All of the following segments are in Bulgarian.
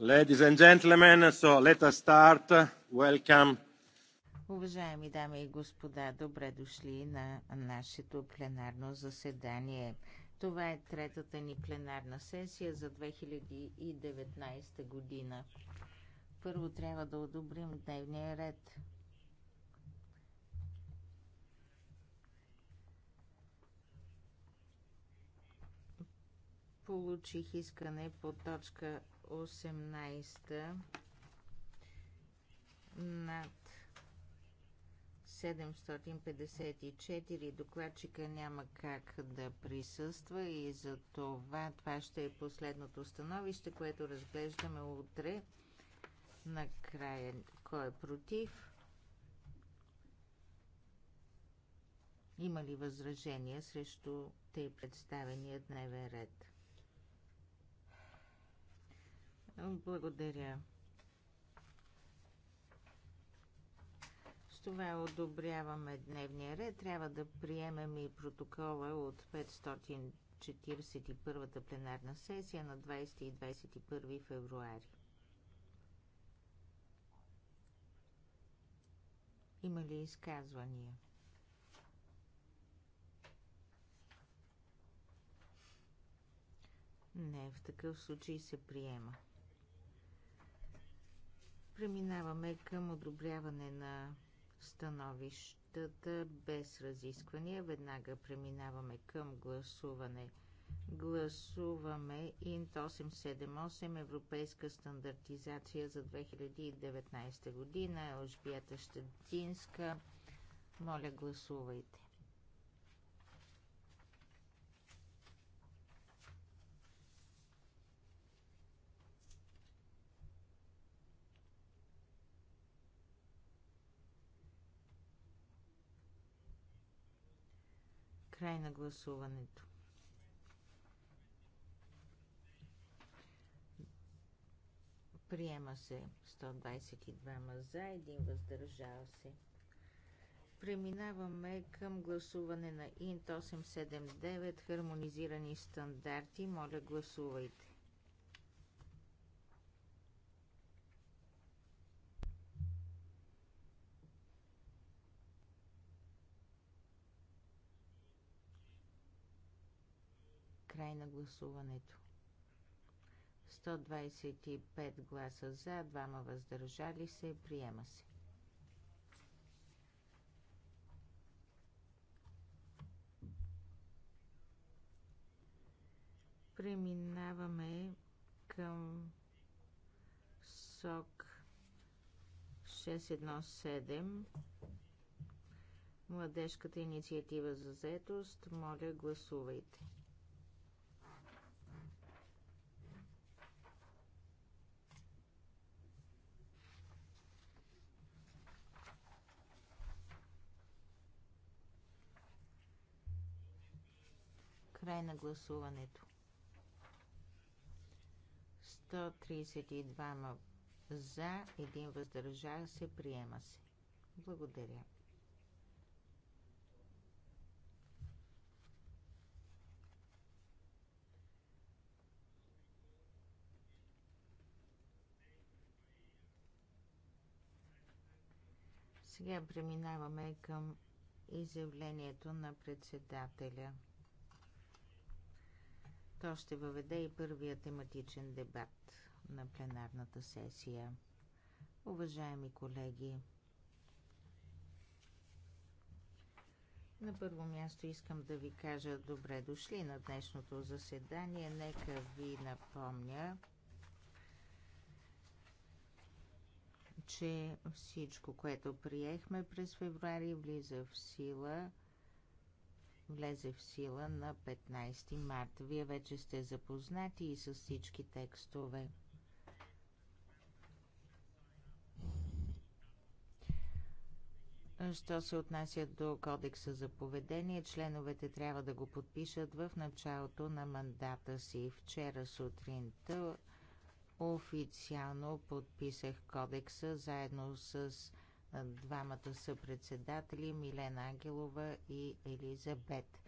Ladies and gentlemen, so let us start. Welcome. Уважаеми дами и господа, добре дошли на нашето пленарно заседание. Това е третата ни пленарна сесия за 2019 година. Първо трябва да одобрим дневния ред. Получих искане по точка 18 над 754. Докладчика няма как да присъства и за това това ще е последното становище, което разглеждаме утре. Накрая, кой е против? Има ли възражения срещу тъй представения дневен ред? Благодаря. С това одобряваме дневния ред. Трябва да приемем и протокола от 541-та пленарна сесия на 20 и 21 февруари. Има ли изказвания? Не, в такъв случай се приема. Преминаваме към одобряване на становищата без разисквания. Веднага преминаваме към гласуване. Гласуваме Инт 878 Европейска стандартизация за 2019 година. Елжбията Щетинска. Моля, гласувайте. Край на гласуването. Приема се 122 за, един въздържал се. Преминаваме към гласуване на ИНТ 879 хармонизирани стандарти. Моля, гласувайте. гласуването. 125 гласа за, 2 въздържали се, приема се. Преминаваме към сок 617 Младежката инициатива за заетост. Моля, гласувайте. Край на гласуването. 132 за, един въздържал се, приема се. Благодаря. Сега преминаваме към изявлението на председателя. То ще въведе и първия тематичен дебат на пленарната сесия. Уважаеми колеги, на първо място искам да ви кажа добре дошли на днешното заседание. Нека ви напомня, че всичко, което приехме през февруари, влиза в сила – влезе в сила на 15 март. Вие вече сте запознати и с всички текстове. Що се отнася до кодекса за поведение, членовете трябва да го подпишат в началото на мандата си. Вчера сутринта официално подписах кодекса заедно с двамата са председатели Милена Ангелова и Елизабет.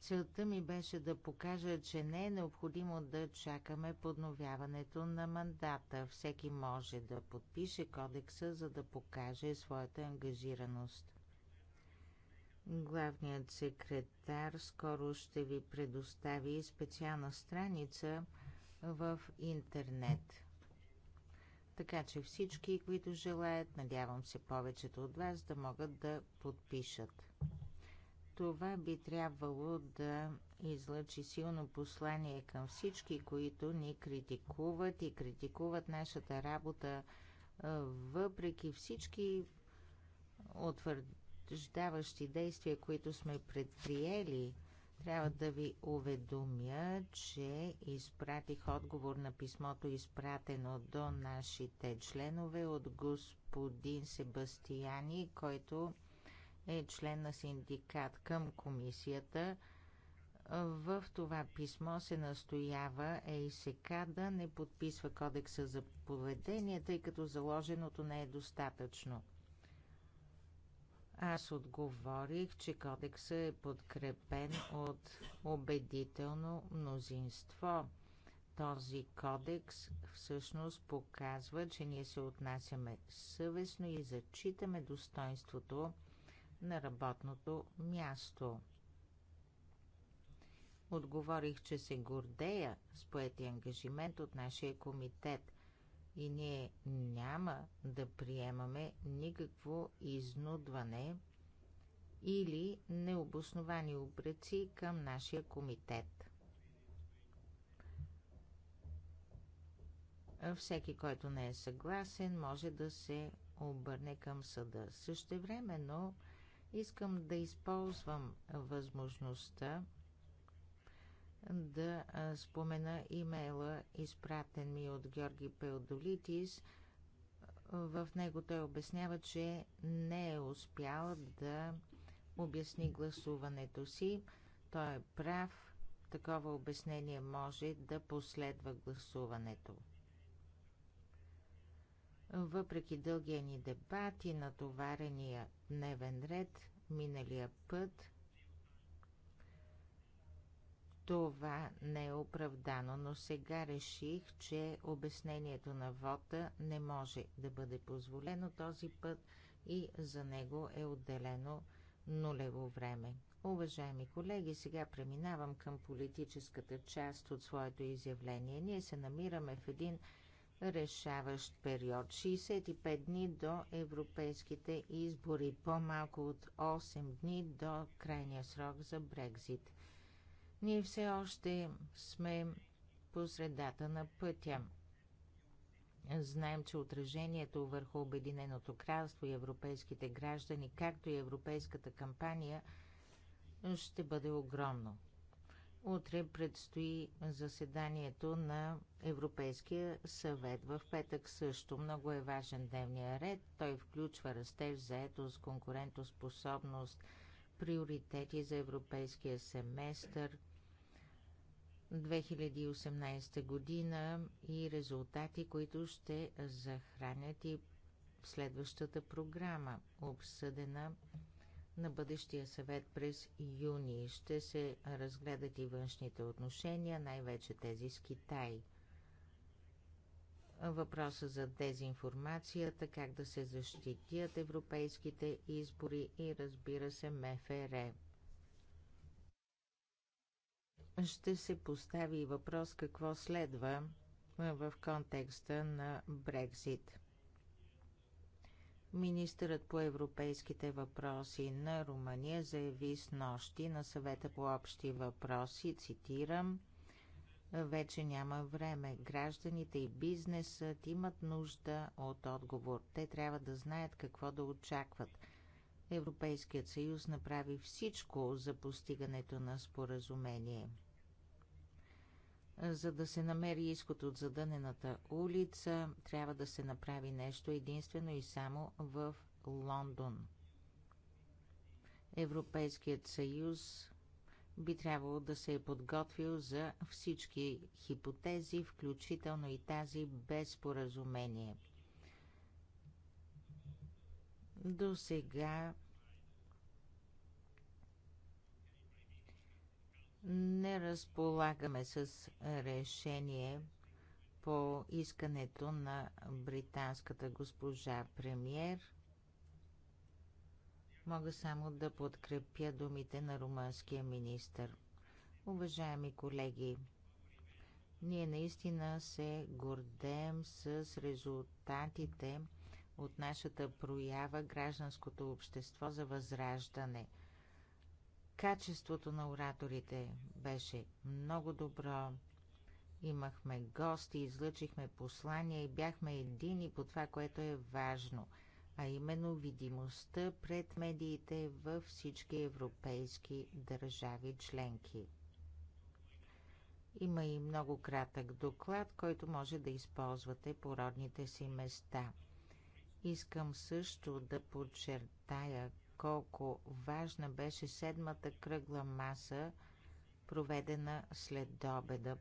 Целта ми беше да покажа, че не е необходимо да чакаме подновяването на мандата. Всеки може да подпише кодекса, за да покаже своята ангажираност. Главният секретар скоро ще ви предостави специална страница в интернет така че всички, които желаят, надявам се повечето от вас да могат да подпишат. Това би трябвало да излъчи силно послание към всички, които ни критикуват и критикуват нашата работа, въпреки всички утвърждаващи действия, които сме предприели – трябва да ви уведомя, че изпратих отговор на писмото, изпратено до нашите членове от господин Себастияни, който е член на синдикат към комисията. В това писмо се настоява ЕИСК да не подписва кодекса за поведение, тъй като заложеното не е достатъчно. Аз отговорих, че кодекса е подкрепен от убедително мнозинство. Този кодекс всъщност показва, че ние се отнасяме съвестно и зачитаме достоинството на работното място. Отговорих, че се гордея с поети ангажимент от нашия комитет – и ние няма да приемаме никакво изнудване или необосновани обръци към нашия комитет. Всеки, който не е съгласен, може да се обърне към съда. но искам да използвам възможността да спомена имейла, изпратен ми от Георги Пеодолитис. В него той обяснява, че не е успял да обясни гласуването си. Той е прав. Такова обяснение може да последва гласуването. Въпреки дългия ни дебат и натоварения дневен ред, миналия път това не е оправдано, но сега реших, че обяснението на вота не може да бъде позволено този път и за него е отделено нулево време. Уважаеми колеги, сега преминавам към политическата част от своето изявление. Ние се намираме в един решаващ период 65 дни до европейските избори, по-малко от 8 дни до крайния срок за Брекзит. Ние все още сме по средата на пътя. Знаем, че отражението върху Обединеното кралство и европейските граждани, както и европейската кампания, ще бъде огромно. Утре предстои заседанието на Европейския съвет. В петък също много е важен дневния ред. Той включва растеж, заетост, конкурентоспособност, приоритети за европейския семестър, 2018 година и резултати, които ще захранят и следващата програма, обсъдена на бъдещия съвет през юни. Ще се разгледат и външните отношения, най-вече тези с Китай. Въпроса за дезинформацията, как да се защитят европейските избори и разбира се МФР ще се постави въпрос какво следва в контекста на Брекзит. Министърът по европейските въпроси на Румъния заяви с нощи на съвета по общи въпроси, цитирам, вече няма време. Гражданите и бизнесът имат нужда от отговор. Те трябва да знаят какво да очакват. Европейският съюз направи всичко за постигането на споразумение за да се намери изход от задънената улица, трябва да се направи нещо единствено и само в Лондон. Европейският съюз би трябвало да се е подготвил за всички хипотези, включително и тази без поразумение. До сега не разполагаме с решение по искането на британската госпожа премьер. Мога само да подкрепя думите на румънския министр. Уважаеми колеги, ние наистина се гордеем с резултатите от нашата проява Гражданското общество за възраждане – Качеството на ораторите беше много добро. Имахме гости, излъчихме послания и бяхме едини по това, което е важно, а именно видимостта пред медиите във всички европейски държави членки. Има и много кратък доклад, който може да използвате по родните си места. Искам също да подчертая колко важна беше седмата кръгла маса, проведена след обеда.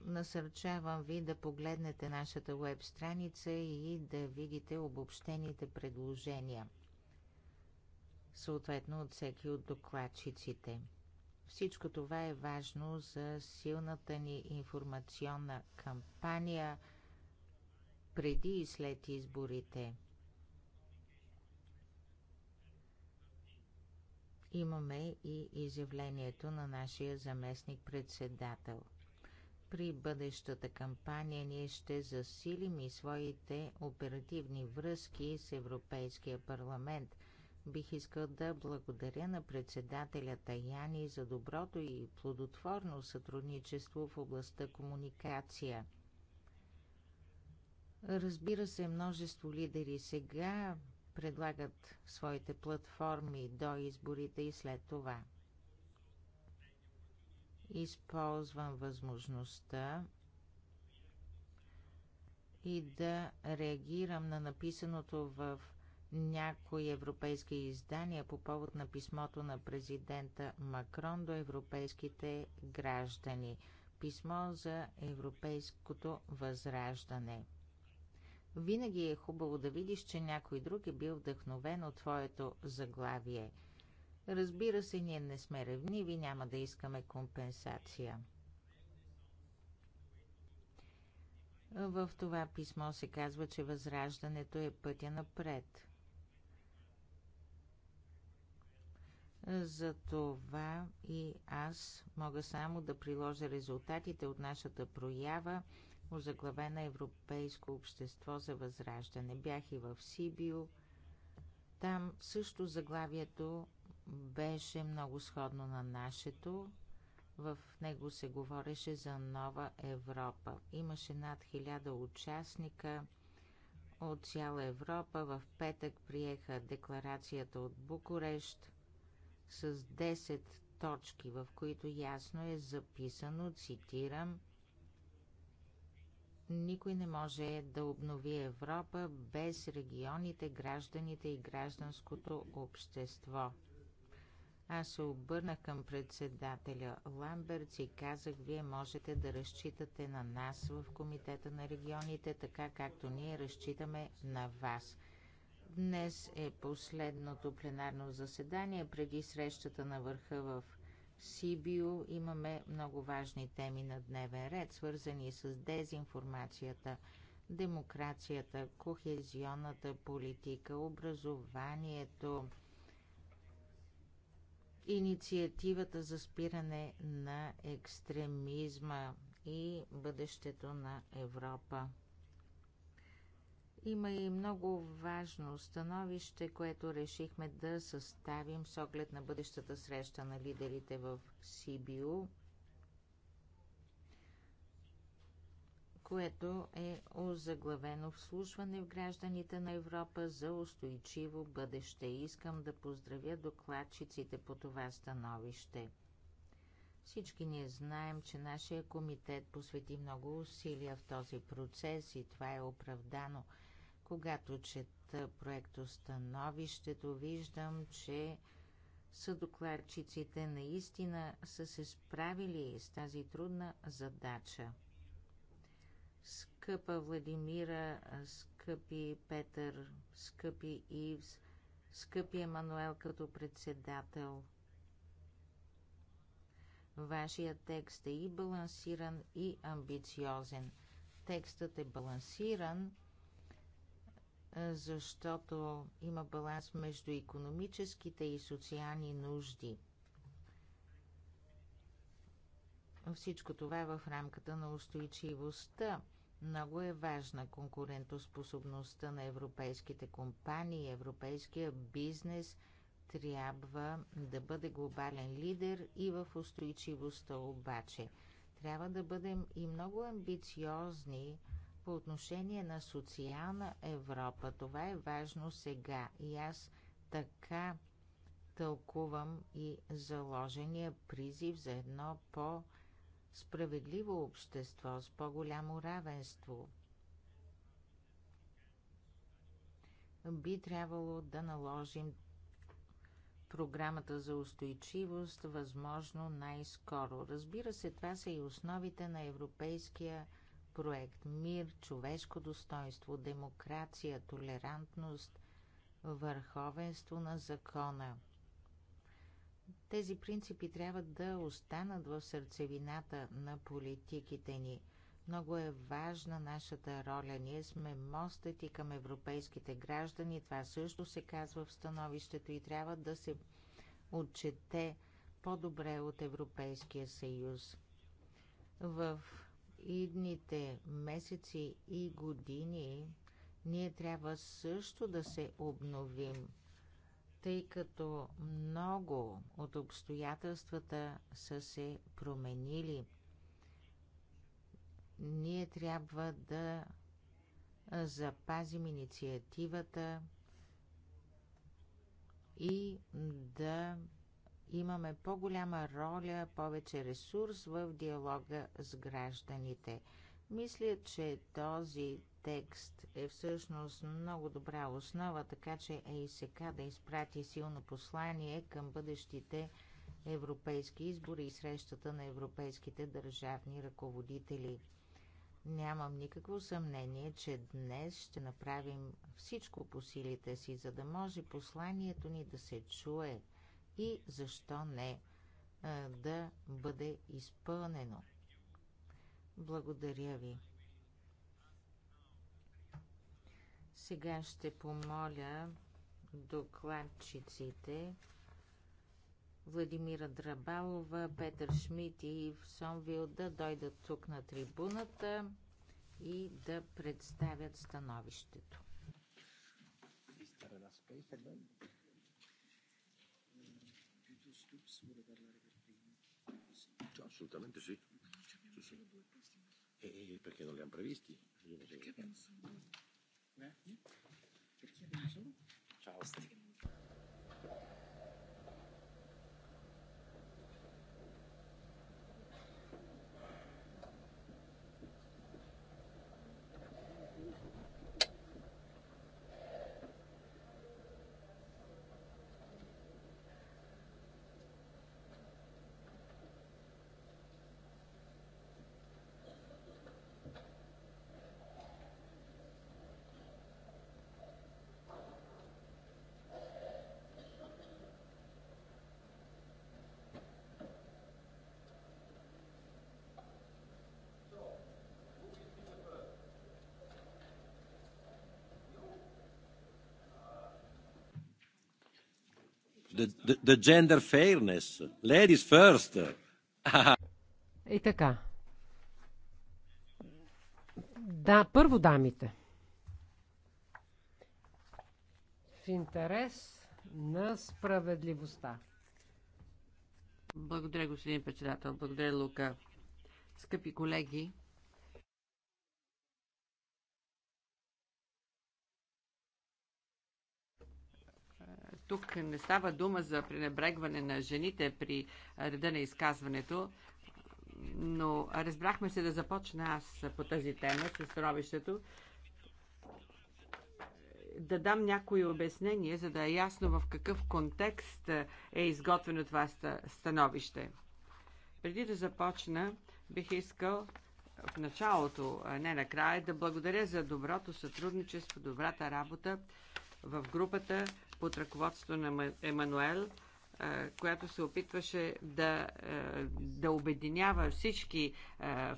Насърчавам ви да погледнете нашата веб страница и да видите обобщените предложения, съответно от всеки от докладчиците. Всичко това е важно за силната ни информационна кампания преди и след изборите – имаме и изявлението на нашия заместник-председател. При бъдещата кампания ние ще засилим и своите оперативни връзки с Европейския парламент. Бих искал да благодаря на председателя Таяни за доброто и плодотворно сътрудничество в областта комуникация. Разбира се, множество лидери сега предлагат своите платформи до изборите и след това. Използвам възможността и да реагирам на написаното в някои европейски издания по повод на писмото на президента Макрон до европейските граждани. Писмо за европейското възраждане – винаги е хубаво да видиш, че някой друг е бил вдъхновен от твоето заглавие. Разбира се, ние не сме ревниви, няма да искаме компенсация. В това писмо се казва, че възраждането е пътя напред. Затова и аз мога само да приложа резултатите от нашата проява – озаглавена Европейско общество за възраждане. Бях и в Сибио. Там също заглавието беше много сходно на нашето. В него се говореше за нова Европа. Имаше над хиляда участника от цяла Европа. В петък приеха декларацията от Букурещ с 10 точки, в които ясно е записано, цитирам, никой не може да обнови Европа без регионите, гражданите и гражданското общество. Аз се обърнах към председателя Ламберт и казах, вие можете да разчитате на нас в Комитета на регионите, така както ние разчитаме на вас. Днес е последното пленарно заседание преди срещата на върха в Сибио имаме много важни теми на дневен ред, свързани с дезинформацията, демокрацията, кохезионната политика, образованието, инициативата за спиране на екстремизма и бъдещето на Европа. Има и много важно становище, което решихме да съставим с оглед на бъдещата среща на лидерите в Сибио, което е озаглавено вслушване в гражданите на Европа за устойчиво бъдеще. Искам да поздравя докладчиците по това становище. Всички ние знаем, че нашия комитет посвети много усилия в този процес и това е оправдано – когато чета проектостановището, виждам, че съдокладчиците наистина са се справили с тази трудна задача. Скъпа Владимира, скъпи Петър, скъпи Ивс, скъпи Емануел като председател. Вашия текст е и балансиран, и амбициозен. Текстът е балансиран, защото има баланс между економическите и социални нужди. Всичко това е в рамката на устойчивостта. Много е важна конкурентоспособността на европейските компании. Европейския бизнес трябва да бъде глобален лидер и в устойчивостта обаче. Трябва да бъдем и много амбициозни – по отношение на социална Европа. Това е важно сега и аз така тълкувам и заложения призив за едно по-справедливо общество с по-голямо равенство. Би трябвало да наложим програмата за устойчивост възможно най-скоро. Разбира се, това са и основите на европейския проект мир, човешко достоинство, демокрация, толерантност, върховенство на закона. Тези принципи трябва да останат в сърцевината на политиките ни. Много е важна нашата роля. Ние сме мостът и към европейските граждани. Това също се казва в становището и трябва да се отчете по-добре от Европейския съюз. В идните месеци и години ние трябва също да се обновим, тъй като много от обстоятелствата са се променили. Ние трябва да запазим инициативата и да имаме по-голяма роля, повече ресурс в диалога с гражданите. Мисля, че този текст е всъщност много добра основа, така че е и сега да изпрати силно послание към бъдещите европейски избори и срещата на европейските държавни ръководители. Нямам никакво съмнение, че днес ще направим всичко по силите си, за да може посланието ни да се чуе – и защо не да бъде изпълнено. Благодаря ви. Сега ще помоля докладчиците Владимира Драбалова, Петър Шмидт и Сонвил да дойдат тук на трибуната и да представят становището. Is there assolutamente sì. sì, sì. E perché non li hanno previsti? Perché abbiamo solo due? Perché abbiamo solo? Ciao. the, gender fairness. Ladies first. И така. Да, първо дамите. В интерес на справедливостта. Благодаря, господин председател. Благодаря, Лука. Скъпи колеги, Тук не става дума за пренебрегване на жените при реда на изказването, но разбрахме се да започна аз по тази тема с становището. Да дам някои обяснения, за да е ясно в какъв контекст е изготвено това становище. Преди да започна, бих искал в началото, а не накрая, да благодаря за доброто сътрудничество, добрата работа в групата под ръководство на Емануел, която се опитваше да, да обединява всички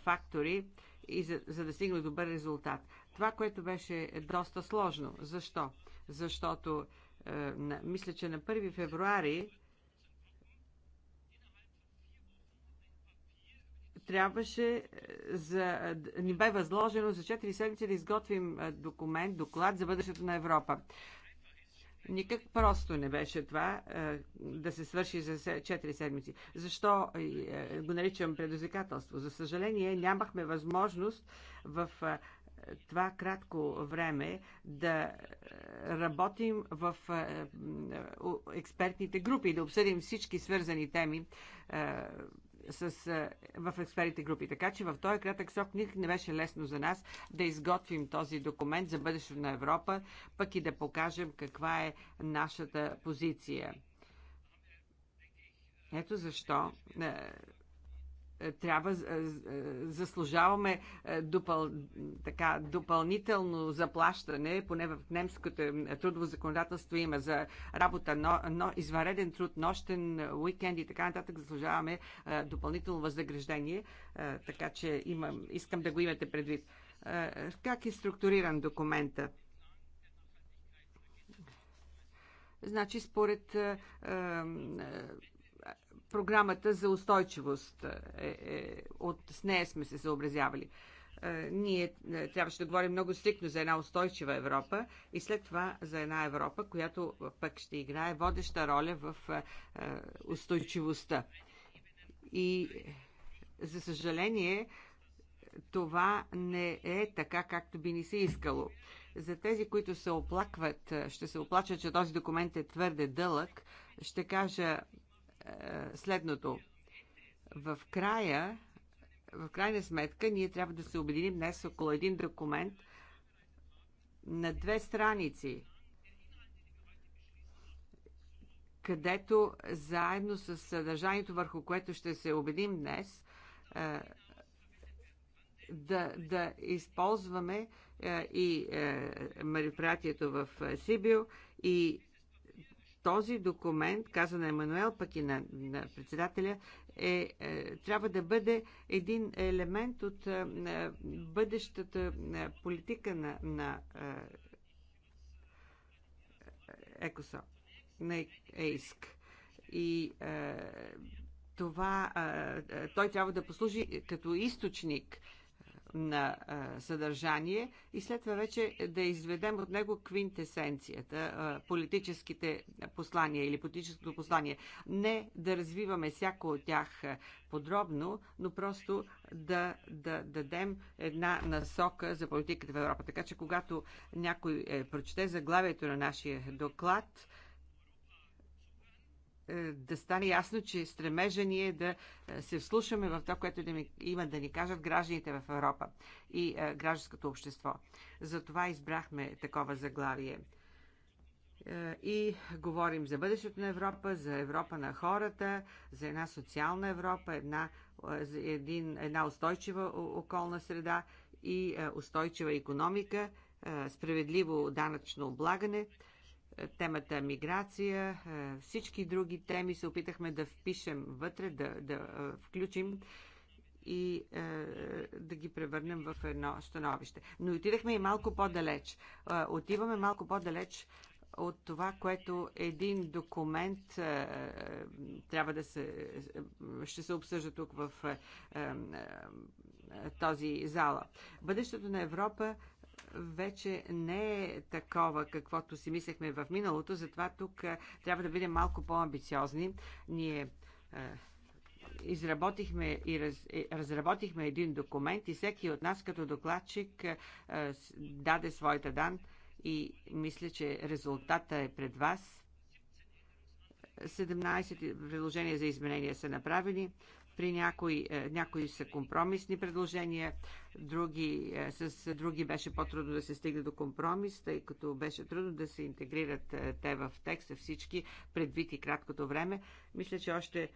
фактори и за, за да стигне добър резултат. Това, което беше доста сложно. Защо? Защото мисля, че на 1 февруари трябваше за, ни бе възложено за 4 седмици да изготвим документ, доклад за бъдещето на Европа. Никак просто не беше това е, да се свърши за 4 седмици. Защо е, е, го наричам предизвикателство? За съжаление, нямахме възможност в това кратко време да работим в експертните групи, да обсъдим всички свързани теми с, в експертите групи. Така че в този кратък срок никак не беше лесно за нас да изготвим този документ за бъдещето на Европа, пък и да покажем каква е нашата позиция. Ето защо е, е, трябва, е, е, заслужаваме допъл, така, допълнително заплащане, поне в немското трудово законодателство има за работа, но, но извънреден труд, нощен, уикенд и така нататък, заслужаваме допълнително възнаграждение, така че имам, искам да го имате предвид. Как е структуриран документа? Значи, според програмата за устойчивост. Е, е, от, с нея сме се съобразявали. Е, ние е, трябваше да говорим много стрикно за една устойчива Европа и след това за една Европа, която пък ще играе водеща роля в е, е устойчивостта. И за съжаление, това не е така, както би ни се искало. За тези, които се оплакват, ще се оплачат, че този документ е твърде дълъг, ще кажа е, следното. В края, в крайна сметка, ние трябва да се обединим днес около един документ на две страници, където заедно с съдържанието, върху което ще се убедим днес, е, да, да използваме е, и мероприятието в Сибил и този документ, каза на Емануел, пък и на, на председателя, е, е, трябва да бъде един елемент от е, е бъдещата е, политика на, на е, е, ЕКОСО, на ЕИСК. И е, това, е, е той трябва да послужи като източник на а, съдържание и след това вече да изведем от него квинтесенцията, а, политическите послания или политическото послание. Не да развиваме всяко от тях подробно, но просто да, да дадем една насока за политиката в Европа. Така че когато някой е, прочете заглавието на нашия доклад, е, да стане ясно, че стремежа ни е да е, се вслушаме в това, което да ми, има да ни кажат гражданите в Европа и е, гражданското общество. Затова избрахме такова заглавие и говорим за бъдещето на Европа, за Европа на хората, за една социална Европа, една, един, една устойчива околна среда и устойчива економика, справедливо данъчно облагане – темата миграция, е, всички други теми се опитахме да впишем вътре, да, да е, включим и е, да ги превърнем в едно становище. Но отидахме и малко по-далеч. отиваме малко по-далеч от това, което един документ е, трябва да се. ще се обсъжда тук в е, е, този зала. Бъдещето на Европа вече не е такова, каквото си мислехме в миналото, затова тук е, трябва да бъдем малко по-амбициозни. Ние е, изработихме и раз, е, разработихме един документ и всеки от нас като докладчик даде своята дан и мисля, че резултата е пред вас. 17 приложения за изменения са направени. При някои, е, някои са компромисни предложения, други, е, с други беше по-трудно да се стигне до компромис, тъй като беше трудно да се интегрират е, те в текста всички, предвид и краткото време. Мисля, че още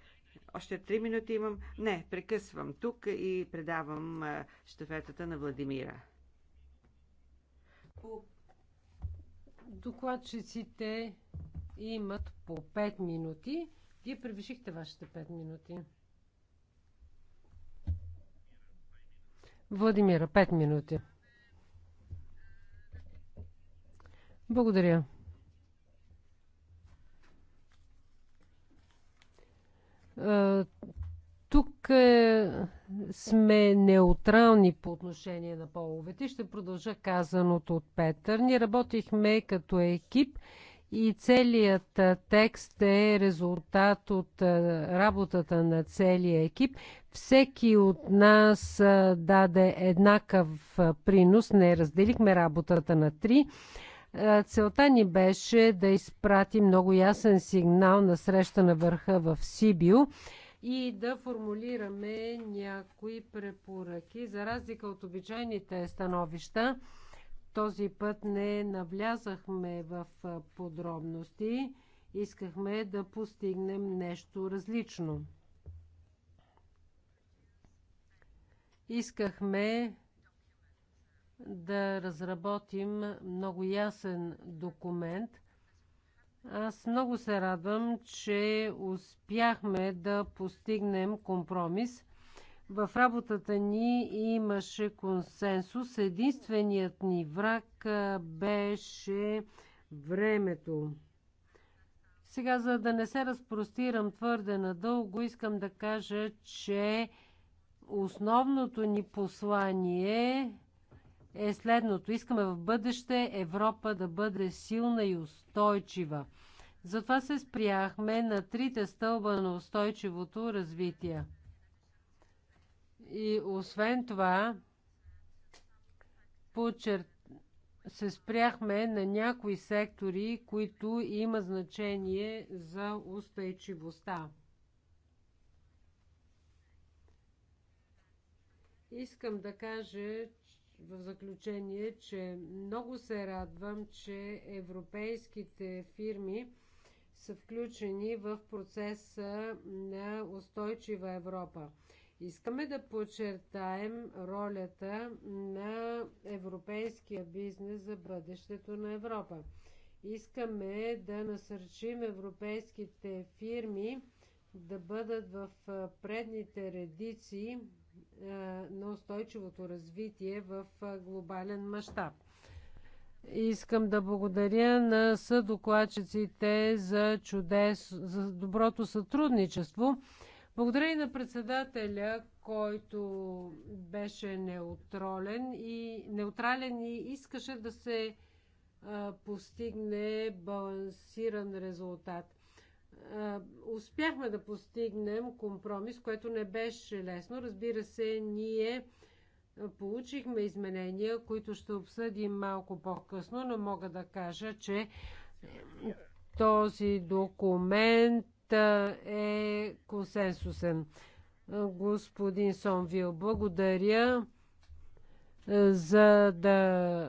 още три минути имам. Не, прекъсвам тук и предавам щафетата на Владимира. Докладчиците имат по 5 минути. Вие превишихте вашите 5 минути. Владимира, 5 минути. Благодаря. Тук е, сме неутрални по отношение на половете. Ще продължа казаното от Петър. Ние работихме като екип и целият текст е резултат от работата на целия екип. Всеки от нас даде еднакъв принос. Не разделихме работата на три. Целта ни беше да изпрати много ясен сигнал на среща на върха в Сибио и да формулираме някои препоръки. За разлика от обичайните становища, този път не навлязахме в подробности. Искахме да постигнем нещо различно. Искахме да разработим много ясен документ. Аз много се радвам, че успяхме да постигнем компромис. В работата ни имаше консенсус. Единственият ни враг беше времето. Сега, за да не се разпростирам твърде надълго, искам да кажа, че основното ни послание е следното. Искаме в бъдеще Европа да бъде силна и устойчива. Затова се спряхме на трите стълба на устойчивото развитие – и освен това, почер... се спряхме на някои сектори, които има значение за устойчивостта. Искам да кажа в заключение, че много се радвам, че европейските фирми са включени в процеса на устойчива Европа. Искаме да подчертаем ролята на европейския бизнес за бъдещето на Европа. Искаме да насърчим европейските фирми да бъдат в предните редици на устойчивото развитие в глобален мащаб. Искам да благодаря на съдокладчиците за чудес, за доброто сътрудничество благодаря и на председателя, който беше неутрален и неутрален и искаше да се а, постигне балансиран резултат. А, успяхме да постигнем компромис, което не беше лесно. Разбира се, ние получихме изменения, които ще обсъдим малко по-късно, но мога да кажа, че този документ е консенсусен. Господин Сонвил, благодаря е, за да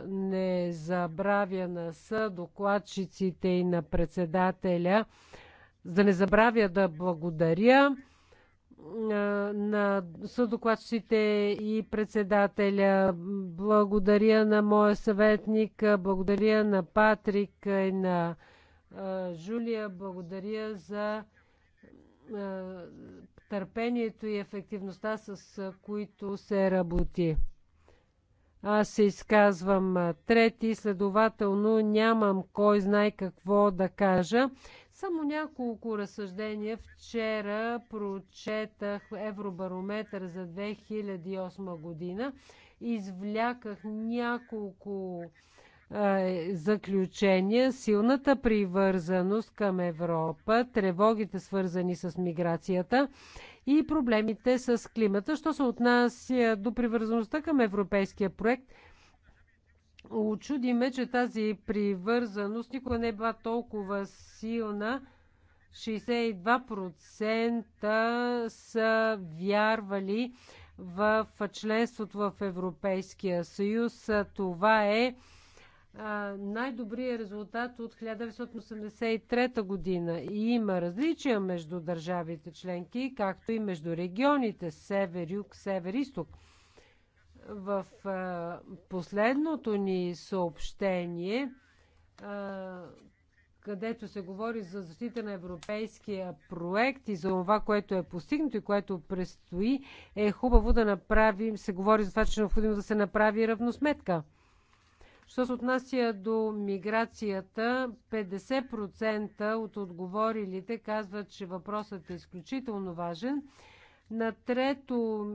не забравя на съдокладчиците и на председателя, за да не забравя да благодаря е, на съдокладчиците и председателя. Благодаря на моя съветник, благодаря на Патрик и на е, Жулия, благодаря за е, търпението и ефективността, с е, които се работи. Аз се изказвам е, трети, следователно нямам кой знае какво да кажа. Само няколко разсъждения. Вчера прочетах Евробарометър за 2008 година. Извляках няколко заключение, силната привързаност към Европа, тревогите свързани с миграцията и проблемите с климата. Що се отнася до привързаността към европейския проект, очудиме, че тази привързаност никога не е била толкова силна. 62% са вярвали в членството в Европейския съюз. Това е най-добрият резултат от 1983 година. И има различия между държавите членки, както и между регионите север-юг, север-исток. В а, последното ни съобщение, а, където се говори за защита на европейския проект и за това, което е постигнато и което предстои, е хубаво да направим, се говори за това, че е необходимо да се направи равносметка Що се отнася до миграцията, 50% от отговорилите казват, че въпросът е изключително важен. На трето,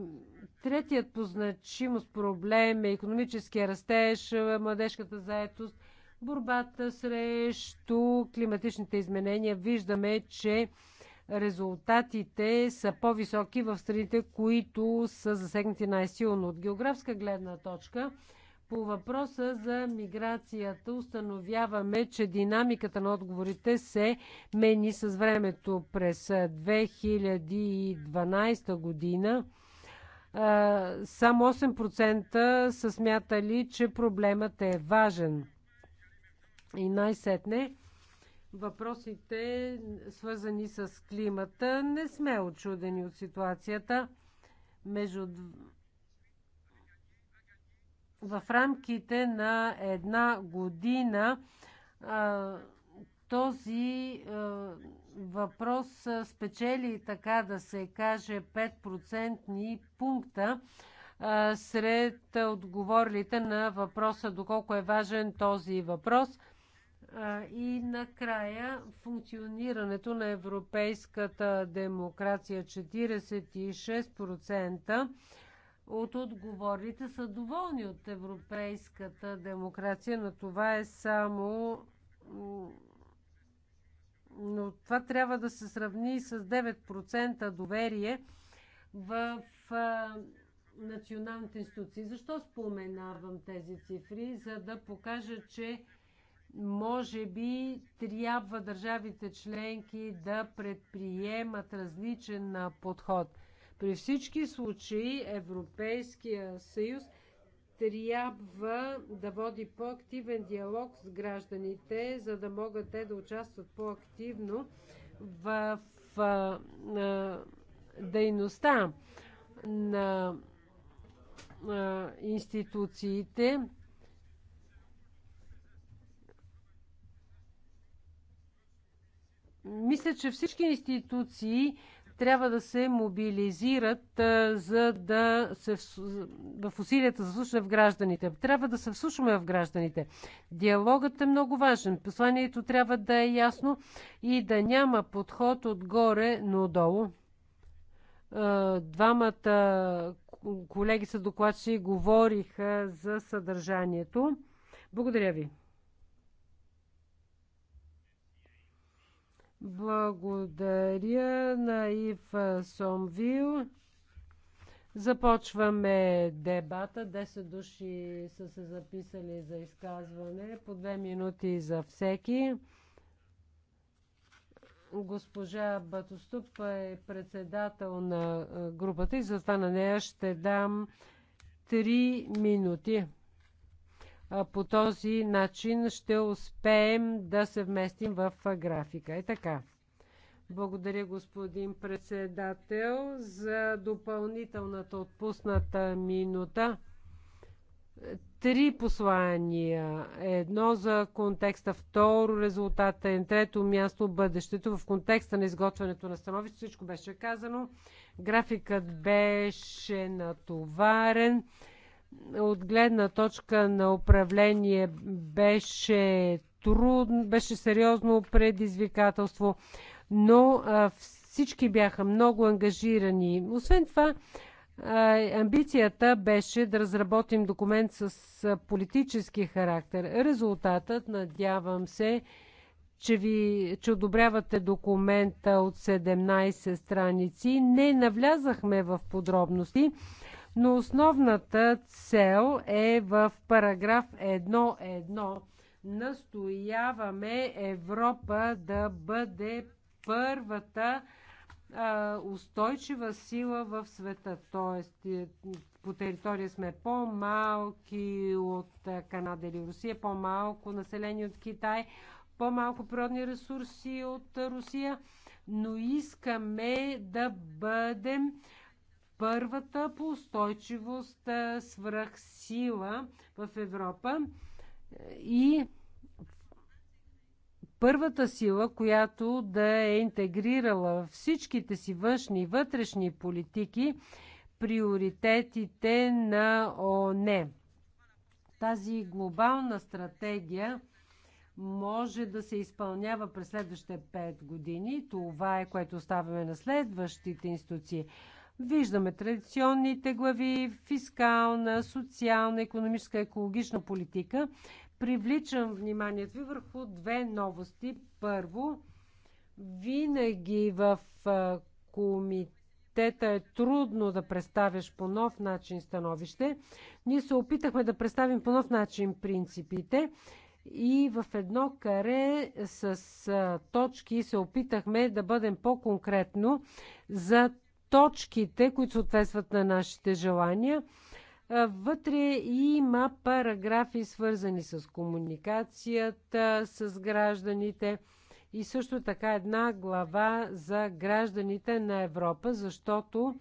третият по значимост проблем е економическия растеж, младежката заетост, борбата срещу климатичните изменения. Виждаме, че резултатите са по-високи в страните, които са засегнати най-силно. От географска гледна точка – по въпроса за миграцията установяваме, че динамиката на отговорите се мени с времето през 2012 година. Само 8% са смятали, че проблемът е важен. И най-сетне въпросите, свързани с климата, не сме очудени от ситуацията. Между в рамките на една година този въпрос спечели, така да се каже, 5% пункта сред отговорите на въпроса доколко е важен този въпрос. И накрая функционирането на европейската демокрация 46% от отговорите са доволни от европейската демокрация, но това е само. Но това трябва да се сравни с 9% доверие в националните институции. Защо споменавам тези цифри? За да покажа, че може би трябва държавите членки да предприемат различен подход. При всички случаи Европейския съюз трябва да води по-активен диалог с гражданите, за да могат те да участват по-активно в, дейността на, на институциите. Мисля, че всички институции трябва да се мобилизират за да се, в усилията за слушане в гражданите. Трябва да се вслушваме в гражданите. Диалогът е много важен. Посланието трябва да е ясно и да няма подход отгоре, но отдолу. Двамата колеги са докладчи и говориха за съдържанието. Благодаря ви. Благодаря на Ив Сомвил. Започваме дебата. 10 души са се записали за изказване. По две минути за всеки. Госпожа Батоступ е председател на групата и затова на нея ще дам 3 минути. По този начин ще успеем да се вместим в графика. Е така. Благодаря, господин председател, за допълнителната отпусната минута. Три послания. Едно за контекста, второ резултата, е трето място бъдещето. В контекста на изготвянето на становище всичко беше казано. Графикът беше натоварен от гледна точка на управление беше трудно, беше сериозно предизвикателство, но всички бяха много ангажирани. Освен това, амбицията беше да разработим документ с политически характер. Резултатът, надявам се, че, ви, че одобрявате документа от 17 страници. Не навлязахме в подробности но основната цел е в параграф 1.1. Настояваме Европа да бъде първата а, устойчива сила в света. Тоест, е, по територия сме по-малки от Канада или Русия, по-малко население от Китай, по-малко природни ресурси от Русия, но искаме да бъдем първата по устойчивост свръхсила в Европа и първата сила, която да е интегрирала всичките си външни и вътрешни политики приоритетите на ОНЕ. Тази глобална стратегия може да се изпълнява през следващите 5 години. Това е което оставяме на следващите институции. Виждаме традиционните глави, фискална, социална, економическа, екологична политика. Привличам вниманието ви върху две новости. Първо, винаги в комитета е трудно да представяш по нов начин становище. Ние се опитахме да представим по нов начин принципите и в едно каре с точки се опитахме да бъдем по-конкретно за точките, които съответстват на нашите желания. Вътре има параграфи, свързани с комуникацията, с гражданите и също така една глава за гражданите на Европа, защото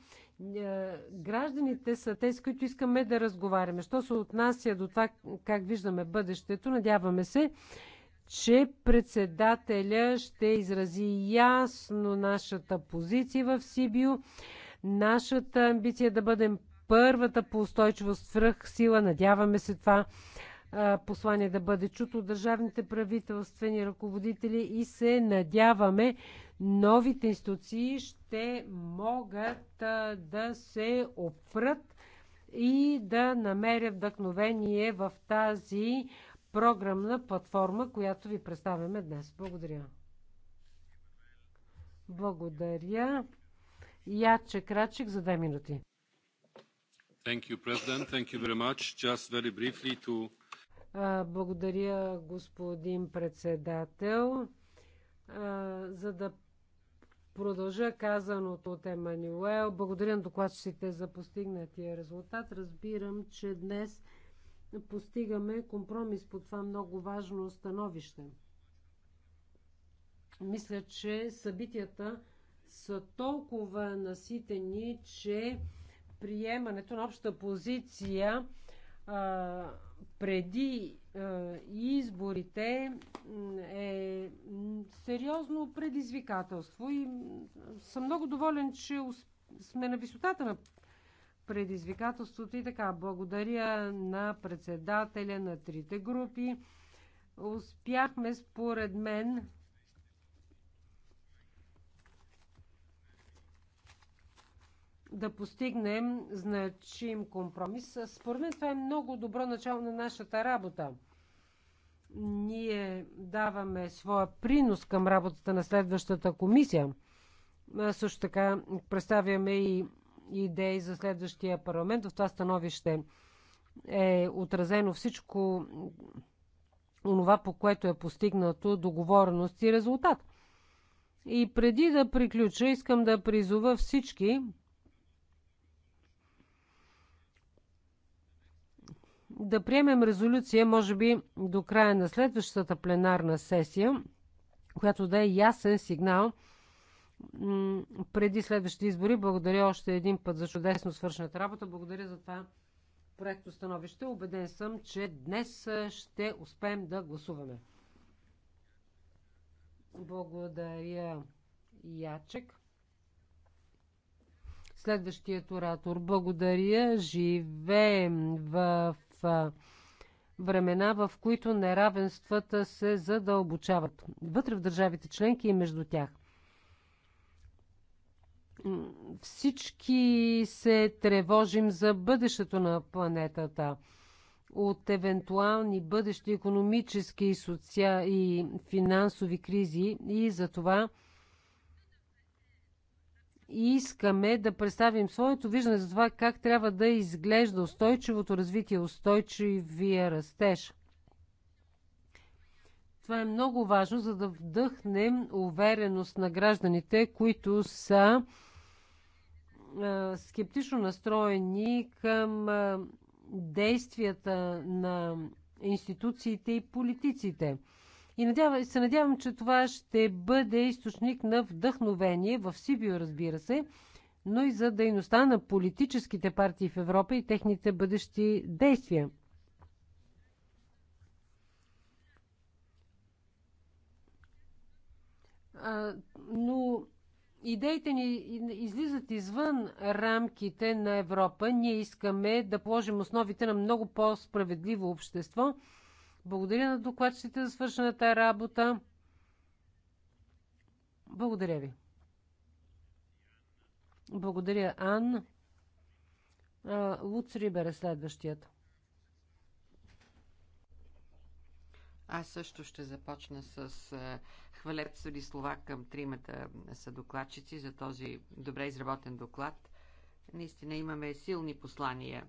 гражданите са тези, с които искаме да разговаряме. Що се отнася до това как виждаме бъдещето, надяваме се, че председателя ще изрази ясно нашата позиция в Сибио. Нашата амбиция е да бъдем първата по устойчивост сила. Надяваме се това послание да бъде чуто от държавните правителствени ръководители и се надяваме новите институции ще могат да се опрат и да намерят вдъхновение в тази програмна платформа, която ви представяме днес. Благодаря. Благодаря. Яче Крачик за две минути. Thank you, President. Thank you very much. Just very briefly to... Благодаря, господин председател. За да продължа казаното от Емануел, благодаря на докладчиците за постигнатия резултат. Разбирам, че днес постигаме компромис по това много важно становище. Мисля, че събитията са толкова наситени, че приемането на обща позиция а, преди а, изборите е сериозно предизвикателство и съм много доволен, че сме на висотата на предизвикателството и така. Благодаря на председателя на трите групи. Успяхме, според мен, да постигнем значим компромис. Според мен това е много добро начало на нашата работа. Ние даваме своя принос към работата на следващата комисия. Също така представяме и идеи за следващия парламент. В това становище е отразено всичко онова, по което е постигнато договореност и резултат. И преди да приключа, искам да призова всички да приемем резолюция, може би до края на следващата пленарна сесия, която да е ясен сигнал – преди следващите избори. Благодаря още един път за чудесно свършената работа. Благодаря за това проекто становище. Обеден съм, че днес ще успеем да гласуваме. Благодаря, Ячек. Следващият оратор. Благодаря. Живеем в времена, в които неравенствата се задълбочават вътре в държавите членки и между тях. Всички се тревожим за бъдещето на планетата от евентуални бъдещи економически и, соци... и финансови кризи и за това искаме да представим своето виждане за това как трябва да изглежда устойчивото развитие, устойчивия растеж. Това е много важно, за да вдъхнем увереност на гражданите, които са е, скептично настроени към е, действията на институциите и политиците. И се надявам, че това ще бъде източник на вдъхновение в Сибио, разбира се, но и за дейността на политическите партии в Европа и техните бъдещи действия. А, но идеите ни излизат извън рамките на Европа. Ние искаме да положим основите на много по-справедливо общество. Благодаря на докладчите за свършената работа. Благодаря ви. Благодаря, Ан. Луц Рибер е следващият. Аз също ще започна с Хвалет слова към тримата са докладчици за този добре изработен доклад. Наистина имаме силни послания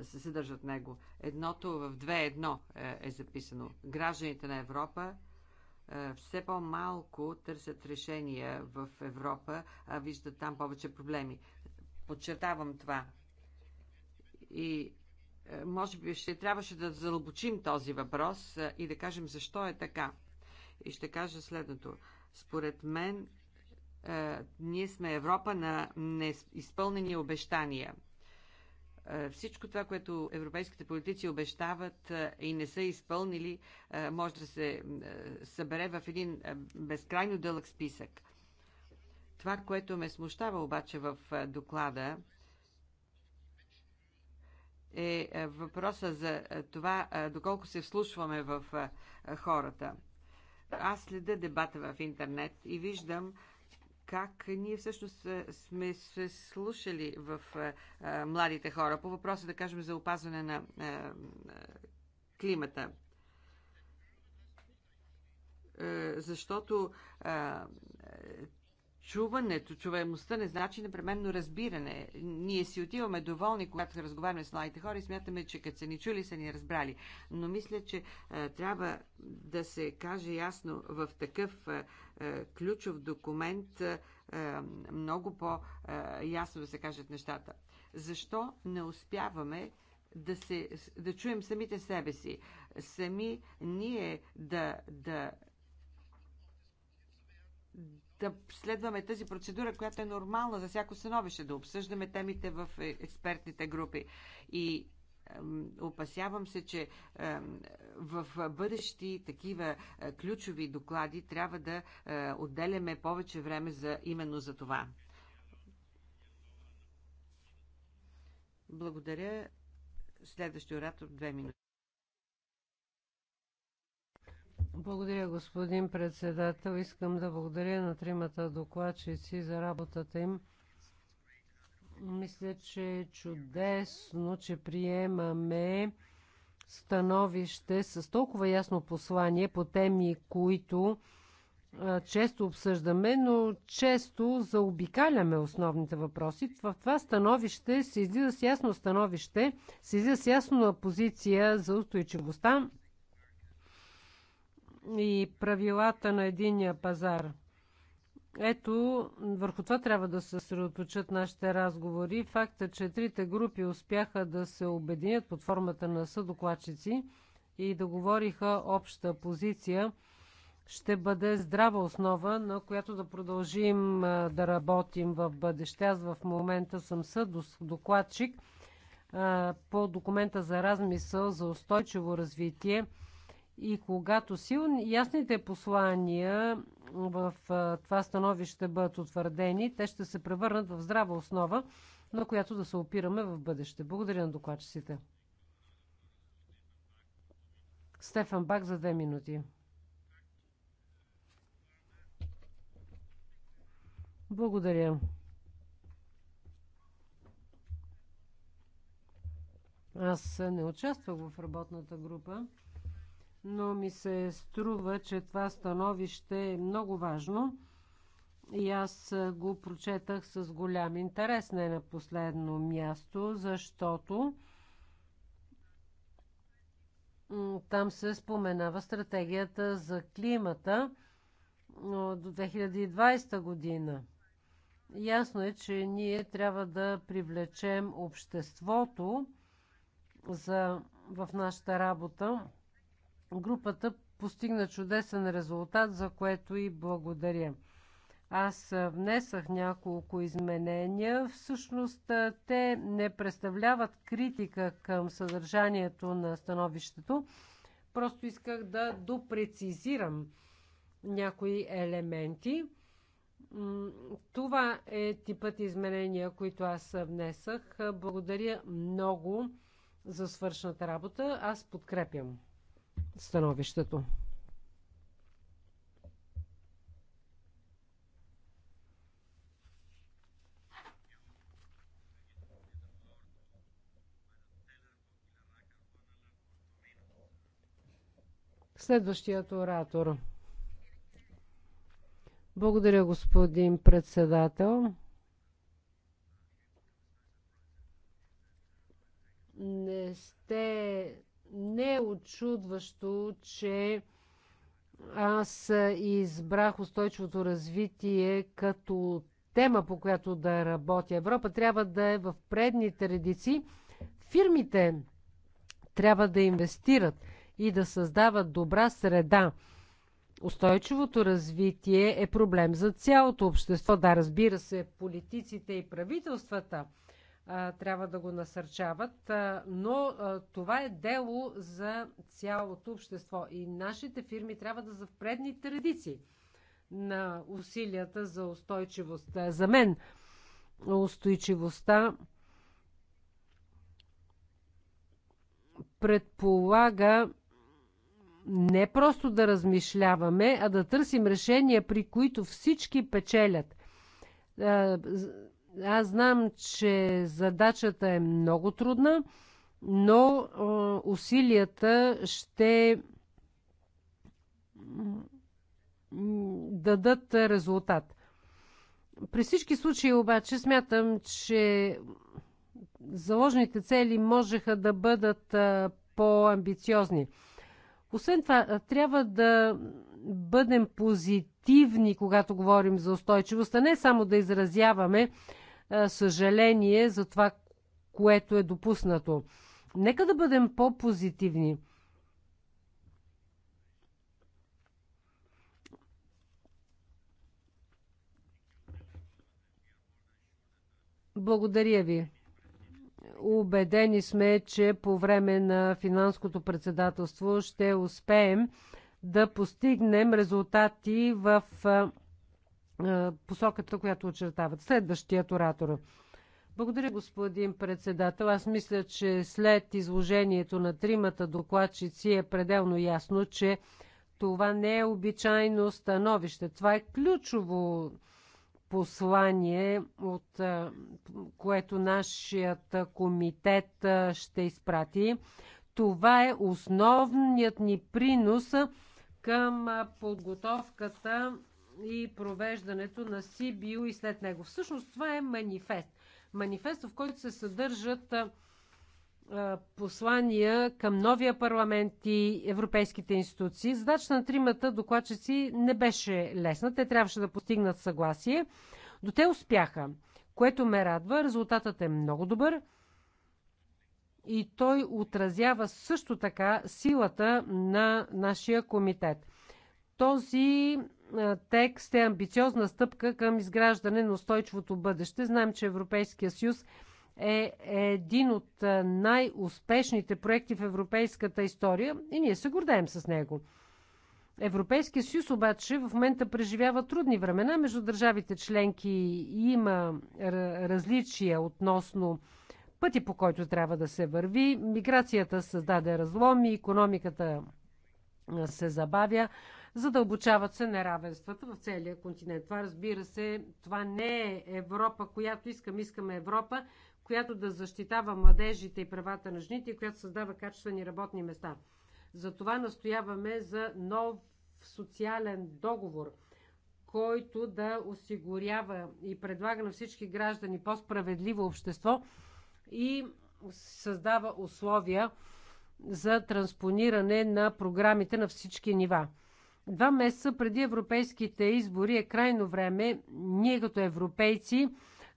е, се съдържат него. Едното в две-едно е, е записано. Гражданите на Европа е, все по-малко търсят решения в Европа, а виждат там повече проблеми. Подчертавам това. И може би ще трябваше да залбочим този въпрос и да кажем защо е така и ще кажа следното. Според мен, е, ние сме Европа на неизпълнени обещания. Е, всичко това, което европейските политици обещават е, и не са изпълнили, е, може да се е, събере в един е, безкрайно дълъг списък. Това, което ме смущава обаче в е, доклада, е, е въпроса за е, това е, доколко се вслушваме в хората. Аз следя дебата в интернет и виждам как ние всъщност сме се слушали в а, младите хора по въпроса, да кажем, за опазване на а, климата. А, защото а, чуването, чуваемостта не значи непременно разбиране. Ние си отиваме доволни, когато разговаряме с младите хора и смятаме, че като са ни чули, са ни разбрали. Но мисля, че е, трябва да се каже ясно в такъв е, е ключов документ е, е, много по-ясно да се кажат нещата. Защо не успяваме да, се, да чуем самите себе си? Сами ние да, да да следваме тази процедура, която е нормална за всяко становище, да обсъждаме темите в е, експертните групи. И опасявам се, че в бъдещи такива е, ключови доклади трябва да е, отделяме повече време за, именно за това. Благодаря. Следващия оратор две минути. Благодаря, господин председател. Искам да благодаря на тримата докладчици за работата им. Мисля, че е чудесно, че приемаме становище с толкова ясно послание по теми, които а, често обсъждаме, но често заобикаляме основните въпроси. В това становище се излиза с ясно становище, се излиза с ясна позиция за устойчивостта и правилата на единия пазар. Ето, върху това трябва да се съсредоточат нашите разговори. Факта, че трите групи успяха да се обединят под формата на съдокладчици и да говориха обща позиция, ще бъде здрава основа, на която да продължим да работим в бъдеще. Аз в момента съм съдокладчик по документа за размисъл за устойчиво развитие – и когато силни, ясните послания в това становище бъдат утвърдени, те ще се превърнат в здрава основа, на която да се опираме в бъдеще. Благодаря на докладчиците. Стефан Бак за две минути. Благодаря. Аз не участвах в работната група но ми се струва, че това становище е много важно и аз го прочетах с голям интерес, не на последно място, защото там се споменава стратегията за климата до 2020 година. Ясно е, че ние трябва да привлечем обществото за, в нашата работа. Групата постигна чудесен резултат, за което и благодаря. Аз внесах няколко изменения. Всъщност те не представляват критика към съдържанието на становището. Просто исках да допрецизирам някои елементи. Това е типът изменения, които аз внесах. Благодаря много за свършната работа. Аз подкрепям становището. Следващият оратор. Благодаря, господин председател. Не сте не е очудващо, че аз избрах устойчивото развитие като тема, по която да работя. Европа трябва да е в предните редици. Фирмите трябва да инвестират и да създават добра среда. Устойчивото развитие е проблем за цялото общество. Да, разбира се, политиците и правителствата – трябва да го насърчават, но това е дело за цялото общество и нашите фирми трябва да са в предни традиции на усилията за устойчивост. За мен устойчивостта предполага не просто да размишляваме, а да търсим решения, при които всички печелят аз знам, че задачата е много трудна, но усилията ще дадат резултат. При всички случаи обаче смятам, че заложните цели можеха да бъдат по-амбициозни. Освен това, трябва да бъдем позитивни, когато говорим за устойчивост, а не само да изразяваме е, съжаление за това, което е допуснато. Нека да бъдем по-позитивни. Благодаря ви. Убедени сме, че по време на финанското председателство ще успеем да постигнем резултати в е, е, посоката, която очертават. Следващият оратор. Благодаря, господин председател. Аз мисля, че след изложението на тримата докладчици е пределно ясно, че това не е обичайно становище. Това е ключово послание, от е, което нашият комитет е, ще изпрати. Това е основният ни принос към подготовката и провеждането на СИБИО и след него. Всъщност това е манифест. Манифест, в който се съдържат послания към новия парламент и европейските институции. Задача на тримата докладчици не беше лесна. Те трябваше да постигнат съгласие. До те успяха, което ме радва. Резултатът е много добър и той отразява също така силата на нашия комитет. Този текст е амбициозна стъпка към изграждане на устойчивото бъдеще. Знаем, че Европейския съюз е един от най-успешните проекти в европейската история и ние се гордеем с него. Европейския съюз обаче в момента преживява трудни времена. Между държавите членки има различия относно пъти по който трябва да се върви. Миграцията създаде разломи, економиката се забавя. Задълбочават се неравенствата в целия континент. Това разбира се, това не е Европа, която искаме. Искаме Европа, която да защитава младежите и правата на жените и която създава качествени работни места. Затова настояваме за нов социален договор, който да осигурява и предлага на всички граждани по-справедливо общество и създава условия за транспониране на програмите на всички нива. Два месеца преди европейските избори е крайно време ние като европейци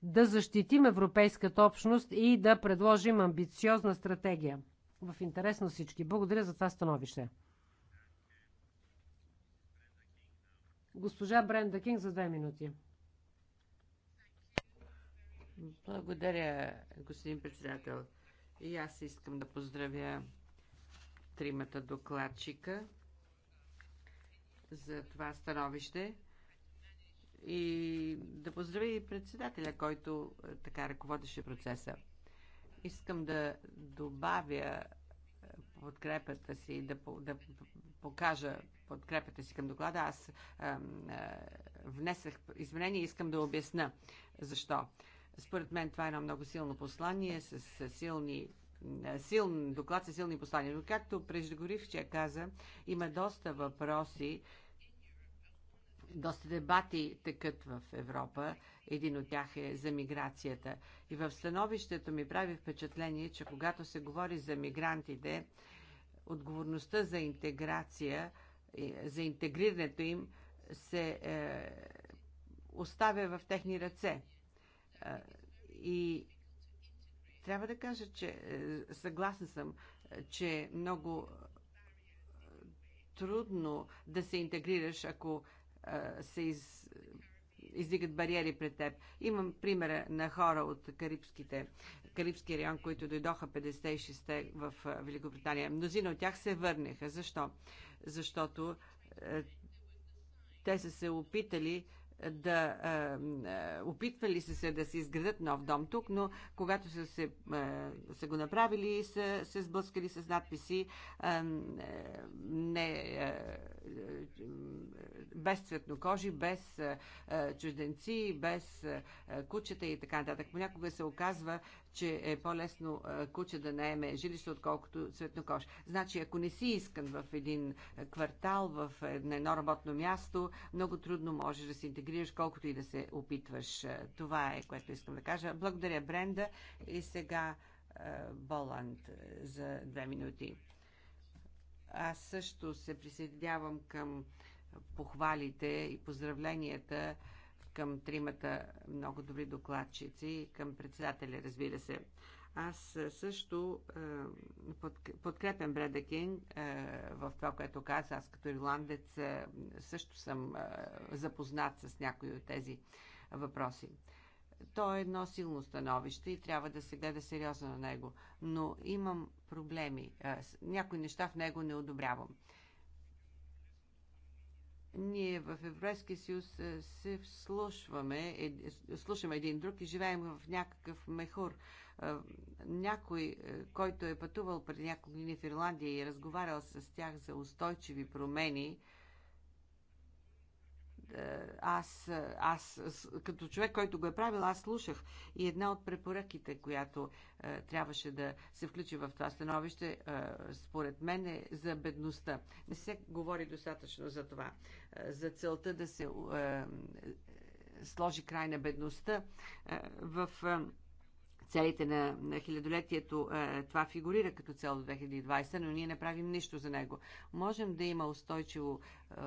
да защитим европейската общност и да предложим амбициозна стратегия. В интерес на всички. Благодаря за това становище. Госпожа Бренда Кинг за две минути. Благодаря, господин председател. И аз искам да поздравя тримата докладчика за това становище и да поздравя и председателя, който е, така ръководеше процеса. Искам да добавя е, подкрепата си, да, да покажа подкрепата си към доклада. Аз а, а, е, внесах изменения и искам да обясна защо. Според мен това е едно много силно послание с силни силен доклад със силни послания. Но както преждеговоривче каза, има доста въпроси, доста дебати текат в Европа. Един от тях е за миграцията. И в становището ми прави впечатление, че когато се говори за мигрантите, отговорността за интеграция, за интегрирането им се е, оставя в техни ръце. Е, и трябва да кажа, че е, съгласен съм, е, че е много трудно да се интегрираш, ако е, се из, издигат бариери пред теб. Имам примера на хора от Карибските, Карибския район, които дойдоха 56-те в Великобритания. Мнозина от тях се върнаха. Защо? Защото е, те са се опитали да е, опитвали са се да се изградат нов дом тук, но когато са, се, е, са го направили, са се сблъскали с надписи е, не, е, без цветнокожи, без е, чужденци, без е, кучета и така нататък. Понякога се оказва, че е по-лесно куче да наеме жилище, отколкото цветнокош. Значи, ако не си искан в един квартал, в едно работно място, много трудно можеш да се интегрираш, колкото и да се опитваш. Това е, което искам да кажа. Благодаря, Бренда. И сега Боланд за две минути. Аз също се присъединявам към похвалите и поздравленията към тримата много добри докладчици, към председателя, разбира се. Аз също подкрепям Бреда Кинг в това, което каза. Аз като ирландец също съм запознат с някои от тези въпроси. То е едно силно становище и трябва да се гледа сериозно на него. Но имам проблеми. Някои неща в него не одобрявам ние в Европейския съюз е, се вслушваме, е, слушаме един друг и живеем в някакъв мехур. Е, някой, е, който е пътувал преди няколко дни в Ирландия и е разговарял с тях за устойчиви промени, е, аз, аз, като човек, който го е правил, аз слушах и една от препоръките, която е, трябваше да се включи в това становище, е, според мен е за бедността. Не се говори достатъчно за това. Е, за целта да се е, е сложи край на бедността е, в. Е, целите на, на хилядолетието е, това фигурира като цел до 2020, но ние не правим нищо за него. Можем да има устойчиво, е,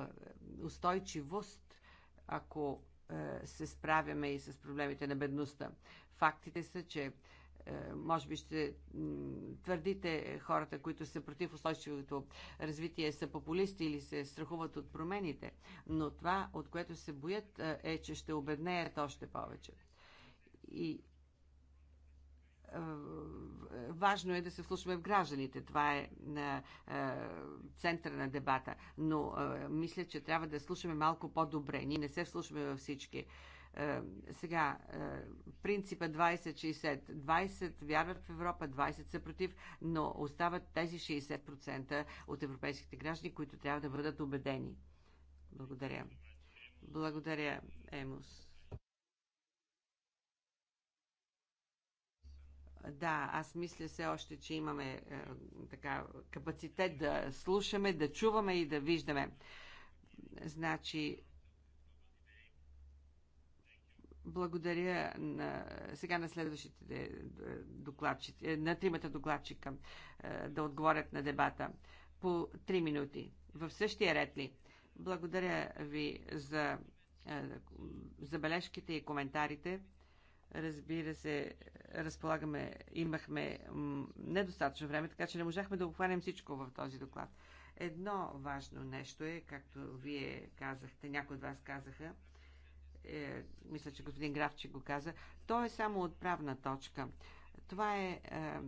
устойчивост, ако е, се справяме и с проблемите на бедността. Фактите са, че може би ще твърдите хората, които са против устойчивото развитие, са популисти или се страхуват от промените, но това, от което се боят, е, че ще обеднеят още повече. И важно е да се вслушваме в гражданите. Това е на е, центъра на дебата. Но е, мисля, че трябва да слушаме малко по-добре. Ние не се вслушваме във всички. Е, сега, принципа 20-60. 20 вярват в Европа, 20 са против, но остават тези 60% от европейските граждани, които трябва да бъдат убедени. Благодаря. Благодаря, Емус. Да, аз мисля все още, че имаме е, така капацитет да слушаме, да чуваме и да виждаме. Значи, благодаря на, сега на следващите е, докладчици, е, на тримата докладчика е, да отговорят на дебата по три минути. В същия ред ли? Благодаря ви за Забележките и коментарите. Разбира се, разполагаме, имахме недостатъчно време, така че не можахме да обхванем всичко в този доклад. Едно важно нещо е, както вие казахте, някои от вас казаха, е, мисля, че господин Графчик го каза, то е само отправна точка. Това е, е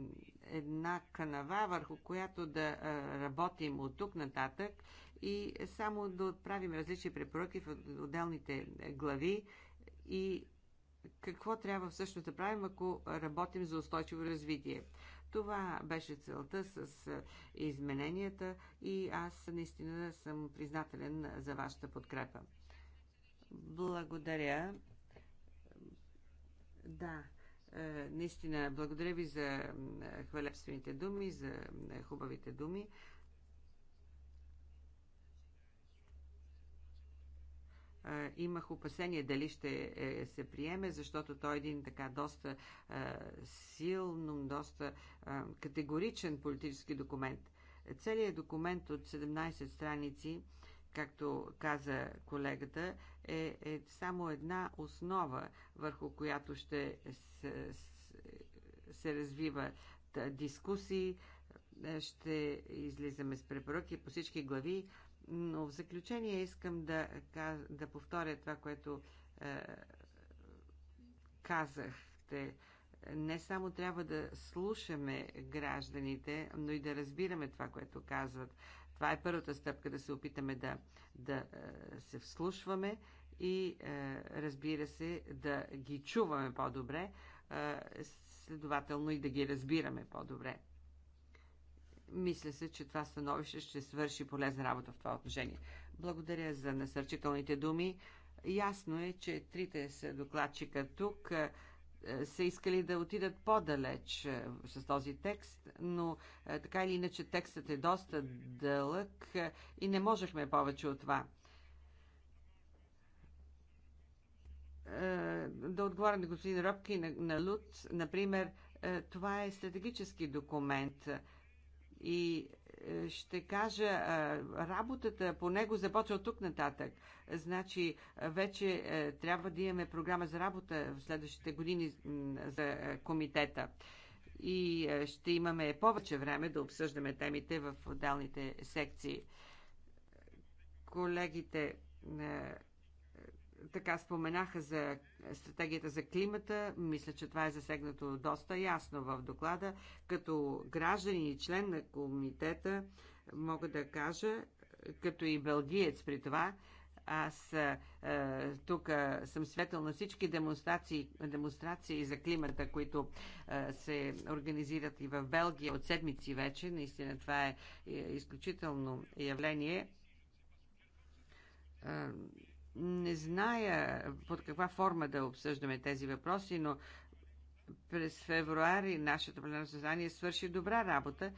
една канава, върху която да е, работим от тук нататък и само да отправим различни препоръки в отделните глави и какво трябва всъщност да правим, ако работим за устойчиво развитие. Това беше целта с измененията и аз наистина съм признателен за вашата подкрепа. Благодаря. Да, наистина, благодаря ви за хвалебствените думи, за хубавите думи. имах опасение дали ще е, се приеме, защото той е един така доста силно, доста категоричен политически документ. Целият документ от 17 страници, както каза колегата, е, е само една основа, върху която ще се, се развива дискусии, е, ще излизаме с препоръки по всички глави, но в заключение искам да, да повторя това, което е, казахте. Не само трябва да слушаме гражданите, но и да разбираме това, което казват. Това е първата стъпка да се опитаме да, да е, се вслушваме и е, разбира се да ги чуваме по-добре, е, следователно и да ги разбираме по-добре. Мисля се, че това становище ще свърши полезна работа в това отношение. Благодаря за насърчителните думи. Ясно е, че трите са докладчика тук е, са искали да отидат по-далеч е, с този текст, но е, така или иначе текстът е доста дълъг и не можехме повече от това. Да отговоря на господин Робки на, на Лут, например, това е стратегически документ – и е, ще кажа, е, работата по него започва от тук нататък. Значи, вече е, трябва да имаме програма за работа в следващите години за комитета. И ще имаме повече време да обсъждаме темите в отделните секции. Колегите така споменаха за стратегията за климата. Мисля, че това е засегнато доста ясно в доклада. Като граждани и член на комитета мога да кажа, като и белгиец при това, аз е, тук съм светъл на всички демонстрации, демонстрации за климата, които е, се организират и в Белгия от седмици вече. Наистина това е, е изключително явление. Е, не зная под каква форма да обсъждаме тези въпроси, но през февруари нашето пленарно съзнание свърши добра работа,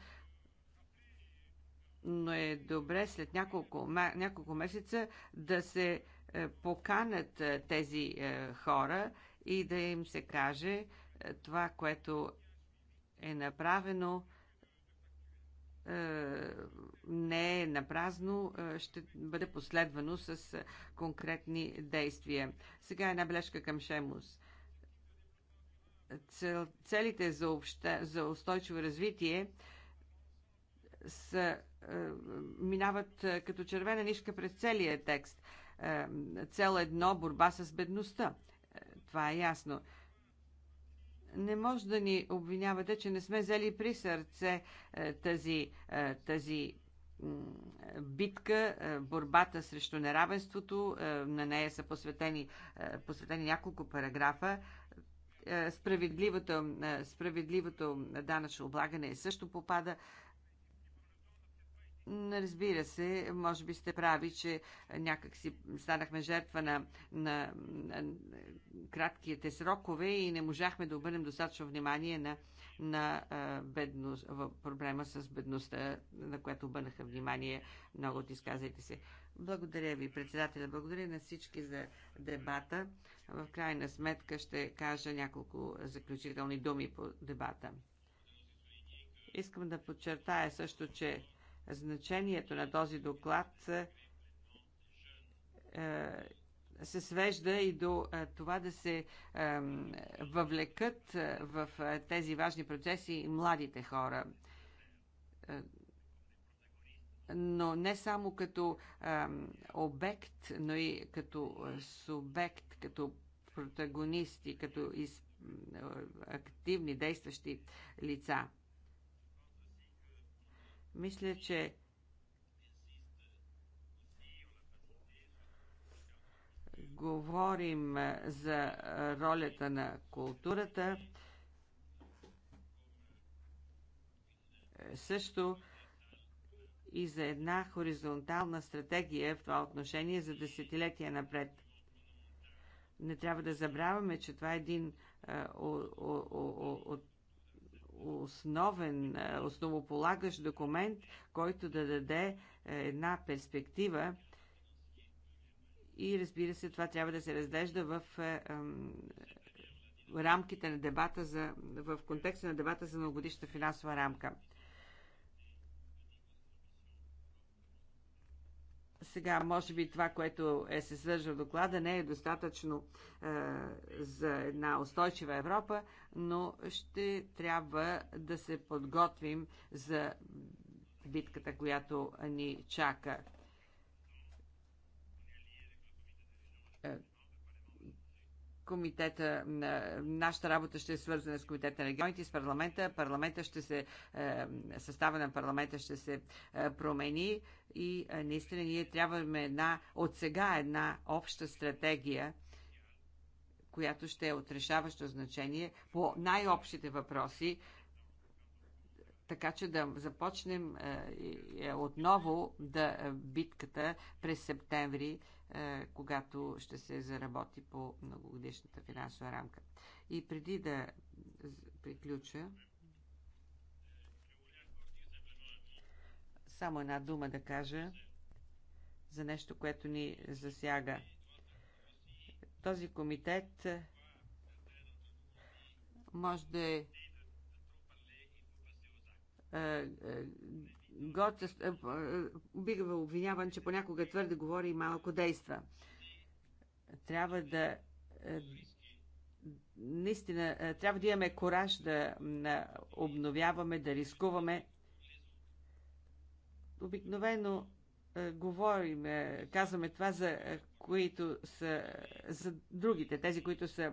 но е добре след няколко, няколко месеца да се е, поканат е, тези е, хора и да им се каже това, което е направено е, не е напразно, е, ще бъде последвано с конкретни действия. Сега една бележка към Шемус. Целите за, обща, за устойчиво развитие са, е, минават като червена нишка през целия текст. Цел едно – борба с бедността. Това е ясно не може да ни обвинявате, че не сме взели при сърце е, тази, е, тази битка, е, борбата срещу неравенството. На нея са посветени, посветени няколко параграфа. Справедливото, справедливото данъчно облагане също попада Разбира се, може би сте прави, че някак си станахме жертва на, на, на кратките срокове и не можахме да обърнем достатъчно внимание на, на бедност, проблема с бедността, на която обърнаха внимание много от изказайте се. Благодаря ви, председателя. Благодаря на всички за дебата. В крайна сметка ще кажа няколко заключителни думи по дебата. Искам да подчертая също, че Значението на този доклад е, се свежда и до е, това да се е, въвлекат в тези важни процеси младите хора. Но не само като обект, но и като субект, като протагонисти, като активни действащи лица. Мисля, че говорим за ролята на културата. Също и за една хоризонтална стратегия в това отношение за десетилетия напред. Не трябва да забравяме, че това е един от основен, е, основополагащ документ, който да даде е, една перспектива и разбира се, това трябва да се разглежда в е, рамките на дебата за, в контекста на дебата за многогодишната финансова рамка. Сега, може би това, което е се съдържа в доклада, не е достатъчно е, за една устойчива Европа, но ще трябва да се подготвим за битката, която ни чака е, комитета, нашата работа ще е свързана с комитета на регионите, с парламента. Парламента ще се, е, състава на парламента ще се е, промени и е, наистина ние трябваме една, от сега една обща стратегия, която ще е отрешаващо значение по най-общите въпроси, така че да започнем отново да битката през септември когато ще се заработи по многогодишната финансова рамка. И преди да приключа, само една дума да кажа за нещо, което ни засяга. Този комитет може да е Гоце е, бива обвиняван, че понякога твърде говори и малко действа. Трябва да е, наистина е, трябва да имаме кораж да обновяваме, да рискуваме. Обикновено е, говорим, е, казваме това за е, които са за другите, тези, които са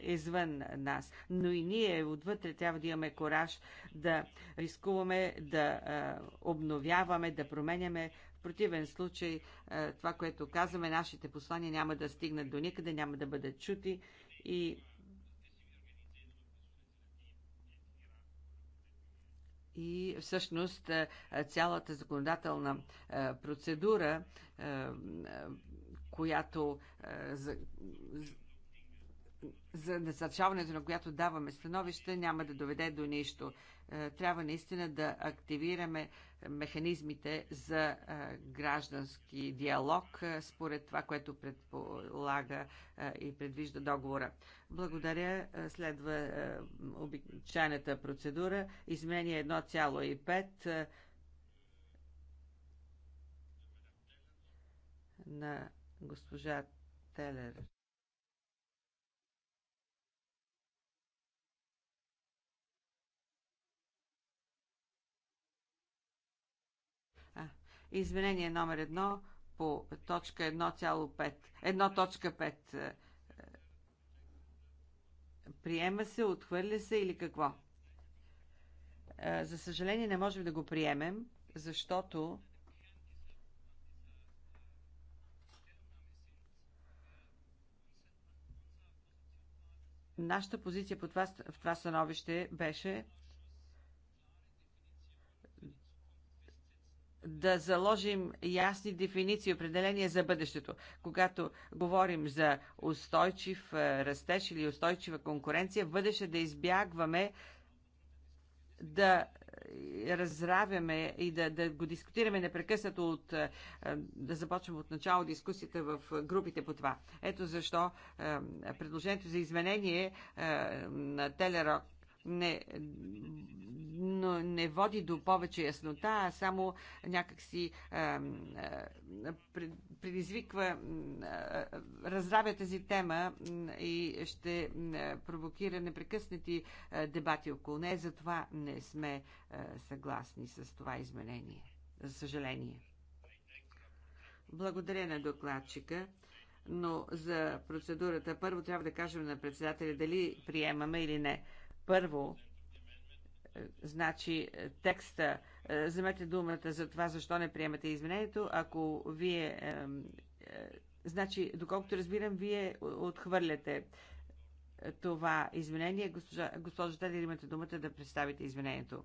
извън нас. Но и ние отвътре трябва да имаме кораж да рискуваме, да обновяваме, да променяме. В противен случай това, което казваме, нашите послания няма да стигнат до никъде, няма да бъдат чути и И всъщност е, цялата законодателна е, процедура, е, която за насърчаването на която даваме становище, няма да доведе до нищо. Е, трябва наистина да активираме механизмите за е, граждански диалог е, според това, което предполага и предвижда договора. Благодаря. Следва обичайната процедура. изменя 1,5 на госпожа Телер. Изменение номер едно по точка 1,5. 1.5. Е, приема се, отхвърля се или какво? Е, за съжаление не можем да го приемем, защото нашата позиция по това, в това становище беше да заложим ясни дефиниции, определения за бъдещето. Когато говорим за устойчив е, растеж или устойчива конкуренция, бъдеще да избягваме да е, разравяме и да, да го дискутираме непрекъснато от е, да започваме от начало дискусията в групите по това. Ето защо предложението за изменение на Телерок не, но не води до повече яснота, а само някакси а, а, предизвиква а, разравя тази тема и ще провокира непрекъснати а, дебати около нея. Затова не сме а, съгласни с това изменение. За съжаление. Благодаря на докладчика но за процедурата първо трябва да кажем на председателя дали приемаме или не. Първо, е, значи е, текста, е, вземете думата за това, защо не приемате изменението, ако вие, е, е, значи, доколкото разбирам, вие отхвърляте това изменение. Госпожа, госпожа имате думата да представите изменението.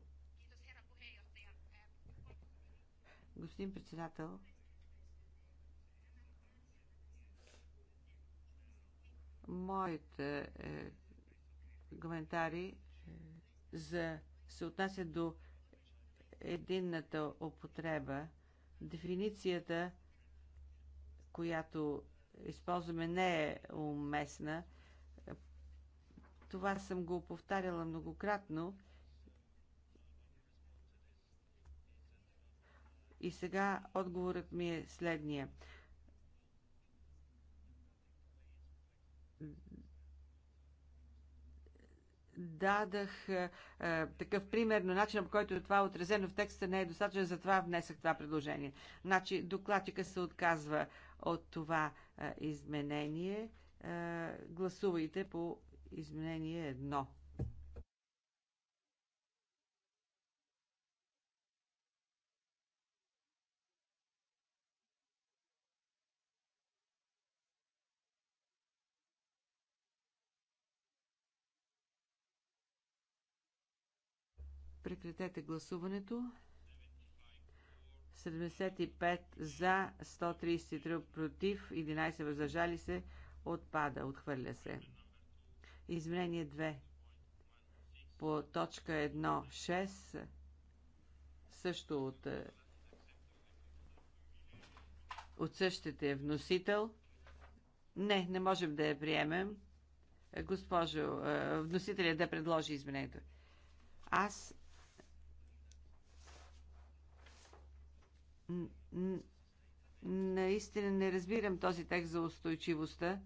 Господин председател, моят е, коментари за, се отнася до единната употреба. Дефиницията, която използваме, не е уместна. Това съм го повтаряла многократно. И сега отговорът ми е следния. дадах а, е, е, такъв пример, но начинът по който е това е отразено в текста не е достатъчен, затова внесах това предложение. Значи докладчика се отказва от това а, изменение. А, гласувайте по изменение едно. Прекратете гласуването. 75 за, 133 против, 11 въздържали се. Отпада, отхвърля се. Изменение 2. По точка 1.6 също от е, от същите вносител. Не, не можем да я приемем. Е, госпожо, е, вносителят да предложи изменението. Аз наистина не разбирам този текст за устойчивостта.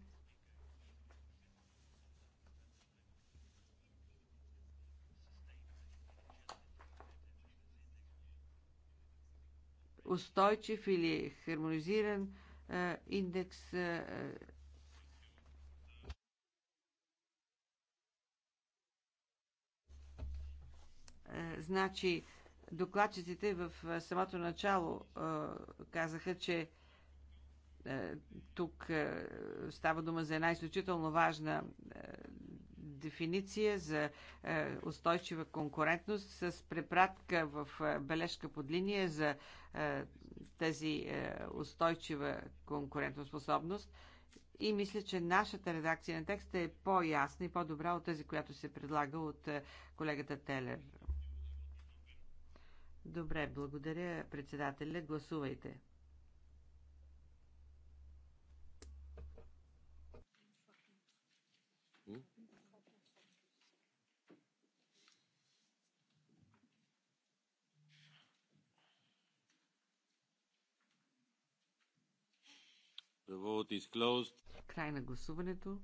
Устойчив или хармонизиран а, индекс. А, а, значи, а, Докладчиците в самото начало казаха, че тук става дума за една изключително важна дефиниция за устойчива конкурентност с препратка в бележка под линия за тази устойчива конкурентоспособност. И мисля, че нашата редакция на текста е по-ясна и по-добра от тази, която се предлага от колегата Телер Добре, благодаря председателя. Гласувайте. Край на гласуването.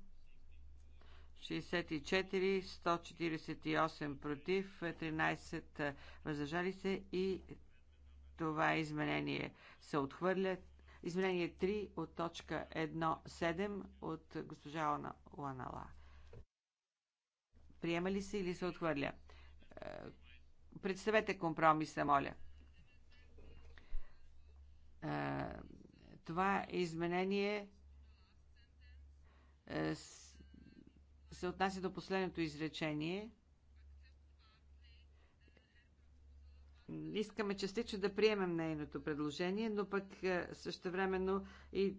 64, 148 против, 13 въздържали се и това изменение се отхвърля. Изменение 3 от точка 1.7 от госпожа Ланала. Приема ли се или се отхвърля? Представете компромиса, моля. Това изменение с се отнася до последното изречение, искаме частично да приемем нейното предложение, но пък е, същевременно и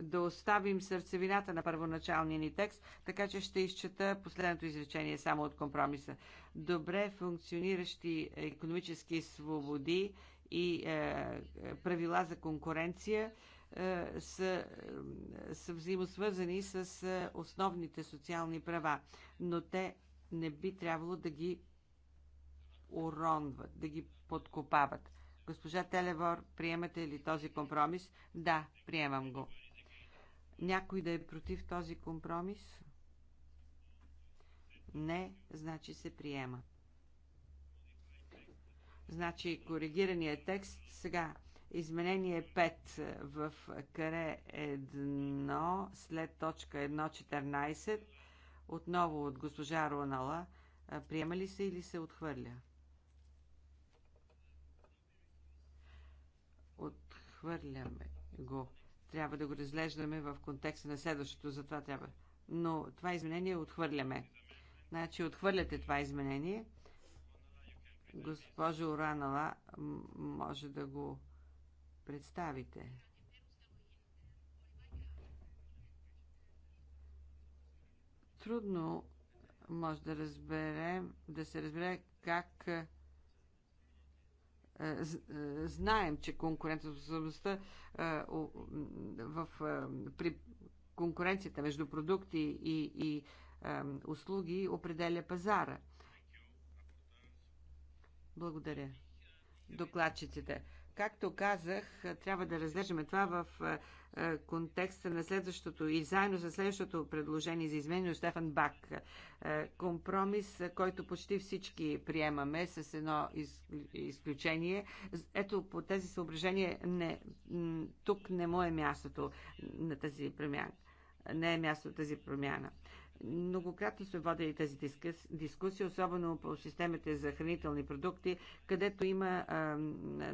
да оставим сърцевината на първоначалния ни текст, така че ще изчета последното изречение само от компромиса. Добре функциониращи економически свободи и е, е правила за конкуренция е, са, е, са взаимосвързани с е, основните социални права, но те не би трябвало да ги уронват, да ги подкопават. Госпожа Телевор, приемате ли този компромис? Да, приемам го. Някой да е против този компромис? Не, значи се приема. Значи коригираният текст сега Изменение 5 е, в каре 1 след точка 1.14 отново от госпожа Ронала. Е, приема ли се или се отхвърля? Отхвърляме го. Трябва да го разглеждаме в контекста на следващото, затова трябва. Но това изменение отхвърляме. Значи отхвърляте това изменение. Госпожо Оранала, може да го представите. Трудно може да разберем, да се разбере как е, е, знаем, че конкурентоспособността е, в, при конкуренцията между продукти и, и услуги определя пазара. Благодаря. Докладчиците. Както казах, трябва да разглеждаме това в е, е, контекста на следващото и заедно за следващото предложение за изменение от Стефан Бак. Е, компромис, който почти всички приемаме с едно из, изключение. Ето по тези съображения не, тук не му е мястото на тази промяна. Не е мястото тази промяна. Многократно сме водили тези дискусии, особено по системите за хранителни продукти, където има а,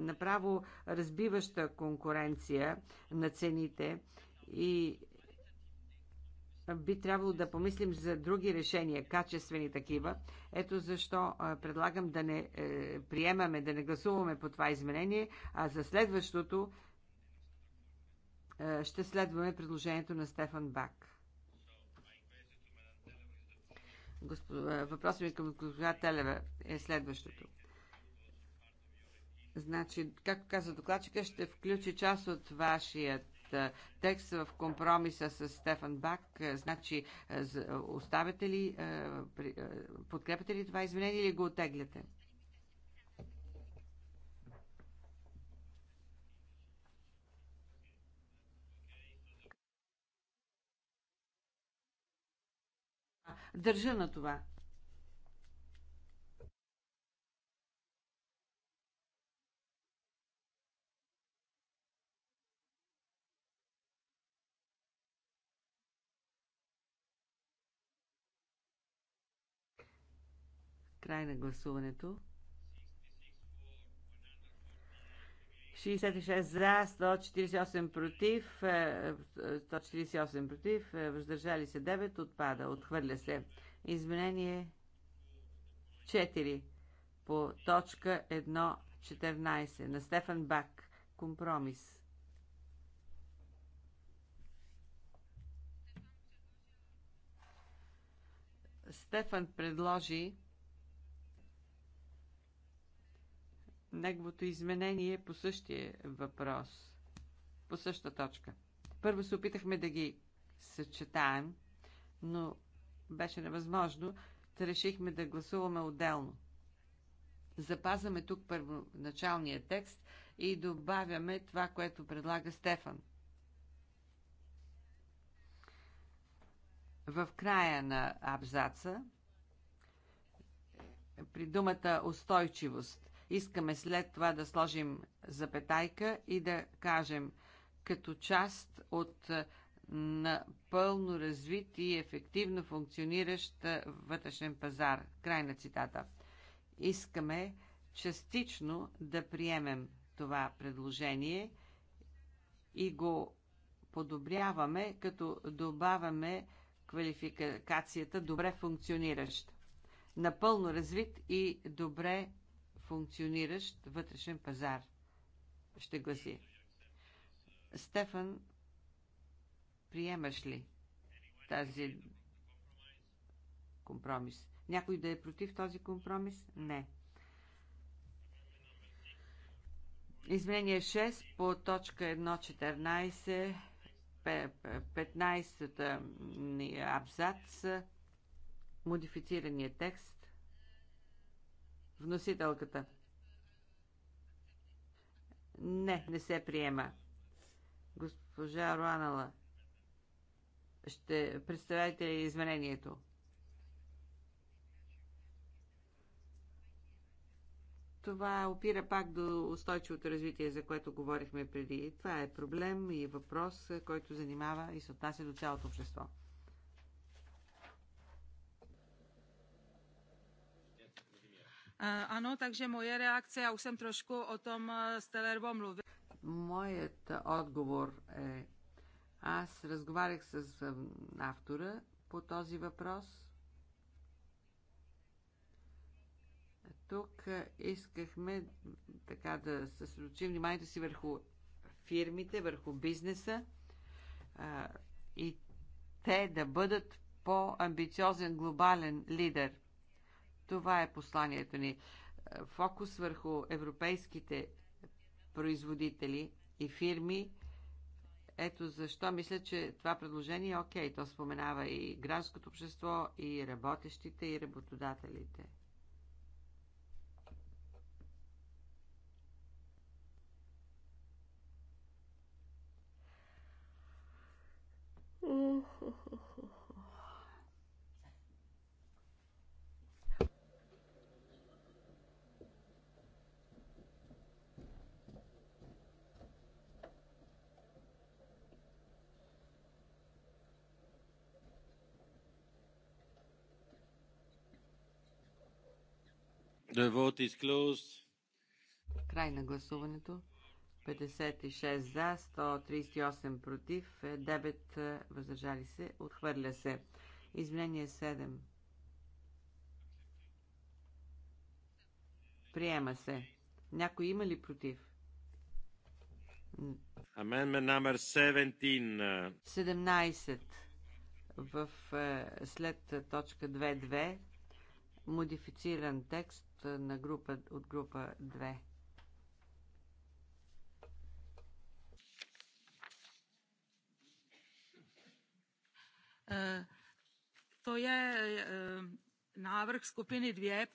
направо разбиваща конкуренция на цените и би трябвало да помислим за други решения, качествени такива. Ето защо предлагам да не е, приемаме, да не гласуваме по това изменение, а за следващото е, ще следваме предложението на Стефан Бак. Е, въпросът ми към госпожа Телева е следващото. Значи, както каза докладчика, ще включи част от вашият е, текст в компромиса с Стефан Бак. Значи, е, оставяте ли, подкрепяте ли това изменение или го отегляте? Държа на това. Край на гласуването. 66 за, 148 против, 148 е, против, е, въздържали се 9, отпада, отхвърля се. Изменение 4 по точка 1.14 на Стефан Бак. Компромис. Стефан предложи неговото изменение е по същия въпрос, по същата точка. Първо се опитахме да ги съчетаем, но беше невъзможно. Та решихме да гласуваме отделно. Запазваме тук първоначалния текст и добавяме това, което предлага Стефан. В края на абзаца при думата устойчивост Искаме след това да сложим запетайка и да кажем като част от е, на пълно развит и ефективно функциониращ е, вътрешен пазар. Край на цитата. Искаме частично да приемем това предложение и го подобряваме, като добавяме квалификацията добре функциониращ, напълно развит и добре функциониращ вътрешен пазар. Ще гласи. Стефан, приемаш ли тази компромис? Някой да е против този компромис? Не. Изменение 6 по точка 1.14, 15-та абзац, модифицирания текст Вносителката. Не, не се приема. Госпожа Руанала, ще представяте ли изменението? Това опира пак до устойчивото развитие, за което говорихме преди. Това е проблем и въпрос, който занимава и се отнася до цялото общество. Eh, ano, takže moje reakce, já už jsem trošku o tom eh, s Telerbo mluvil. Моят отговор е аз разговарях с автора по този въпрос. Тук е, искахме така да съсредоточим вниманието си върху фирмите, върху бизнеса и те да бъдат по-амбициозен глобален лидер – това е посланието ни. Фокус върху европейските производители и фирми. Ето защо мисля, че това предложение е окей. То споменава и гражданското общество, и работещите, и работодателите. The vote is closed. Край на гласуването. 56 за, 138 против, 9 е, въздържали се, отхвърля се. Изменение 7. Приема се. Някой има ли против? Amendment number 17. 17 е. в, е, след точка 2.2 модифициран текст е, на група, от група 2. To je návrh skupiny dvě.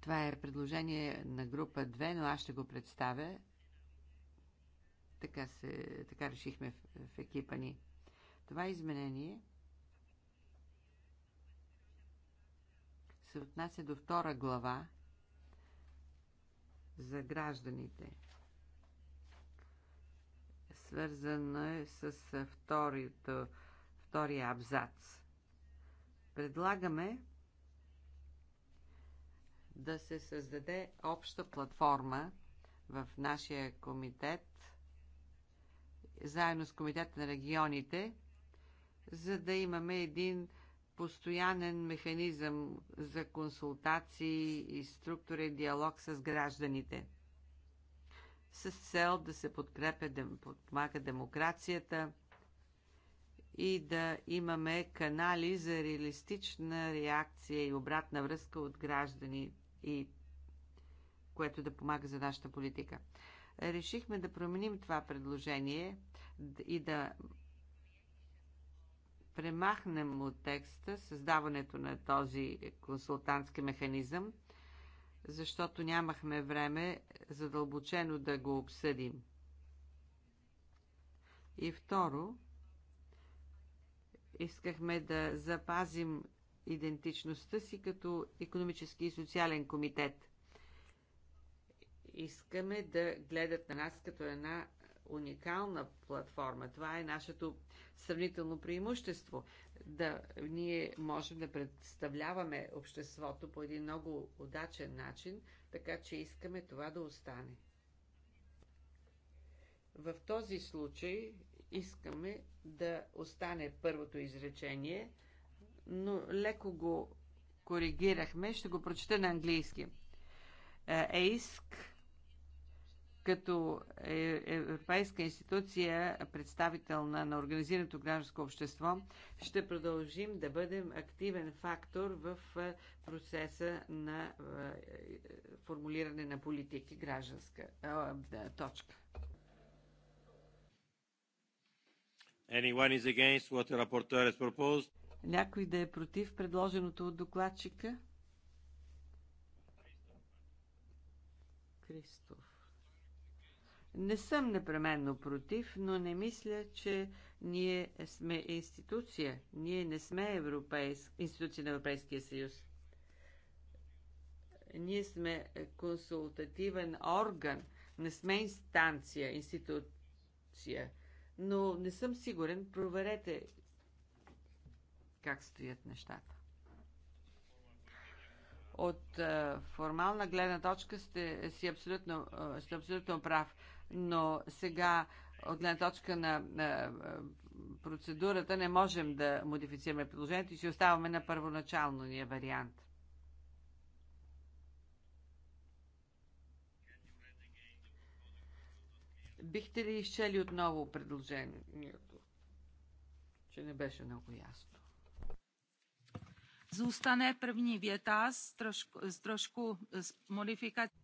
Това е предложение на група 2, но аз ще го представя. Така, се, така решихме в, в екипа ни. Това изменение се отнася до втора глава за гражданите. Свързано е с вторито, втория абзац. Предлагаме да се създаде обща платформа в нашия комитет, заедно с комитет на регионите, за да имаме един постоянен механизъм за консултации и структурен диалог с гражданите с цел да се подкрепя, да подпомага демокрацията и да имаме канали за реалистична реакция и обратна връзка от граждани и което да помага за нашата политика. Решихме да променим това предложение и да премахнем от текста създаването на този консултантски механизъм, защото нямахме време задълбочено да го обсъдим. И второ, искахме да запазим идентичността си като економически и социален комитет. Искаме да гледат на нас като една уникална платформа. Това е нашето сравнително преимущество. Да, ние можем да представляваме обществото по един много удачен начин, така че искаме това да остане. В този случай искаме да остане първото изречение, но леко го коригирахме. Ще го прочета на английски. Е, Ейск като е, европейска институция, представителна на организираното гражданско общество, ще продължим да бъдем активен фактор в е, процеса на е, формулиране на политики гражданска точка. Anyone is against what the rapporteur has proposed? Някой да е против предложеното от докладчика? Кристоф. Не съм непременно против, но не мисля, че ние сме институция. Ние не сме европейск, институция на Европейския съюз. Ние сме консултативен орган, не сме инстанция, институция. Но не съм сигурен. Проверете как стоят нещата. От а, формална гледна точка сте, си абсолютно, а, сте абсолютно прав. А, но сега от гледна точка на, на процедурата не можем да модифицираме предложението и си оставаме на първоначалния вариант. Бихте ли изчели отново предложението? Че не беше много ясно. За první věta s trošku, s trošku s modifikací.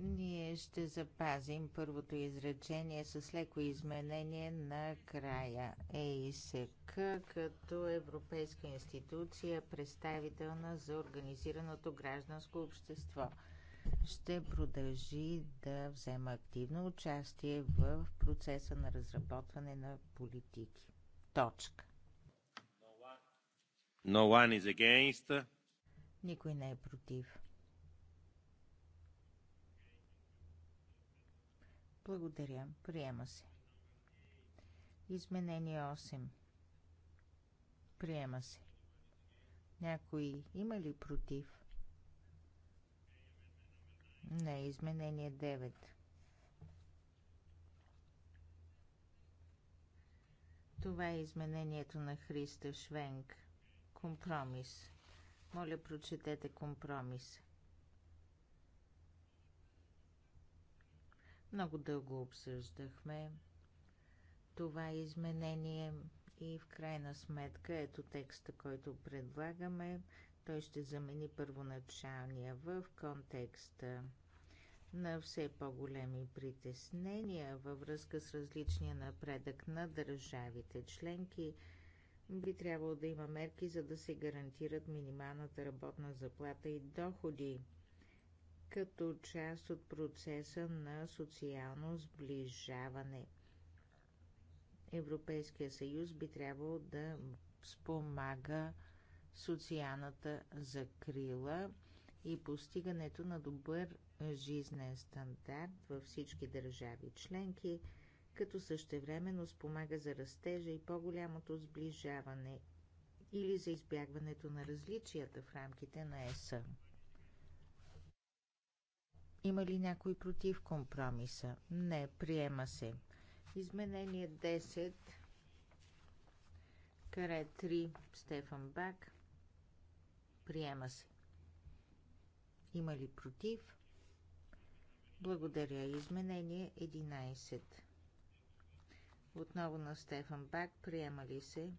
Ние ще запазим първото изречение с леко изменение на края. ЕИСК като европейска институция, представителна за организираното гражданско общество, ще продължи да взема активно участие в процеса на разработване на политики. Точка. No one is against. Никой не е против. Благодаря. Приема се. Изменение 8. Приема се. Някой има ли против? Не, изменение 9. Това е изменението на Христа Швенг. Компромис. Моля, прочетете компромис. Много дълго обсъждахме това изменение и в крайна сметка ето текста, който предлагаме. Той ще замени първоначалния в контекста на все по-големи притеснения във връзка с различния напредък на държавите членки, би трябвало да има мерки, за да се гарантират минималната работна заплата и доходи като част от процеса на социално сближаване. Европейския съюз би трябвало да спомага социалната закрила и постигането на добър жизнен стандарт във всички държави членки, като същевременно спомага за растежа и по-голямото сближаване или за избягването на различията в рамките на ЕСА. Има ли някой против компромиса? Не, приема се. Изменение 10, каре 3, Стефан Бак. Приема се. Има ли против? Благодаря. Изменение 11. Отново на Стефан Бак. Приема ли се?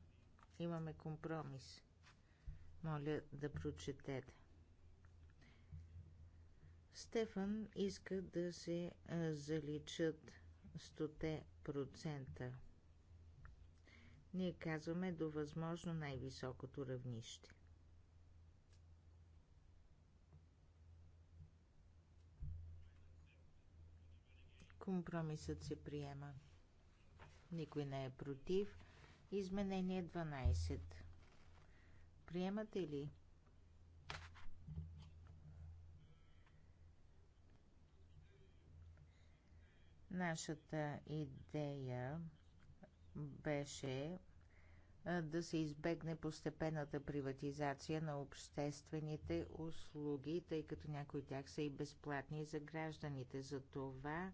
Имаме компромис. Моля да прочетете. Стефан иска да се заличат 100%. Ние казваме до възможно най-високото равнище. Компромисът се приема. Никой не е против. Изменение 12. Приемате ли? Нашата идея беше да се избегне постепенната приватизация на обществените услуги, тъй като някои от тях са и безплатни за гражданите. За това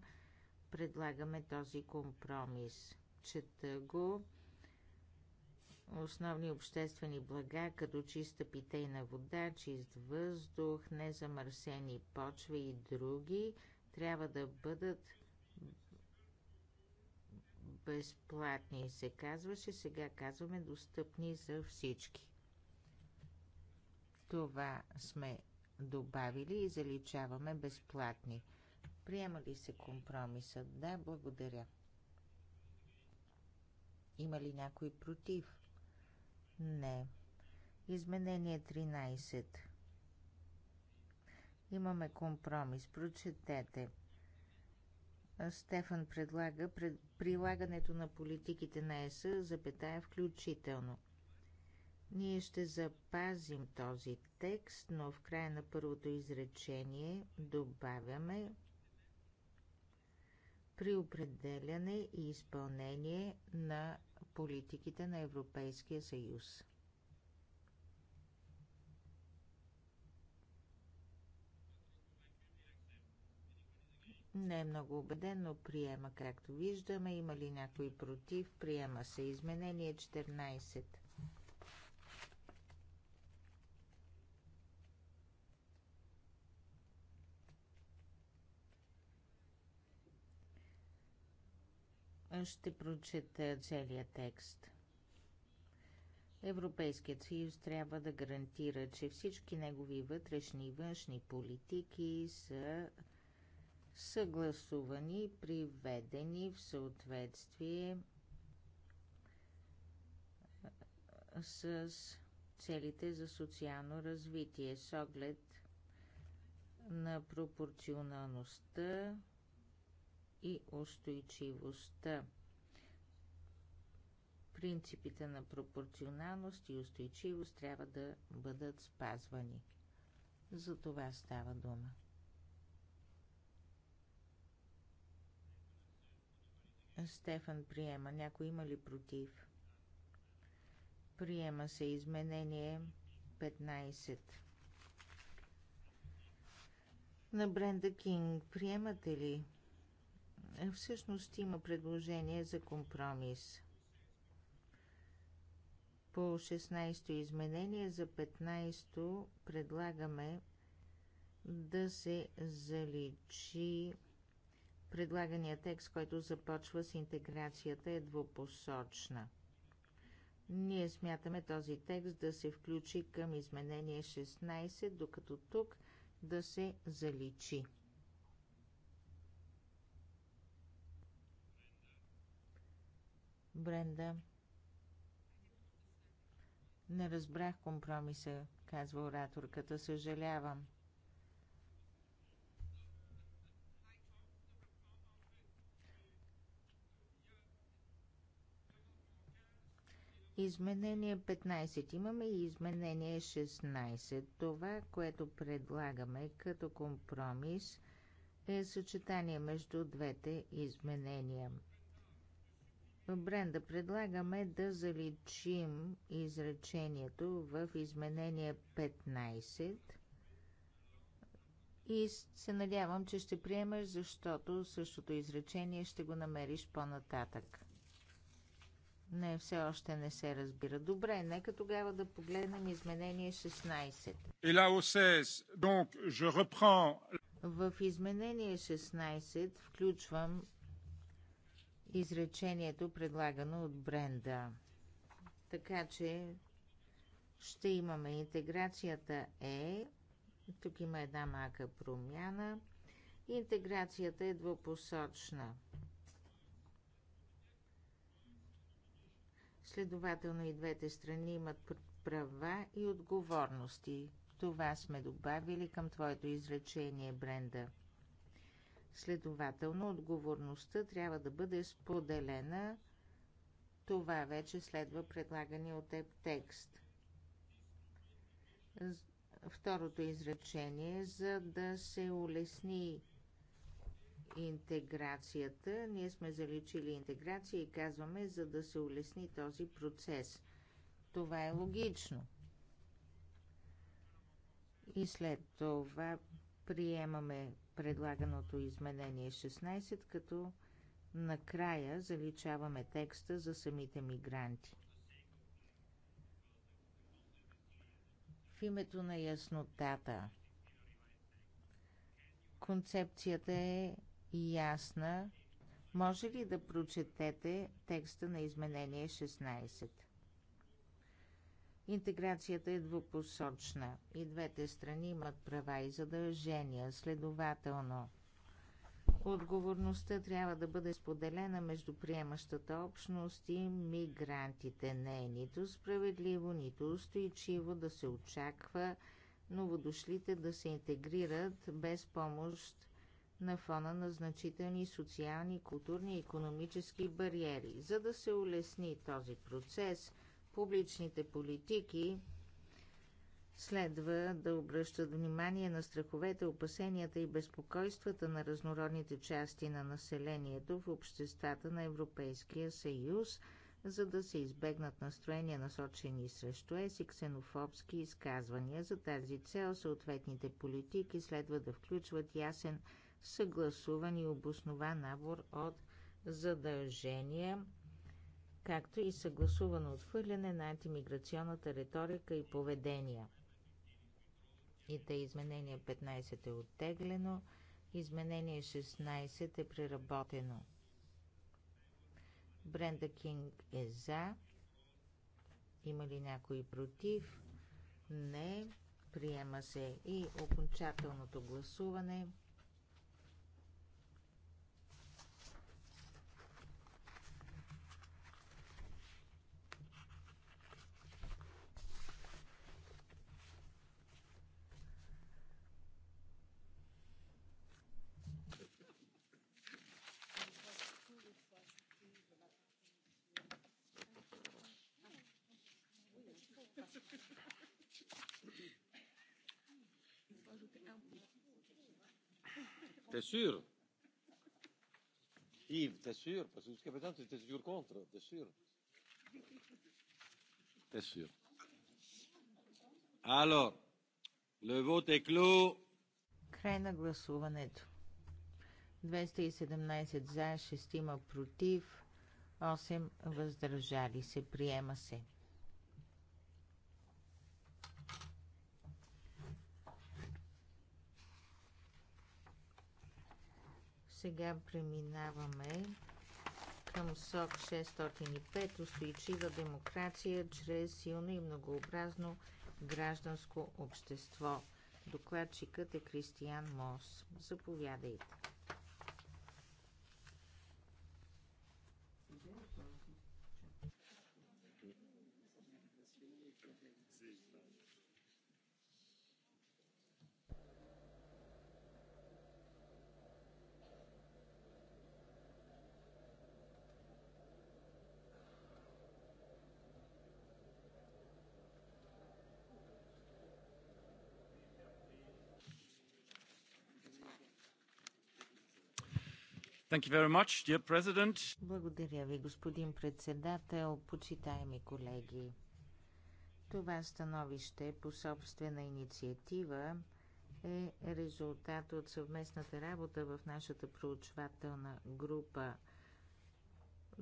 предлагаме този компромис. Чета го. Основни обществени блага, като чиста питейна вода, чист въздух, незамърсени почви и други, трябва да бъдат безплатни се казваше, сега казваме достъпни за всички. Това сме добавили и заличаваме безплатни. Приема ли се компромисът? Да, благодаря. Има ли някой против? Не. Изменение 13. Имаме компромис. Прочетете. Стефан предлага пред прилагането на политиките на ЕС, запетая включително. Ние ще запазим този текст, но в края на първото изречение добавяме при определяне и изпълнение на политиките на Европейския съюз. Не е много убеден, но приема, както виждаме. Има ли някой против? Приема се. Изменение 14. Ще прочета целият текст. Европейският съюз трябва да гарантира, че всички негови вътрешни и външни политики са Съгласувани, и приведени в съответствие с целите за социално развитие с оглед на пропорционалността и устойчивостта. Принципите на пропорционалност и устойчивост трябва да бъдат спазвани. За това става дума. Стефан приема. Някой има ли против? Приема се изменение 15. На Бренда Кинг приемате ли? Е, всъщност има предложение за компромис. По 16-то изменение за 15-то предлагаме да се заличи Предлаганият текст, който започва с интеграцията, е двупосочна. Ние смятаме този текст да се включи към изменение 16, докато тук да се заличи. Бренда. Не разбрах компромиса, казва ораторката. Съжалявам. Изменение 15 имаме и изменение 16. Това, което предлагаме като компромис е съчетание между двете изменения. В бренда предлагаме да заличим изречението в изменение 15 и се надявам, че ще приемеш, защото същото изречение ще го намериш по-нататък. Не, все още не се разбира. Добре, нека тогава да погледнем изменение 16. Et là, 16, donc, je reprends... В изменение 16 включвам изречението, предлагано от Бренда. Така че ще имаме интеграцията е, тук има една мака промяна, интеграцията е двупосочна – Следователно и двете страни имат права и отговорности. Това сме добавили към твоето изречение, Бренда. Следователно, отговорността трябва да бъде споделена. Това вече следва предлагания от теб текст. Второто изречение, за да се улесни интеграцията. Ние сме заличили интеграция и казваме, за да се улесни този процес. Това е логично. И след това приемаме предлаганото изменение 16, като накрая заличаваме текста за самите мигранти. В името на яснотата концепцията е ясна. Може ли да прочетете текста на изменение 16? Интеграцията е двупосочна и двете страни имат права и задължения. Следователно, отговорността трябва да бъде споделена между приемащата общност и мигрантите. Не е нито справедливо, нито устойчиво да се очаква новодошлите да се интегрират без помощ на фона на значителни социални, културни и економически бариери. За да се улесни този процес, публичните политики следва да обръщат внимание на страховете, опасенията и безпокойствата на разнородните части на населението в обществата на Европейския съюз, за да се избегнат настроения насочени срещу ЕС и ксенофобски изказвания. За тази цел съответните политики следва да включват ясен съгласуван и обоснован набор от задължения, както и съгласувано отхвърляне на антимиграционната риторика и поведения. И те изменение 15 е оттеглено, изменение 16 е преработено. Бренда Кинг е за. Има ли някой против? Не. Приема се и окончателното гласуване. sûr. Yves, t'es sûr Parce que jusqu'à maintenant, tu étais toujours contre. T'es sûr T'es sûr. Alors, le vote est clos. Край на гласуването. 217 за, 6 против, 8 въздържали се. Приема се. Сега преминаваме към СОК 605 устойчива демокрация чрез силно и многообразно гражданско общество. Докладчикът е Кристиян Мос. Заповядайте. Благодаря ви, господин председател, почитаеми колеги. Това становище по собствена инициатива е резултат от съвместната работа в нашата проучвателна група.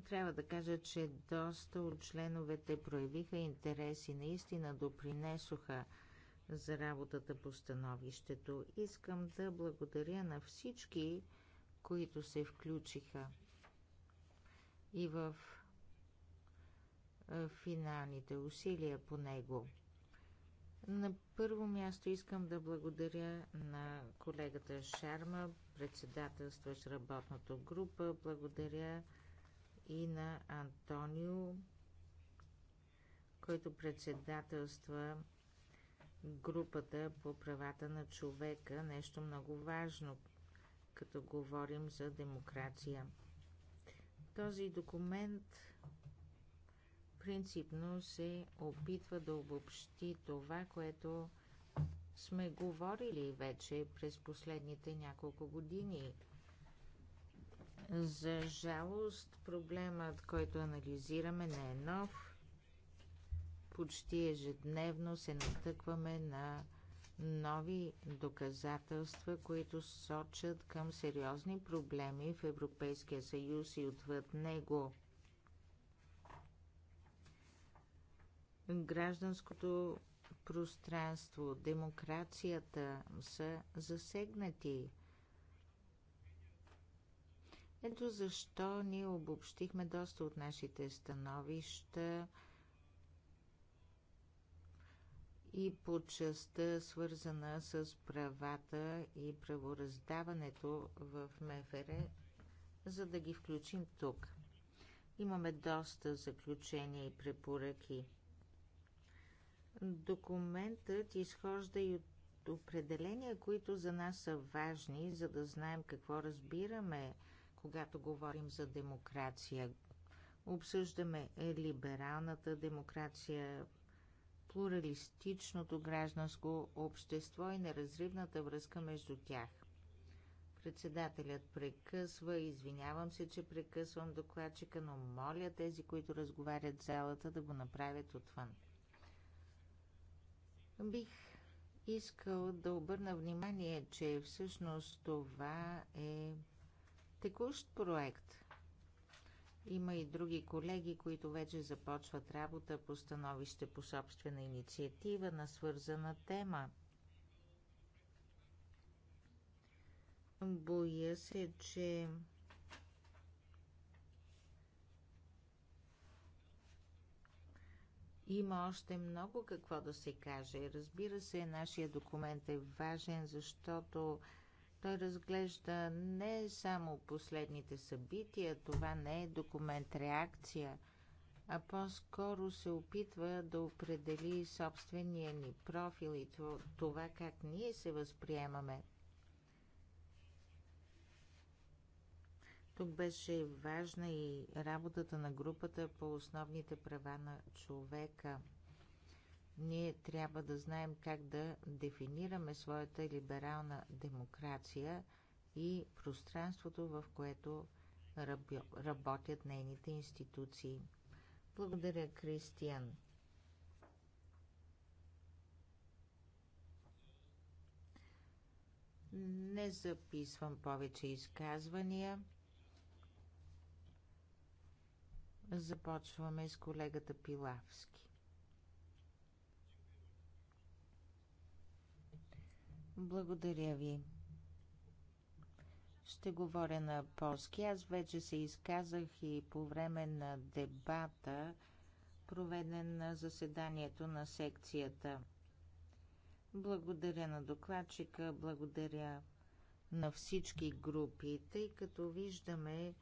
Трябва да кажа, че доста от членовете проявиха интерес и наистина допринесоха за работата по становището. Искам да благодаря на всички, които се включиха и в финалните усилия по него. На първо място искам да благодаря на колегата Шарма, председателстваш работната група. Благодаря и на Антонио, който председателства групата по правата на човека. Нещо много важно като говорим за демокрация. Този документ принципно се опитва да обобщи това, което сме говорили вече през последните няколко години. За жалост, проблемът, който анализираме, не е нов. Почти ежедневно се натъкваме на нови доказателства, които сочат към сериозни проблеми в Европейския съюз и отвъд него. Гражданското пространство, демокрацията са засегнати. Ето защо ние обобщихме доста от нашите становища – и по частта свързана с правата и правораздаването в МФР, за да ги включим тук. Имаме доста заключения и препоръки. Документът изхожда и от определения, които за нас са важни, за да знаем какво разбираме, когато говорим за демокрация. Обсъждаме либералната демокрация, плуралистичното гражданско общество и неразривната връзка между тях. Председателят прекъсва, извинявам се, че прекъсвам докладчика, но моля тези, които разговарят в залата, да го направят отвън. Бих искал да обърна внимание, че всъщност това е текущ проект. Има и други колеги, които вече започват работа по становище по собствена инициатива на свързана тема. Боя се, че Има още много какво да се каже. Разбира се, нашия документ е важен, защото той разглежда не само последните събития, това не е документ реакция, а по-скоро се опитва да определи собствения ни профил и това как ние се възприемаме. Тук беше важна и работата на групата по основните права на човека – ние трябва да знаем как да дефинираме своята либерална демокрация и пространството, в което работят нейните институции. Благодаря, Кристиан. Не записвам повече изказвания. Започваме с колегата Пилавски. Благодаря ви. Ще говоря на полски. Аз вече се изказах и по време на дебата, проведен на заседанието на секцията. Благодаря на докладчика, благодаря на всички групи, тъй като виждаме,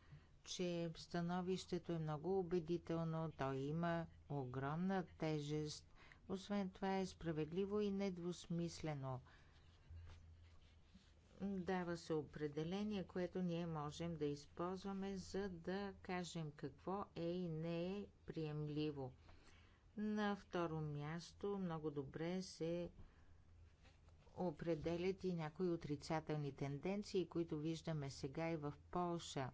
че становището е много убедително, то има огромна тежест, освен това е справедливо и недвусмислено – Дава се определение, което ние можем да използваме, за да кажем какво е и не е приемливо. На второ място много добре се определят и някои отрицателни тенденции, които виждаме сега и в Полша.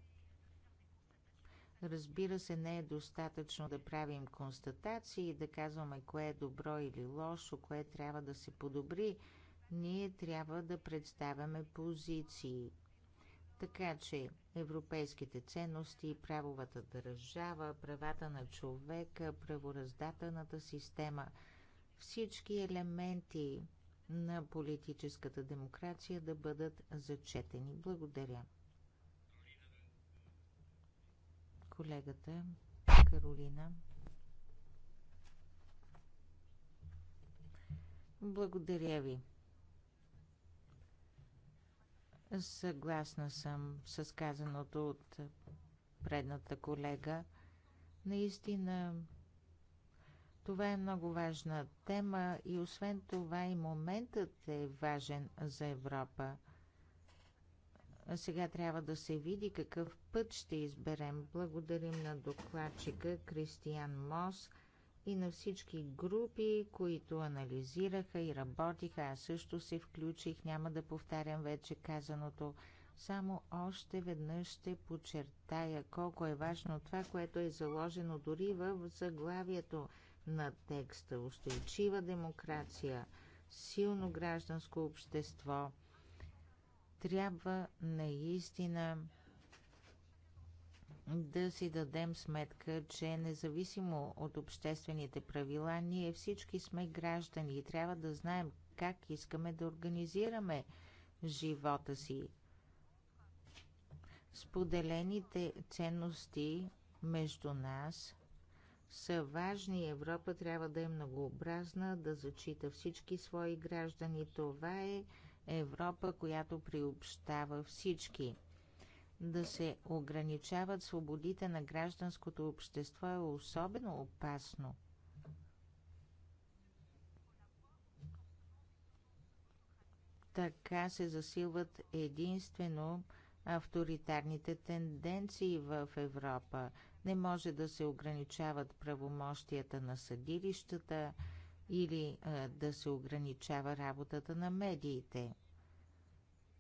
Разбира се, не е достатъчно да правим констатации и да казваме кое е добро или лошо, кое трябва да се подобри – ние трябва да представяме позиции. Така че европейските ценности, правовата държава, правата на човека, правораздателната система, всички елементи на политическата демокрация да бъдат зачетени. Благодаря. Колегата Каролина. Благодаря ви. Съгласна съм с казаното от предната колега. Наистина, това е много важна тема и освен това и моментът е важен за Европа. Сега трябва да се види какъв път ще изберем. Благодарим на докладчика Кристиян Мос – и на всички групи, които анализираха и работиха. Аз също се включих, няма да повтарям вече казаното. Само още веднъж ще подчертая колко е важно това, което е заложено дори в заглавието на текста. Устойчива демокрация, силно гражданско общество. Трябва наистина да си дадем сметка, че независимо от обществените правила, ние всички сме граждани и трябва да знаем как искаме да организираме живота си. Споделените ценности между нас са важни. Европа трябва да е многообразна, да зачита всички свои граждани. Това е Европа, която приобщава всички – да се ограничават свободите на гражданското общество е особено опасно. Така се засилват единствено авторитарните тенденции в Европа. Не може да се ограничават правомощията на съдилищата или а, е, да се ограничава работата на медиите.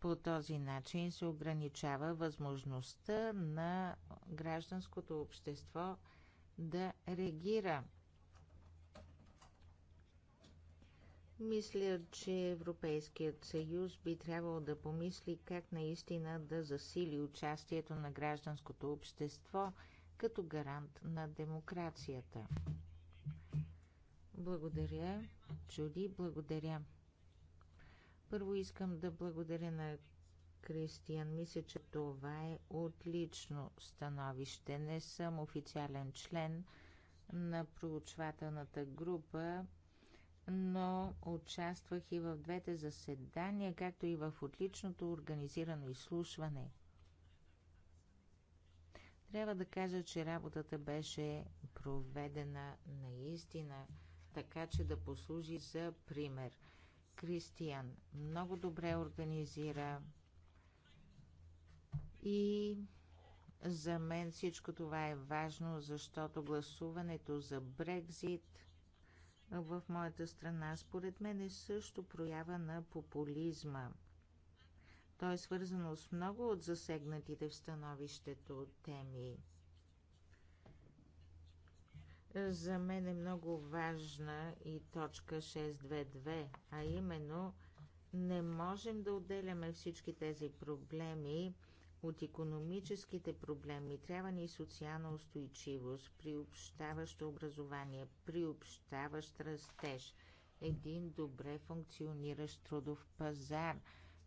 По този начин се ограничава възможността на гражданското общество да реагира. Мисля, че Европейският съюз би трябвало да помисли как наистина да засили участието на гражданското общество като гарант на демокрацията. Благодаря, Чуди, благодаря първо искам да благодаря на Кристиан. Мисля, че това е отлично становище. Не съм официален член на проучвателната група, но участвах и в двете заседания, както и в отличното организирано изслушване. Трябва да кажа, че работата беше проведена наистина, така че да послужи за пример – Кристиан, много добре организира и за мен всичко това е важно, защото гласуването за Брекзит в моята страна според мен е също проява на популизма. То е свързано с много от засегнатите в становището теми за мен е много важна и точка 622, а именно не можем да отделяме всички тези проблеми от економическите проблеми. Трябва ни социална устойчивост, приобщаващо образование, приобщаващ растеж, един добре функциониращ трудов пазар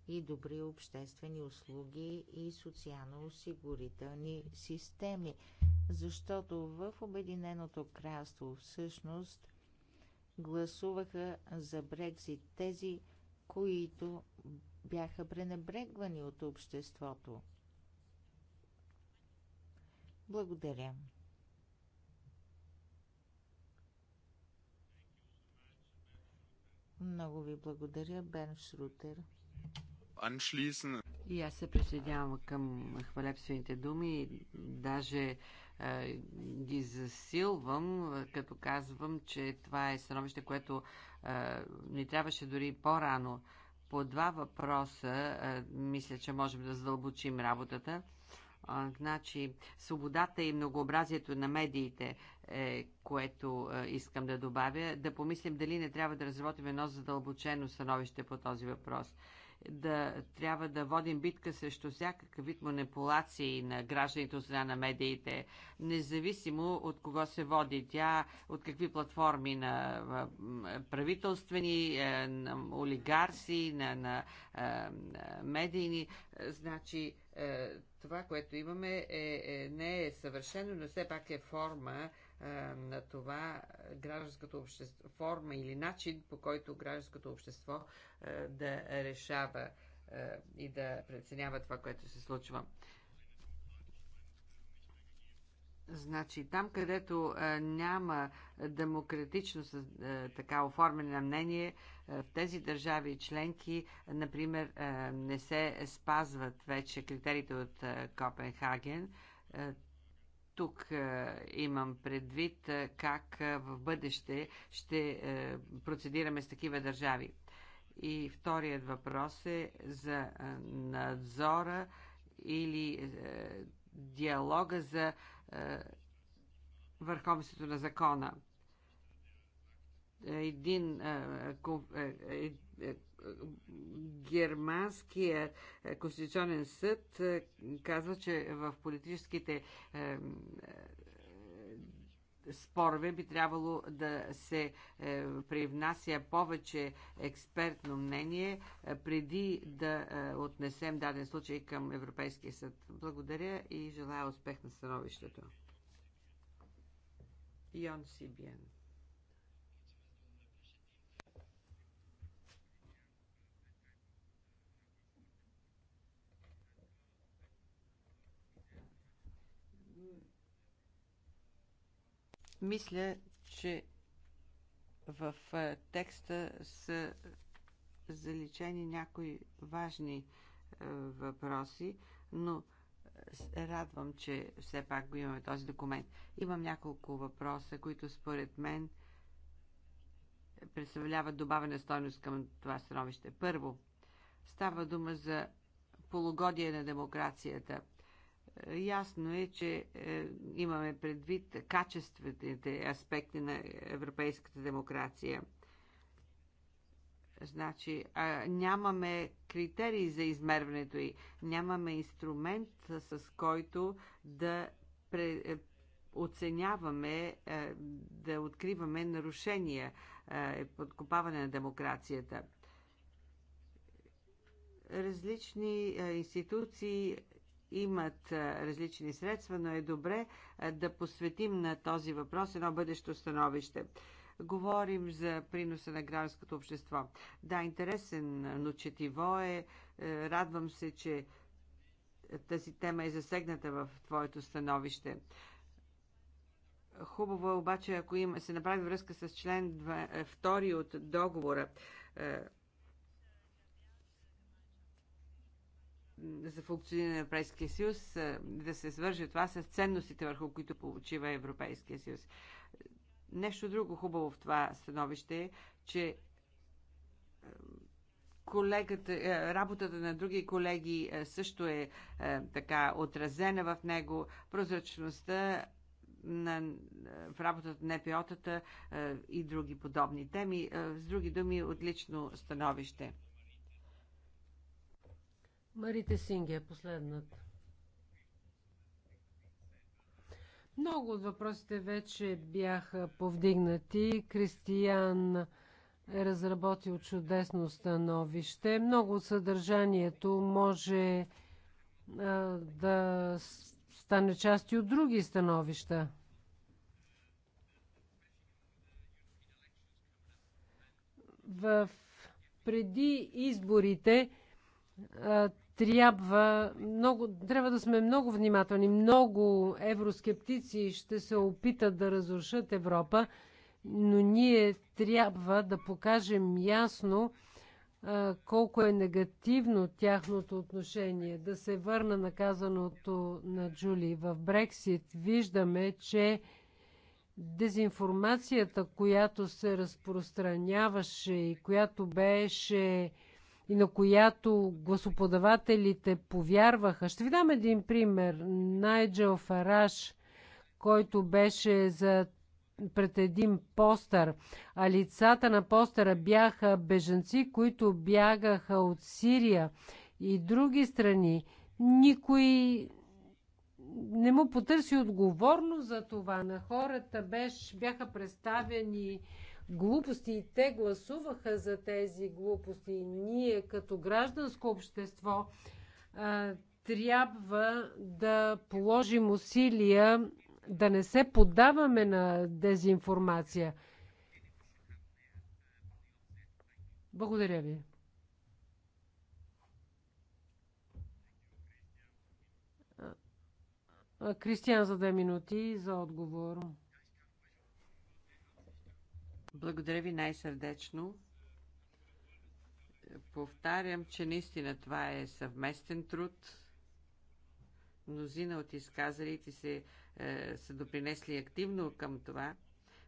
и добри обществени услуги и социално-осигурителни системи защото в Обединеното кралство всъщност гласуваха за Брекзит тези, които бяха пренебрегвани от обществото. Благодаря. Много ви благодаря, Бен Шрутер. И аз се присъединявам към хвалебствените думи. Даже ги засилвам, като казвам, че това е становище, което ни трябваше дори по-рано. По два въпроса мисля, че можем да задълбочим работата. Значи, свободата и многообразието на медиите, е, което е, искам да добавя, да помислим дали не трябва да разработим едно задълбочено становище по този въпрос да трябва да водим битка срещу всякакъв вид манипулации на гражданите от страна на медиите, независимо от кого се води тя, от какви платформи на правителствени, е, на олигарси, на, на, на медийни. Значи, е, това, което имаме, е, е, не е съвършено, но все пак е форма на това гражданското общество, форма или начин, по който гражданското общество да решава и да преценява това, което се случва. Значи, там, където а, няма демократично а, така оформене на мнение, а, в тези държави членки, а, например, а, не се спазват вече критериите от а, Копенхаген, а, тук е, имам предвид е, как е, в бъдеще ще процедираме с такива държави. И вторият въпрос е за надзора или диалога за върховенството на закона. Един Германския е, конституционен съд е, казва, че в политическите е, спорове би трябвало да се привнася повече експертно мнение преди да отнесем даден случай към Европейския съд. Благодаря и желая успех на становището. Йон Сибиен. Мисля, че в е, текста са заличени някои важни е, въпроси, но е, радвам, че все пак го имаме този документ. Имам няколко въпроса, които според мен представляват добавена стойност към това становище. Първо, става дума за полугодие на демокрацията – Ясно е, че е, имаме предвид качествените аспекти на европейската демокрация. Значи, а, нямаме критерии за измерването и, нямаме инструмент, с който да пре, е, оценяваме, е, да откриваме нарушения, подкопаване на демокрацията. Различни институции имат различни средства, но е добре да посветим на този въпрос едно бъдещо становище. Говорим за приноса на гражданското общество. Да, интересен, но четиво е. е радвам се, че тази тема е засегната в твоето становище. Хубаво е обаче, ако има, се направи връзка с член 2 е, от договора е, за функциониране на Европейския съюз, да се свърже това с ценностите, върху които получива Европейския съюз. Нещо друго хубаво в това становище е, че колегата, работата на други колеги също е така отразена в него. Прозрачността на, в работата на пиотата и други подобни теми. С други думи, отлично становище. Марите Синге е последната. Много от въпросите вече бяха повдигнати. Кристиян е разработил чудесно становище. Много от съдържанието може а, да стане част и от други становища. В преди изборите а, трябва, много, трябва да сме много внимателни. Много евроскептици ще се опитат да разрушат Европа, но ние трябва да покажем ясно а, колко е негативно тяхното отношение. Да се върна на казаното на Джули. В Брексит виждаме, че дезинформацията, която се разпространяваше и която беше и на която гласоподавателите повярваха. Ще ви дам един пример. Найджел Фараш, който беше за пред един постър, а лицата на постъра бяха беженци, които бягаха от Сирия и други страни. Никой не му потърси отговорност за това. На хората беше, бяха представени глупости. и Те гласуваха за тези глупости. Ние като гражданско общество трябва да положим усилия да не се поддаваме на дезинформация. Благодаря ви. Кристиан, за две минути за отговор. Благодаря ви най-сърдечно. Повтарям, че наистина това е съвместен труд. Мнозина от изказалите се, е, са допринесли активно към това.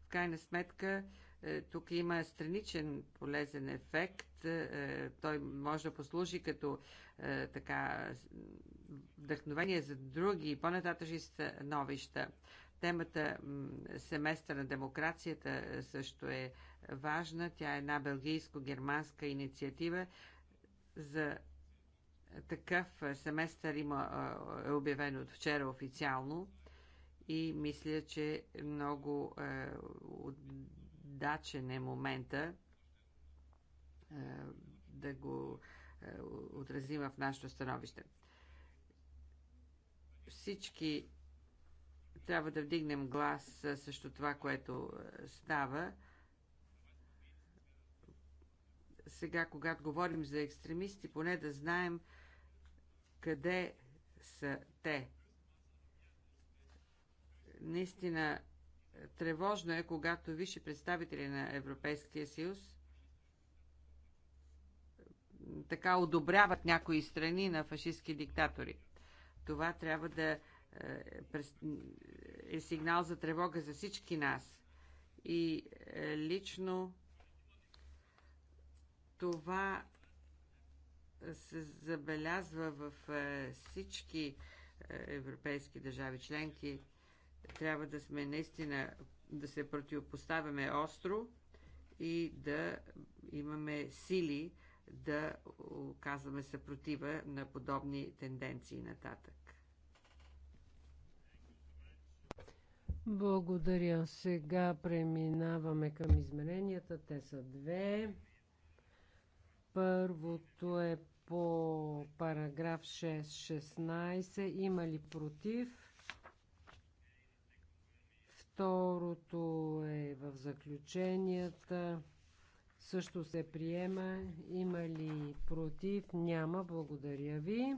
В крайна сметка, е, тук има страничен полезен ефект. Е, той може да послужи като е, така вдъхновение за други по-нататъчни становища. Темата семестър на демокрацията също е важна. Тя е една белгийско-германска инициатива за такъв семестър има, е обявен от вчера официално и мисля, че много е, отдачен е момента е, да го е, отразим в нашето становище. Всички трябва да вдигнем глас също това, което става. Сега, когато говорим за екстремисти, поне да знаем къде са те. Наистина, тревожно е, когато висши представители на Европейския съюз така одобряват някои страни на фашистски диктатори. Това трябва да е, е сигнал за тревога за всички нас. И е, лично това се забелязва в е, всички европейски държави членки. Трябва да сме наистина да се противопоставяме остро и да имаме сили да оказваме съпротива на подобни тенденции нататък. Благодаря. Сега преминаваме към измеренията. Те са две. Първото е по параграф 6.16. Има ли против? Второто е в заключенията. Също се приема. Има ли против? Няма. Благодаря ви.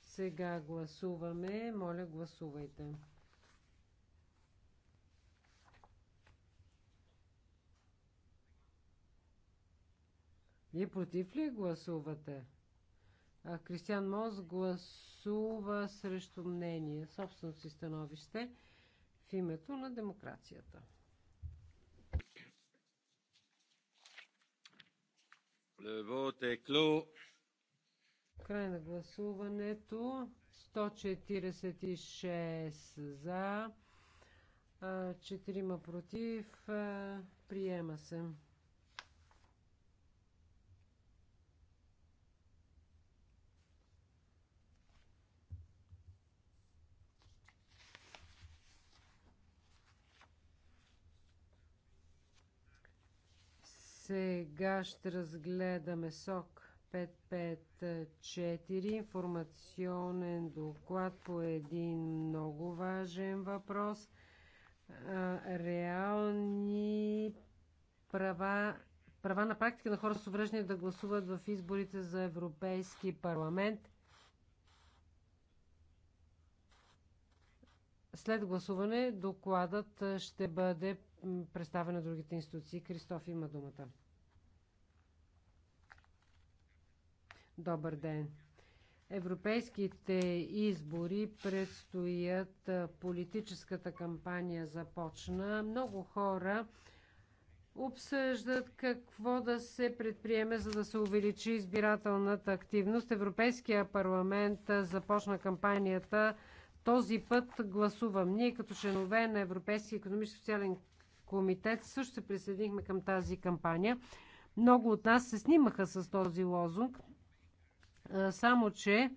Сега гласуваме. Моля, гласувайте. Вие против ли гласувате? А, Кристиан Мос гласува срещу мнение, собствено си становище в името на демокрацията. Край на гласуването. 146 за, 4 против. Приема се. Сега ще разгледаме СОК 554, информационен доклад по един много важен въпрос. Реални права, права на практика на хора с увреждане да гласуват в изборите за Европейски парламент. След гласуване докладът ще бъде представен на другите институции. Кристоф има думата. Добър ден! Европейските избори предстоят, политическата кампания започна. Много хора обсъждат какво да се предприеме, за да се увеличи избирателната активност. Европейския парламент започна кампанията този път гласувам. Ние като членове на Европейския економически социален комитет също се присъединихме към тази кампания. Много от нас се снимаха с този лозунг. Само, че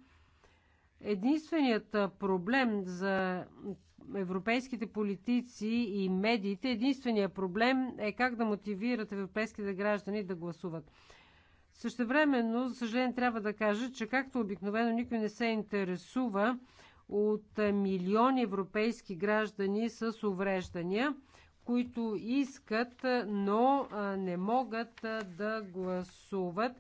единственият проблем за европейските политици и медиите, единственият проблем е как да мотивират европейските граждани да гласуват. Същевременно, за съжаление, трябва да кажа, че както обикновено никой не се интересува от милиони европейски граждани с увреждания, които искат, но не могат да гласуват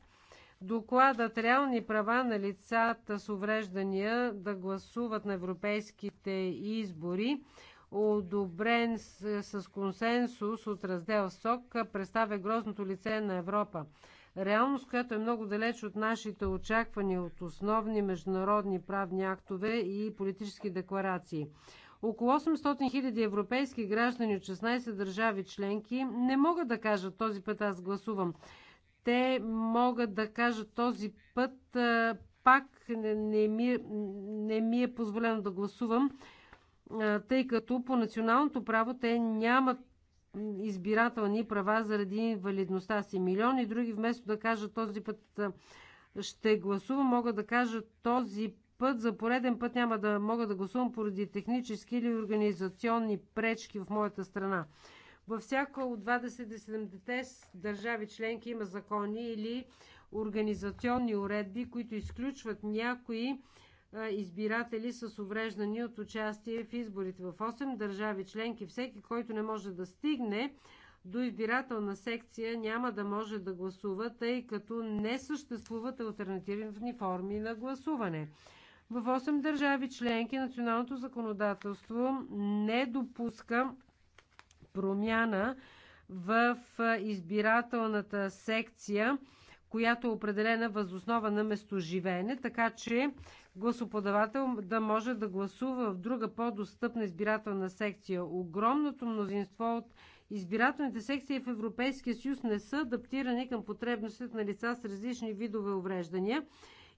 докладът реални права на лицата с увреждания да гласуват на европейските избори, одобрен с, с консенсус от раздел СОК, представя грозното лице на Европа. Реалност, която е много далеч от нашите очаквания от основни международни правни актове и политически декларации. Около 800 000 европейски граждани от 16 държави членки не могат да кажат този път аз гласувам те могат да кажат този път пак не ми, не ми е позволено да гласувам, тъй като по националното право те нямат избирателни права заради инвалидността си. Милиони други вместо да кажат този път ще гласувам, могат да кажат този път, за пореден път няма да мога да гласувам поради технически или организационни пречки в моята страна. Във всяка от 27 държави членки има закони или организационни уредби, които изключват някои избиратели с увреждани от участие в изборите. В 8 държави членки всеки, който не може да стигне до избирателна секция, няма да може да гласува, тъй като не съществуват альтернативни форми на гласуване. В 8 държави членки националното законодателство не допуска промяна в избирателната секция, която е определена възоснова на местоживеене, така че гласоподавател да може да гласува в друга по-достъпна избирателна секция. Огромното мнозинство от избирателните секции в Европейския съюз не са адаптирани към потребностите на лица с различни видове увреждания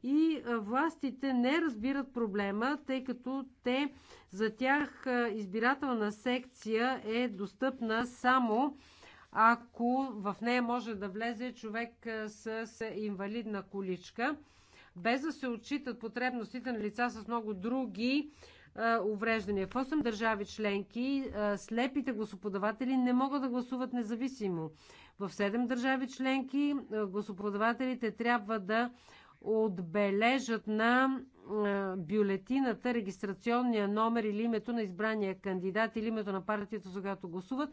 и властите не разбират проблема, тъй като те, за тях избирателна секция е достъпна само ако в нея може да влезе човек с инвалидна количка, без да се отчитат потребностите на лица с много други увреждания. В 8 държави членки слепите гласоподаватели не могат да гласуват независимо. В 7 държави членки гласоподавателите трябва да отбележат на бюлетината регистрационния номер или името на избрания кандидат или името на партията, за която гласуват.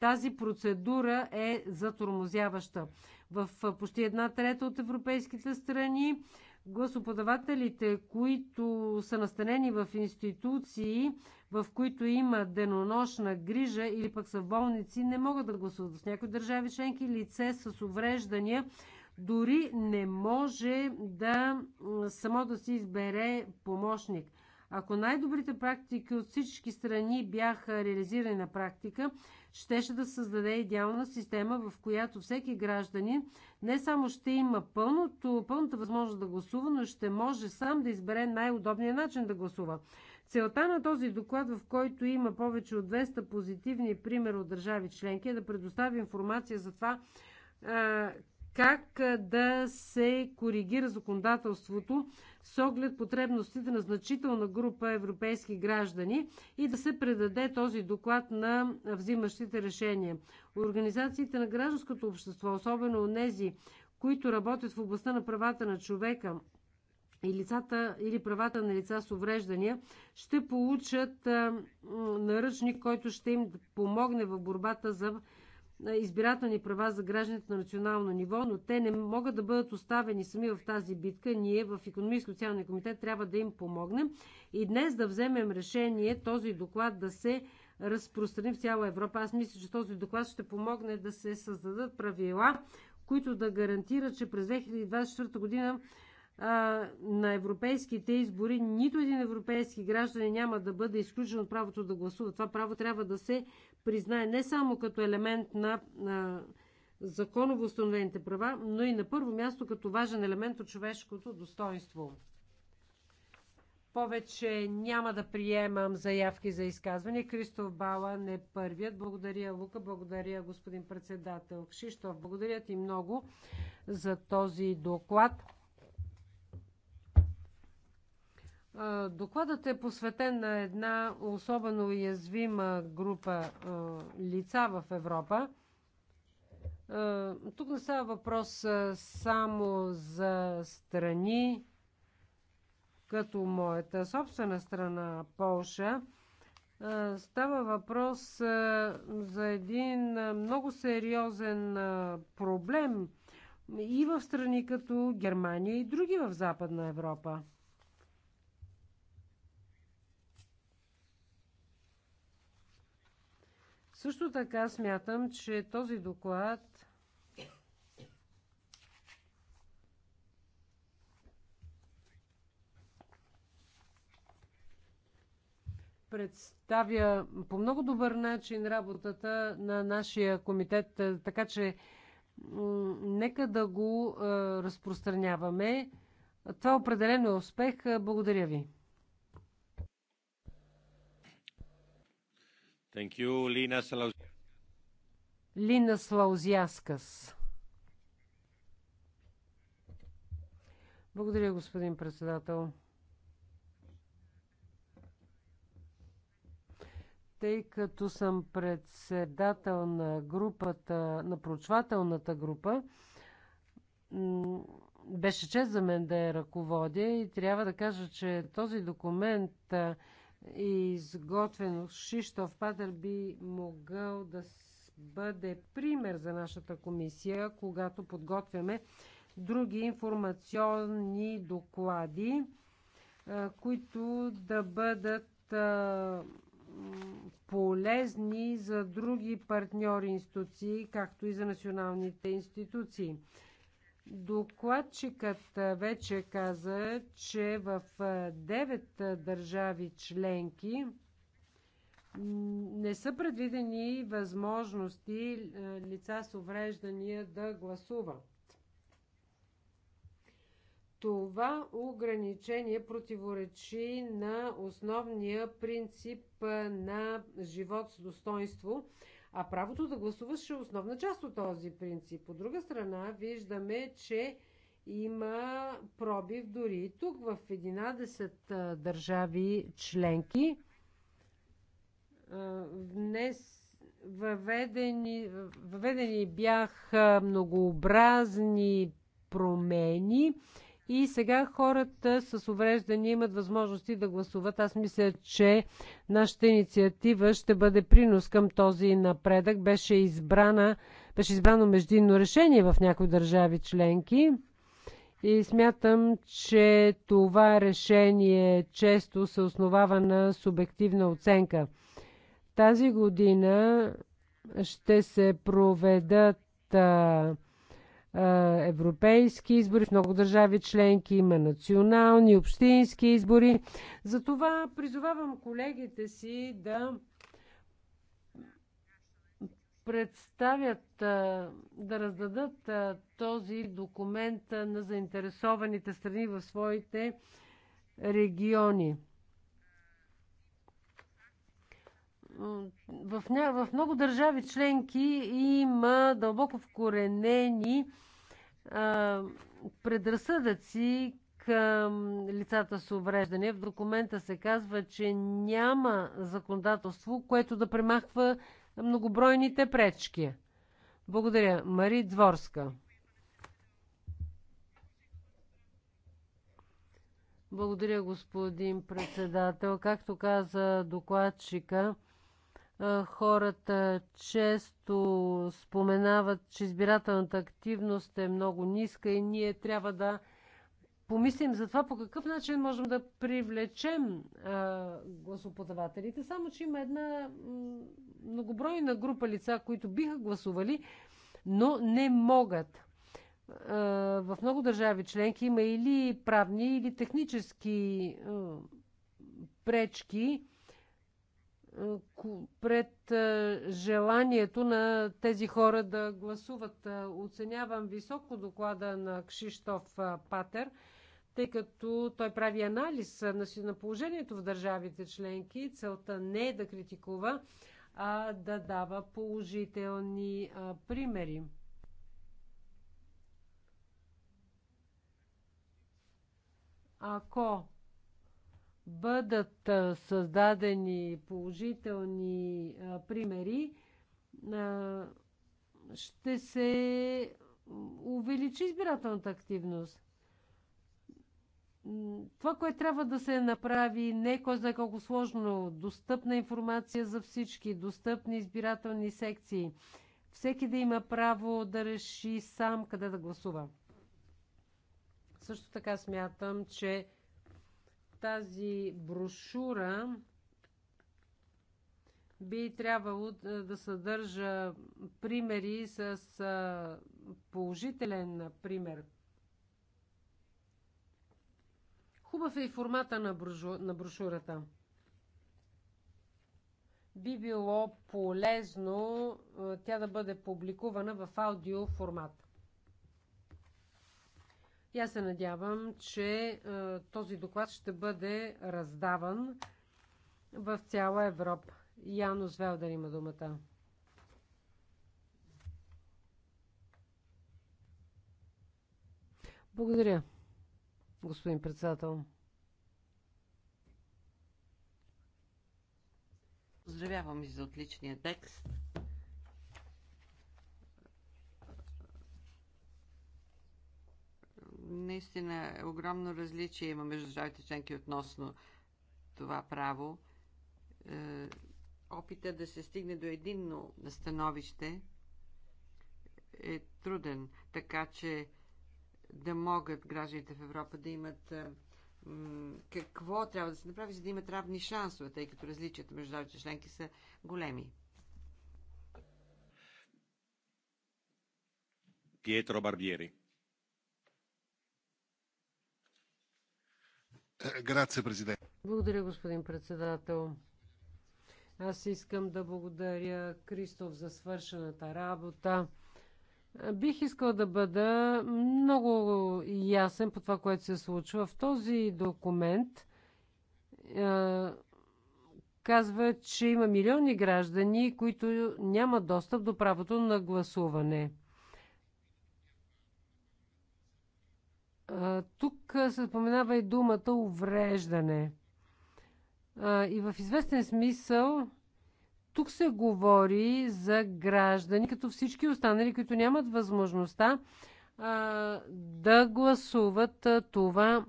Тази процедура е затормозяваща. В почти една трета от европейските страни гласоподавателите, които са настанени в институции, в които има денонощна грижа или пък са болници, не могат да гласуват. В някои държави членки лице с увреждания дори не може да само да си избере помощник. Ако най-добрите практики от всички страни бяха реализирани на практика, щеше да създаде идеална система, в която всеки гражданин не само ще има пълното, пълната възможност да гласува, но ще може сам да избере най-удобния начин да гласува. Целта на този доклад, в който има повече от 200 позитивни примера от държави членки, е да предостави информация за това как да се коригира законодателството с оглед потребностите на значителна група европейски граждани и да се предаде този доклад на взимащите решения. Организациите на гражданското общество, особено онези, които работят в областта на правата на човека и лицата или правата на лица с увреждания, ще получат наръчник, който ще им помогне в борбата за избирателни права за гражданите на национално ниво, но те не могат да бъдат оставени сами в тази битка. Ние в Економическо социалния комитет трябва да им помогнем и днес да вземем решение този доклад да се разпространи в цяла Европа. Аз мисля, че този доклад ще помогне да се създадат правила, които да гарантират, че през 2024 година на европейските избори нито един европейски граждан няма да бъде изключен от правото да гласува. Това право трябва да се признае не само като елемент на, на законово установените права, но и на първо място като важен елемент от човешкото достоинство. Повече няма да приемам заявки за изказване. Кристоф Бала не е първият. Благодаря, Лука. Благодаря, господин председател Кшиштов. Благодаря ти много за този доклад. Докладът е посветен на една особено уязвима група лица в Европа. Тук не става въпрос само за страни, като моята собствена страна Полша. Става въпрос за един много сериозен проблем и в страни като Германия и други в Западна Европа. Също така смятам, че този доклад представя по много добър начин работата на нашия комитет, е, така че нека да го е, разпространяваме. Това определено е успех. Благодаря ви. Thank you, Lina Лина Слаузяскас. Благодаря, господин председател. Тъй като съм председател на групата, на проучвателната група, беше чест за мен да я ръководя и трябва да кажа, че този документ изготвен от Шиштов Падър би могъл да бъде пример за нашата комисия, когато подготвяме други информационни доклади, които да бъдат полезни за други партньори институции, както и за националните институции. Докладчикът вече каза, че в 9 държави членки не са предвидени възможности лица с увреждания да гласуват. Това ограничение противоречи на основния принцип на живот с достоинство а правото да гласуваш е основна част от този принцип. От друга страна, виждаме, че има пробив дори и тук в 11 държави членки. Днес въведени, въведени бяха многообразни промени и сега хората с увреждания имат възможности да гласуват. Аз мисля, че нашата инициатива ще бъде принос към този напредък. Беше, избрана, беше избрано междинно решение в някои държави членки. И смятам, че това решение често се основава на субективна оценка. Тази година ще се проведат а, европейски избори, в много държави членки има национални, общински избори. Затова призовавам колегите си да представят, да раздадат този документ на заинтересованите страни в своите региони. В, в много държави членки има дълбоко вкоренени предразсъдъци към лицата с увреждане. В документа се казва, че няма законодателство, което да премахва многобройните пречки. Благодаря. Мари Дворска. Благодаря, господин председател. Както каза докладчика, Хората често споменават, че избирателната активност е много ниска и ние трябва да помислим за това по какъв начин можем да привлечем а, гласоподавателите. Само, че има една многобройна група лица, които биха гласували, но не могат. А, в много държави членки има или правни, или технически а, пречки пред е, желанието на тези хора да гласуват. Е, оценявам високо доклада на Кшиштоф е, Патер, тъй като той прави анализ на положението в държавите членки. Целта не е да критикува, а да дава положителни примери. Ако бъдат създадени положителни примери, ще се увеличи избирателната активност. Това, което трябва да се направи, не е кой знае колко сложно, достъпна информация за всички, достъпни избирателни секции. Всеки да има право да реши сам къде да гласува. Също така смятам, че тази брошура би трябвало е, да съдържа примери с е, положителен пример. Хубав е и формата на, брошурата. Би било полезно е, тя да бъде публикувана в аудио формат. И аз се надявам, че е, този доклад ще бъде раздаван в цяла Европа. Янус Велдер има думата. Благодаря, господин председател. Поздравявам и за отличния текст. наистина огромно различие има между държавите членки относно това право. Е, опита да се стигне до единно становище е труден, така че да могат гражданите в Европа да имат е, какво трябва да се направи, за да имат равни шансове, тъй като различията между държавите членки са големи. Pietro Barbieri. Е, грация, президент. Благодаря, господин председател. Аз искам да благодаря Кристоф за свършената работа. Бих искал да бъда много ясен по това, което се случва. В този документ е, казва, че има милиони граждани, които нямат достъп до правото на гласуване. Тук се споменава и думата увреждане. И в известен смисъл тук се говори за граждани, като всички останали, които нямат възможността да гласуват. Това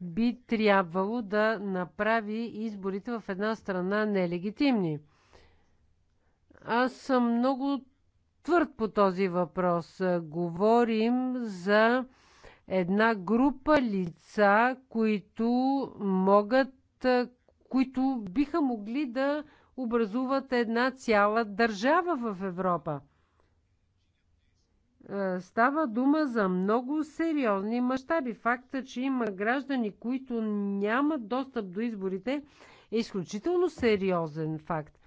би трябвало да направи изборите в една страна нелегитимни. Аз съм много твърд по този въпрос. Говорим за една група лица, които могат, които биха могли да образуват една цяла държава в Европа. Става дума за много сериозни мащаби. Факта, че има граждани, които нямат достъп до изборите, е изключително сериозен факт.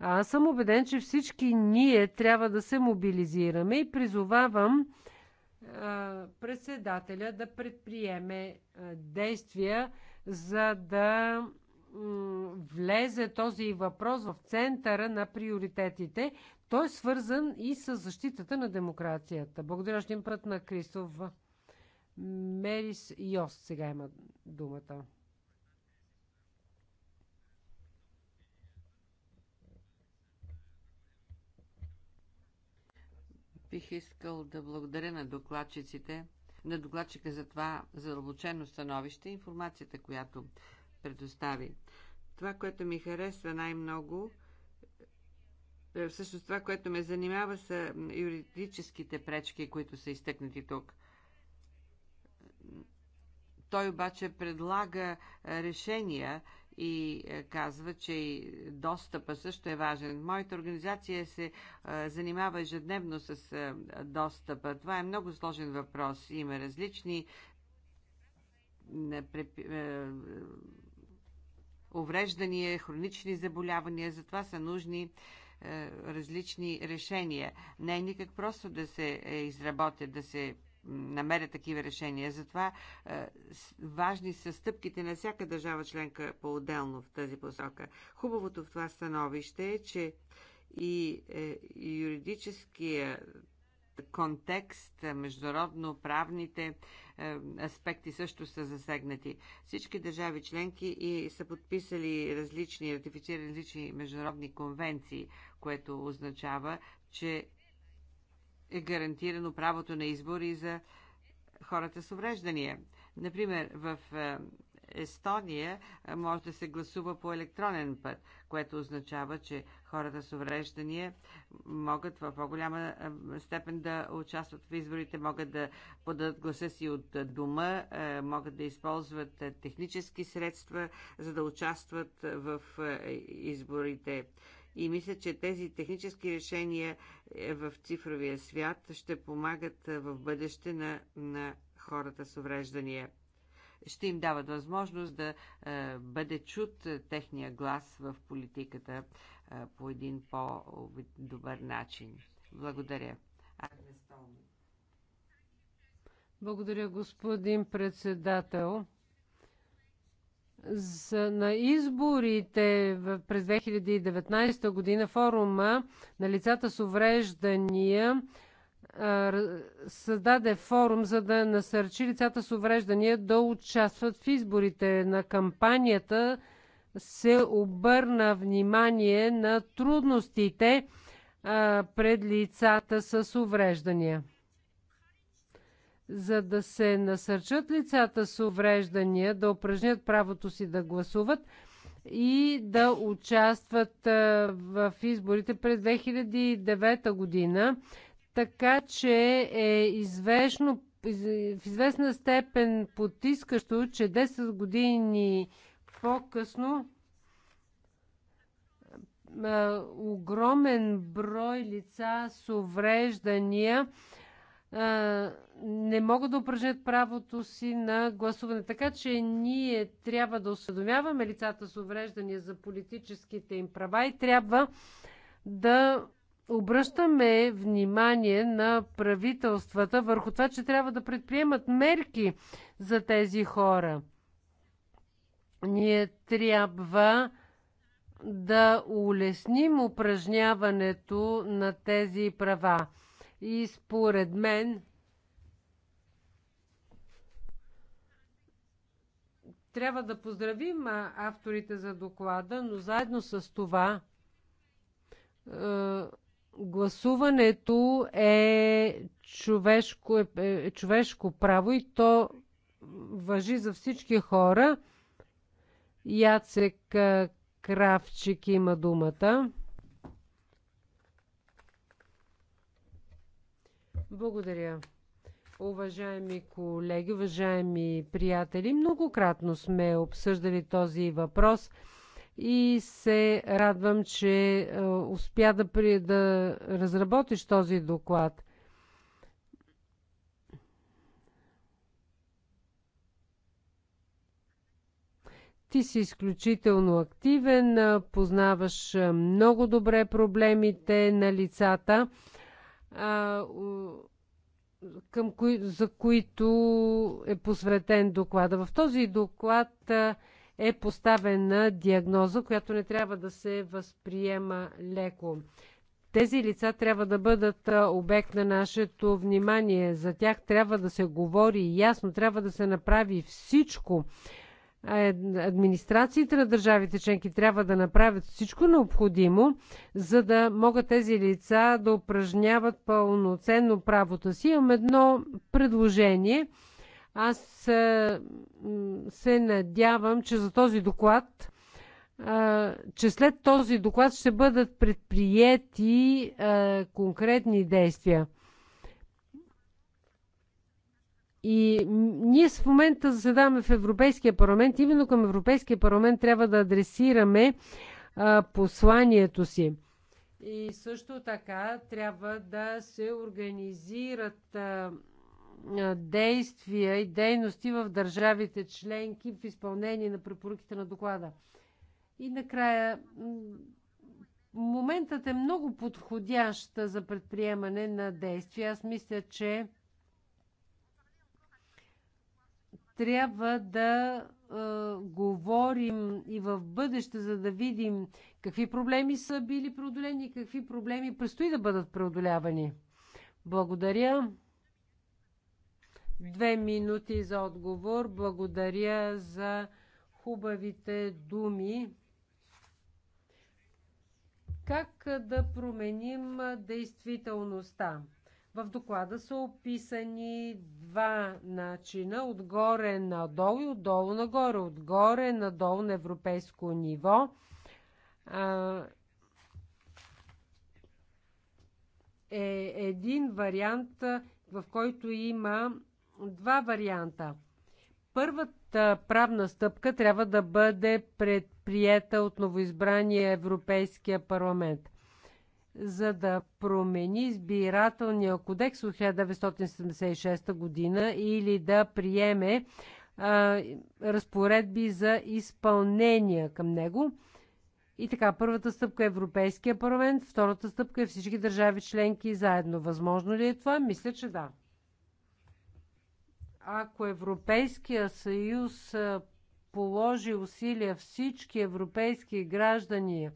Аз съм убеден, че всички ние трябва да се мобилизираме и призовавам председателя да предприеме действия, за да влезе този въпрос в центъра на приоритетите. Той е свързан и с защитата на демокрацията. Благодаря ще път на Кристоф. Мерис Йос сега има думата. Бих искал да благодаря на докладчиците, на докладчика за това задълбочено становище и информацията, която предостави. Това, което ми харесва най-много, е, всъщност това, което ме занимава са юридическите пречки, които са изтъкнати тук. Той обаче предлага е, решения и е, казва, че и достъпа също е важен. Моята организация се е, занимава ежедневно с е, достъпа. Това е много сложен въпрос. Има различни увреждания, хронични заболявания. Затова са нужни различни решения. Не е никак просто да се изработят, да се намерят такива решения. Затова е, важни са стъпките на всяка държава членка по-отделно в тази посока. Хубавото в това становище е, че и е, юридическия контекст, е, международно-правните е, аспекти също са засегнати. Всички държави членки и са подписали различни, ратифицирали различни международни конвенции, което означава, че е гарантирано правото на избори за хората с увреждания. Например, в е, Естония е, може да се гласува по електронен път, което означава, че хората с увреждания могат в по-голяма е, степен да участват в изборите, могат да подадат гласа си от дома, могат да използват технически средства, за да участват в изборите и мисля, че тези технически решения е, в цифровия свят ще помагат е, в бъдеще на, на хората с увреждания. Ще им дават възможност да е, бъде чут е, техния глас в политиката е, по един по-добър начин. Благодаря. Благодаря, господин председател за, на изборите в, през 2019 година форума на лицата с увреждания а, създаде форум, за да насърчи лицата с увреждания да участват в изборите. На кампанията се обърна внимание на трудностите а, пред лицата с увреждания за да се насърчат лицата с увреждания да упражнят правото си да гласуват и да участват в изборите през 2009 година. Така че е известно, в известна степен потискащо, че 10 години по-късно огромен брой лица с увреждания не могат да упражнят правото си на гласуване. Така че ние трябва да осведомяваме лицата с увреждания за политическите им права и трябва да обръщаме внимание на правителствата върху това, че трябва да предприемат мерки за тези хора. Ние трябва да улесним упражняването на тези права. И според мен Трябва да поздравим авторите за доклада, но заедно с това е, гласуването е човешко, е, е, човешко право и то въжи за всички хора. Яцек е, Кравчик има думата. Благодаря. Уважаеми колеги, уважаеми приятели, многократно сме обсъждали този въпрос и се радвам, че е, успя да, при, да разработиш този доклад. Ти си изключително активен, е, познаваш е, много добре проблемите на лицата към кои, за които е посветен доклада. В този доклад е поставена диагноза, която не трябва да се възприема леко. Тези лица трябва да бъдат обект на нашето внимание. За тях трябва да се говори ясно, трябва да се направи всичко, администрациите на държавите членки трябва да направят всичко необходимо, за да могат тези лица да упражняват пълноценно правото си. Имам едно предложение. Аз е, се надявам, че за този доклад е, че след този доклад ще бъдат предприяти е, конкретни действия. И ние в момента заседаваме в Европейския парламент. Именно към Европейския парламент трябва да адресираме а, посланието си. И също така трябва да се организират а, действия и дейности в държавите членки в изпълнение на препоръките на доклада. И накрая, моментът е много подходящ за предприемане на действия. Аз мисля, че трябва да е, говорим и в бъдеще, за да видим какви проблеми са били преодолени и какви проблеми предстои да бъдат преодолявани. Благодаря. Две минути за отговор. Благодаря за хубавите думи. Как да променим действителността? В доклада са описани два начина отгоре надолу и отдолу нагоре. Отгоре надолу на европейско ниво. А, е един вариант, в който има два варианта. Първата правна стъпка трябва да бъде предприета от новоизбрания Европейския парламент за да промени избирателния кодекс от 1976 година или да приеме а, разпоредби за изпълнение към него. И така, първата стъпка е Европейския парламент, втората стъпка е всички държави членки заедно. Възможно ли е това? Мисля, че да. Ако Европейския съюз положи усилия всички европейски граждани,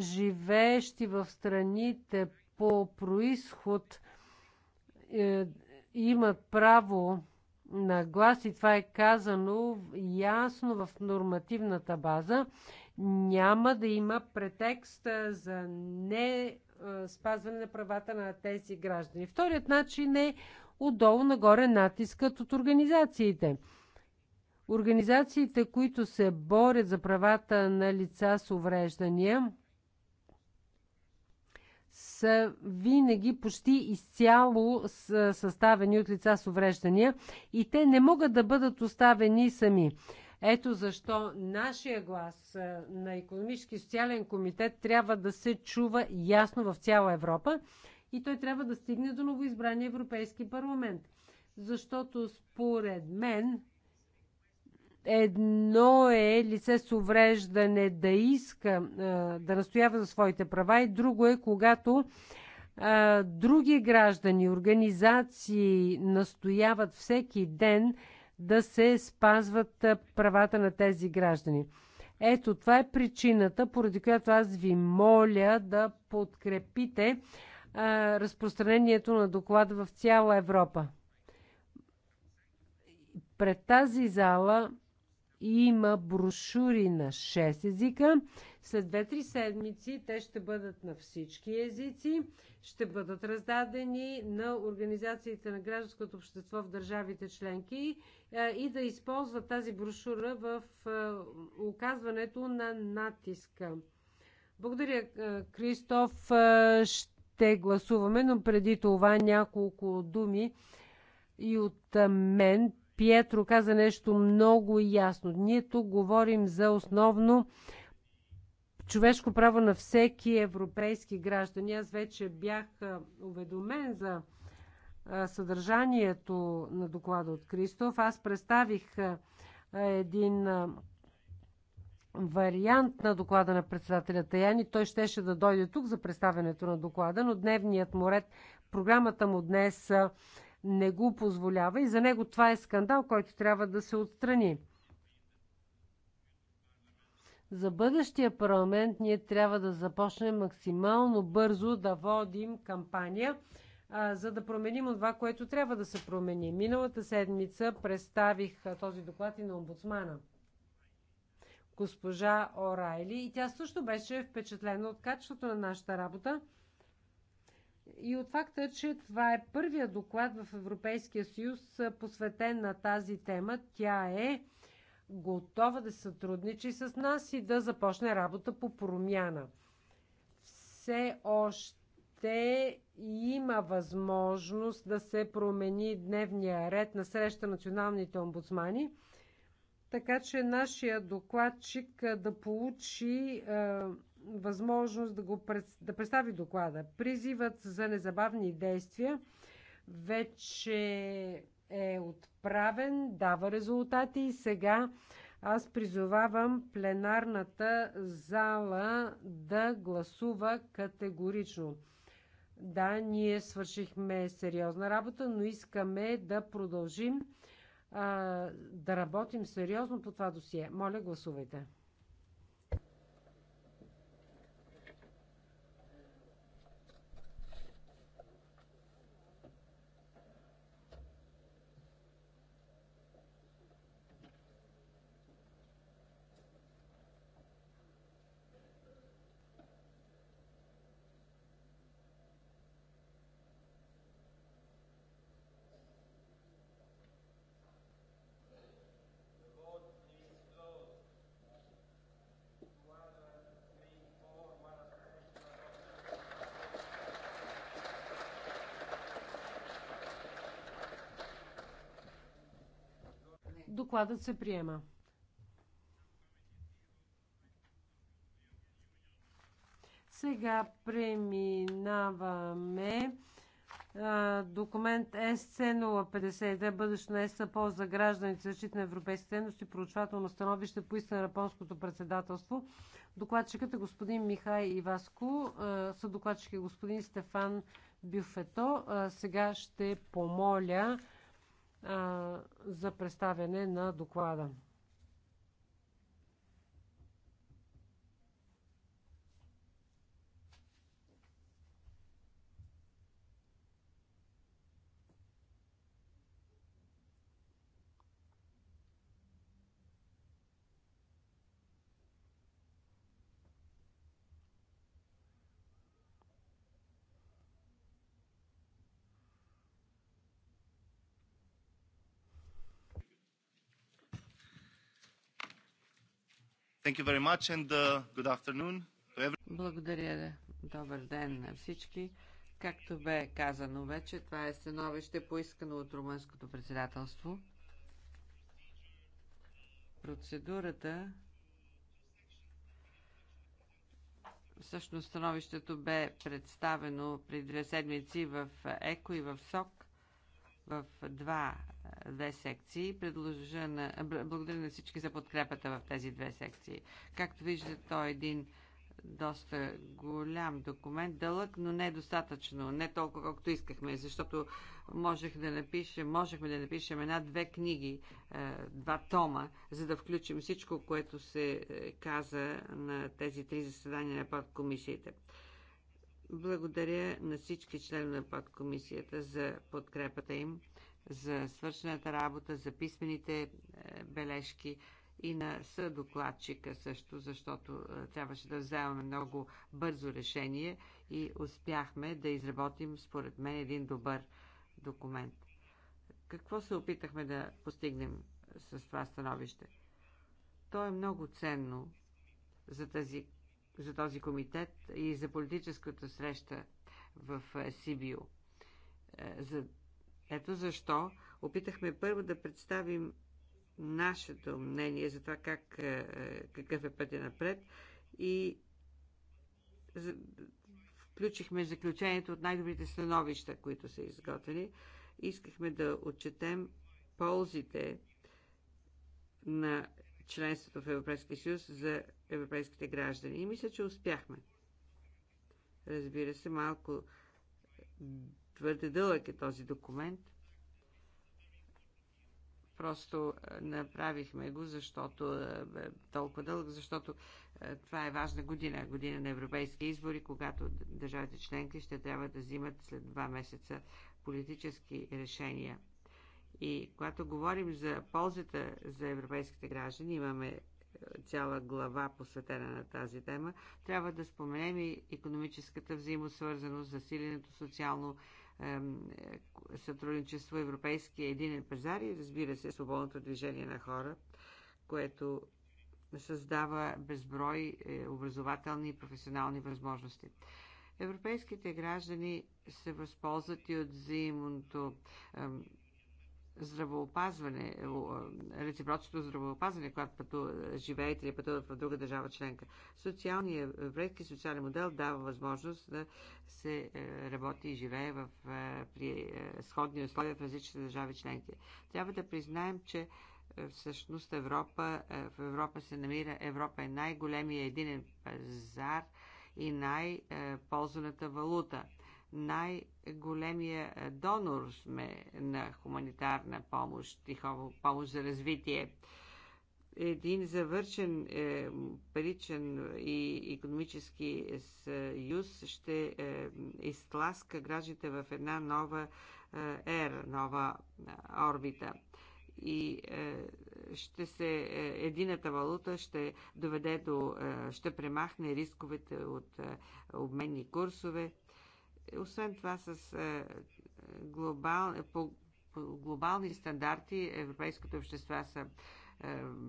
живеещи в страните по происход е, имат право на глас и това е казано ясно в нормативната база, няма да има претекст е, за не е, спазване на правата на тези граждани. Вторият начин е отдолу нагоре натискът от организациите. Организациите, които се борят за правата на лица с увреждания, са винаги почти изцяло съставени от лица с увреждания и те не могат да бъдат оставени сами. Ето защо нашия глас е, на економически и социален комитет трябва да се чува ясно в цяла Европа и той трябва да стигне до новоизбрания Европейски парламент. Защото според мен Едно е лице с увреждане да иска да настоява за своите права и друго е когато други граждани, организации настояват всеки ден да се спазват правата на тези граждани. Ето, това е причината, поради която аз ви моля да подкрепите а, разпространението на доклада в цяла Европа. Пред тази зала има брошури на 6 езика. След 2-3 седмици те ще бъдат на всички езици, ще бъдат раздадени на организациите на гражданското общество в държавите членки е, и да използват тази брошура в е, оказването на натиска. Благодаря, е, Кристоф. Ще гласуваме, но преди това няколко думи и от мен Пиетро каза нещо много ясно. Ние тук говорим за основно човешко право на всеки европейски граждан. Аз вече бях уведомен за съдържанието на доклада от Кристоф. Аз представих един вариант на доклада на председателя Таяни. Той щеше да дойде тук за представянето на доклада, но дневният му ред, програмата му днес не го позволява и за него това е скандал, който трябва да се отстрани. За бъдещия парламент ние трябва да започнем максимално бързо да водим кампания, а, за да променим това, което трябва да се промени. Миналата седмица представих този доклад и на омбудсмана госпожа Орайли и тя също беше впечатлена от качеството на нашата работа – и от факта, че това е първия доклад в Европейския съюз посветен на тази тема. Тя е готова да сътрудничи с нас и да започне работа по промяна. Все още има възможност да се промени дневния ред на среща националните омбудсмани, така че нашия докладчик да получи възможност да, го пред, да представи доклада. Призивът за незабавни действия вече е отправен, дава резултати и сега аз призовавам пленарната зала да гласува категорично. Да, ние свършихме сериозна работа, но искаме да продължим а, да работим сериозно по това досие. Моля, гласувайте. Докладът се приема. Сега преминаваме документ СЦ-052 бъдещо на ЕСА за гражданите защита на европейски ценности, проучвателно становище по на японското председателство. Докладчикът е господин Михай Иваско, съдокладчик е господин Стефан Бюфето. Сега ще помоля за представяне на доклада. Thank you very much and uh, good afternoon to everyone. Благодаря. Добър ден на всички. Както бе казано вече, това е становище поискано от румънското председателство. Процедурата всъщност становището бе представено преди две седмици в ЕКО и в СОК в два две секции. Предложа на... Благодаря на всички за подкрепата в тези две секции. Както виждате, той е един доста голям документ, дълъг, но не достатъчно, не толкова колкото искахме, защото можех да напишем, можехме да напишем една-две книги, е, два тома, за да включим всичко, което се е, каза на тези три заседания на подкомисията. Благодаря на всички членове на подкомисията за подкрепата им за свършената работа, за писмените е, бележки и на съдокладчика също, защото е, трябваше да вземаме много бързо решение и успяхме да изработим, според мен, един добър документ. Какво се опитахме да постигнем с това становище? То е много ценно за, тази, за този комитет и за политическата среща в е, Сибио. За ето защо опитахме първо да представим нашето мнение за това как, е, е, какъв е пътя напред и включихме заключението от най-добрите становища, които са изготвени. Искахме да отчетем ползите на членството в Европейския съюз за европейските граждани. И мисля, че успяхме. Разбира се, малко Твърде дълъг е този документ. Просто е, направихме го, защото е, е, толкова дълъг, защото това е важна година, година на европейски избори, когато държавите членки ще трябва да взимат след два месеца политически решения. И когато говорим за ползата за европейските граждани, имаме цяла глава посветена на тази тема, трябва да споменем и економическата взаимосвързаност, засиленото социално е, сътрудничество, европейския единен пазар и разбира се, свободното движение на хора, което създава безброй е, образователни и професионални възможности. Европейските граждани се възползват и от взаимното Здравоопазване, реципрочното здравоопазване, когато пъту, живеете или пътуват в друга държава членка. Социалният, вредки социален модел дава възможност да се е, работи и живее в, е, при е, сходни условия в различни държави членки. Трябва да признаем, че всъщност Европа, в Европа се намира, Европа е най-големия единен пазар и най-ползваната валута – най-големия е, донор сме на хуманитарна помощ и помощ за развитие. Един завършен е, паричен и економически съюз ще е, изтласка гражданите в една нова е, ера, нова е, орбита и ще се, едината валута ще доведе до, ще премахне рисковете от обменни курсове освен това, с е, е, глобал, е, по, по глобални стандарти европейското общество са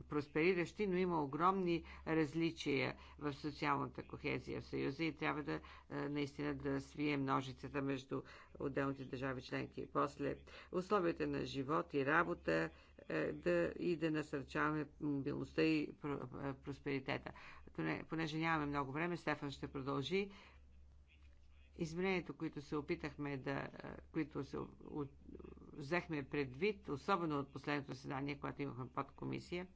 проспериращи, но има огромни различия в социалната кохезия в Съюза и трябва да наистина да свием ножицата между отделните държави членки. И после условията на живот и работа да, и да насърчаваме мобилността и просперитета. Понеже нямаме много време, Стефан ще продължи. Изменението, които се опитахме да, които се взехме предвид, особено от последното заседание, което имахме под комисия,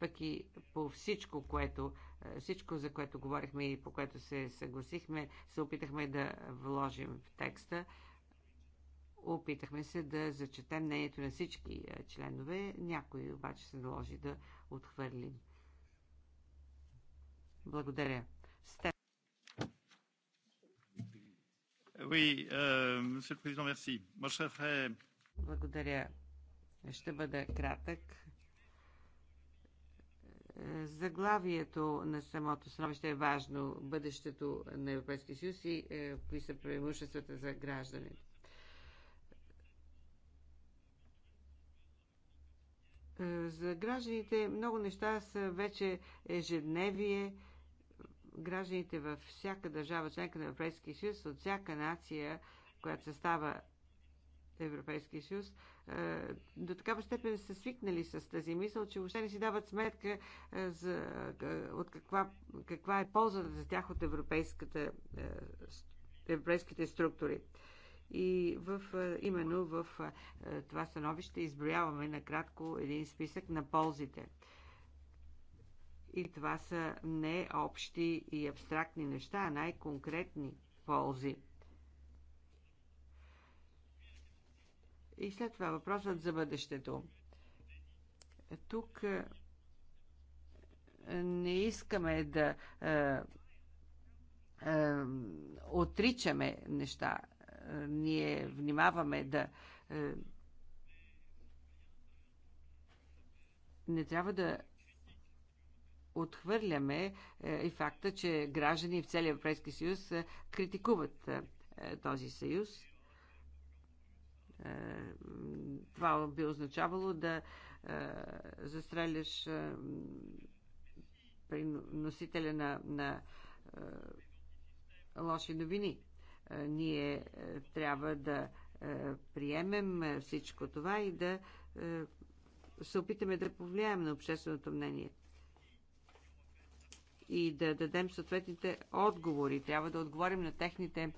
пък и по всичко, което, всичко, за което говорихме и по което се съгласихме, се опитахме да вложим в текста. Опитахме се да зачетем мнението на всички членове, някои обаче се наложи да отхвърлим. Благодаря. Euh, Благодаря. Ще бъда кратък. Заглавието на самото становище е важно. Бъдещето на Европейския съюз и е, кои са преимуществата за гражданите. Е, за гражданите много неща са вече ежедневие, гражданите във всяка държава, членка на Европейския съюз, от всяка нация, която се става Европейския съюз, е, до такава степен са свикнали с тази мисъл, че въобще не си дават сметка е, за, е, от каква, каква е ползата за тях от европейската, европейските структури. И в, именно в това становище изброяваме накратко един списък на ползите – и това са не общи и абстрактни неща, а най-конкретни ползи. И след това въпросът за бъдещето. Тук е, не искаме да е, е, отричаме неща. Ние внимаваме да. Е, не трябва да отхвърляме е, и факта, че граждани в целия Европейски съюз е, критикуват е, този съюз. Това би означавало да застреляш носителя на, на лоши новини. Ние трябва да приемем всичко това и да се опитаме да повлияем на общественото мнение и да дадем съответните отговори. Трябва да отговорим на техните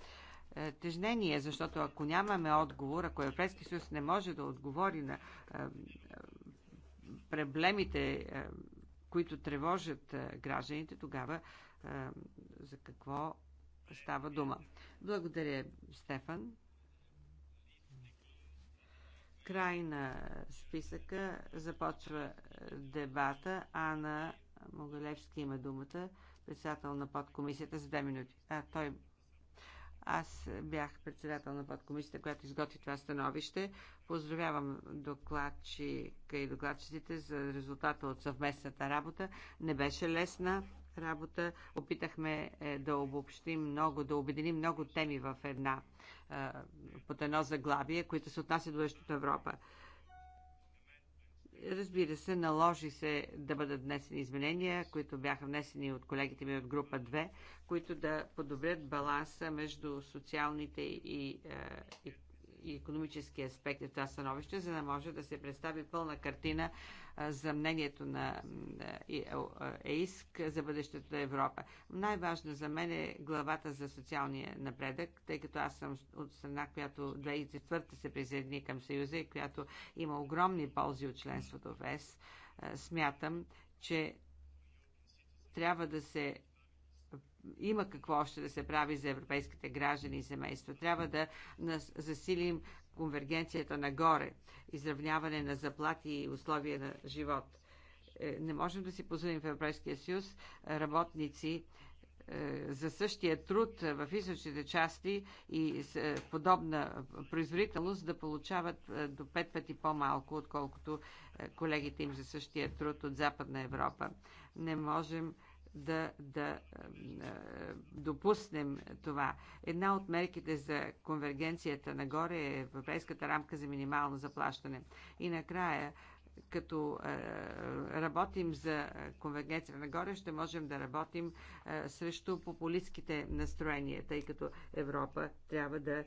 е, тежнение, защото ако нямаме отговор, ако Европейски съюз не може да отговори на е, е, проблемите, които тревожат гражданите, тогава за какво става дума. Благодаря, Стефан. Край на списъка започва дебата. Ана Могалевски има думата, председател на подкомисията за две минути. А, той аз бях председател на подкомисията, която изготви това становище. Поздравявам докладчика и докладчиците за резултата от съвместната работа. Не беше лесна работа. Опитахме е, да обобщим много, да обединим много теми в една, е, под едно заглавие, които се отнасят до Европа. Разбира се, наложи се да бъдат внесени изменения, които бяха внесени от колегите ми от група 2, които да подобрят баланса между социалните и, е, и, и економически аспекти в това становище, за да може да се представи пълна картина за мнението на ЕИСК за бъдещето на Европа. Най-важно за мен е главата за социалния напредък, тъй като аз съм от страна, която 2004 се присъедини към Съюза и която има огромни ползи от членството в ЕС. Смятам, че трябва да се има какво още да се прави за европейските граждани и семейства. Трябва да засилим конвергенцията нагоре, изравняване на заплати и условия на живот. Е, не можем да си позволим в Европейския съюз работници е, за същия труд в източните части и с е, подобна производителност да получават до пет пъти по-малко, отколкото колегите им за същия труд от Западна Европа. Не можем да, да допуснем това. Една от мерките за конвергенцията нагоре е Европейската рамка за минимално заплащане. И накрая като е, работим за конвергенция нагоре, ще можем да работим е, срещу популистските настроения, тъй като Европа трябва да е,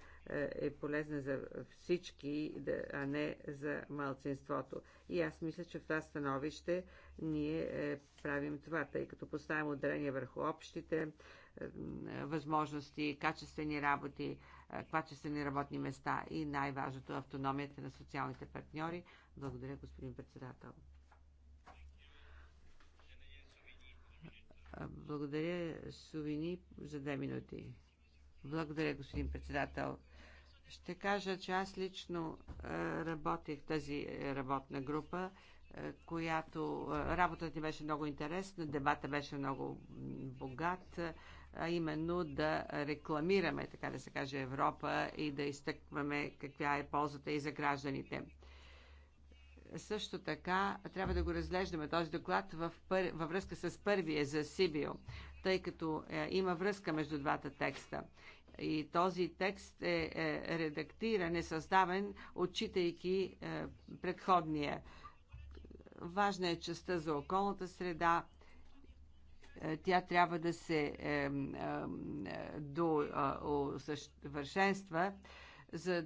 е полезна за всички, а не за малцинството. И аз мисля, че в това становище ние правим това, тъй като поставим ударение върху общите възможности, качествени работи, качествени работни места и най-важното автономията на социалните партньори, благодаря, господин председател. Благодаря, Сувини, за две минути. Благодаря, господин председател. Ще кажа, че аз лично работех тази работна група, която работата ни беше много интересна, дебата беше много богат, а именно да рекламираме, така да се каже, Европа и да изтъкваме каква е ползата и за гражданите също така трябва да го разглеждаме този доклад в пър... във връзка с първия за Сибио, тъй като е, има връзка между двата текста. И този текст е, е редактиран, е създавен, отчитайки е, предходния. Важна е частта за околната среда. Е, тя трябва да се е, е, до, е, усъвършенства, е, за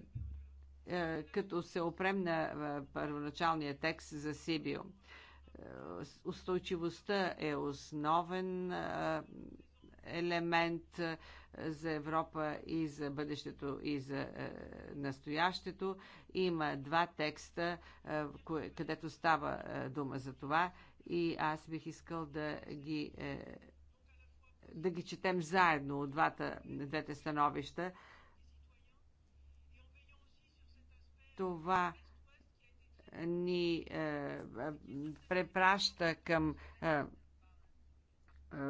е, като се опрем на е, първоначалния текст за Сибио. Е, устойчивостта е основен елемент за Европа и за бъдещето и за настоящето. Има два текста, където става дума за това и аз бих искал да ги, да ги четем заедно от двата, двете становища, Това ни е, препраща към е, е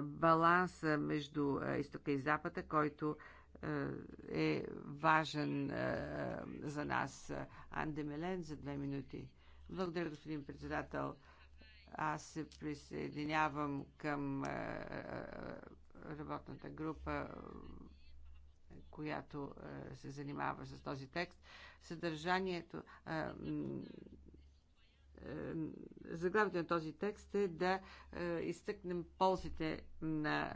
баланса между е, изтока и запада, който е, е важен за нас. Анде Мелен за две минути. Благодаря, господин председател. Аз се присъединявам към работната група която е, се занимава с този текст. Съдържанието е, е, заглавието на този текст е да изтъкнем ползите на,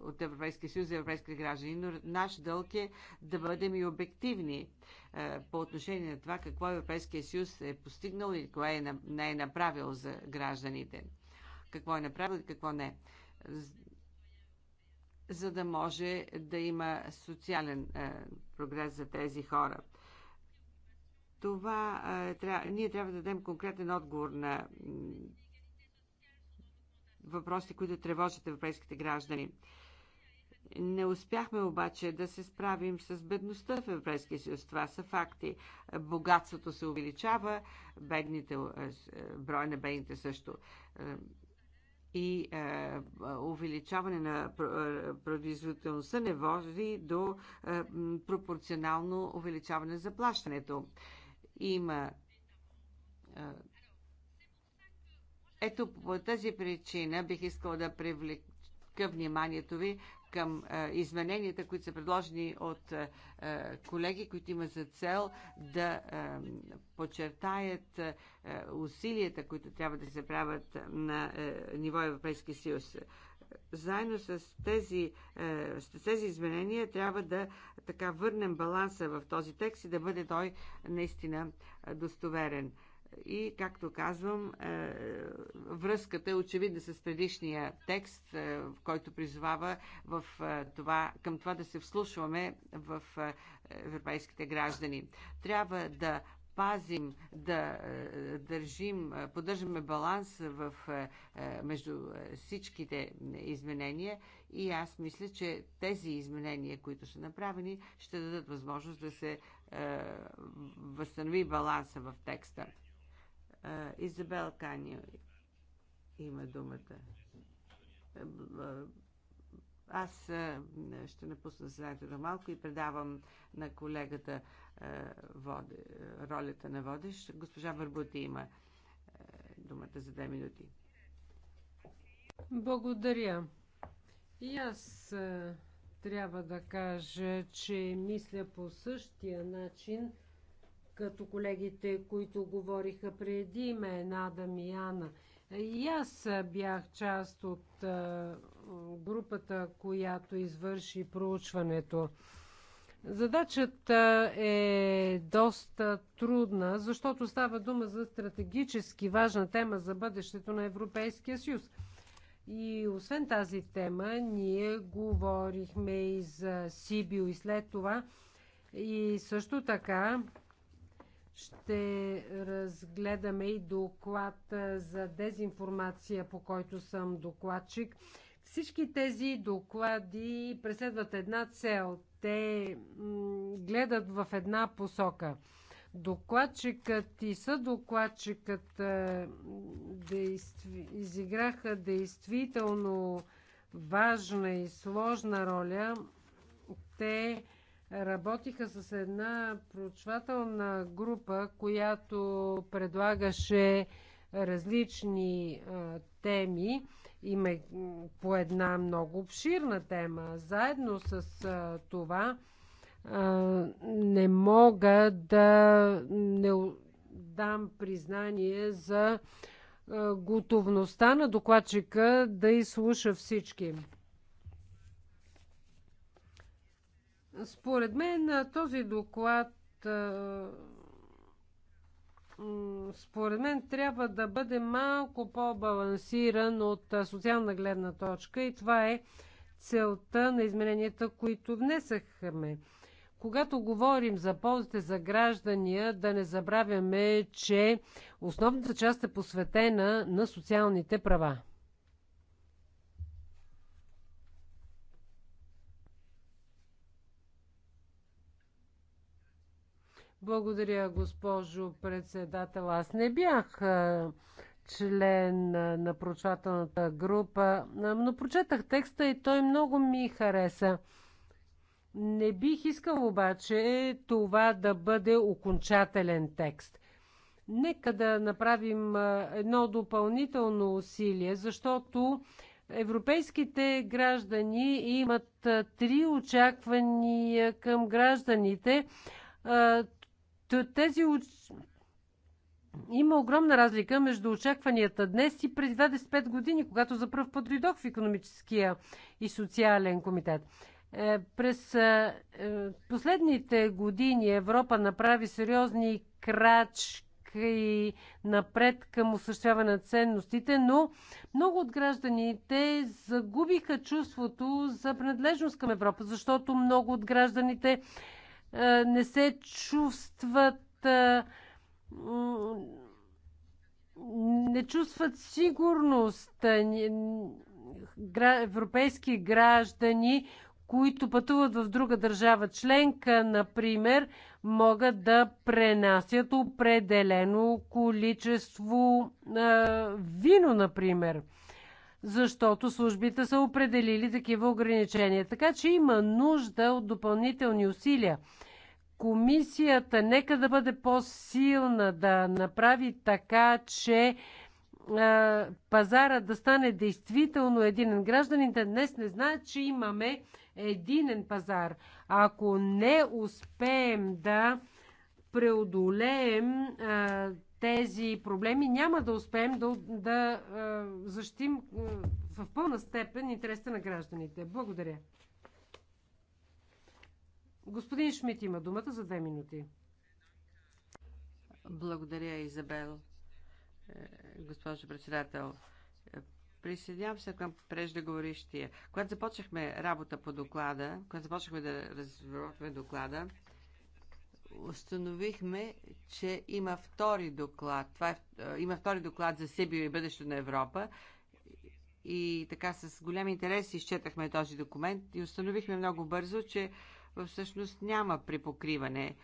от Европейския съюз за европейски граждани, но наш дълг е да бъдем и обективни по отношение на това какво Европейския съюз е постигнал и какво е, не е направил за гражданите. Какво е направил и какво не за да може да има социален е, прогрес за тези хора. Това е, тря... ние трябва да дадем конкретен отговор на въпроси, които тревожат европейските граждани. Не успяхме обаче да се справим с бедността в Европейския съюз. Това са факти. Богатството се увеличава, бедните, е, брой на бедните също и е, е, увеличаване на е, производителността не води до пропорционално увеличаване на заплащането. Има ето по тази причина бих искала да привлека вниманието ви към измененията, които са предложени от колеги, които имат за цел да подчертаят усилията, които трябва да се правят на ниво Европейски съюз заедно с тези, с тези изменения трябва да така върнем баланса в този текст и да бъде той наистина достоверен. И, както казвам, е, връзката е очевидна с предишния текст, е, в който призвава в това, към това да се вслушваме в е, европейските граждани. Трябва да пазим, да държим, поддържаме баланс в, между всичките изменения и аз мисля, че тези изменения, които са направени, ще дадат възможност да се възстанови баланса в текста. Изабел Канио има думата. Е, аз е, ще напусна заседанието на малко и предавам на колегата е, води, ролята на водещ. Госпожа Барбути има думата за две минути. Благодаря. И аз трябва да кажа, че мисля по същия начин – като колегите, които говориха преди мен, Адам и Ана. И аз бях част от групата, която извърши проучването. Задачата е доста трудна, защото става дума за стратегически важна тема за бъдещето на Европейския съюз. И освен тази тема, ние говорихме и за Сибио и след това. И също така ще разгледаме и доклад за дезинформация, по който съм докладчик. Всички тези доклади преследват една цел. Те гледат в една посока. Докладчикът и съдокладчикът действи, изиграха действително важна и сложна роля. Те работиха с една проучвателна група, която предлагаше различни а, теми. Има по една много обширна тема. Заедно с а, това а, не мога да не дам признание за готовността на докладчика да изслуша всички. Според мен този доклад според мен трябва да бъде малко по-балансиран от социална гледна точка и това е целта на измененията, които внесахме. Когато говорим за ползите за граждания, да не забравяме, че основната част е посветена на социалните права. Благодаря, госпожо председател. Аз не бях член на прочвателната група, но прочетах текста и той много ми хареса. Не бих искал обаче това да бъде окончателен текст. Нека да направим едно допълнително усилие, защото европейските граждани имат три очаквания към гражданите. Тези има огромна разлика между очакванията днес и преди 25 години, когато за първ път дойдох в економическия и социален комитет. Е, през е, е, последните години Европа направи сериозни крачки напред към осъществяване на ценностите, но много от гражданите загубиха чувството за принадлежност към Европа, защото много от гражданите е, не се чувстват е, не чувстват сигурност. Е, европейски граждани, които пътуват в друга държава членка, например, могат да пренасят определено количество вино, например защото службите са определили такива ограничения. Така че има нужда от допълнителни усилия. Комисията нека да бъде по-силна, да направи така, че пазара да стане действително единен. Гражданите днес не знаят, че имаме единен пазар. Ако не успеем да преодолеем а, тези проблеми, няма да успеем да, да е, защитим е, в пълна степен интересите на гражданите. Благодаря. Господин Шмидт има думата за две минути. Благодаря, Изабел. Е, госпожо председател, е, присъединявам се към преждеговорищия. Когато започнахме работа по доклада, когато започнахме да разработваме доклада, установихме, че има втори доклад. Това е, е има втори доклад за Сибио и бъдещето на Европа. И така с голям интерес изчетахме този документ и установихме много бързо, че всъщност няма припокриване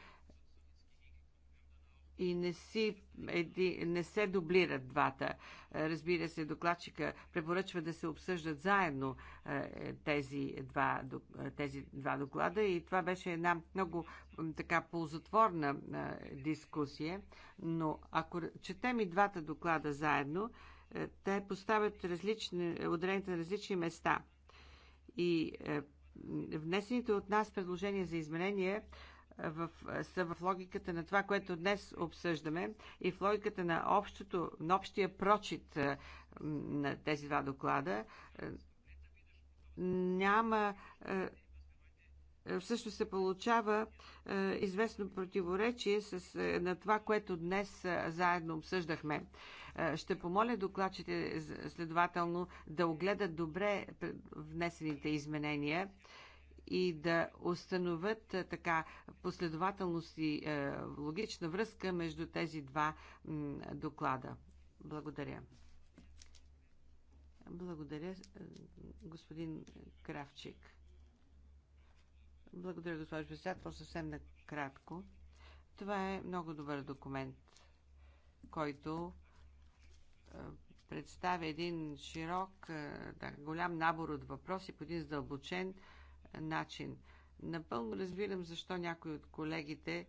и не, си, еди, не се дублират двата. Е, разбира се, докладчика препоръчва да се обсъждат заедно е, е, тези два, тези два доклада и това беше една много така ползотворна дискусия, но ако четем и двата доклада заедно, те поставят различни, отделените на различни места. И внесените от нас предложения за изменения в, са в логиката на това, което днес обсъждаме и в логиката на, общото, на общия прочит е, на тези два доклада. Е, няма. Е, всъщност се получава известно противоречие с, на това, което днес заедно обсъждахме. Ще помоля докладчите следователно да огледат добре внесените изменения и да установят така последователност и логична връзка между тези два доклада. Благодаря. Благодаря, господин Кравчик. Благодаря, госпожо председател. Съвсем накратко. Това е много добър документ, който представя един широк, да, голям набор от въпроси по един задълбочен начин. Напълно разбирам защо някои от колегите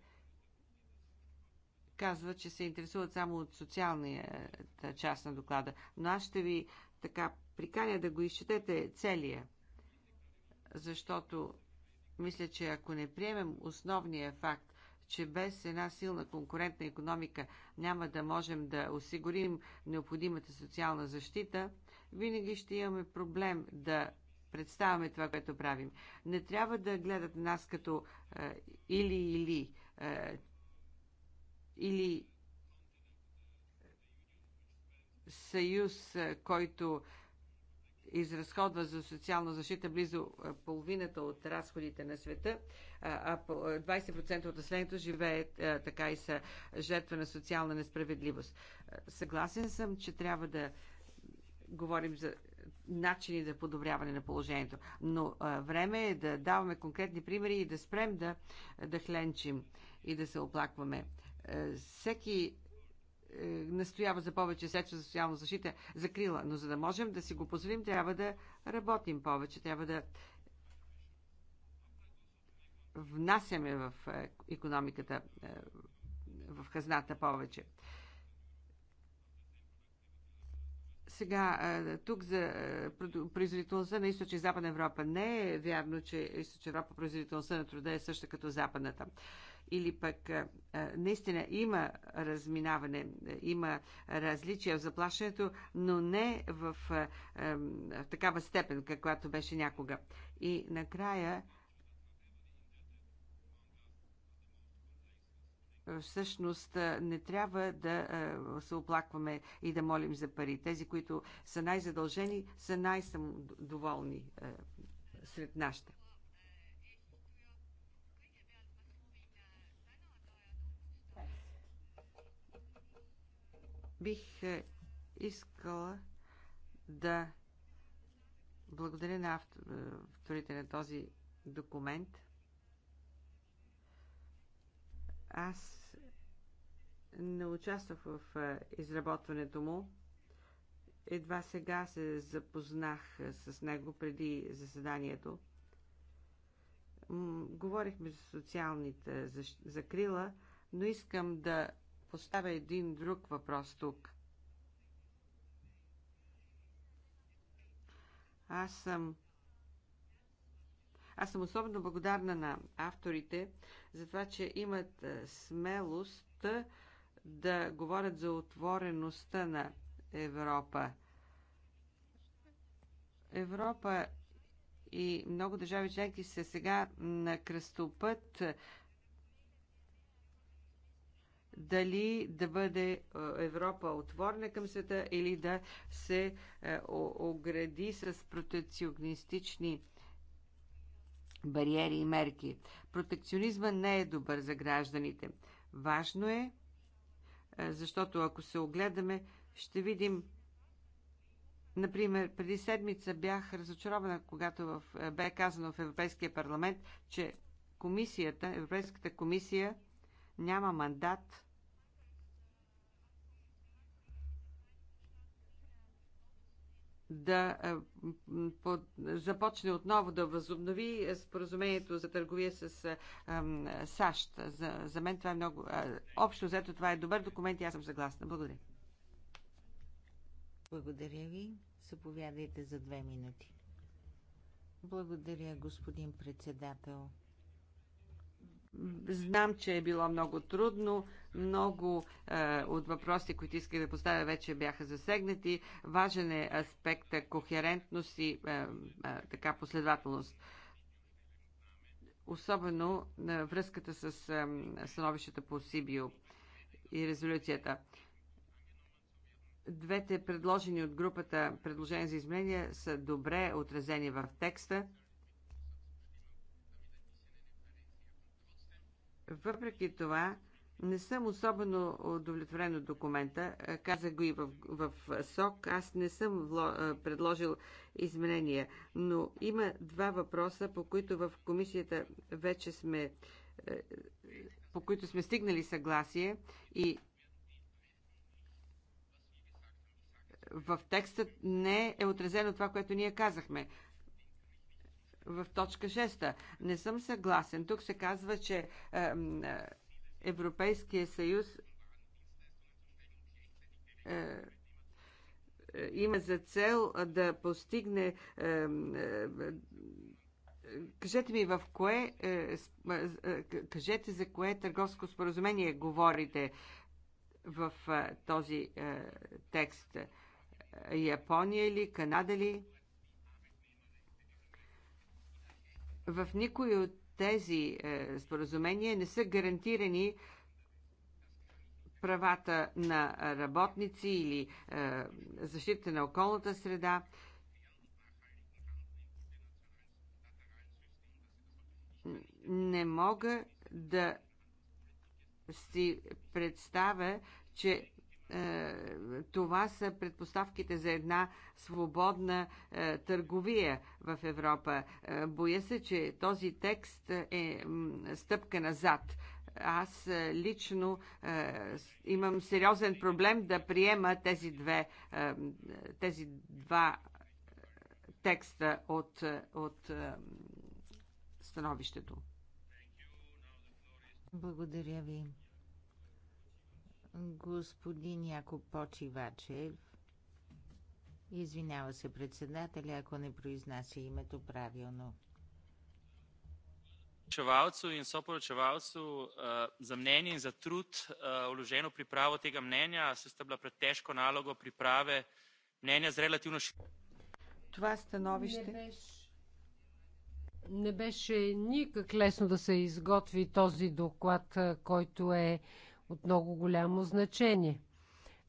казват, че се интересуват само от социалната част на доклада. Но аз ще ви така приканя да го изчетете целия, защото мисля, че ако не приемем основния факт, че без една силна конкурентна економика няма да можем да осигурим необходимата социална защита, винаги ще имаме проблем да представяме това, което правим. Не трябва да гледат нас като е, или-или. Е, или съюз, е, който изразходва за социална защита близо е, половината от разходите на света, е, а 20% от населението живее така и са жертва на социална несправедливост. Съгласен съм, че трябва да говорим за начини за подобряване на положението. Но а, време е да даваме конкретни примери и да спрем да, да хленчим и да се оплакваме. А, всеки а, е, настоява за повече средства за социална защита, закрила, но за да можем да си го позволим, трябва да работим повече, трябва да внасяме в е, економиката, е, в хазната повече. Сега, тук за производителността на Източна и Западна Европа не е вярно, че Източна Европа производителността на труда е съща като Западната или пък наистина има разминаване, има различия в заплащането, но не в, в такава степен, каквато беше някога. И накрая Е, всъщност е, не трябва да е, се оплакваме и да молим за пари. Тези, които са най-задължени, са най-самодоволни сред нашите. Бих искала да благодаря на авторите на този документ – аз не участвах в изработването му. Едва сега се запознах с него преди заседанието. Говорихме за социалните закрила, но искам да поставя един друг въпрос тук. Аз съм аз съм особено благодарна на авторите за това, че имат е, смелост е, да говорят за отвореността на Европа. Европа и много държави членки са сега на кръстопът е, дали да бъде Европа отворена към света или да се огради с протекционистични бариери и мерки. Протекционизма не е добър за гражданите. Важно е, е, защото ако се огледаме, ще видим. Например, преди седмица бях разочарована, когато в, е, бе казано в Европейския парламент, че комисията, Европейската комисия няма мандат да започне отново да възобнови е, споразумението за търговия с САЩ. За, за мен това е много... А, общо взето това е добър документ и аз съм съгласна. Благодаря. Благодаря ви. Заповядайте за две минути. Благодаря, господин председател. Знам, че е било много трудно. Много е, от въпросите, които исках да поставя, вече бяха засегнати. Важен е аспекта кохерентност и е, е, така последователност. Особено на е, връзката с е, становищата по Сибио и резолюцията. Двете предложени от групата предложения за изменения са добре отразени в текста. Въпреки това, не съм особено удовлетворен от документа. Каза го и в, в СОК. Аз не съм вло, предложил изменения, но има два въпроса, по които в комисията вече сме е, по които сме стигнали съгласие и в текста не е отразено това, което ние казахме в точка 6. Не съм съгласен. Тук се казва, че е, Европейския съюз е, е, има за цел да постигне. Кажете ми в кое. Кажете за кое търговско споразумение говорите в този текст. Япония ли, Канада ли? В никой от тези е, споразумения не са гарантирани правата на работници или е, защита на околната среда. Не мога да си представя, че е, това са предпоставките за една свободна е, търговия в Европа. Е, боя се, че този текст е стъпка назад аз лично имам сериозен проблем да приема тези, две, тези два текста от, от становището. Благодаря ви господин Яко Почивачев. Извинява се председателя, ако не произнася името правилно. Poročevalcu in soporočevalcu za mnenje in za trud, vloženo pripravo tega mnenja, se sta bila pred težko nalogo priprave mnenja z relativno Това становище. не беше никак лесно да се изготви този доклад, е, който е от много голямо значение.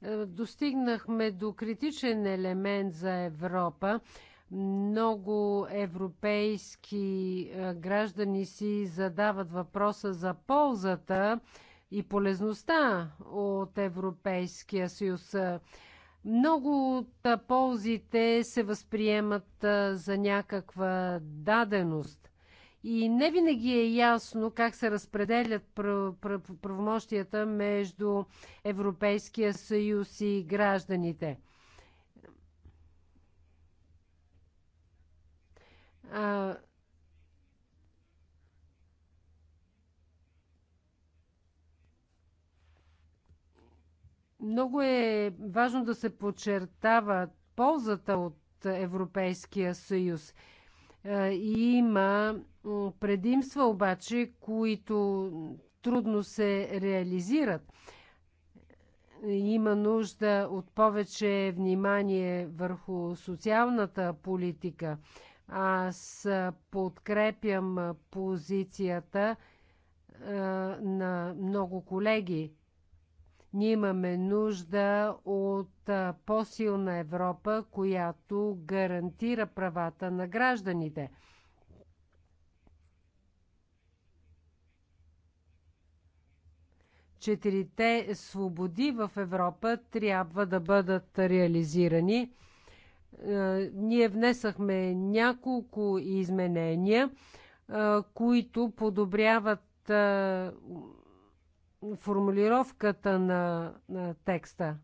Е, достигнахме до критичен елемент за Европа. Много европейски е, граждани си задават въпроса за ползата и полезността от Европейския съюз. Е, много от ползите се възприемат за някаква даденост. И не винаги е ясно как се разпределят правомощията между Европейския съюз и гражданите. А, много е важно да се подчертава ползата от Европейския съюз. и Има предимства обаче, които трудно се реализират. Има нужда от повече внимание върху социалната политика. Аз подкрепям позицията на много колеги. Ние имаме нужда от по-силна Европа, която гарантира правата на гражданите – четирите свободи в Европа трябва да бъдат реализирани. Е, ние внесахме няколко изменения, е, които подобряват е, формулировката на, текста.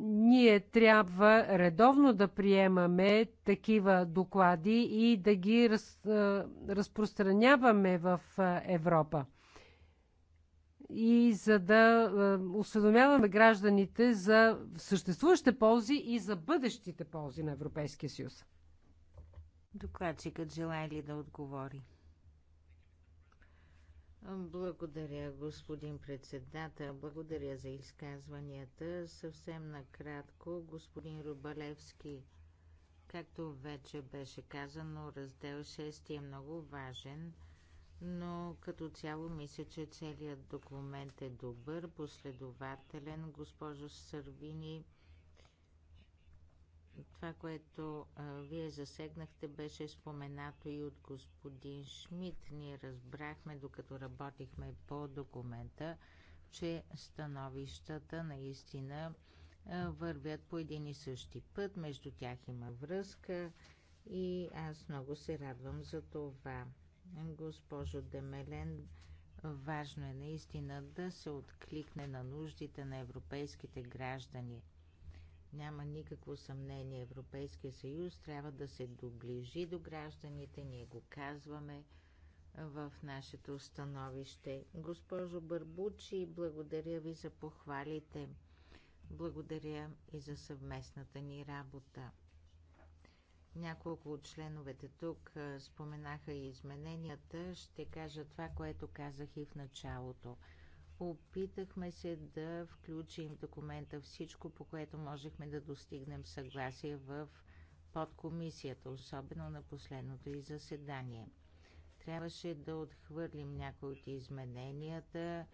Ние трябва редовно да приемаме такива доклади и да ги разпространяваме в Европа и за да е, осведомяваме гражданите за съществуващите ползи и за бъдещите ползи на Европейския съюз. Докладчикът желая ли да отговори? Благодаря, господин председател. Благодаря за изказванията. Съвсем накратко, господин Рубалевски, както вече беше казано, раздел 6 е много важен – но като цяло мисля, че целият документ е добър, последователен, госпожо Сървини. Това, което а, вие засегнахте, беше споменато и от господин Шмидт. Ние разбрахме, докато работихме по документа, че становищата наистина а, вървят по един и същи път. Между тях има връзка и аз много се радвам за това госпожо Демелен. Важно е наистина да се откликне на нуждите на европейските граждани. Няма никакво съмнение, Европейския съюз трябва да се доближи до гражданите, ние го казваме в нашето становище. Госпожо Барбучи, благодаря ви за похвалите. Благодаря и за съвместната ни работа. Няколко от членовете тук споменаха и измененията. Ще кажа това, което казах и в началото. Опитахме се да включим в документа всичко, по което можехме да достигнем съгласие в подкомисията, особено на последното и заседание. Трябваше да отхвърлим някои от измененията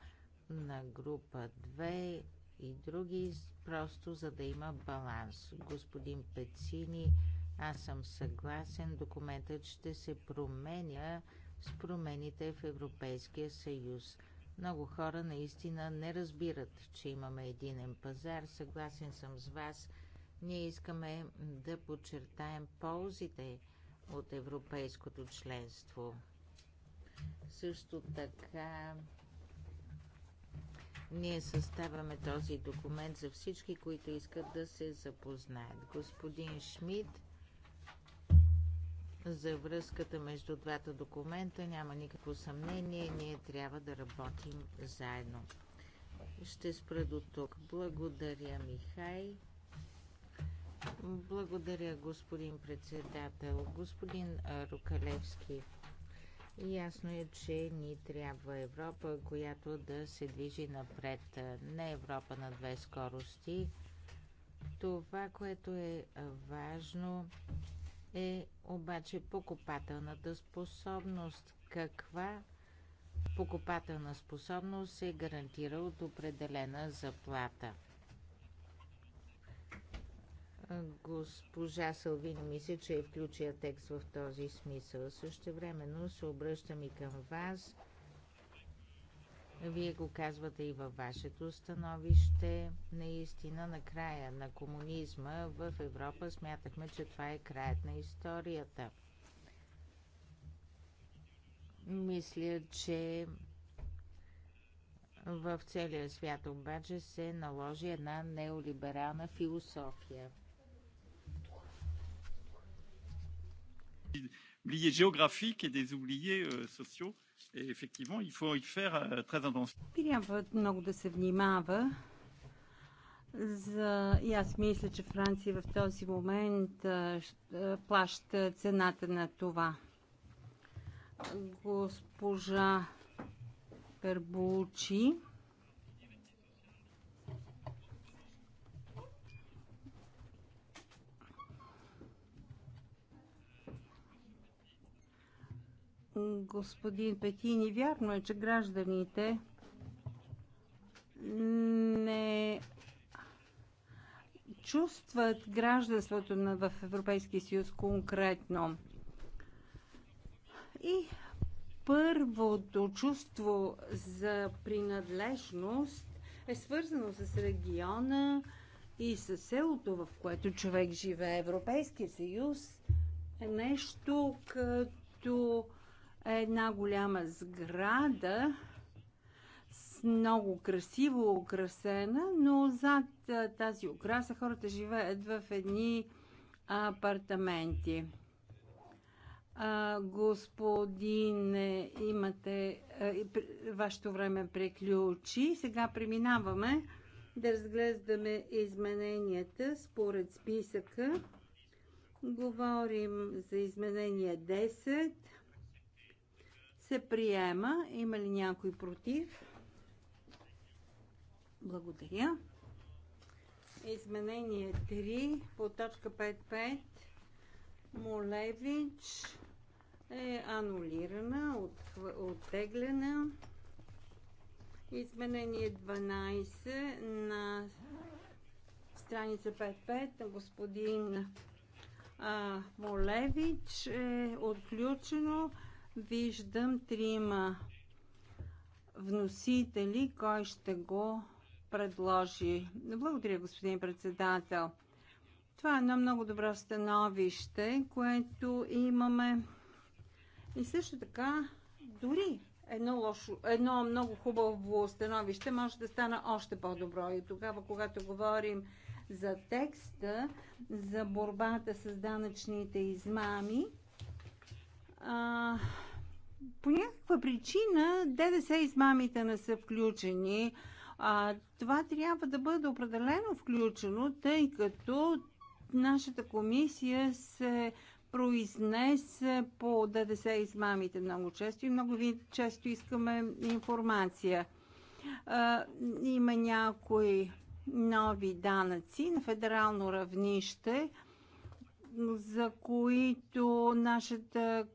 на група 2 и други, просто за да има баланс. Господин Пецини аз съм съгласен, документът ще се променя с промените в Европейския съюз. Много хора наистина не разбират, че имаме единен пазар. Съгласен съм с вас. Ние искаме да подчертаем ползите от европейското членство. Също така ние съставяме този документ за всички, които искат да се запознаят. Господин Шмидт за връзката между двата документа. Няма никакво съмнение, ние трябва да работим заедно. Ще спра до тук. Благодаря, Михай. Благодаря, господин председател. Господин Рукалевски, ясно е, че ни трябва Европа, която да се движи напред. Не Европа на две скорости. Това, което е важно, е обаче покупателната способност. Каква покупателна способност се гарантира от определена заплата? Госпожа Салвини мисля, че е включила текст в този смисъл. Също времено се обръщам и към вас вие го казвате и във вашето становище. Наистина, на края на комунизма в Европа смятахме, че това е краят на историята. Мисля, че в целия свят обаче се наложи една неолиберална философия. Oubliés géographiques et des oubliés euh, sociaux Euh, Трябва много да се внимава. За... И аз мисля, че Франция в този момент плаща цената на това. Госпожа Пербучи. господин Петини, вярно е, че гражданите не чувстват гражданството в Европейския съюз конкретно. И първото чувство за принадлежност е свързано с региона и с селото, в което човек живее. Европейския съюз е нещо като една голяма сграда, много красиво украсена, но зад тази украса хората живеят в едни апартаменти. А, господин, е, имате, а, е, вашето време приключи. Сега преминаваме да разглеждаме измененията според списъка. Говорим за изменение 10 се приема. Има ли някой против? Благодаря. Изменение 3 по точка 5.5 Молевич е анулирана, от, оттеглена. Изменение 12 на страница 5.5 на господин а, Молевич е отключено. Виждам трима вносители, кой ще го предложи. Благодаря, господин председател. Това е едно много добро становище, което имаме. И също така, дори едно, лошо, едно много хубаво становище може да стане още по-добро. И тогава, когато говорим за текста, за борбата с данъчните измами, а, по някаква причина ДДС измамите не са включени. А, това трябва да бъде определено включено, тъй като нашата комисия се произнесе по ДДС измамите много често и много ви често искаме информация. А, има някои нови данъци на федерално равнище, за които нашата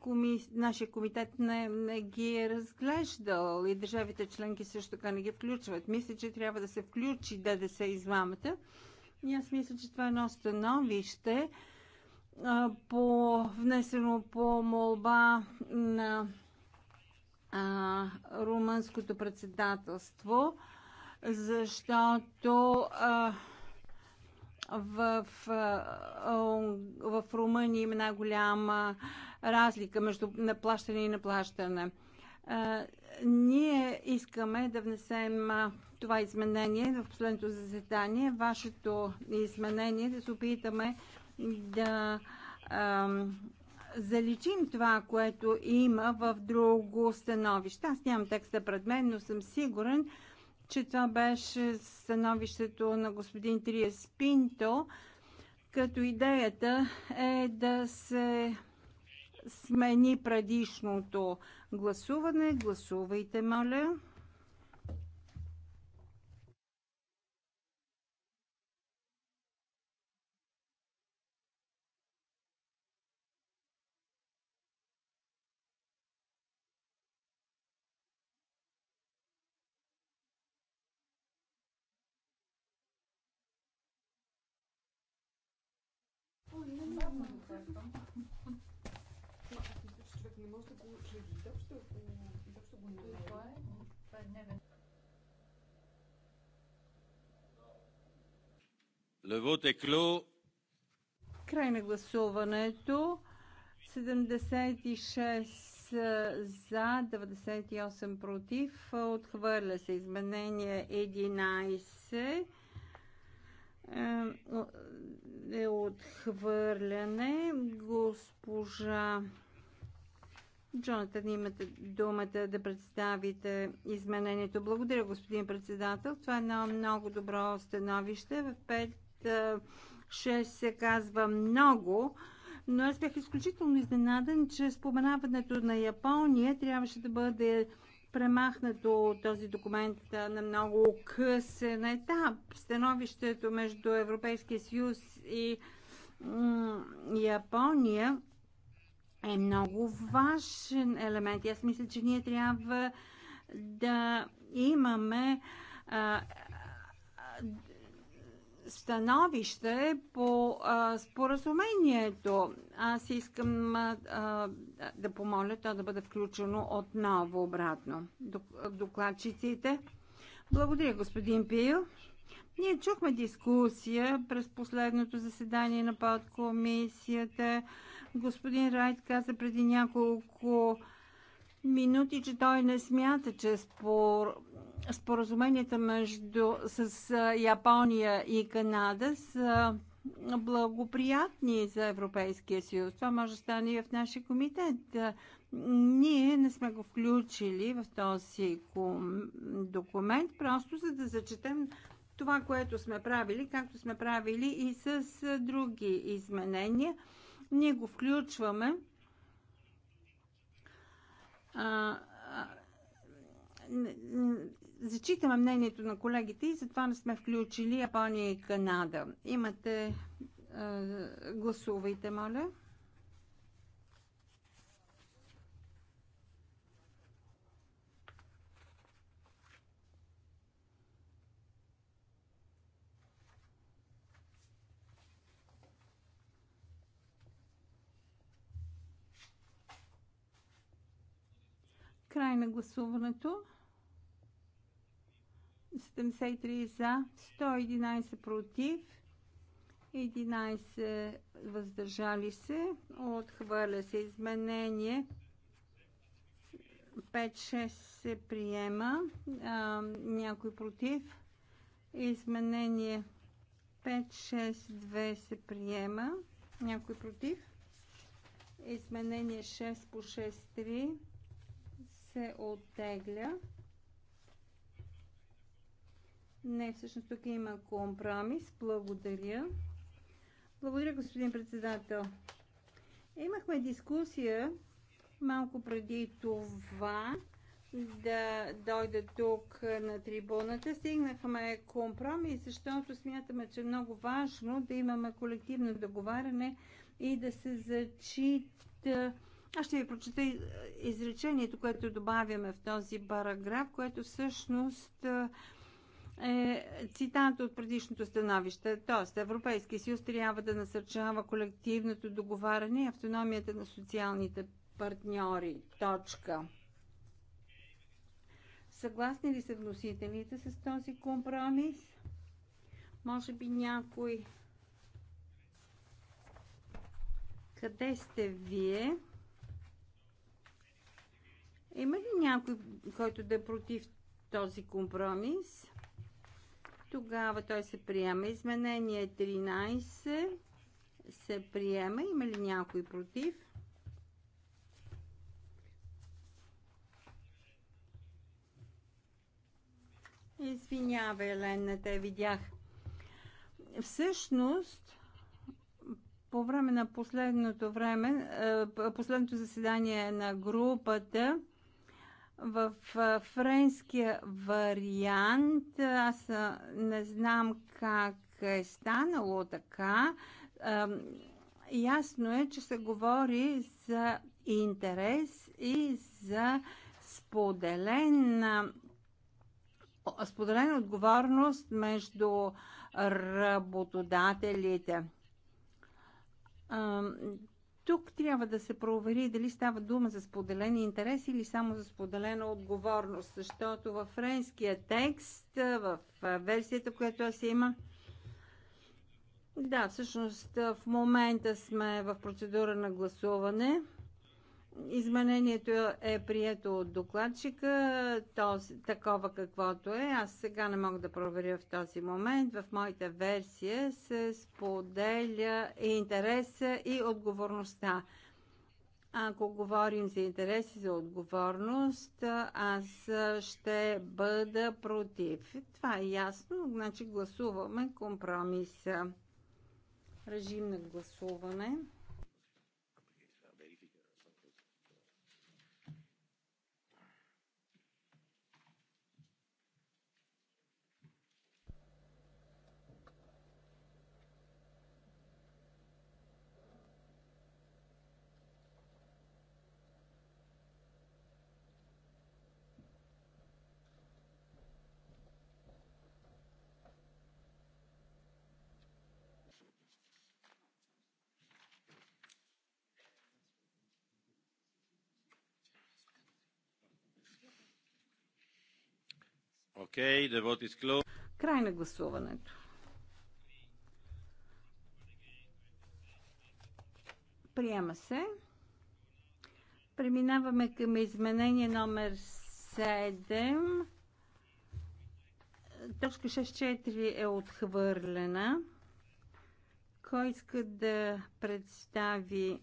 коми... нашия комитет не, не ги е разглеждал и държавите членки също така не ги включват. Мисля, че трябва да се включи ДДС измамата. И аз мисля, че това е едно становище а, по, внесено по молба на а, румънското председателство, защото а, в, в, в Румъния има най-голяма разлика между наплащане и наплащане. Ние искаме да внесем това изменение в последното заседание. Вашето изменение да се опитаме да заличим това, което има в друго становище. Аз нямам текста пред мен, но съм сигурен, че това беше становището на господин Триес Пинто, като идеята е да се смени предишното гласуване. Гласувайте, моля. Thank you не може да го следи изобщо, ако изобщо го не Това е, това е дневен. Левот е клю. Край на гласуването. 76 за, 98 против. Отхвърля се изменение 11 е, е отхвърляне. Госпожа Джонатан, имате думата да представите изменението. Благодаря, господин председател. Това е едно много добро становище. В 5-6 се казва много, но аз бях изключително изненадан, че споменаването на Япония трябваше да бъде премахнато този документ на много късен етап. Становището между Европейския съюз и Япония е много важен елемент. Аз мисля, че ние трябва да имаме а, становище по а, споразумението. Аз искам а, а, да помоля то да бъде включено отново обратно. Докладчиците. Благодаря, господин Пил. Ние чухме дискусия през последното заседание на подкомисията. Господин Райт каза преди няколко минути, че той не смята, че спор... споразуменията между... с Япония и Канада са благоприятни за Европейския съюз. Това може да стане и в нашия комитет. Ние не сме го включили в този документ, просто за да зачетем това, което сме правили, както сме правили и с други изменения. Ние го включваме. А, а, зачитаме мнението на колегите и затова не сме включили Япония и Канада. Имате. А, гласувайте, моля. Край на гласуването. 73 за, 111 против, 11 въздържали се. Отхвърля се изменение. 5-6 се приема. А, някой против. Изменение 5-6-2 се приема. Някой против. Изменение 6 по 6-3 се оттегля. Не, всъщност тук има компромис. Благодаря. Благодаря, господин председател. Имахме дискусия малко преди това да дойда тук на трибуната. Стигнахме компромис, защото смятаме, че е много важно да имаме колективно договаряне и да се зачита аз ще ви прочета изречението, което добавяме в този параграф, което всъщност е, е цитат от предишното становище. Тоест, Европейския съюз трябва да насърчава колективното договаряне и автономията на социалните партньори. Точка. Съгласни ли са вносителите с този компромис? Може би някой. Къде сте вие? Има ли някой, който да е против този компромис? Тогава той се приема. Изменение 13 се приема. Има ли някой против? Извинявай, Елена, те видях. Всъщност, по време на последното време, е, последното заседание на групата, в френския вариант, аз не знам как е станало така, ясно е, че се говори за интерес и за споделен, споделена отговорност между работодателите тук трябва да се провери дали става дума за споделени интереси или само за споделена отговорност, защото във френския текст, в версията, която аз има, да, всъщност в момента сме в процедура на гласуване. Изменението е прието от докладчика, то, такова каквото е. Аз сега не мога да проверя в този момент. В моята версия се споделя интереса и отговорността. Ако говорим за интереси за отговорност, аз ще бъда против. Това е ясно, значи гласуваме компромиса. Режим на гласуване. Okay, the vote is closed. Край на гласуването. Приема се. Преминаваме към изменение номер 7. Точка 6.4 е отхвърлена. Кой иска да представи?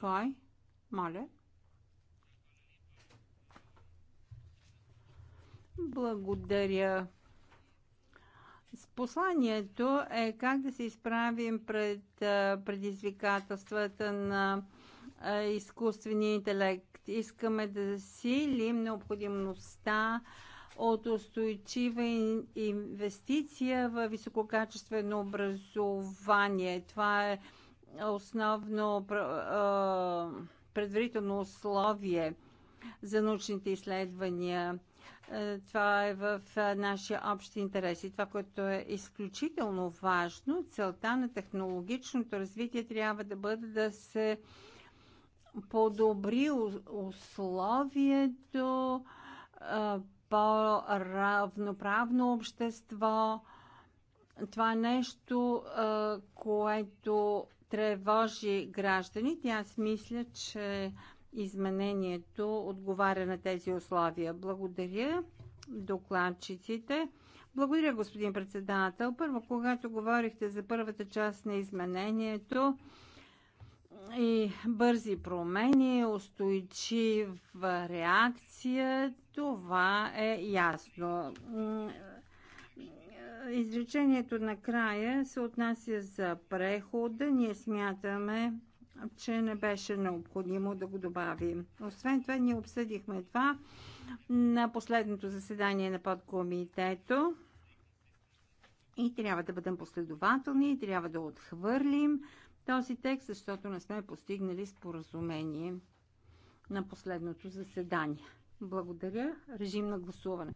Кой? Моля. Благодаря. Посланието е как да се изправим пред предизвикателствата на изкуствения интелект. Искаме да засилим необходимостта от устойчива инвестиция в висококачествено образование. Това е основно предварително условие за научните изследвания. Е, това е в е, нашия общ интерес. И това, което е изключително важно, целта на технологичното развитие трябва да бъде да се подобри условието, е, по-равноправно общество. Това е нещо, което тревожи гражданите. Аз мисля, че изменението отговаря на тези условия. Благодаря докладчиците. Благодаря, господин председател. Първо, когато говорихте за първата част на изменението и бързи промени, устойчива реакция, това е ясно. Изречението накрая се отнася за прехода. Ние смятаме, че не беше необходимо да го добавим. Освен това, ние обсъдихме това на последното заседание на подкомитето и трябва да бъдем последователни, и трябва да отхвърлим този текст, защото не сме постигнали споразумение на последното заседание. Благодаря. Режим на гласуване.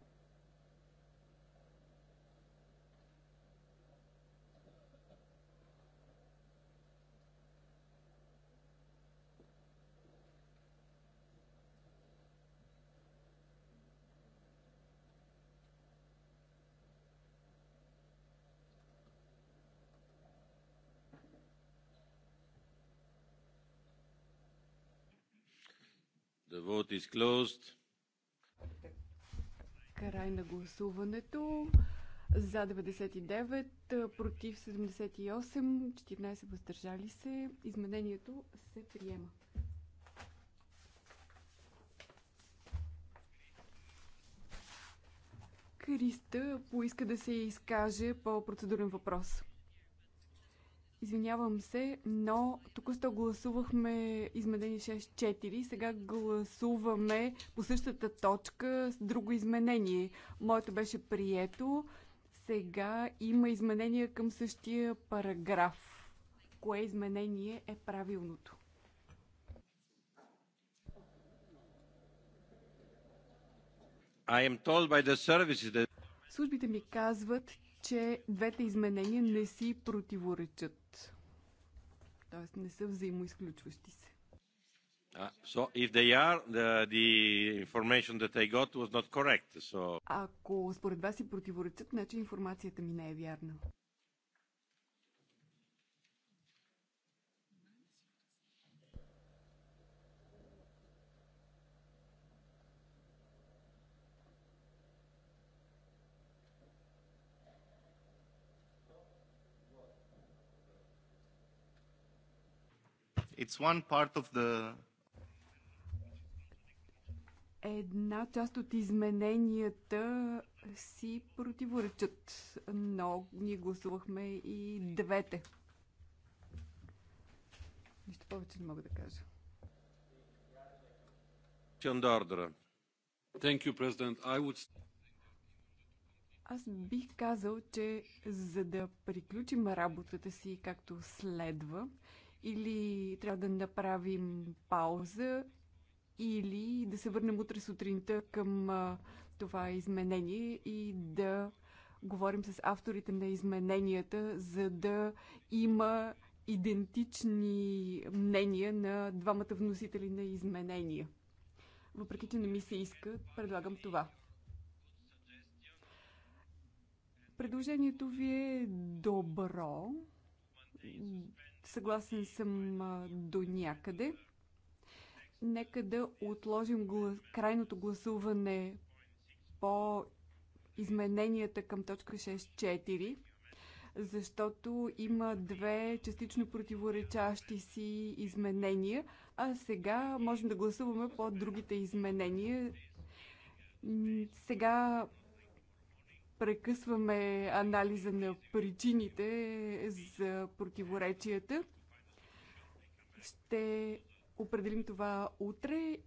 Vote is closed. Край на гласуването. За 99, против 78, 14 въздържали се. Изменението се приема. Криста поиска да се изкаже по процедурен въпрос. Извинявам се, но тук-сто гласувахме изменение 6.4. Сега гласуваме по същата точка с друго изменение. Моето беше прието. Сега има изменение към същия параграф. Кое изменение е правилното? I am told by the services that... Службите ми казват, че двете изменения не си противоречат т.е. не са взаимоизключващи се. so if they are, the, the information that I got was not correct. So... Ако според вас си противоречат, значи информацията ми не е вярна. It's one part of the Една част от измененията си противоречат, но ние гласувахме и двете. Нищо повече не мога да кажа. Аз бих казал, че за да приключим работата си както следва или трябва да направим пауза, или да се върнем утре сутринта към това изменение и да говорим с авторите на измененията, за да има идентични мнения на двамата вносители на изменения. Въпреки, че не ми се иска, предлагам това. Предложението ви е добро. Съгласен съм до някъде. Нека да отложим глас... крайното гласуване по измененията към точка 6.4, защото има две частично противоречащи си изменения, а сега можем да гласуваме по другите изменения. Сега прекъсваме анализа на причините за противоречията. Ще определим това утре.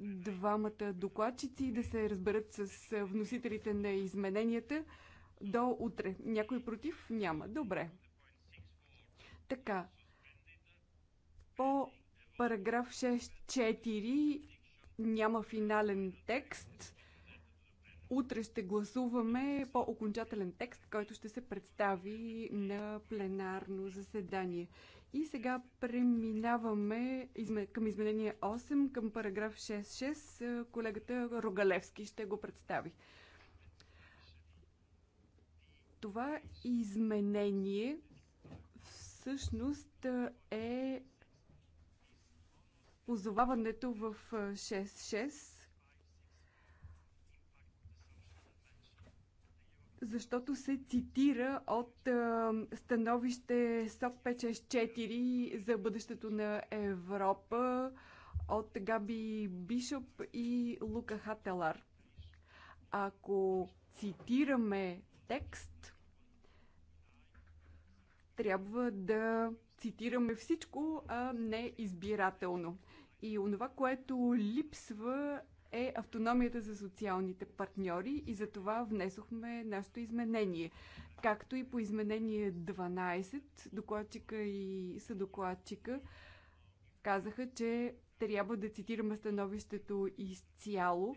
Двамата докладчици да се разберат с вносителите на измененията до утре. Някой против? Няма. Добре. Така. По параграф 6.4 няма финален текст Утре ще гласуваме по окончателен текст, който ще се представи на пленарно заседание. И сега преминаваме към изменение 8, към параграф 6.6. Колегата Рогалевски ще го представи. Това изменение всъщност е позоваването в 6.6 защото се цитира от а, становище СОК 564 за бъдещето на Европа от Габи Бишоп и Лука Хателар. Ако цитираме текст, трябва да цитираме всичко, а не избирателно. И онова, което липсва е автономията за социалните партньори и за това внесохме нашето изменение. Както и по изменение 12, докладчика и съдокладчика казаха, че трябва да цитираме становището изцяло.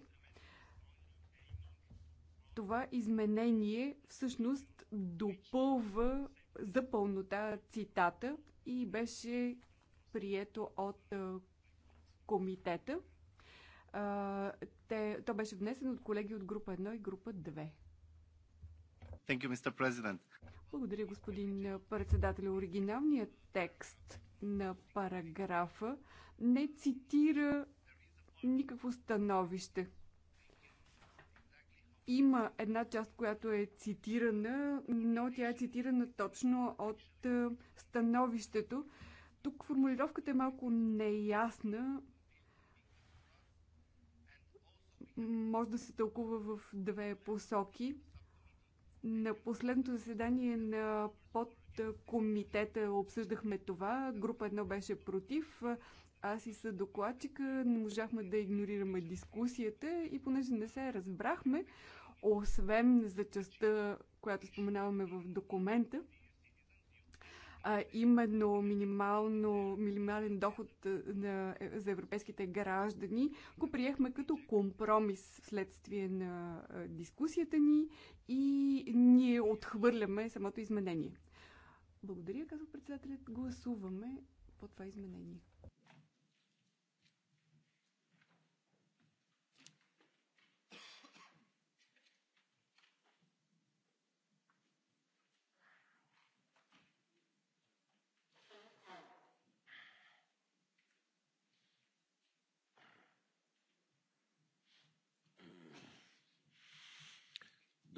Това изменение всъщност допълва за пълнота цитата и беше прието от комитета. А, те, то беше внесено от колеги от група 1 и група 2. Thank you, Mr. President. Благодаря, господин председател. Оригиналният текст на параграфа не цитира никакво становище. Има една част, която е цитирана, но тя е цитирана точно от е, становището. Тук формулировката е малко неясна може да се тълкува в две посоки. На последното заседание на подкомитета обсъждахме това. Група едно беше против. Аз и са докладчика не можахме да игнорираме дискусията и понеже не се разбрахме, освен за частта, която споменаваме в документа, а именно минимално, минимален доход на, е, за европейските граждани, го приехме като компромис вследствие на дискусията ни и ние отхвърляме самото изменение. Благодаря, казва председателят. Гласуваме по това изменение.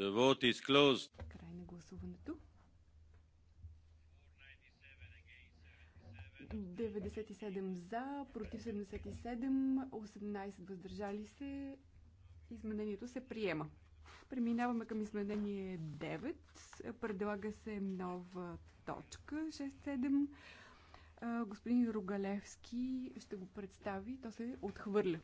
The vote is closed. Край на гласуването. 97 за, против 77, 18 въздържали се. Изменението се приема. Преминаваме към изменение 9. Предлага се нова точка 6-7. Господин Ругалевски ще го представи. То се отхвърля.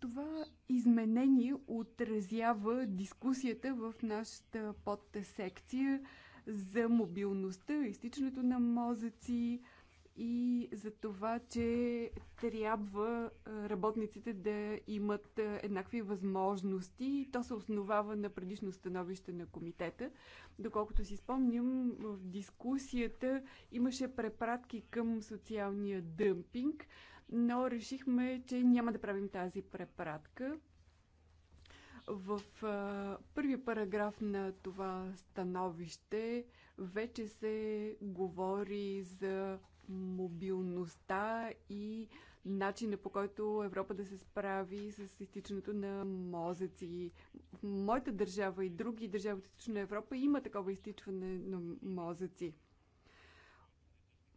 Това изменение отразява дискусията в нашата подсекция за мобилността, изтичането на мозъци и за това, че трябва работниците да имат еднакви възможности. То се основава на предишно становище на комитета. Доколкото си спомням, в дискусията имаше препратки към социалния дъмпинг, но решихме, че няма да правим тази препратка. В а, първия параграф на това становище вече се говори за мобилността и начина по който Европа да се справи с изтичането на мозъци. В моята държава и други държави от източна Европа има такова изтичване на мозъци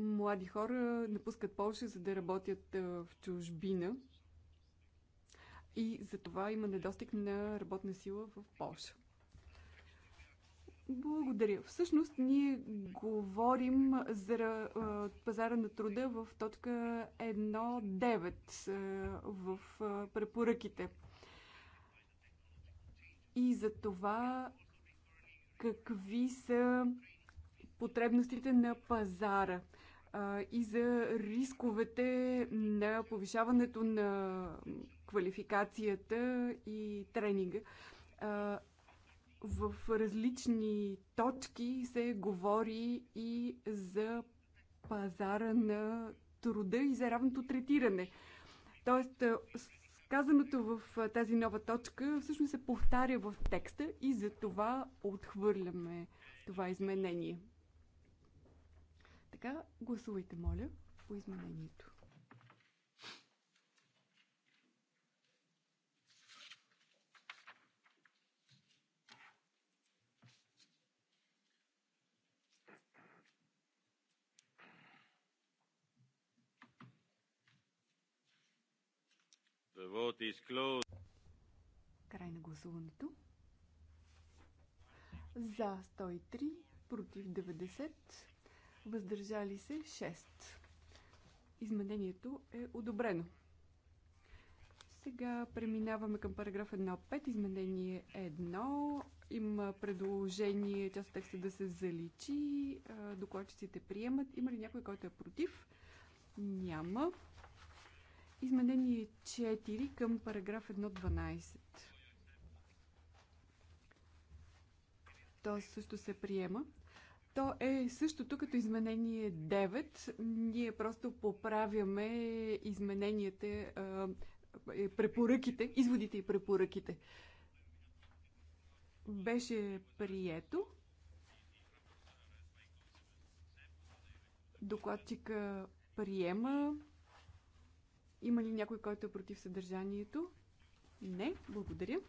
млади хора напускат Польша, за да работят в чужбина. И за това има недостиг на работна сила в Польша. Благодаря. Всъщност ние говорим за пазара на труда в точка 1.9 в препоръките. И за това какви са потребностите на пазара и за рисковете на повишаването на квалификацията и тренинга. В различни точки се говори и за пазара на труда и за равното третиране. Тоест, казаното в тази нова точка всъщност се повтаря в текста и за това отхвърляме това изменение така, гласувайте, моля, по изменението. Край на гласуването. За 103, против 90, въздържали се 6. Изменението е одобрено. Сега преминаваме към параграф 1.5, изменение 1. Има предложение част от текста да се заличи. Докладчиците приемат. Има ли някой, който е против? Няма. Изменение 4 към параграф 1.12. То също се приема. То е същото като изменение 9. Ние просто поправяме измененията, е, препоръките, изводите и препоръките. Беше прието. Докладчика приема. Има ли някой, който е против съдържанието? Не, благодаря.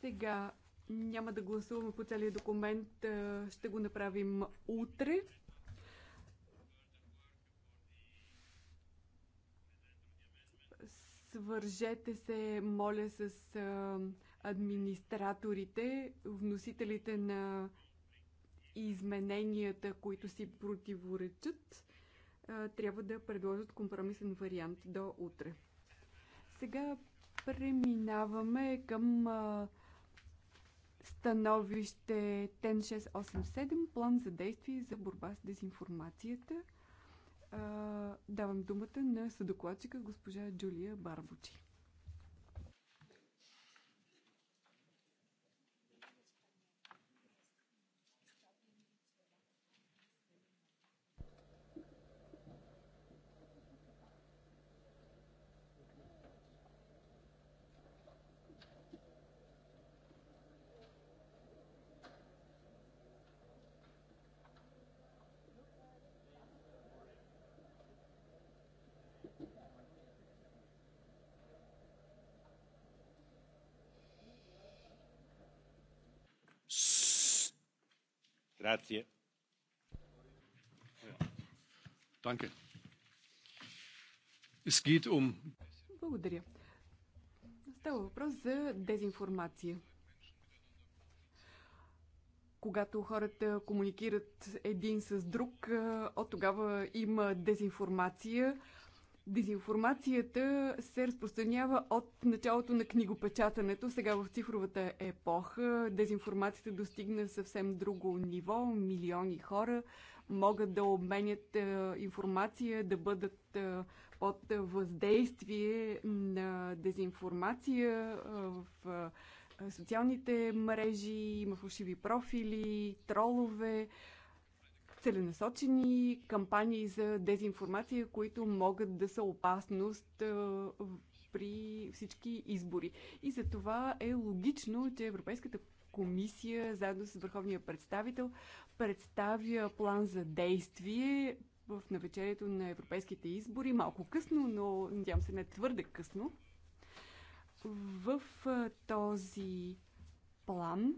Сега няма да гласуваме по целият документ. Е, ще го направим утре. Свържете се, моля, с е, администраторите, вносителите на измененията, които си противоречат, е, трябва да предложат компромисен вариант до утре. Сега преминаваме към Становище ТЕН 687, план за действие за борба с дезинформацията. Давам думата на съдокладчика госпожа Джулия Барбочи. Grazie. Danke. Es geht um... Благодаря. Става въпрос за дезинформация. Когато хората комуникират един с друг, от тогава има дезинформация. Дезинформацията се разпространява от началото на книгопечатането. Сега в цифровата епоха дезинформацията достигна съвсем друго ниво. Милиони хора могат да обменят е, информация, да бъдат е, под въздействие на дезинформация е, в социалните мрежи, има фалшиви профили, тролове, целенасочени кампании за дезинформация, които могат да са опасност при всички избори. И за това е логично, че Европейската комисия, заедно с Върховния представител, представя план за действие в навечерието на европейските избори. Малко късно, но надявам се не твърде късно. В този план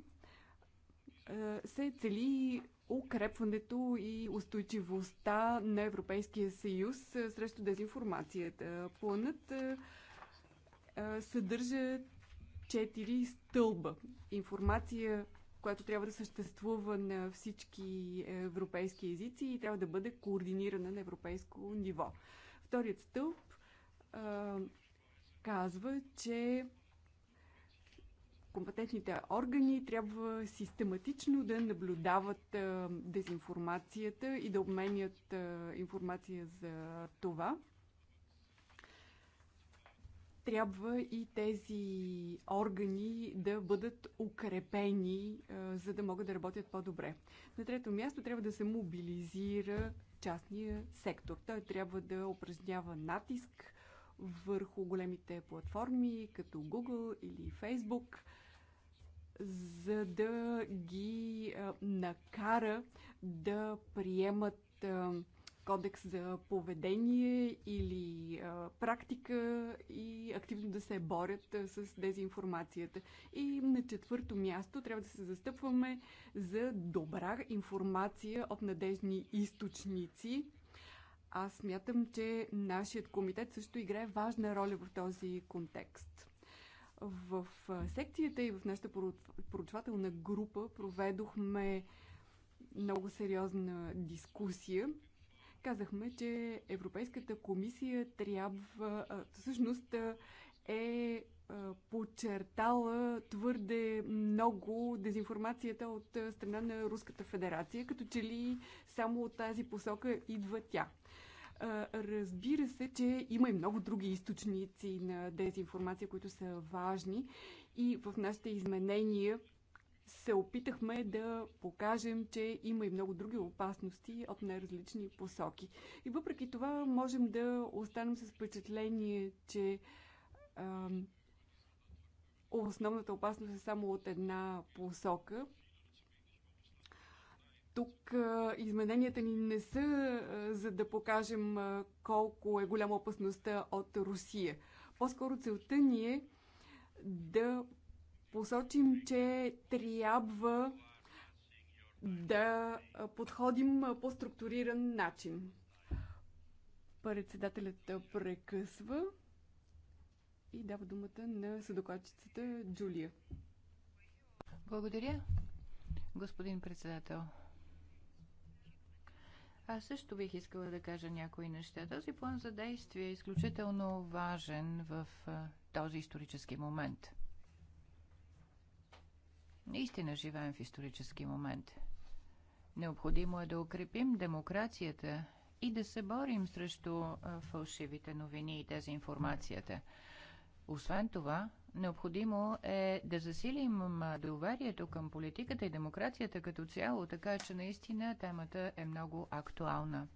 се цели укрепването и устойчивостта на Европейския съюз срещу дезинформацията. Планът съдържа четири стълба. Информация, която трябва да съществува на всички европейски езици и трябва да бъде координирана на европейско ниво. Вторият стълб казва, че компетентните органи трябва систематично да наблюдават дезинформацията и да обменят информация за това. Трябва и тези органи да бъдат укрепени, за да могат да работят по-добре. На трето място трябва да се мобилизира частния сектор. Той трябва да упражнява натиск върху големите платформи, като Google или Facebook – за да ги накара да приемат кодекс за поведение или а, практика и активно да се борят а, с дезинформацията. И на четвърто място трябва да се застъпваме за добра информация от надежни източници. Аз смятам, че нашият комитет също играе важна роля в този контекст. В секцията и в нашата поручвателна група проведохме много сериозна дискусия. Казахме, че Европейската комисия трябва, всъщност е подчертала твърде много дезинформацията от страна на Руската федерация, като че ли само от тази посока идва тя. Разбира се, че има и много други източници на дезинформация, които са важни и в нашите изменения се опитахме да покажем, че има и много други опасности от най-различни посоки. И въпреки това можем да останем с впечатление, че а, основната опасност е само от една посока. Тук измененията ни не са за да покажем колко е голяма опасността от Русия. По-скоро целта ни е да посочим, че трябва да подходим по структуриран начин. Председателят прекъсва и дава думата на съдокладчицата Джулия. Благодаря, господин председател. Аз също бих искала да кажа някои неща. Този план за действие е изключително важен в този исторически момент. Наистина живеем в исторически момент. Необходимо е да укрепим демокрацията и да се борим срещу фалшивите новини и дезинформацията. Освен това, Необходимо е да засилим доверието към политиката и демокрацията като цяло, така че наистина темата е много актуална.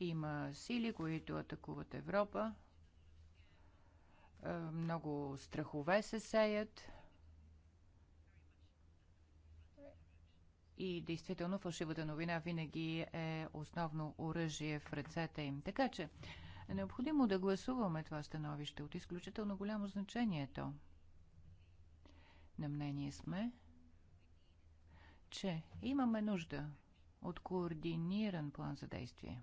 Има сили, които атакуват Европа, е, много страхове се сеят и действително фалшивата новина винаги е основно оръжие в ръцете им. Така че е необходимо да гласуваме това становище. От изключително голямо значение е то. На мнение сме, че имаме нужда от координиран план за действие.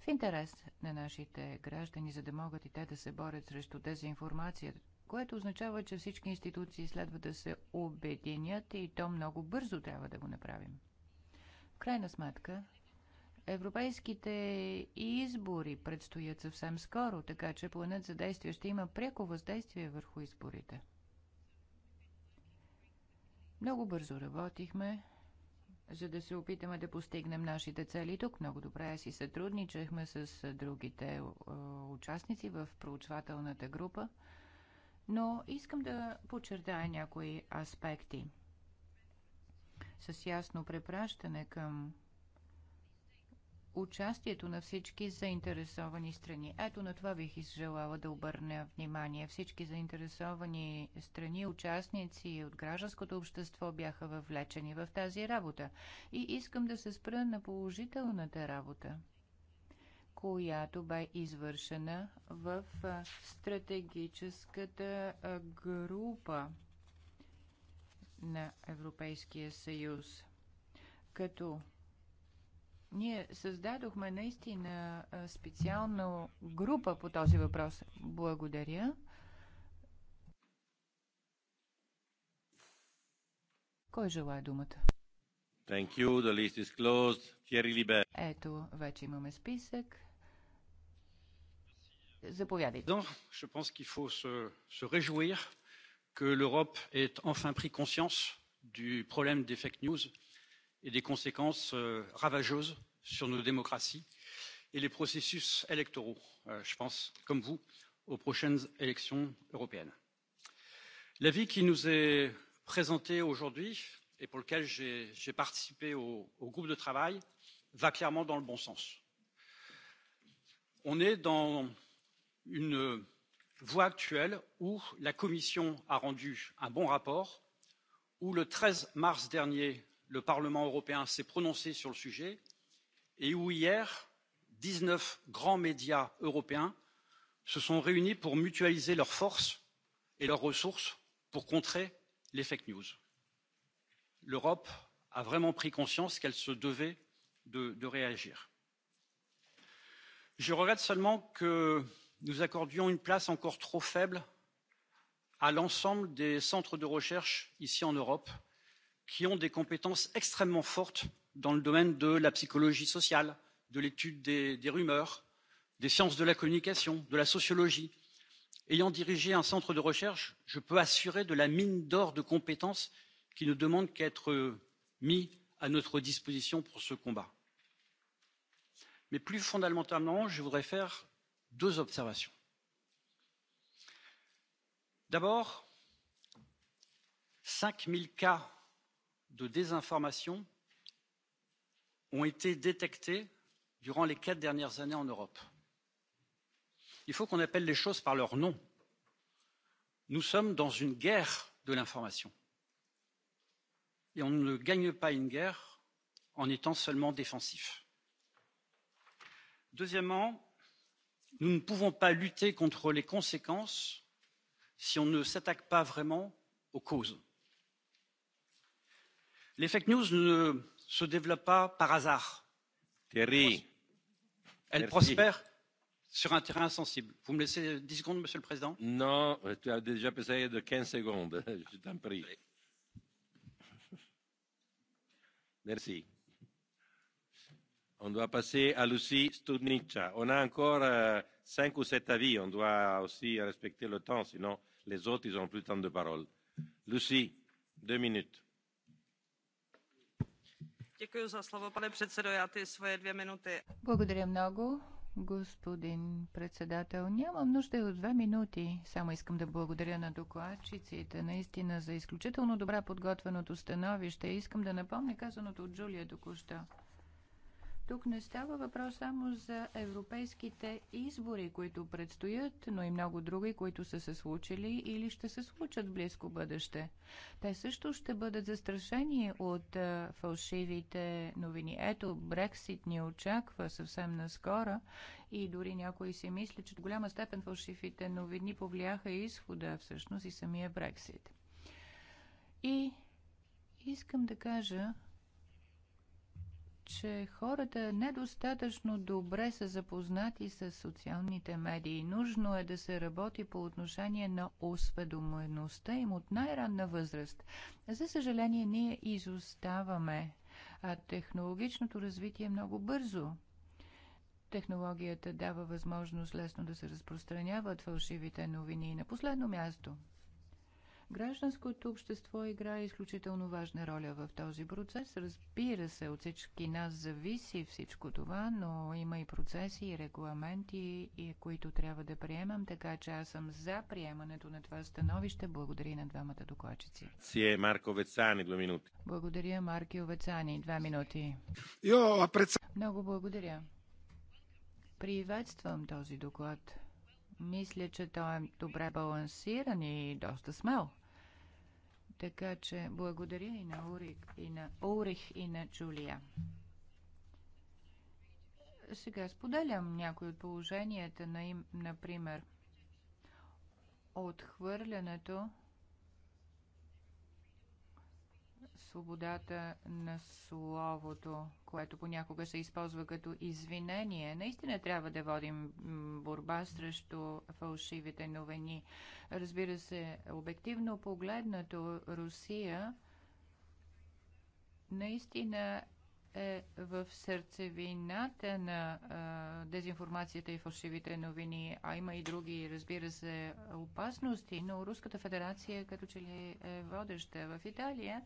В интерес на нашите граждани, за да могат и те да се борят срещу информация, което означава, че всички институции следва да се обединят и то много бързо трябва да го направим. В крайна сметка, Европейските избори предстоят съвсем скоро, така че планът за действие ще има пряко въздействие върху изборите. Много бързо работихме, за да се опитаме да постигнем нашите цели тук. Много добре си сътрудничахме с другите е, участници в проучвателната група, но искам да подчертая някои аспекти. С ясно препращане към участието на всички заинтересовани страни. Ето на това бих изжелала да обърна внимание. Всички заинтересовани страни, участници от гражданското общество бяха въвлечени в тази работа. И искам да се спра на положителната работа, която бе извършена в стратегическата група на Европейския съюз. Като ние създадохме наистина специална група по този въпрос. Благодаря. Кой желая думата? Thank you. The list is closed. Thierry Libert. Ето, вече имаме списък. Заповядайте. Je pense qu'il faut se, se réjouir que l'Europe ait enfin pris conscience du problème des fake news et des conséquences ravageuses sur nos démocraties et les processus électoraux. Je pense, comme vous, aux prochaines élections européennes. L'avis qui nous est présenté aujourd'hui et pour lequel j'ai participé au, groupe de travail va clairement dans le bon sens. On est dans une voie actuelle où la Commission a rendu un bon rapport, où le treize mars dernier, le Parlement européen s'est prononcé sur le sujet et où hier, dix neuf grands médias européens se sont réunis pour mutualiser leurs forces et leurs ressources pour contrer les fake news. L'Europe a vraiment pris conscience qu'elle se devait de, réagir. Je regrette seulement que nous accordions une place encore trop faible à l'ensemble des centres de recherche ici en Europe qui ont des compétences extrêmement fortes dans le domaine de la psychologie sociale, de l'étude des, des rumeurs, des sciences de la communication, de la sociologie. Ayant dirigé un centre de recherche, je peux assurer de la mine d'or de compétences qui ne demande qu'à être mis à notre disposition pour ce combat. Mais plus fondamentalement, je voudrais faire deux observations. D'abord, 5 000 cas de désinformation ont été détectés durant les quatre dernières années en Europe. Il faut qu'on appelle les choses par leur nom. Nous sommes dans une guerre de l'information. Et on ne gagne pas une guerre en étant seulement défensif. Deuxièmement, nous ne pouvons pas lutter contre les conséquences si on ne s'attaque pas vraiment aux causes les fake news ne se développent pas par hasard. Thierry. Elles prospèrent sur un terrain sensible. Vous me laissez 10 secondes, Monsieur le Président Non, tu as déjà passé de 15 secondes, je t'en prie. Merci. On doit passer à Lucie Studnica. On a encore euh, cinq ou sept avis. On doit aussi respecter le temps, sinon les autres, ils n'ont plus tant de parole. Lucie, deux minutes Děkuji slovo, pane předsedo. Já ty svoje Благодаря много. Господин председател, нямам нужда от две минути. Само искам да благодаря на докладчиците наистина за изключително добра подготвеното становище. Искам да напомня казаното от Джулия току-що. Тук не става въпрос само за европейските избори, които предстоят, но и много други, които са се случили или ще се случат в близко бъдеще. Те също ще бъдат застрашени от а, фалшивите новини. Ето, Брексит ни очаква съвсем наскоро и дори някои си мислят, че до голяма степен фалшивите новини повлияха изхода всъщност и самия Брексит. И искам да кажа, че хората недостатъчно добре са запознати с социалните медии. Нужно е да се работи по отношение на осведомеността им от най-ранна възраст. За съжаление, ние изоставаме, а технологичното развитие е много бързо. Технологията дава възможност лесно да се разпространяват фалшивите новини. И на последно място – Гражданското общество играе изключително важна роля в този процес. Разбира се, от всички нас зависи всичко това, но има и процеси и регламенти, и които трябва да приемам, така че аз съм за приемането на това становище. Благодаря на двамата докладчици. Си е Марко Вецани, две минути. Благодаря, Марки Овецани, две минути. Йо, пред... Много благодаря. Приветствам този доклад. Мисля, че той е добре балансиран и доста смел. Така че благодаря и на Урих и на, Урих, и на Джулия. Сега споделям някои от положенията на им, например, отхвърлянето свободата на словото, което понякога се използва като извинение. Наистина трябва да водим борба срещу фалшивите новини. Разбира се, обективно погледнато Русия наистина е в сърцевината на а, дезинформацията и фалшивите новини, а има и други, разбира се, опасности, но Руската федерация като че ли е водеща в Италия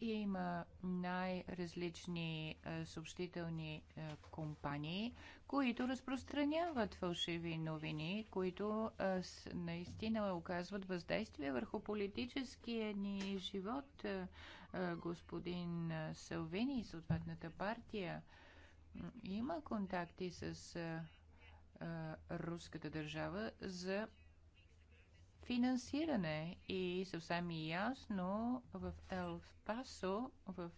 и има най-различни е, съобщителни е, компании, които разпространяват фалшиви новини, които е, с, наистина оказват въздействие върху политическия ни живот. господин Салвини и съответната партия има контакти с руската държава за финансиране. И съвсем ясно в Ел Пасо, в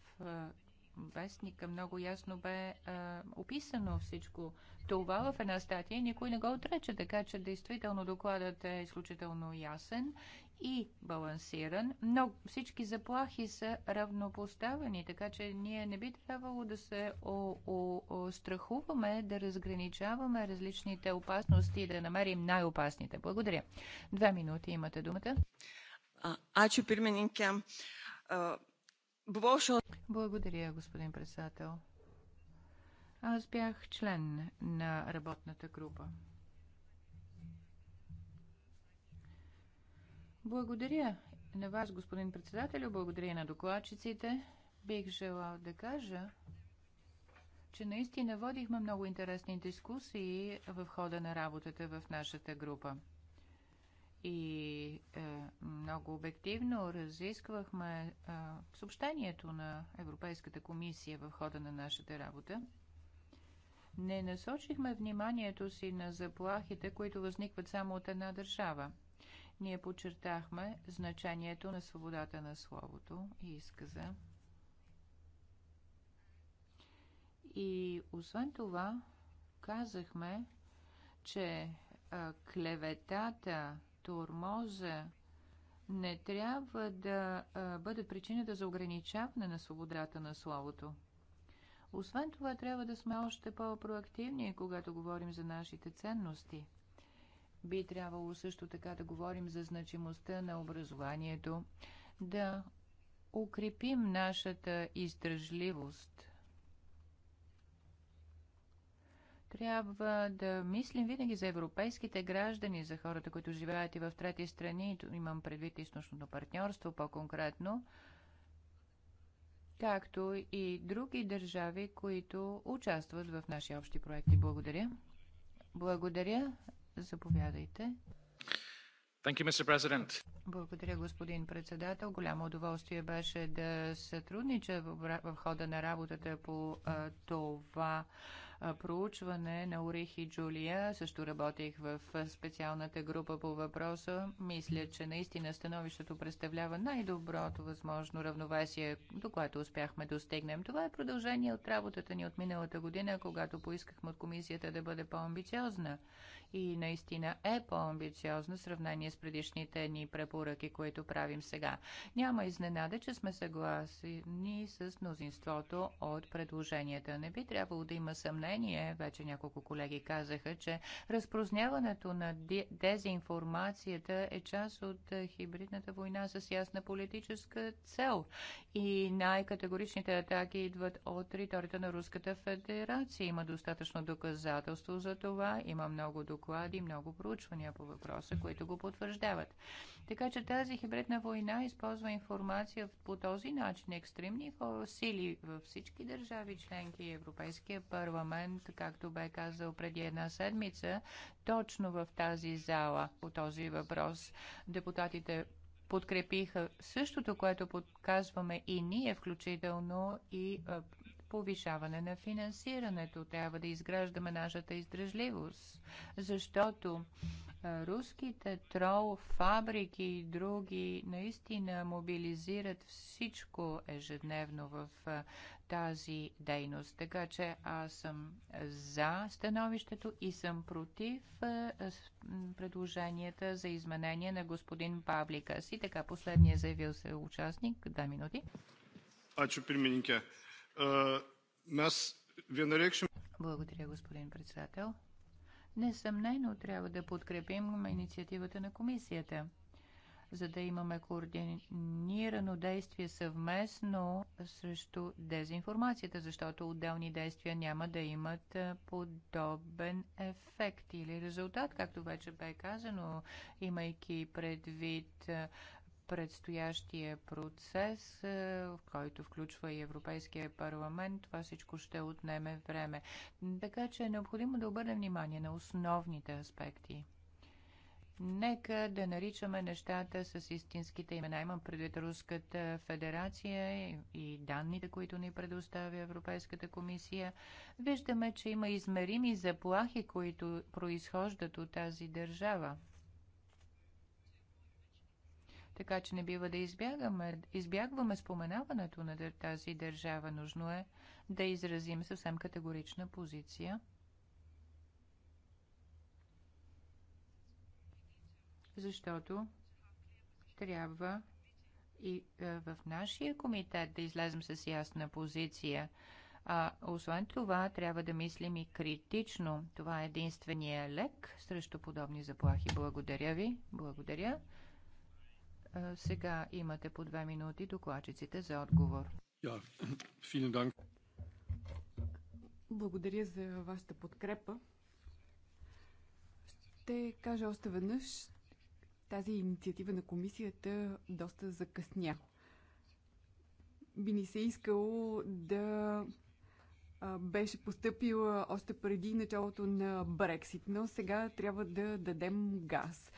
вестника много ясно бе а, описано всичко това в една статия. Никой не го отрече, така че действително докладът е изключително ясен и балансиран, но всички заплахи са равнопоставени, така че ние не би трябвало да се о, о, о, страхуваме, да разграничаваме различните опасности и да намерим най-опасните. Благодаря. Две минути имате думата. Ачо Пирменинке. Благодаря, господин председател. Аз бях член на работната група. Благодаря на вас, господин председател, благодаря и на докладчиците. Бих желал да кажа, че наистина водихме много интересни дискусии в хода на работата в нашата група. И е, много обективно разисквахме е, съобщението на Европейската комисия в хода на нашата работа. Не насочихме вниманието си на заплахите, които възникват само от една държава – ние подчертахме значението на свободата на словото и изказа. И освен това, казахме, че а, клеветата, турмоза не трябва да а, бъдат причината за ограничаване на свободата на словото. Освен това, трябва да сме още по-проактивни, когато говорим за нашите ценности. Би трябвало също така да говорим за значимостта на образованието, да укрепим нашата издръжливост. Трябва да мислим винаги за европейските граждани, за хората, които живеят и в трети страни, имам предвид източното партньорство по-конкретно, както и други държави, които участват в наши общи проекти. Благодаря. Благодаря. Заповядайте. You, Благодаря, господин председател. Голямо удоволствие беше да сътруднича в хода на работата по това проучване на Орих и Джулия. Също работих в специалната група по въпроса. Мисля, че наистина становището представлява най-доброто възможно равновесие, до което успяхме да достигнем. Това е продължение от работата ни от миналата година, когато поискахме от комисията да бъде по-амбициозна. И наистина е по-амбициозна в сравнение с предишните ни препоръки, които правим сега. Няма изненада, че сме съгласни с мнозинството от предложенията. Не би трябвало да има съмнение съмнение, вече няколко колеги казаха, че разпрозняването на дезинформацията е част от е, хибридната война с ясна политическа цел. И най-категоричните атаки идват от територията на Руската федерация. Има достатъчно доказателство за това, има много доклади, много проучвания по въпроса, които го потвърждават. Така че тази хибридна война използва информация по този начин. Екстремни сили във всички държави членки и Европейския парламент парламент, както бе казал преди една седмица, точно в тази зала по този въпрос. Депутатите подкрепиха същото, което подказваме и ние, включително и повишаване на финансирането. Трябва да изграждаме нашата издръжливост, защото руските трол, фабрики и други наистина мобилизират всичко ежедневно в тази дейност. Така че аз съм за становището и съм против е, е, предложенията за изменение на господин Павлика. си. така, последния заявил се участник. Два минути. Ачо, пирмininkė. Е, ви нарекшим... Благодаря, господин председател. Несъмнено трябва да подкрепим инициативата на комисията – за да имаме координирано действие съвместно срещу дезинформацията, защото отделни действия няма да имат подобен ефект или резултат, както вече бе казано, имайки предвид предстоящия процес, в който включва и Европейския парламент. Това всичко ще отнеме време. Така че е необходимо да обърнем внимание на основните аспекти. Нека да наричаме нещата с истинските имена. Имам предвид Руската федерация и данните, които ни предоставя Европейската комисия. Виждаме, че има измерими заплахи, които произхождат от тази държава. Така че не бива да избягаме, избягваме споменаването на тази държава. Нужно е да изразим съвсем категорична позиция. защото трябва и е, в нашия комитет да излезем с ясна позиция. А освен това, трябва да мислим и критично. Това е единствения лек срещу подобни заплахи. Благодаря ви. Благодаря. Е, сега имате по две минути докладчиците за отговор. Благодаря за вашата подкрепа. Ще кажа още веднъж, тази инициатива на комисията доста закъсня. Би ни се искало да беше поступила още преди началото на Брексит, но сега трябва да дадем газ.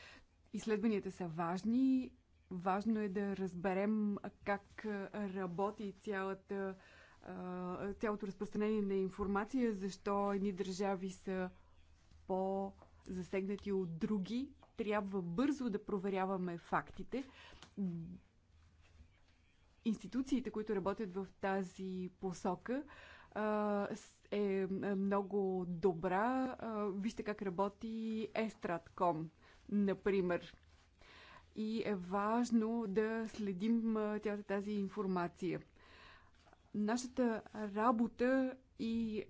Изследванията са важни. Важно е да разберем как работи цялата, цялото разпространение на информация, защо едни държави са по-засегнати от други трябва бързо да проверяваме фактите. Институциите, които работят в тази посока, е много добра. Вижте как работи Estrat.com, например. И е важно да следим цялата тази информация. Нашата работа и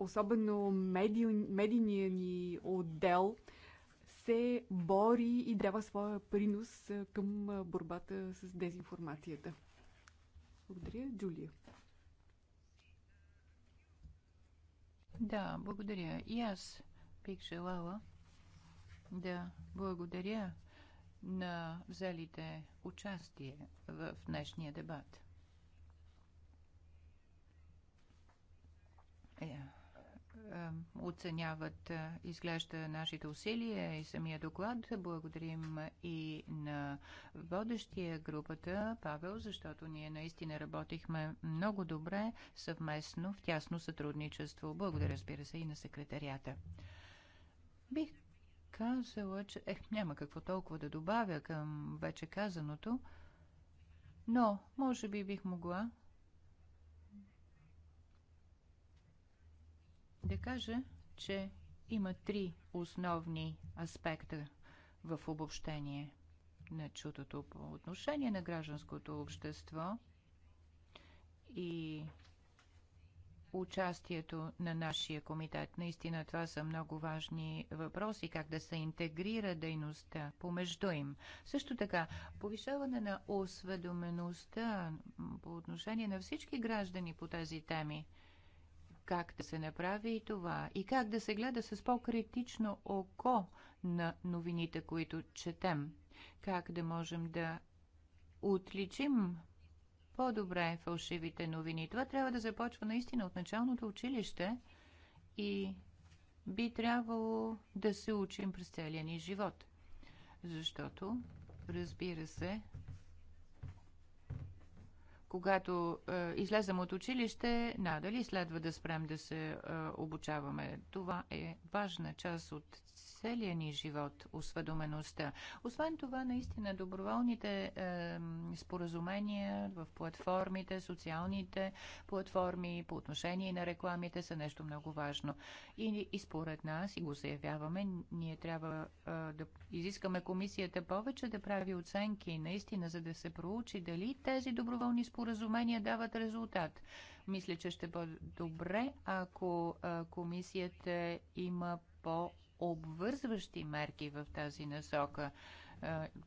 особено медийният медийния ни отдел се бори и дава своя принос към борбата с дезинформацията. Благодаря, Джулия. Да, благодаря. И аз бих желала да благодаря на взелите участие в днешния дебат. Yeah. Е, оценяват, изглежда, нашите усилия и самия доклад. Благодарим и на водещия групата Павел, защото ние наистина работихме много добре съвместно в тясно сътрудничество. Благодаря, разбира се, и на секретарията. Бих казала, че е, няма какво толкова да добавя към вече казаното, но може би бих могла да кажа, че има три основни аспекта в обобщение на чутото по отношение на гражданското общество и участието на нашия комитет. Наистина това са много важни въпроси, как да се интегрира дейността помежду им. Също така, повишаване на осведомеността по отношение на всички граждани по тези теми – как да се направи и това и как да се гледа с по-критично око на новините, които четем. Как да можем да отличим по-добре фалшивите новини. Това трябва да започва наистина от началното училище и би трябвало да се учим през целия ни живот. Защото, разбира се, когато е, излезем от училище, надали следва да спрем да се е, обучаваме. Това е важна част от целия ни живот, осведомеността. Освен това, наистина, доброволните е, споразумения в платформите, социалните платформи по отношение на рекламите са нещо много важно. И, и според нас, и го заявяваме, ние трябва е, да изискаме комисията повече да прави оценки, наистина, за да се проучи дали тези доброволни споразумения дават резултат. Мисля, че ще бъде добре, ако е, комисията има по обвързващи мерки в тази насока,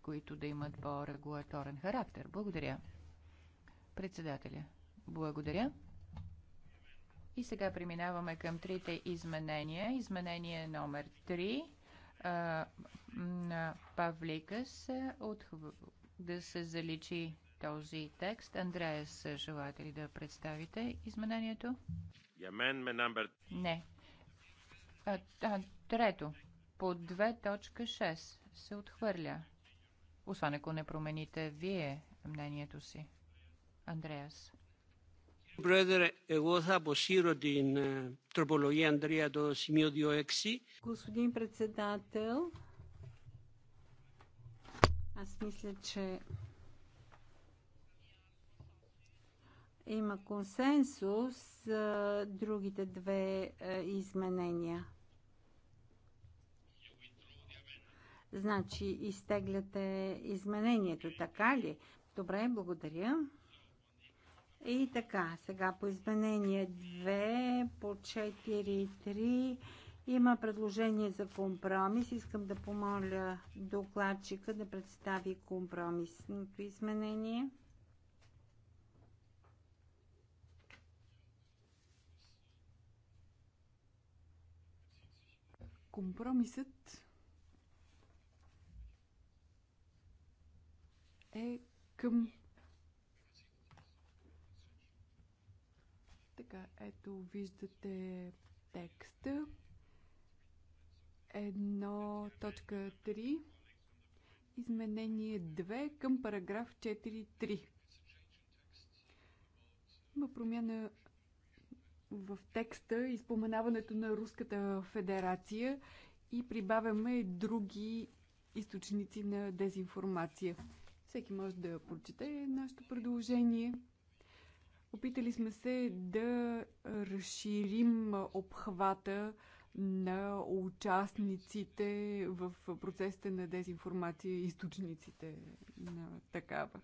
които да имат по-регулаторен характер. Благодаря. Председателя. Благодаря. И сега преминаваме към трите изменения. Изменение номер 3 на Павликас от да се заличи този текст. Андреас, желаете ли да представите изменението? Не. А, а, Трето, по 2.6 се отхвърля. Освен ако не промените вие мнението си. Андреас. Eh, eh, Господин председател, аз мисля, че има консенсус за другите две е, изменения. Значи, изтегляте изменението, така ли? Добре, благодаря. И така, сега по изменение 2, по 4, 3 има предложение за компромис. Искам да помоля докладчика да представи компромисното изменение. Компромисът е към... Така, ето виждате текста. 1.3 Изменение 2 към параграф 4.3 Има промяна в текста и споменаването на Руската федерация и прибавяме други източници на дезинформация. Всеки може да прочете нашето предложение. Опитали сме се да разширим обхвата на участниците в процесите на дезинформация и източниците на такава.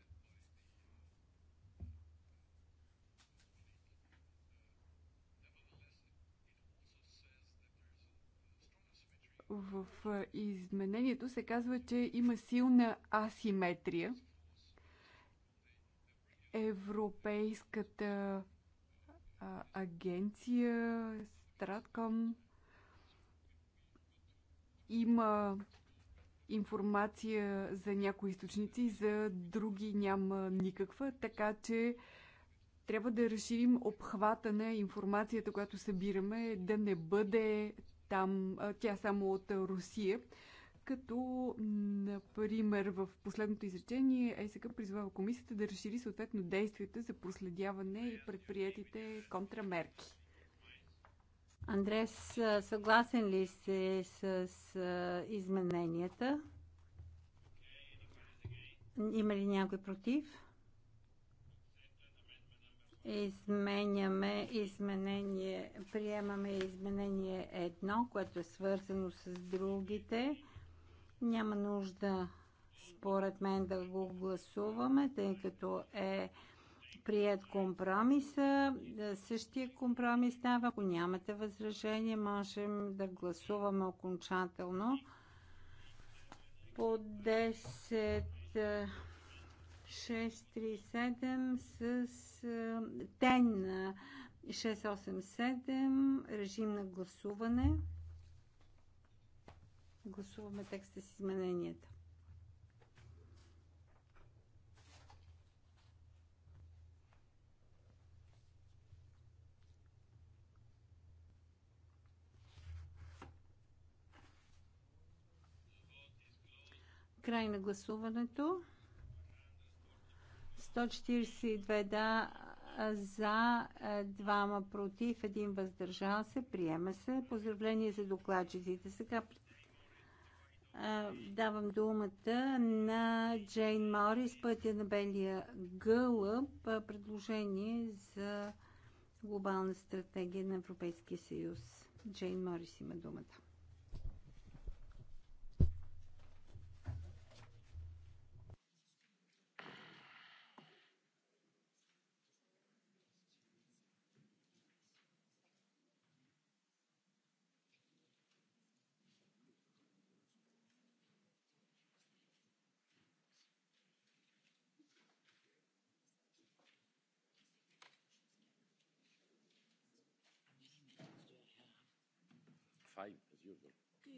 В изменението се казва, че има силна асиметрия. Европейската агенция Стратком има информация за някои източници, за други няма никаква, така че трябва да разширим обхвата на информацията, която събираме, да не бъде там, тя само от Русия. Като, например, в последното изречение ЕСК призвава комисията да разшири съответно действията за проследяване и предприятите контрамерки. Андрес, съгласен ли сте с, с измененията? Има ли някой против? изменяме изменение, приемаме изменение едно, което е свързано с другите. Няма нужда, според мен, да го гласуваме, тъй като е прият компромиса. Същия компромис става. Ако нямате възражение, можем да гласуваме окончателно по 10 637 с е, тен на 687 режим на гласуване. Гласуваме текста с измененията. Край на гласуването. 142 да, за, двама против, един въздържал се, приема се. Поздравление за докладчиците. Сега давам думата на Джейн Морис, пътя на белия гълъб, предложение за глобална стратегия на Европейския съюз. Джейн Морис има думата.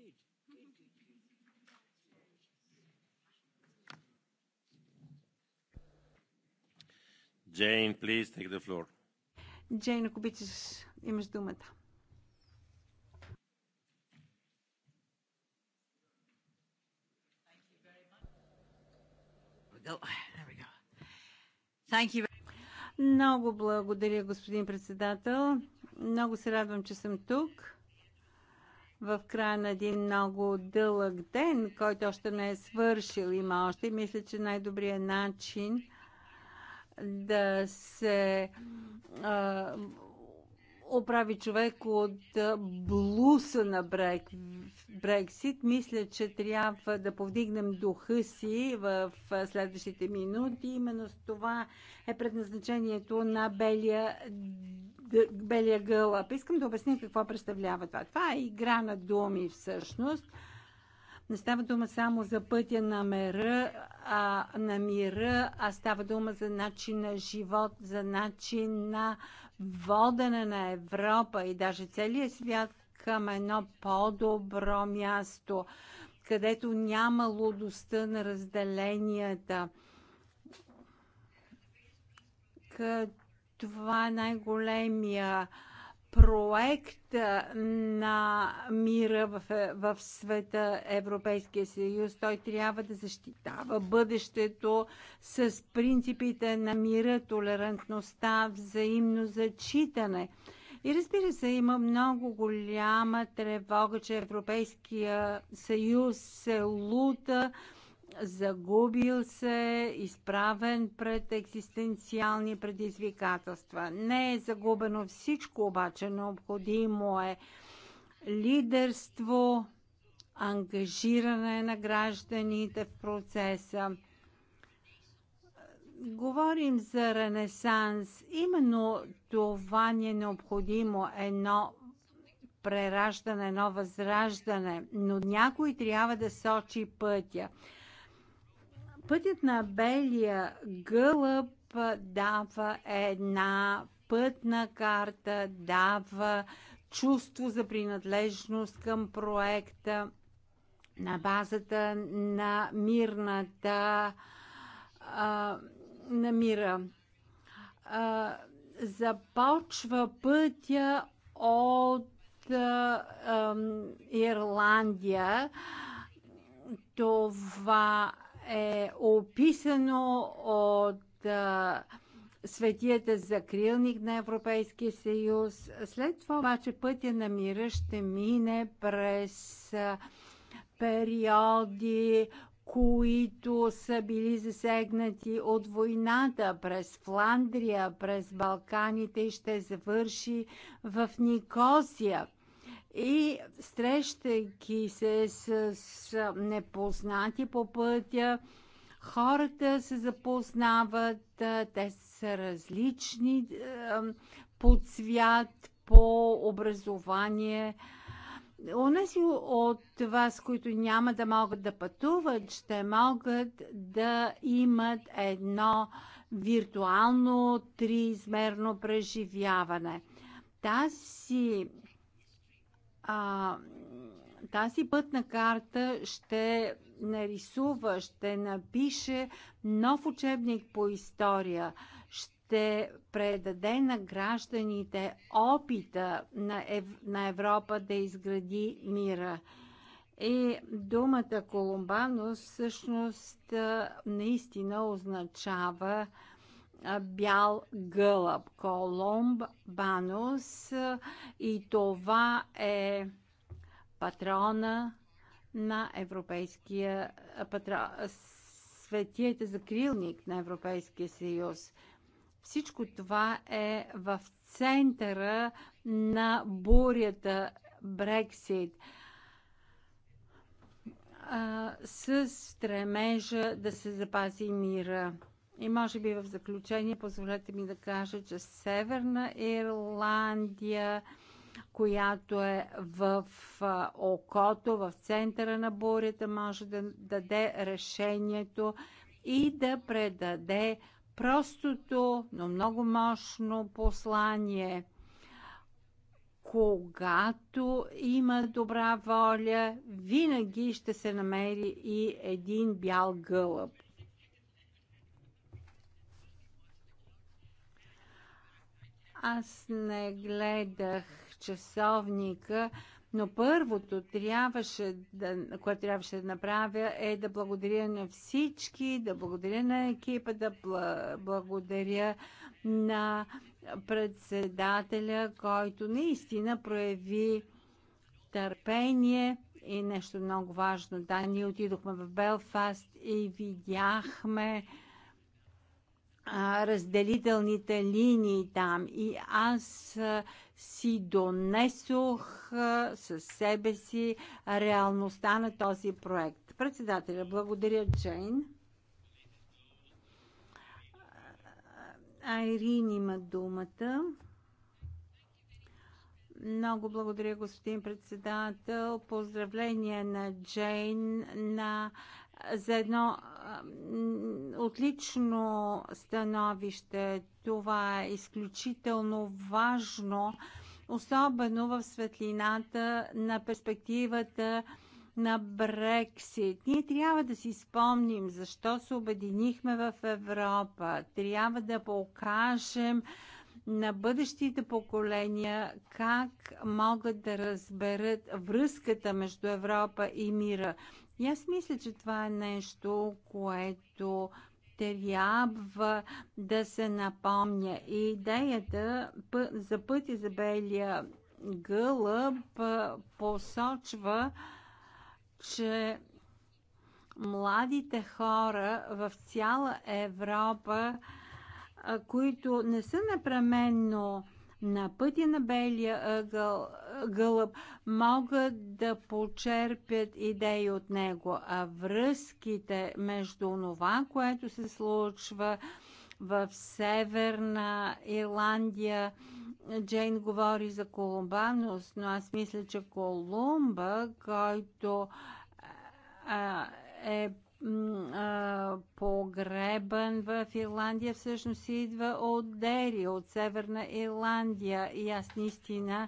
Good. Good, good, good. Jane, please take the floor. Джейн, ако обичаш, имаш думата. Много благодаря, господин председател. Много се радвам, че съм тук в края на един много дълъг ден, който още не е свършил, има още. И мисля, че най-добрият начин да се а, оправи човек от блуса на брек, Брексит. Мисля, че трябва да повдигнем духа си в следващите минути. Именно с това е предназначението на белия белия гълъб. Искам да обясня какво представлява това. Това е игра на думи всъщност. Не става дума само за пътя на мира, а, на мира, а става дума за начин на живот, за начин на водене на Европа и даже целият свят към едно по-добро място, където няма лудостта на разделенията. Като това е най-големия проект на мира в, е, в света Европейския съюз. Той трябва да защитава бъдещето с принципите на мира, толерантността, взаимно зачитане. И разбира се, има много голяма тревога, че Европейския съюз се лута загубил се, изправен пред екзистенциални предизвикателства. Не е загубено всичко, обаче необходимо е лидерство, ангажиране на гражданите в процеса. Говорим за ренесанс. Именно това ни е необходимо. Едно прераждане, едно възраждане, но някой трябва да сочи пътя. Пътят на белия гълъб дава една пътна карта, дава чувство за принадлежност към проекта на базата на мирната а, на мира. А, започва пътя от а, а, Ирландия. Това е описано от а, светията Закрилник на Европейския съюз. След това обаче пътя на мира ще мине през а, периоди, които са били засегнати от войната през Фландрия, през Балканите и ще завърши в Никосия и срещайки се с, непознати по пътя, хората се запознават, те са различни по цвят, по образование. Онези от вас, които няма да могат да пътуват, ще могат да имат едно виртуално триизмерно преживяване. Тази а, тази пътна карта ще нарисува, ще напише нов учебник по история, ще предаде на гражданите опита на, Ев... на Европа да изгради мира. И думата Колумбанус всъщност наистина означава бял гълъб. Коломб Банус и това е патрона на европейския патрон, светият закрилник на Европейския съюз. Всичко това е в центъра на бурята Брексит с стремежа да се запази мира. И може би в заключение позволете ми да кажа, че Северна Ирландия, която е в окото, в центъра на бурята, може да даде решението и да предаде простото, но много мощно послание. Когато има добра воля, винаги ще се намери и един бял гълъб. Аз не гледах часовника, но първото, трябваше да, което трябваше да направя, е да благодаря на всички, да благодаря на екипа, да благодаря на председателя, който наистина прояви търпение и нещо много важно. Да, ние отидохме в Белфаст и видяхме разделителните линии там. И аз си донесох със себе си реалността на този проект. Председателя, благодаря, Джейн. Айрин има думата. Много благодаря, господин председател. Поздравление на Джейн, на за едно отлично становище. Това е изключително важно, особено в светлината на перспективата на Брексит. Ние трябва да си спомним защо се обединихме в Европа. Трябва да покажем на бъдещите поколения как могат да разберат връзката между Европа и мира. И аз мисля, че това е нещо, което трябва да се напомня. И идеята за пъти за белия гълъб посочва, че младите хора в цяла Европа, които не са непременно на пътя на белия ъгъл, гълъб могат да почерпят идеи от него, а връзките между това, което се случва в Северна Ирландия, Джейн говори за Колумбанус, но аз мисля, че Колумба, който а, е Ирландия всъщност идва от Дери, от Северна Ирландия. И аз наистина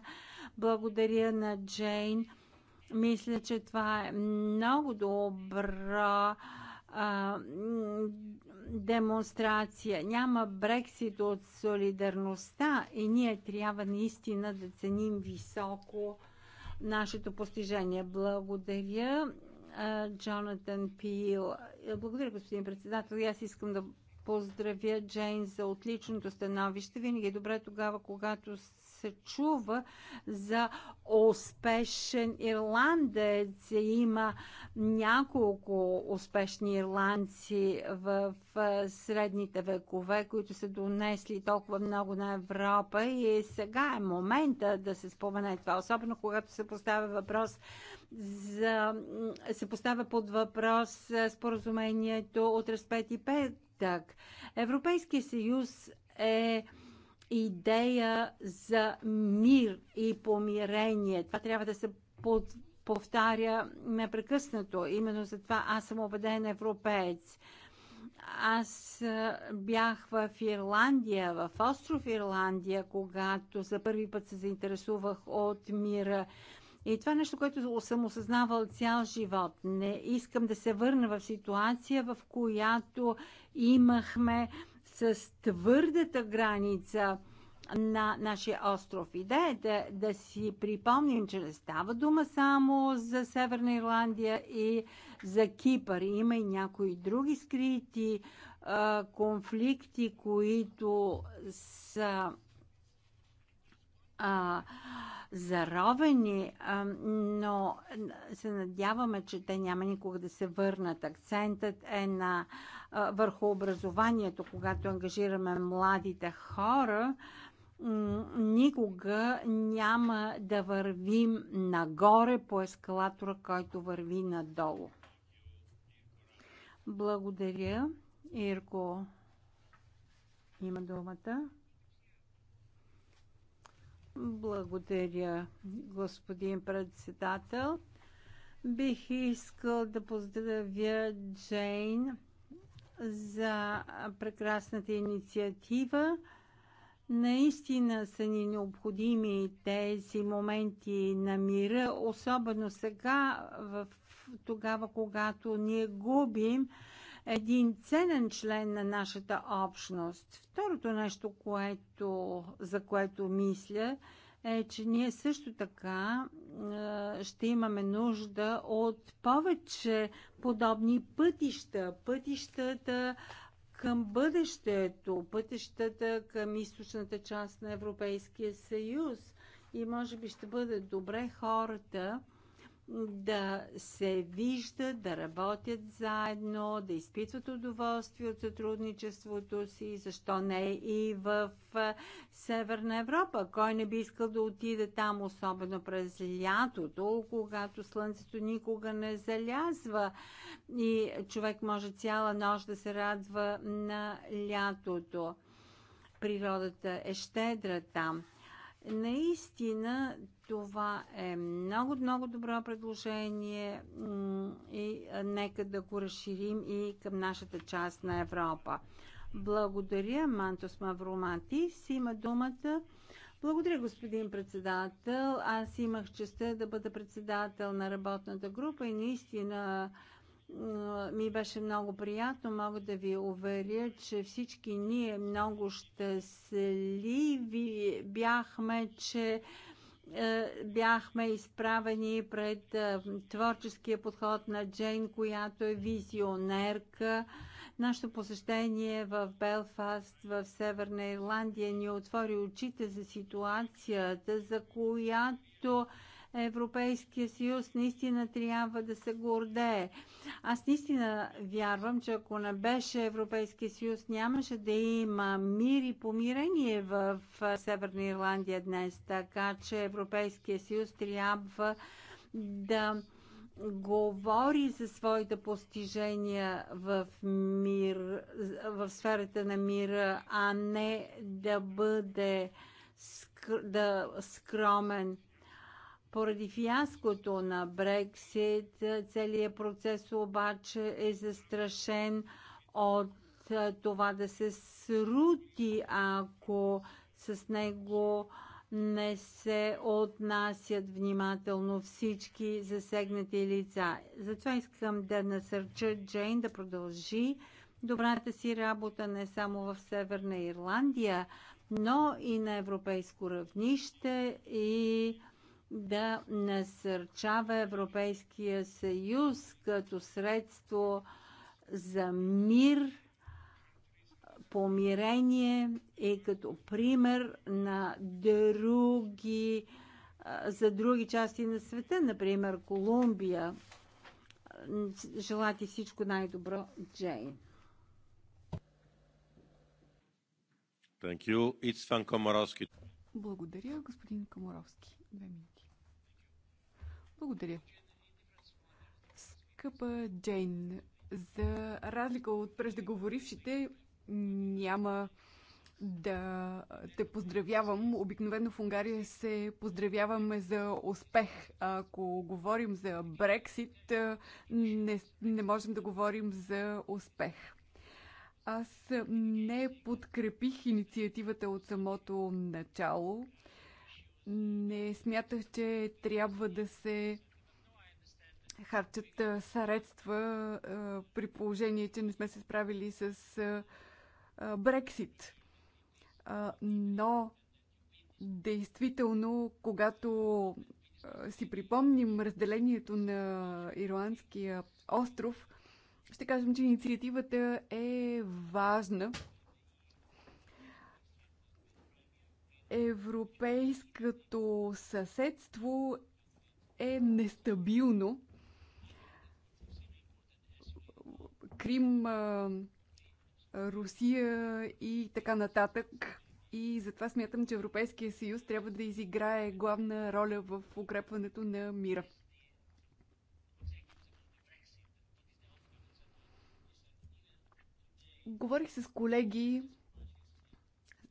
благодаря на Джейн. Мисля, че това е много добра а, демонстрация. Няма Брексит от солидарността и ние трябва наистина да ценим високо нашето постижение. Благодаря, Джонатан Пил. Благодаря, господин председател. аз искам да поздравя Джейн за отличното становище. Винаги е добре тогава, когато се чува за успешен ирландец. Има няколко успешни ирландци в средните векове, които са донесли толкова много на Европа и сега е момента да се спомене това, особено когато се поставя въпрос за, се поставя под въпрос споразумението от Разпети и пет Так, Европейския съюз е идея за мир и помирение. Това трябва да се под, повтаря непрекъснато. Именно за това аз съм убеден европеец. Аз бях в Ирландия, в остров Ирландия, когато за първи път се заинтересувах от мира. И това е нещо, което съм осъзнавал цял живот. Не искам да се върна в ситуация, в която имахме с твърдата граница на нашия остров. Идеята е да, си припомним, че не става дума само за Северна Ирландия и за Кипър. Има и някои други скрити а, конфликти, които са а, заровени, но се надяваме, че те няма никога да се върнат. Акцентът е на върху образованието, когато ангажираме младите хора никога няма да вървим нагоре по ескалатора, който върви надолу. Благодаря. Ирко има думата. Благодаря, господин председател. Бих искал да поздравя Джейн за прекрасната инициатива. Наистина са ни необходими тези моменти на мира, особено сега, в тогава, когато ние губим един ценен член на нашата общност. Второто нещо, което, за което мисля, е, че ние също така е, ще имаме нужда от повече подобни пътища. Пътищата към бъдещето, пътищата към източната част на Европейския съюз. И може би ще бъде добре хората да се виждат, да работят заедно, да изпитват удоволствие от сътрудничеството си, защо не и в Северна Европа. Кой не би искал да отиде там, особено през лятото, когато слънцето никога не залязва и човек може цяла нощ да се радва на лятото. Природата е щедра там. Наистина това е много, много добро предложение и нека да го разширим и към нашата част на Европа. Благодаря, Мантос Мавроматис. Има думата. Благодаря, господин председател. Аз имах честа да бъда председател на работната група и наистина ми беше много приятно. Мога да ви уверя, че всички ние много щастливи бяхме, че е, бяхме изправени пред е, творческия подход на Джейн, която е визионерка. Нашето посещение е в Белфаст, в Северна Ирландия, ни отвори очите за ситуацията, за която Европейския съюз наистина трябва да се гордее. Аз наистина вярвам, че ако не беше Европейския съюз, нямаше да има мир и помирение в Северна Ирландия днес. Така че Европейския съюз трябва да говори за своите постижения в мир, в сферата на мира, а не да бъде да скромен. Поради фиаското на Брексит, е, целият процес обаче е застрашен от е, това да се срути, ако с него не се отнасят внимателно всички засегнати лица. Затова искам да насърча Джейн да продължи добрата си работа не само в Северна Ирландия, но и на европейско равнище и да насърчава Европейския съюз като средство за мир, помирение и като пример на други, за други части на света, например Колумбия. Желати ти всичко най-добро, Джейн. Благодаря, господин Комаровски. Две минути. Благодаря. Скъпа Джейн, за разлика от преждеговорившите, няма да те поздравявам. Обикновено в Унгария се поздравяваме за успех. Ако говорим за Брексит, не, не можем да говорим за успех. Аз не подкрепих инициативата от самото начало не смятах, че трябва да се харчат средства при положение, че не сме се справили с Брексит. Но, действително, когато си припомним разделението на Ирландския остров, ще кажем, че инициативата е важна европейското съседство е нестабилно. Крим, Русия и така нататък. И затова смятам, че Европейския съюз трябва да изиграе главна роля в укрепването на мира. Говорих с колеги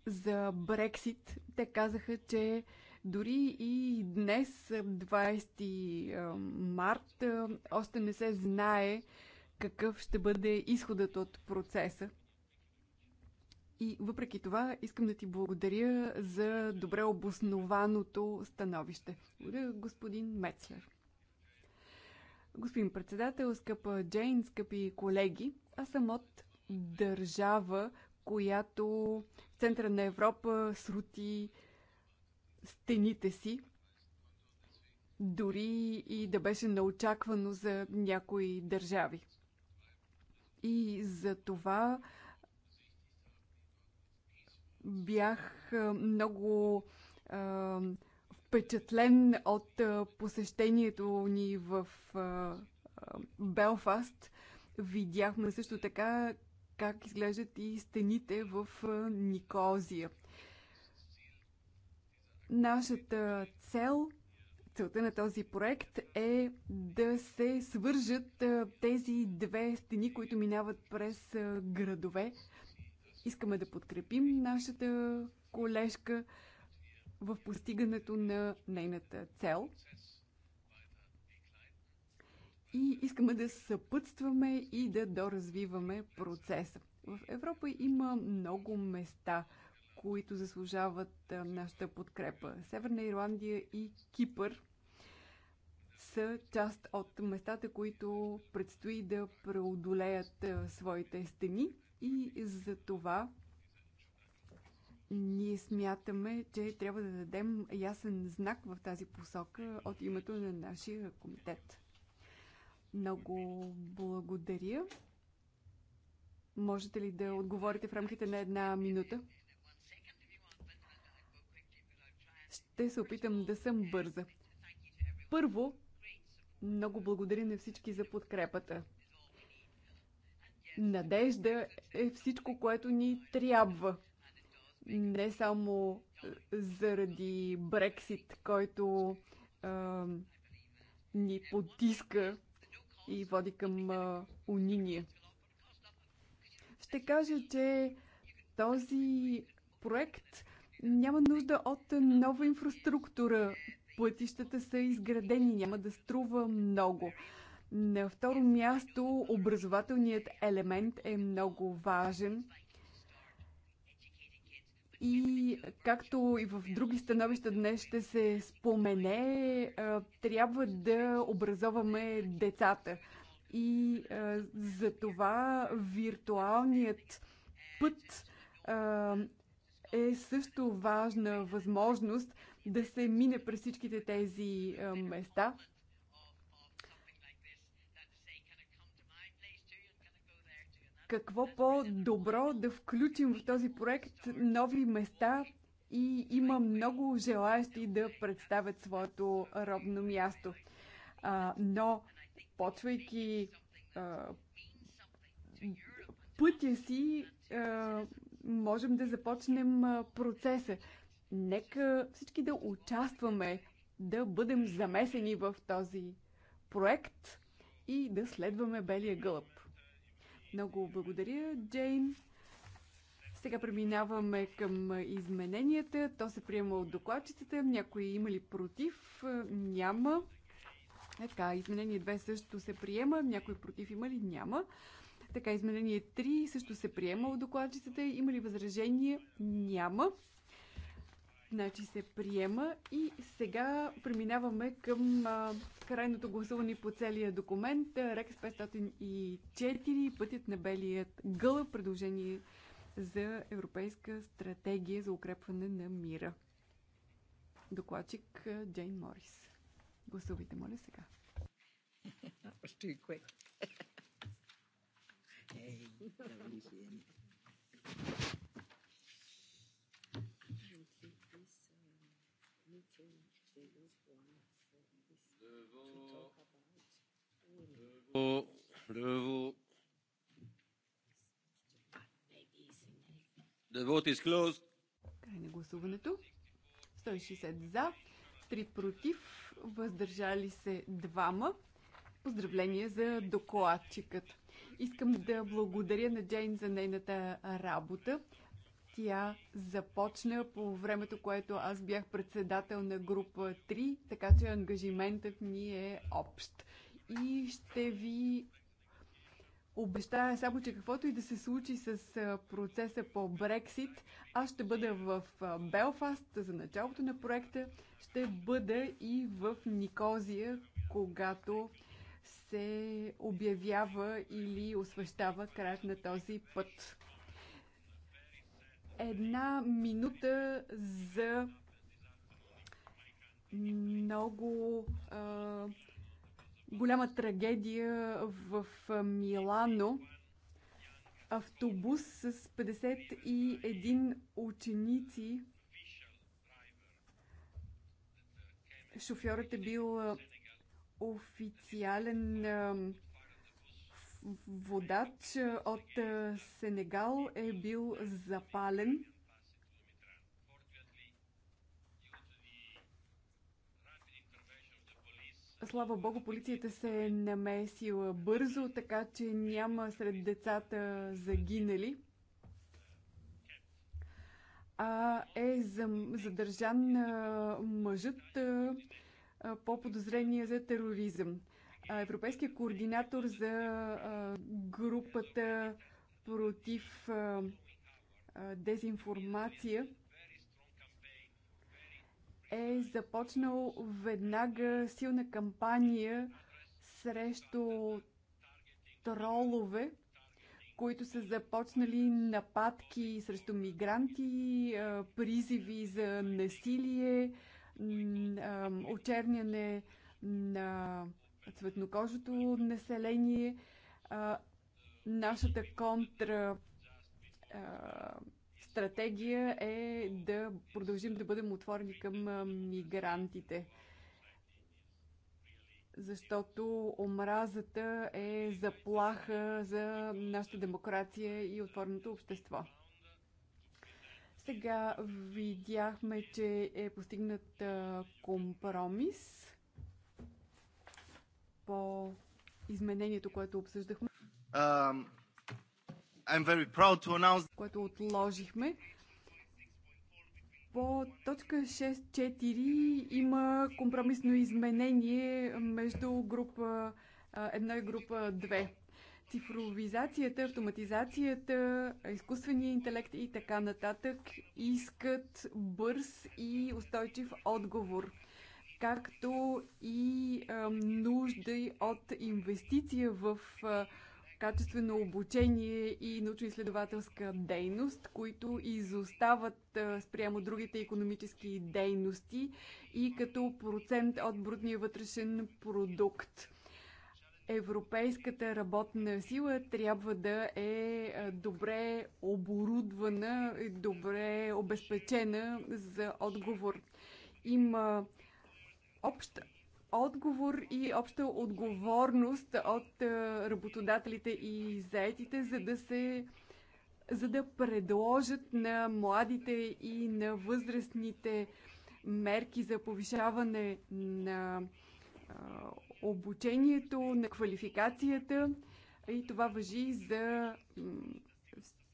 за Брексит. Те казаха, че дори и днес, 20 март, още не се знае какъв ще бъде изходът от процеса. И въпреки това, искам да ти благодаря за добре обоснованото становище. Благодаря, господин Мецлер. Господин председател, скъпа Джейн, скъпи колеги, аз съм от държава, която в центъра на Европа срути стените си, дори и да беше неочаквано за някои държави. И за това бях много е, впечатлен от посещението ни в е, Белфаст. Видяхме също така как изглеждат и стените в Никозия. Нашата цел, целта на този проект е да се свържат тези две стени, които минават през градове. Искаме да подкрепим нашата колежка в постигането на нейната цел – и искаме да съпътстваме и да доразвиваме процеса. В Европа има много места, които заслужават нашата подкрепа. Северна Ирландия и Кипър са част от местата, които предстои да преодолеят своите стени и за това ние смятаме, че трябва да дадем ясен знак в тази посока от името на нашия комитет. Много благодаря. Можете ли да отговорите в рамките на една минута? Ще се опитам да съм бърза. Първо, много благодаря на всички за подкрепата. Надежда е всичко, което ни трябва. Не само заради Брексит, който а, ни потиска и води към униние. Ще кажа, че този проект няма нужда от нова инфраструктура. Пътищата са изградени, няма да струва много. На второ място, образователният елемент е много важен. И както и в други становища днес ще се спомене, трябва да образоваме децата. И за това виртуалният път е също важна възможност да се мине през всичките тези места какво по-добро да включим в този проект нови места и има много желаящи да представят своето родно място. А, но, почвайки а, пътя си, а, можем да започнем процеса. Нека всички да участваме, да бъдем замесени в този проект и да следваме белия гълъб. Много благодаря, Джейн. Сега преминаваме към измененията. То се приема от докладчицата. Някой има ли против? Няма. Е, така, изменение 2 също се приема. Някой против има ли? Няма. Така, изменение 3 също се приема от докладчицата. Има ли възражение? Няма. Значи се приема и сега преминаваме към а, крайното гласуване по целия документ. Рекс 504, пътят на белият гъл. предложение за Европейска стратегия за укрепване на мира. Докладчик Джейн Морис. Гласувайте, моля, сега. Hey, The vote is closed. Край на гласуването. 160 за, 3 против, въздържали се 2. Поздравления за докладчикът. Искам да благодаря на Джейн за нейната работа. Тя започна по времето, което аз бях председател на група 3, така че ангажиментът ни е общ и ще ви обещая само, че каквото и да се случи с процеса по Брексит, аз ще бъда в Белфаст за началото на проекта, ще бъда и в Никозия, когато се обявява или освещава краят на този път. Една минута за много а, голяма трагедия в Милано. Автобус с 51 ученици. Шофьорът е бил официален водач от Сенегал, е бил запален. Слава Богу, полицията се е намесила бързо, така че няма сред децата загинали. А е задържан мъжът по подозрение за тероризъм. Европейския координатор за групата против дезинформация е започнал веднага силна кампания срещу тролове, които са започнали нападки срещу мигранти, призиви за насилие, очерняне на цветнокожото население. Нашата контра стратегия е да продължим да бъдем отворени към мигрантите. Защото омразата е заплаха за нашата демокрация и отвореното общество. Сега видяхме, че е постигнат компромис по изменението, което обсъждахме announce... което отложихме. По точка 6.4 има компромисно изменение между група 1 и група 2. Цифровизацията, автоматизацията, изкуствения интелект и така нататък искат бърз и устойчив отговор както и нужда от инвестиция в качествено обучение и научно-изследователска дейност, които изостават спрямо другите економически дейности и като процент от брутния вътрешен продукт. Европейската работна сила трябва да е добре оборудвана, и добре обезпечена за отговор. Има общ отговор и обща отговорност от е, работодателите и заетите, за да се за да предложат на младите и на възрастните мерки за повишаване на е, обучението, на квалификацията. И това въжи за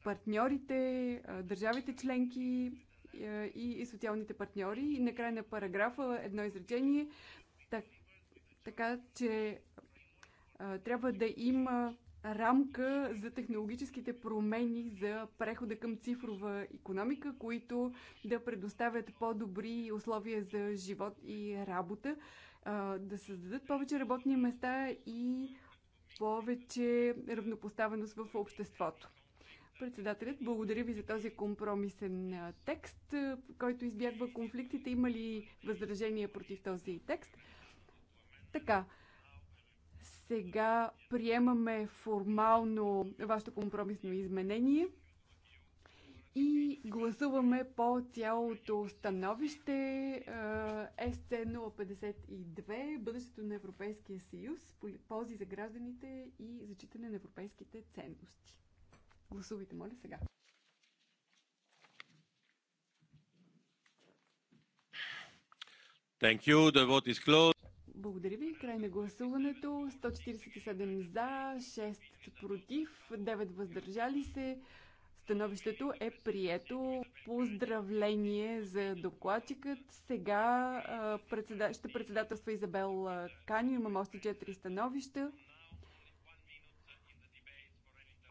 партньорите, е, държавите членки и социалните партньори. И накрая на параграфа едно изречение. Така че а, трябва да има рамка за технологическите промени за прехода към цифрова економика, които да предоставят по-добри условия за живот и работа, а, да създадат повече работни места и повече равнопоставеност в обществото. Председателят, благодаря ви за този компромисен текст, който избягва конфликтите. Има ли възражения против този текст? Така, сега приемаме формално вашето компромисно изменение и гласуваме по цялото становище е, СЦ052 Бъдещето на Европейския съюз, ползи за гражданите и зачитане на европейските ценности. Гласувайте, моля, сега. Thank you. The vote is closed. Благодаря ви. Край на гласуването. 147 за, 6 против, 9 въздържали се. Становището е прието. Поздравление за докладчикът. Сега а, председа... ще председателства Изабел Каню. Имам още 4 становища.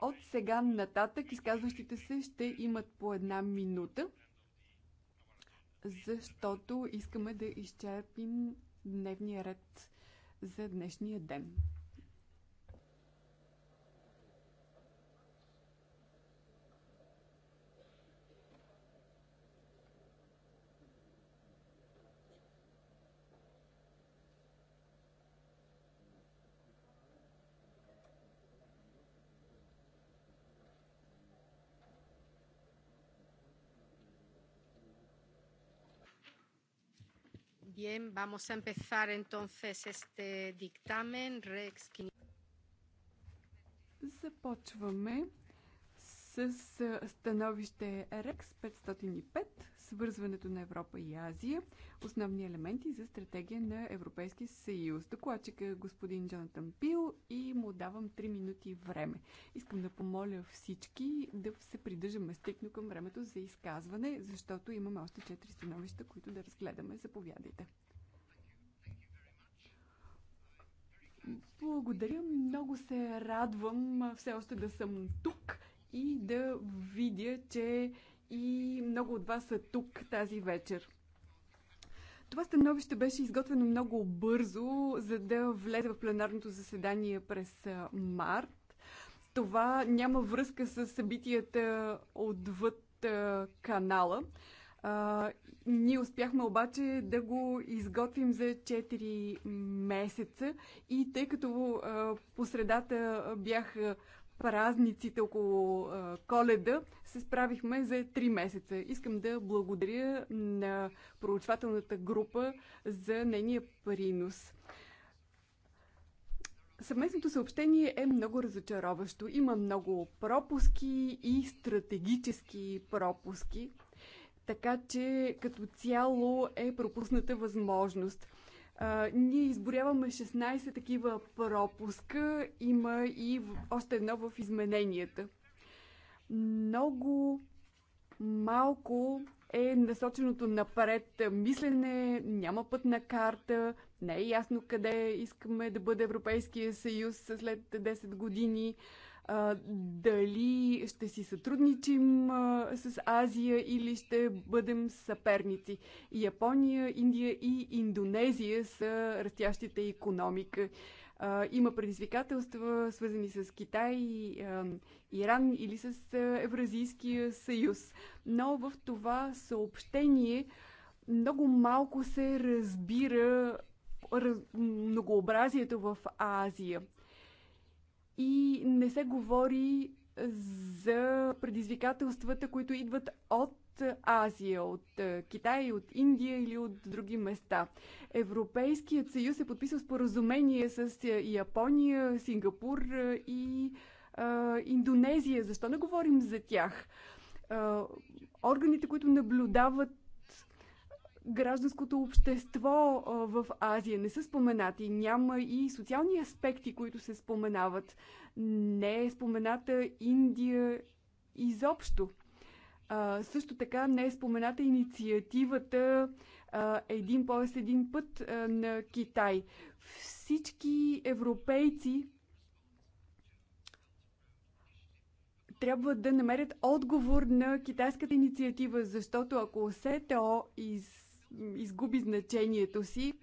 От сега нататък изказващите се ще имат по една минута, защото искаме да изчерпим дневния ред за днешния ден. Bien, vamos a empezar entonces este dictamen, Rex. Започваме с становище РЕКС 505 свързването на Европа и Азия, основни елементи за стратегия на Европейския съюз. Докладчик е господин Джонатан Пил и му давам 3 минути време. Искам да помоля всички да се придържаме стрикно към времето за изказване, защото имаме още 4 становища, които да разгледаме. Заповядайте. Благодаря. Много се радвам все още да съм тук и да видя, че и много от вас са тук тази вечер. Това становище беше изготвено много бързо, за да влезе в пленарното заседание през март. Това няма връзка с събитията отвъд канала. А, ние успяхме обаче да го изготвим за 4 месеца и тъй като а, по средата бяха празниците около коледа се справихме за 3 месеца. Искам да благодаря на проучвателната група за нейния принос. Съвместното съобщение е много разочароващо. Има много пропуски и стратегически пропуски. Така че като цяло е пропусната възможност. А, ние изборяваме 16 такива пропуска. Има и още едно в измененията. Много малко е насоченото напред мислене, няма пътна карта, не е ясно къде искаме да бъде Европейския съюз след 10 години дали ще си сътрудничим с Азия или ще бъдем съперници. Япония, Индия и Индонезия са растящите економика. Има предизвикателства, свързани с Китай, и Иран или с Евразийския съюз. Но в това съобщение много малко се разбира многообразието в Азия и не се говори за предизвикателствата, които идват от Азия, от е, Китай, от Индия или от други места. Европейският съюз е подписал споразумение с е, Япония, Сингапур е, и а, Индонезия. Защо не говорим за тях? А, органите, които наблюдават гражданското общество в Азия не са споменати. Няма и социални аспекти, които се споменават. Не е спомената Индия изобщо. А, също така не е спомената инициативата а, Един пояс, един път а, на Китай. Всички европейци трябва да намерят отговор на китайската инициатива, защото ако СТО из изгуби значението си,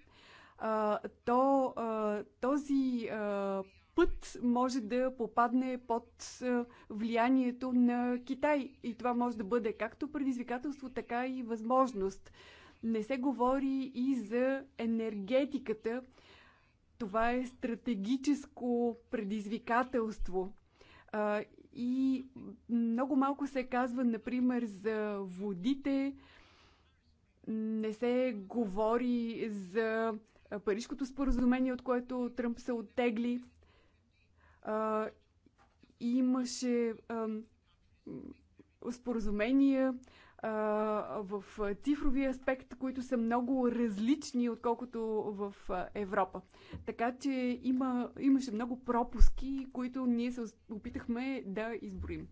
а, то а, този а, път може да попадне под влиянието на Китай. И това може да бъде както предизвикателство, така и възможност. Не се говори и за енергетиката. Това е стратегическо предизвикателство. И много малко се казва, например, за водите, не се говори за Парижкото споразумение, от което Тръмп се оттегли. А, имаше а, споразумения а, в цифрови аспект, които са много различни, отколкото в Европа. Така че има, имаше много пропуски, които ние се опитахме да изброим.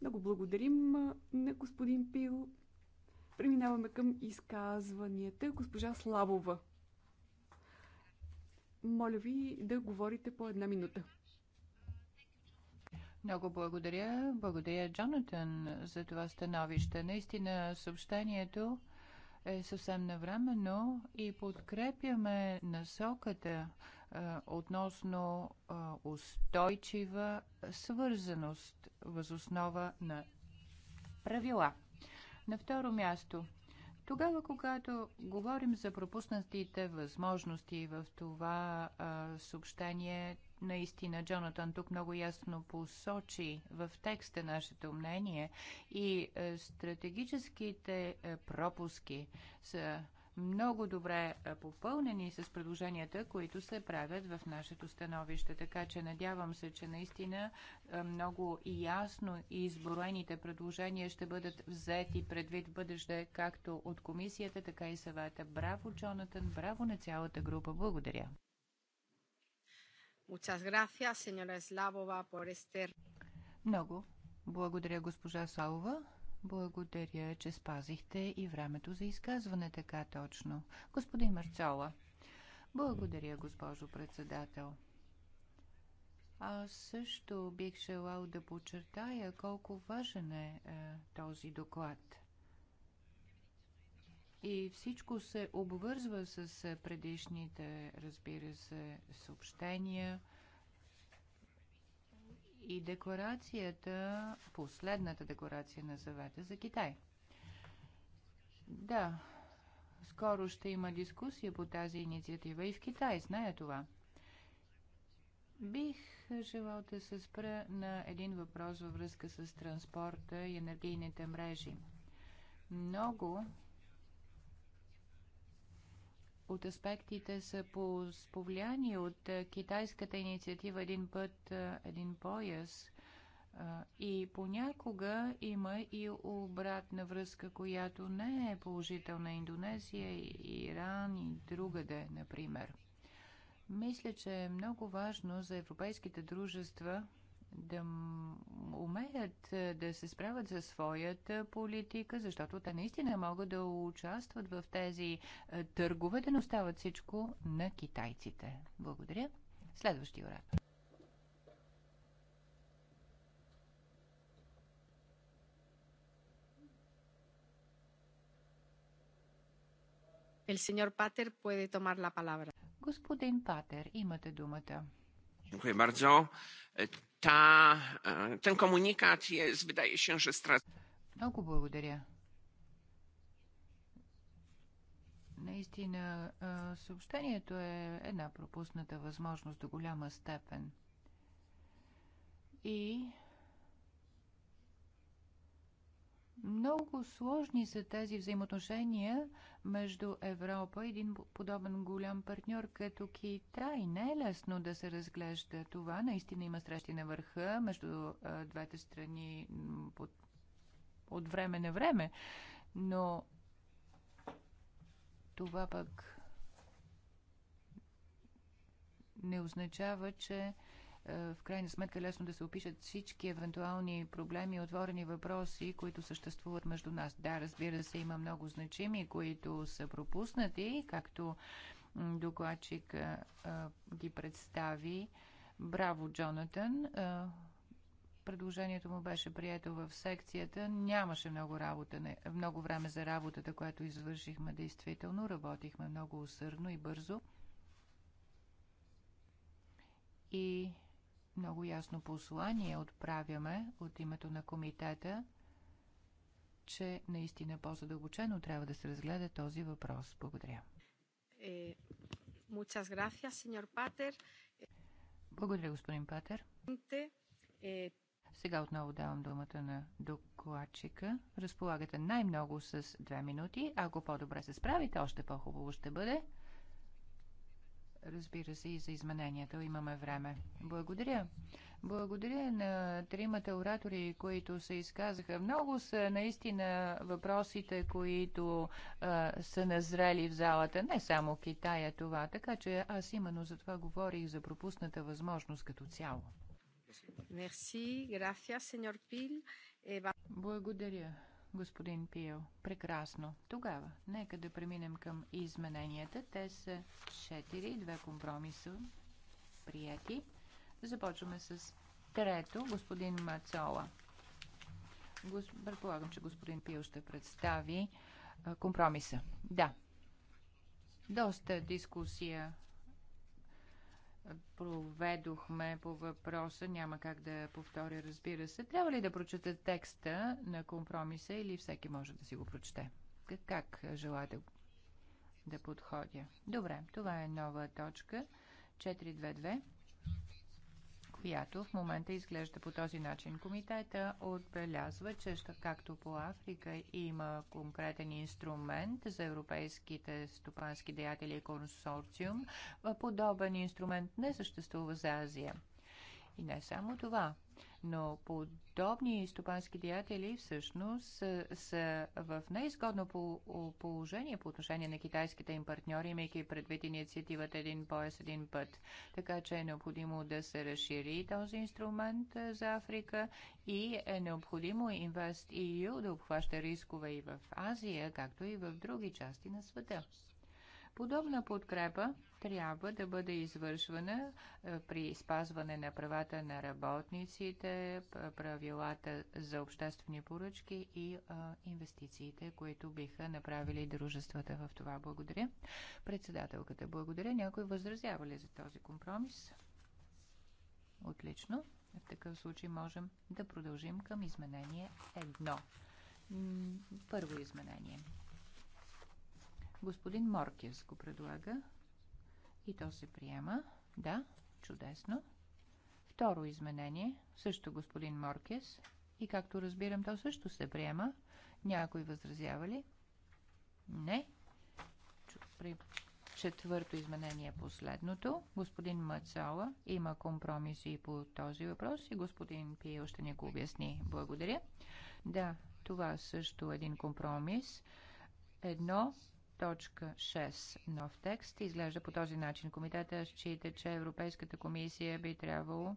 Много благодарим на господин Пил. Преминаваме към изказванията. Госпожа Славова. Моля ви да говорите по една минута. Много благодаря. Благодаря, Джонатан, за това становище. Наистина съобщението е съвсем навременно и подкрепяме насоката е, относно е, устойчива свързаност възоснова на правила. На второ място, тогава, когато говорим за пропуснатите възможности в това а, съобщение, наистина Джонатан тук много ясно посочи в текста нашето мнение и стратегическите пропуски са много добре попълнени с предложенията, които се правят в нашето становище. Така че надявам се, че наистина много ясно и изброените предложения ще бъдат взети предвид в бъдеще, както от комисията, така и съвета. Браво, Джонатан, браво на цялата група. Благодаря. Muchas gracias, señora Slavova, por este... Много благодаря, госпожа Салова. Благодаря, че спазихте и времето за изказване така точно. Господин Марцола. Благодаря, госпожо председател. Аз също бих желал да подчертая колко важен е, е този доклад. И всичко се обвързва с е, предишните, разбира се, съобщения – и декларацията, последната декларация на съвета за Китай. Да, скоро ще има дискусия по тази инициатива и в Китай, зная това. Бих желал да се спра на един въпрос във връзка с транспорта и енергийните мрежи. Много от аспектите са по, по влияние от е, китайската инициатива Един път, е, един пояс. Е, и понякога има и обратна връзка, която не е положителна. Индонезия, Иран и другаде, например. Мисля, че е много важно за европейските дружества да умеят е, да се справят за своята политика, защото те наистина могат да участват в тези е, търгове, да не остават всичко на китайците. Благодаря. Следващия оратор. El señor Pater puede tomar la palabra. Господин Патер, имате думата. Dziękuję bardzo. E, ta, e, ten komunikat jest, wydaje się, że strac... Много благодаря. Наистина, е, съобщението е една пропусната възможност до голяма степен. И Много сложни са тези взаимоотношения между Европа и един подобен голям партньор като Китай. Не е лесно да се разглежда това. Наистина има срещи на върха между а, двете страни под, от време на време, но това пък не означава, че в крайна сметка лесно да се опишат всички евентуални проблеми, отворени въпроси, които съществуват между нас. Да, разбира се, има много значими, които са пропуснати, както докладчик а, ги представи. Браво, Джонатан! А, предложението му беше прието в секцията. Нямаше много, работа, не, много време за работата, която извършихме. Действително, работихме много усърдно и бързо. И много ясно послание отправяме от името на комитета, че наистина по-задълбочено трябва да се разгледа този въпрос. Благодаря. Е, Благодаря, господин Патер. Е, е, Сега отново давам думата на докладчика. Разполагате най-много с две минути. Ако по-добре се справите, още по-хубаво ще бъде. Разбира се, и за измененията имаме време. Благодаря. Благодаря на тримата оратори, които се изказаха. Много са наистина въпросите, които а, са назрели в залата. Не само Китая това. Така че аз именно за това говорих за пропусната възможност като цяло. Е, Благодаря господин Пио. Прекрасно. Тогава, нека да преминем към измененията. Те са 4, две компромиса прияти. Започваме с трето, господин Мацола. Гос... Предполагам, че господин Пил ще представи компромиса. Да. Доста дискусия проведохме по въпроса. Няма как да повторя, разбира се. Трябва ли да прочета текста на компромиса или всеки може да си го прочете? Как да, да подходя? Добре, това е нова точка. 422 която в момента изглежда по този начин. Комитета отбелязва, че както по Африка има конкретен инструмент за европейските стопански деятели и консорциум, подобен инструмент не съществува за Азия. И не само това, но подобни стопански деятели всъщност са, са в неизгодно положение по отношение на китайските им партньори, имайки предвид инициативата Един пояс, един път. Така че е необходимо да се разшири този инструмент за Африка и е необходимо Invest EU да обхваща рискове и в Азия, както и в други части на света. Подобна подкрепа трябва да бъде извършвана е, при спазване на правата на работниците, правилата за обществени поръчки и е, инвестициите, които биха направили дружествата в това. Благодаря. Председателката, благодаря. Някой възразява ли за този компромис? Отлично. В такъв случай можем да продължим към изменение едно. Първо изменение. Господин Моркес го предлага. И то се приема. Да, чудесно. Второ изменение, също господин Моркес. И както разбирам, то също се приема. Някой възразява ли? Не. При четвърто изменение е последното. Господин Мацала има компромиси по този въпрос и господин Пиел ще ни го обясни. Благодаря. Да, това също е един компромис. Едно Точка 6. Нов текст изглежда по този начин. Комитета счита, че Европейската комисия би трябвало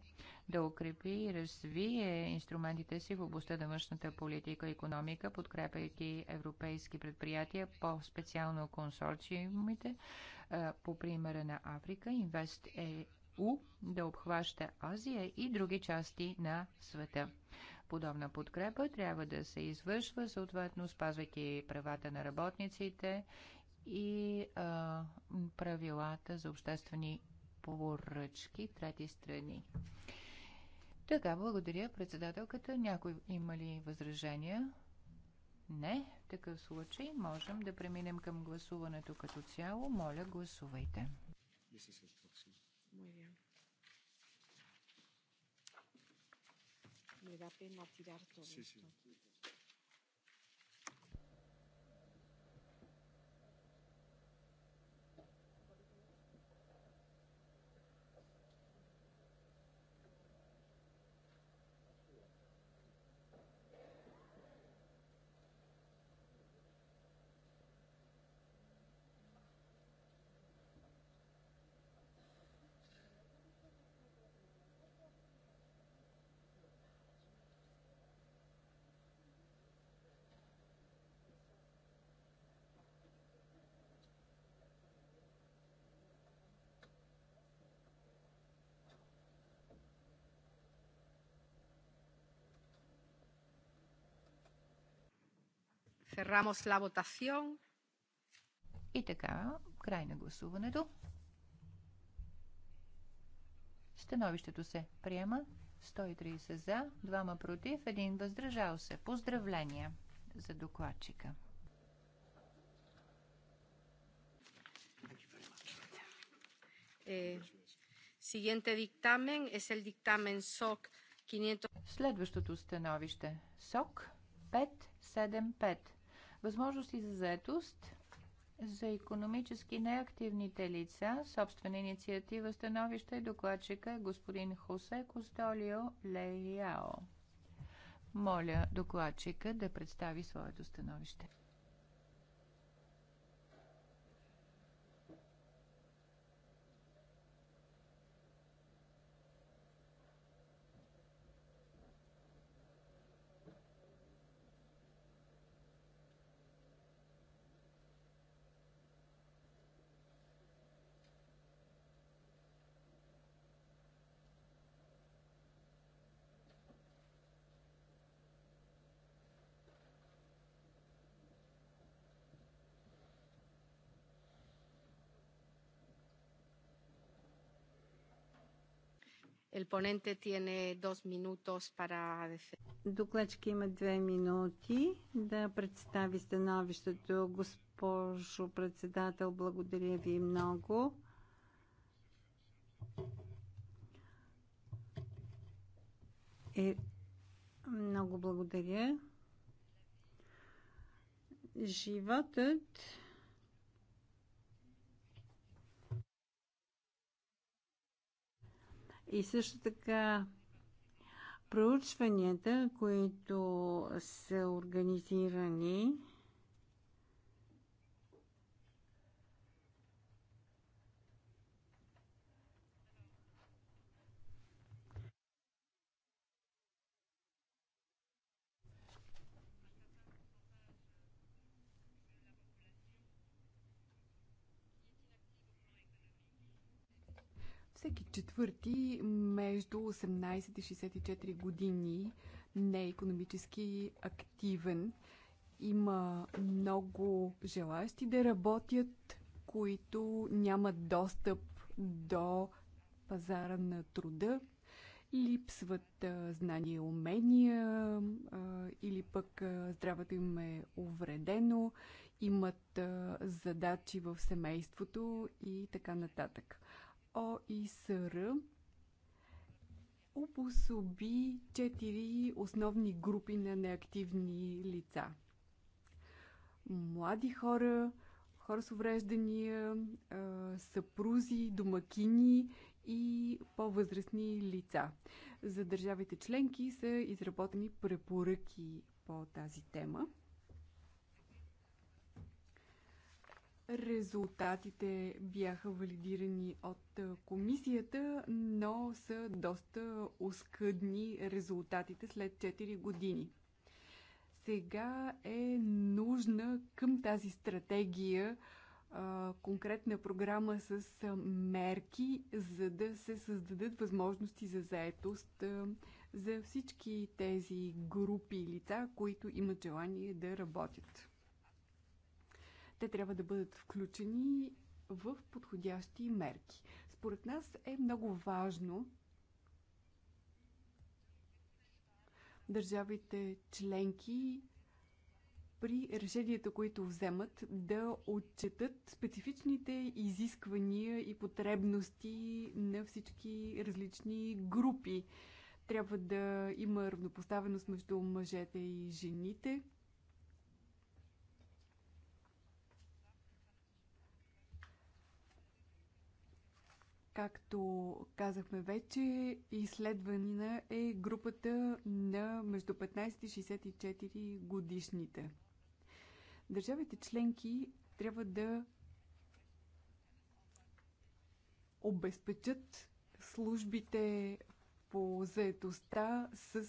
да укрепи и развие инструментите си в областта на външната политика и економика, подкрепяйки европейски предприятия, по-специално консорциумите, по примера на Африка, InvestEU е да обхваща Азия и други части на света подобна подкрепа трябва да се извършва, съответно спазвайки правата на работниците и а, правилата за обществени поръчки трети страни. Така, благодаря председателката. Някой има ли възражения? Не. В такъв случай можем да преминем към гласуването като цяло. Моля, гласувайте. Yes, me da pena tirar todo sí, esto. Sí. Cerramos la votación. И така, край на гласуването. Становището се приема. 130 за, 2 против, 1 въздържал се. Поздравления за докладчика. Siguiente е, диктамен е el диктамен СОК. 500. Следващото становище СОК 575. Възможности за заетост за економически неактивните лица, собствена инициатива становище докладчика е господин Хосе Костолио Леяо. Моля докладчика да представи своето становище. El ponente tiene dos minutos para... Докладчик има две минути да представи становището. Госпожо председател, благодаря ви много. Е, много благодаря. Животът И също така проучванията, които са организирани четвърти между 18 и 64 години не е економически активен. Има много желащи да работят, които нямат достъп до пазара на труда. Липсват а, знания и умения а, или пък а, здравето им е увредено, имат а, задачи в семейството и така нататък. ОИСР обособи четири основни групи на неактивни лица. Млади хора, хора с увреждания, съпрузи, домакини и по-възрастни лица. За държавите членки са изработени препоръки по тази тема. Резултатите бяха валидирани от комисията, но са доста оскъдни резултатите след 4 години. Сега е нужна към тази стратегия конкретна програма с мерки, за да се създадат възможности за заетост за всички тези групи лица, които имат желание да работят. Те трябва да бъдат включени в подходящи мерки. Според нас е много важно държавите членки при решенията, които вземат, да отчетат специфичните изисквания и потребности на всички различни групи. Трябва да има равнопоставеност между мъжете и жените. Както казахме вече, изследванина е групата на между 15 и 64 годишните. Държавите членки трябва да обезпечат службите по заетостта с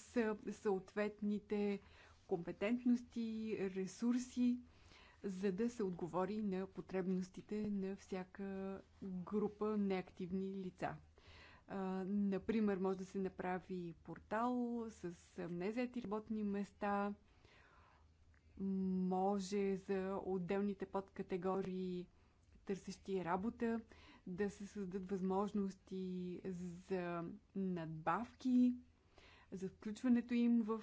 съответните компетентности, ресурси, за да се отговори на потребностите на всяка група неактивни лица. Например, може да се направи портал с незаети работни места, може за отделните подкатегории търсещи работа да се създадат възможности за надбавки, за включването им в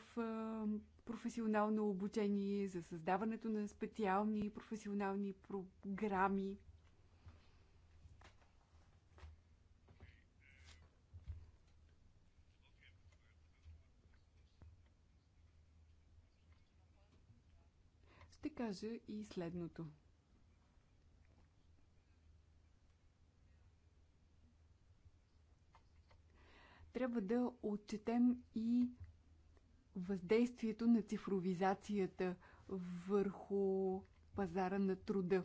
професионално обучение, за създаването на специални професионални програми. Ще кажа и следното. Трябва да отчетем и въздействието на цифровизацията върху пазара на труда.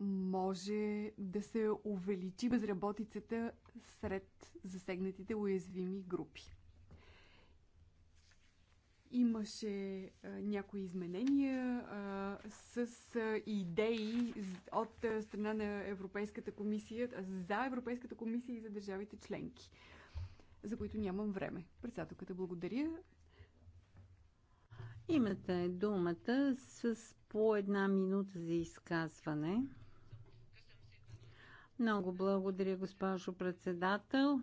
Може да се увеличи безработицата сред засегнатите уязвими групи. Имаше а, някои изменения а, с а, идеи от а, страна на Европейската комисия, за Европейската комисия и за държавите членки, за които нямам време. Председателката благодаря. Имате думата с по една минута за изказване. Много благодаря, госпожо председател.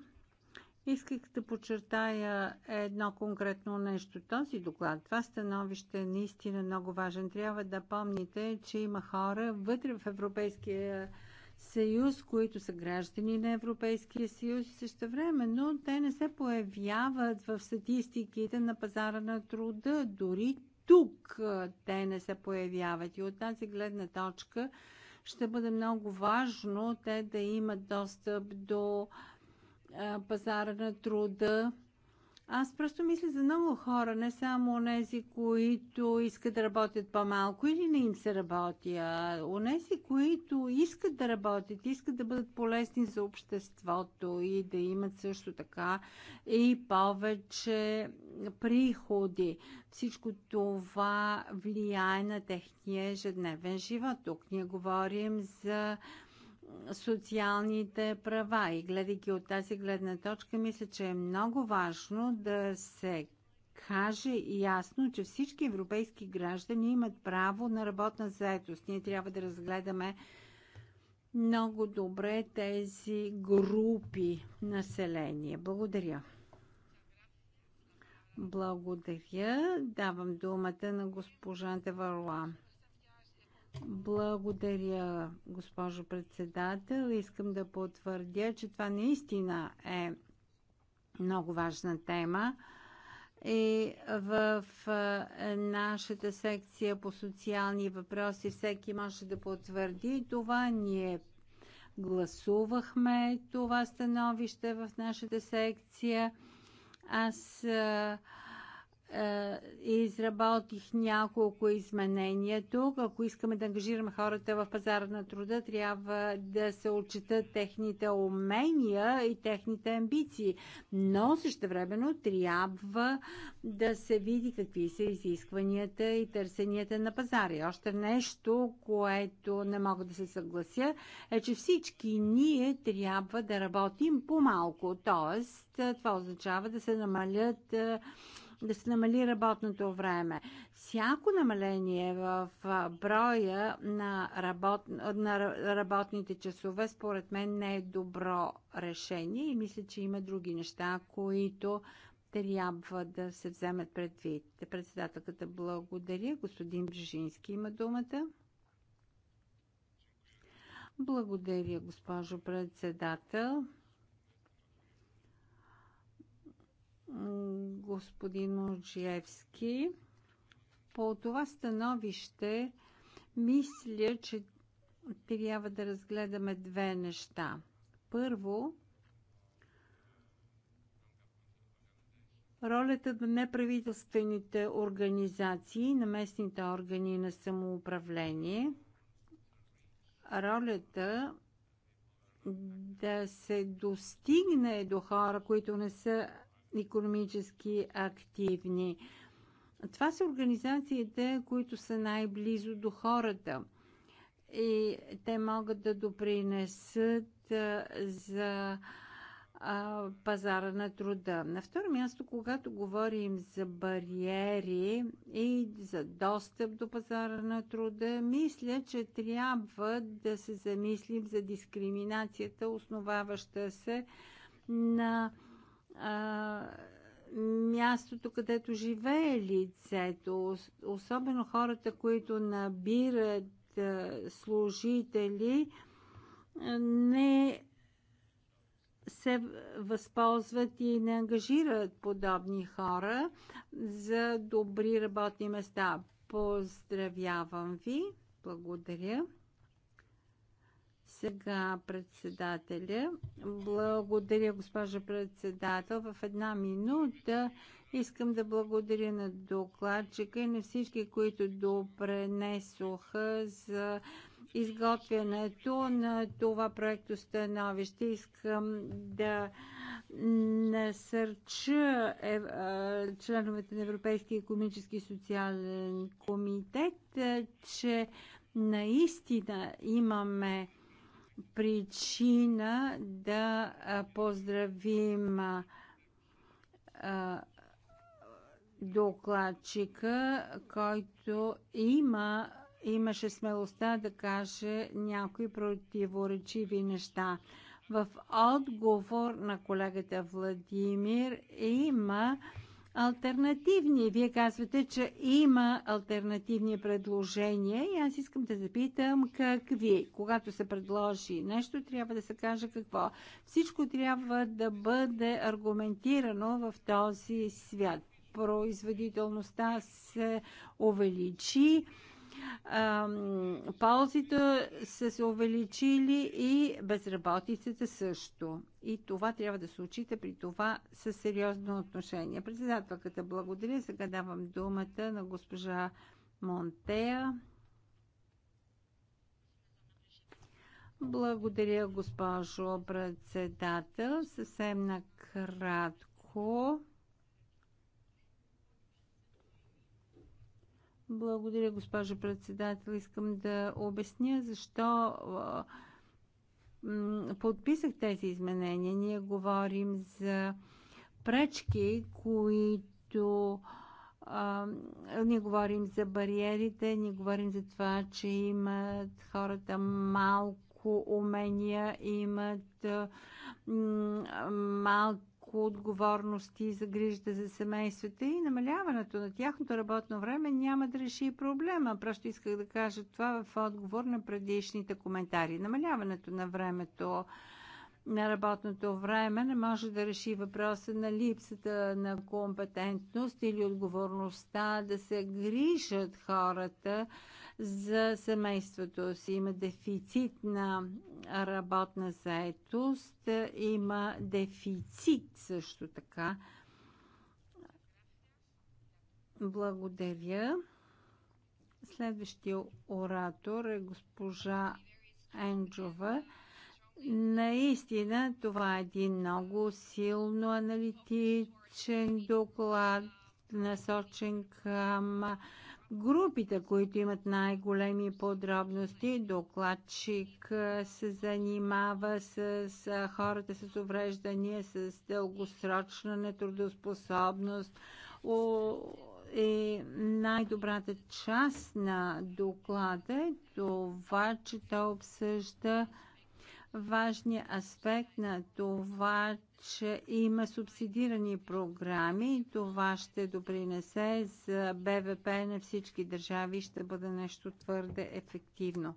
Исках да подчертая едно конкретно нещо. Този доклад, това становище е наистина много важен. Трябва да помните, че има хора вътре в Европейския съюз, които са граждани на Европейския съюз и също време, но те не се появяват в статистиките на пазара на труда. Дори тук те не се появяват. И от тази гледна точка ще бъде много важно те да имат достъп до пазара на труда аз просто мисля за много хора, не само онези, които искат да работят по-малко или не им се работи, а онези, които искат да работят, искат да бъдат полезни за обществото и да имат също така и повече приходи. Всичко това влияе на техния ежедневен живот. Тук ние говорим за социалните права. И гледайки от тази гледна точка, мисля, че е много важно да се каже ясно, че всички европейски граждани имат право на работна заетост. Ние трябва да разгледаме много добре тези групи население. Благодаря. Благодаря. Давам думата на госпожа Деварла. Благодаря, госпожо председател. Искам да потвърдя, че това наистина е много важна тема. И в е, нашата секция по социални въпроси всеки може да потвърди това. Ние гласувахме това становище в нашата секция. Аз е, е, изработих няколко изменения тук. Ако искаме да ангажираме хората в пазара на труда, трябва да се отчитат техните умения и техните амбиции. Но същевременно трябва да се види какви са изискванията и търсенията на пазара. И още нещо, което не мога да се съглася, е, че всички ние трябва да работим по-малко. Тоест, това означава да се намалят е, да се намали работното време. Всяко намаление в броя на, работ, на работните часове, според мен, не е добро решение и мисля, че има други неща, които трябва да се вземат предвид. Председателката благодаря. Господин Бжижински има думата. Благодаря, госпожо председател. господин Оджиевски. По това становище мисля, че трябва да разгледаме две неща. Първо, ролята на неправителствените организации, на местните органи на самоуправление, ролята да се достигне до хора, които не са економически активни. Това са организациите, които са най-близо до хората и те могат да допринесат за пазара на труда. На второ място, когато говорим за бариери и за достъп до пазара на труда, мисля, че трябва да се замислим за дискриминацията, основаваща се на а, мястото, където живее лицето, особено хората, които набират а, служители, не се възползват и не ангажират подобни хора за добри работни места. Поздравявам ви! Благодаря! Сега председателя. Благодаря, госпожа председател. В една минута искам да благодаря на докладчика и на всички, които допренесоха за изготвянето на това проекто становище. Искам да насърча е, е, членовете на Европейския економически и социален комитет, е, че наистина имаме причина да поздравим докладчика, който има, имаше смелостта да каже някои противоречиви неща. В отговор на колегата Владимир има альтернативни. Вие казвате, че има альтернативни предложения и аз искам да запитам какви. Когато се предложи нещо, трябва да се каже какво. Всичко трябва да бъде аргументирано в този свят. Производителността се увеличи ползите са се увеличили и безработицата също. И това трябва да се учите при това със сериозно отношение. Председателката благодаря. Сега давам думата на госпожа Монтея. Благодаря, госпожо председател. Съвсем накратко. Благодаря, госпожо председател. Искам да обясня защо подписах тези изменения. Ние говорим за пречки, които ние говорим за бариерите, ние говорим за това, че имат хората малко умения, имат малко отговорности за грижите за семействата и намаляването на тяхното работно време няма да реши проблема. Просто исках да кажа това в отговор на предишните коментари. Намаляването на времето на работното време не може да реши въпроса на липсата на компетентност или отговорността да се грижат хората за семейството си. Има дефицит на работна заетост, има дефицит също така. Благодаря. Следващия оратор е госпожа Енджова. Наистина, това е един много силно аналитичен доклад, насочен към групите, които имат най-големи подробности. Докладчик се занимава с хората с увреждания, с дългосрочна нетрудоспособност. И най-добрата част на доклада е това, че той обсъжда важния аспект на това, че има субсидирани програми и това ще допринесе за БВП на всички държави и ще бъде нещо твърде ефективно.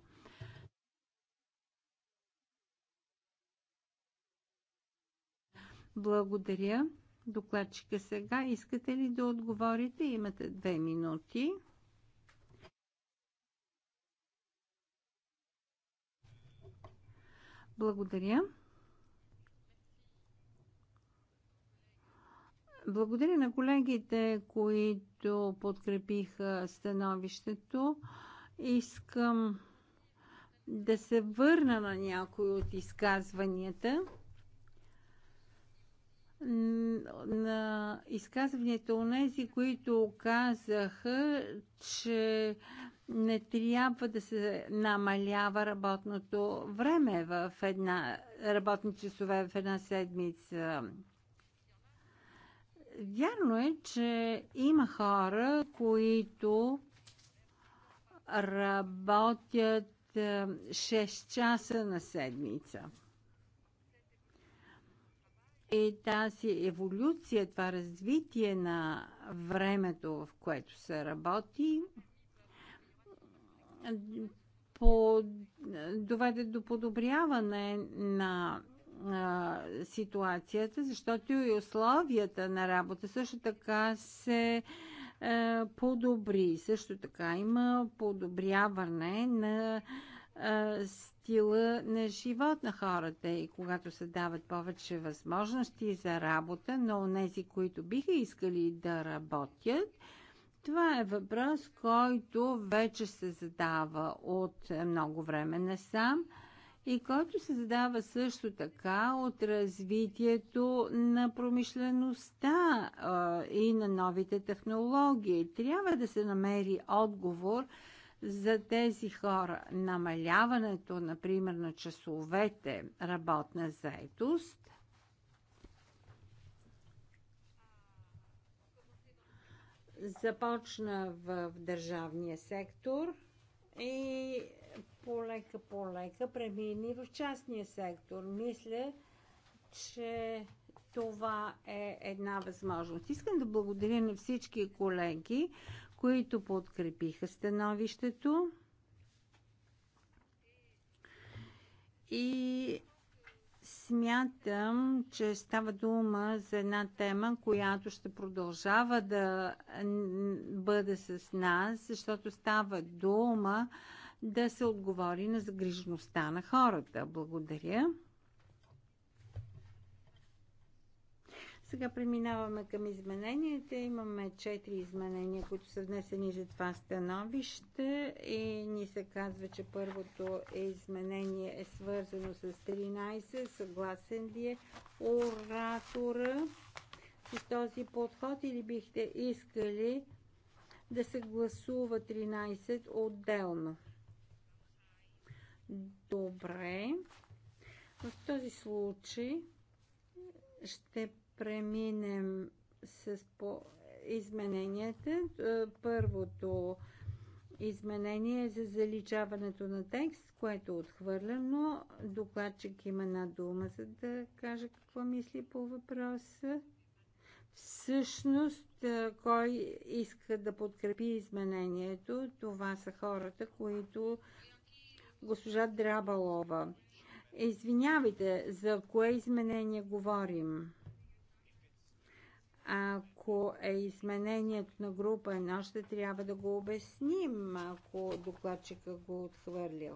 Благодаря. Докладчика сега. Искате ли да отговорите? Имате две минути. Благодаря. Благодаря на колегите, които подкрепиха становището. Искам да се върна на някои от изказванията. На изказванията у нези, които казаха, че не трябва да се намалява работното време в една работни часове в една седмица. Вярно е, че има хора, които работят 6 е, часа на седмица. И тази еволюция, това развитие на времето, в което се работи, по, доведе до подобряване на а, ситуацията, защото и условията на работа също така се а, подобри. Също така има подобряване на а, стила на живот на хората и когато се дават повече възможности за работа, но тези, които биха искали да работят, това е въпрос, който вече се задава от много време насам и който се задава също така от развитието на промишлеността а, и на новите технологии. Трябва да се намери отговор за тези хора. Намаляването, например, на часовете работна заетост започна в държавния сектор и полека-полека премини в частния сектор. Мисля, че това е една възможност. Искам да благодаря на всички колеги, които подкрепиха становището. И Смятам, че става дума за една тема, която ще продължава да бъде с нас, защото става дума да се отговори на загрижеността на хората. Благодаря. Сега преминаваме към измененията. Имаме четири изменения, които са внесени за това становище и ни се казва, че първото е изменение е свързано с 13. Съгласен ли е оратора с този подход или бихте искали да се гласува 13 отделно? Добре. В този случай ще преминем с по измененията. Е, първото изменение е за заличаването на текст, което е отхвърлено. Докладчик има една дума, за да каже какво мисли по въпроса. Всъщност, е, кой иска да подкрепи изменението, това са хората, които госпожа Драбалова. Извинявайте, за кое изменение говорим? Ако е изменението на група едно, ще трябва да го обясним, ако докладчика го отхвърлил.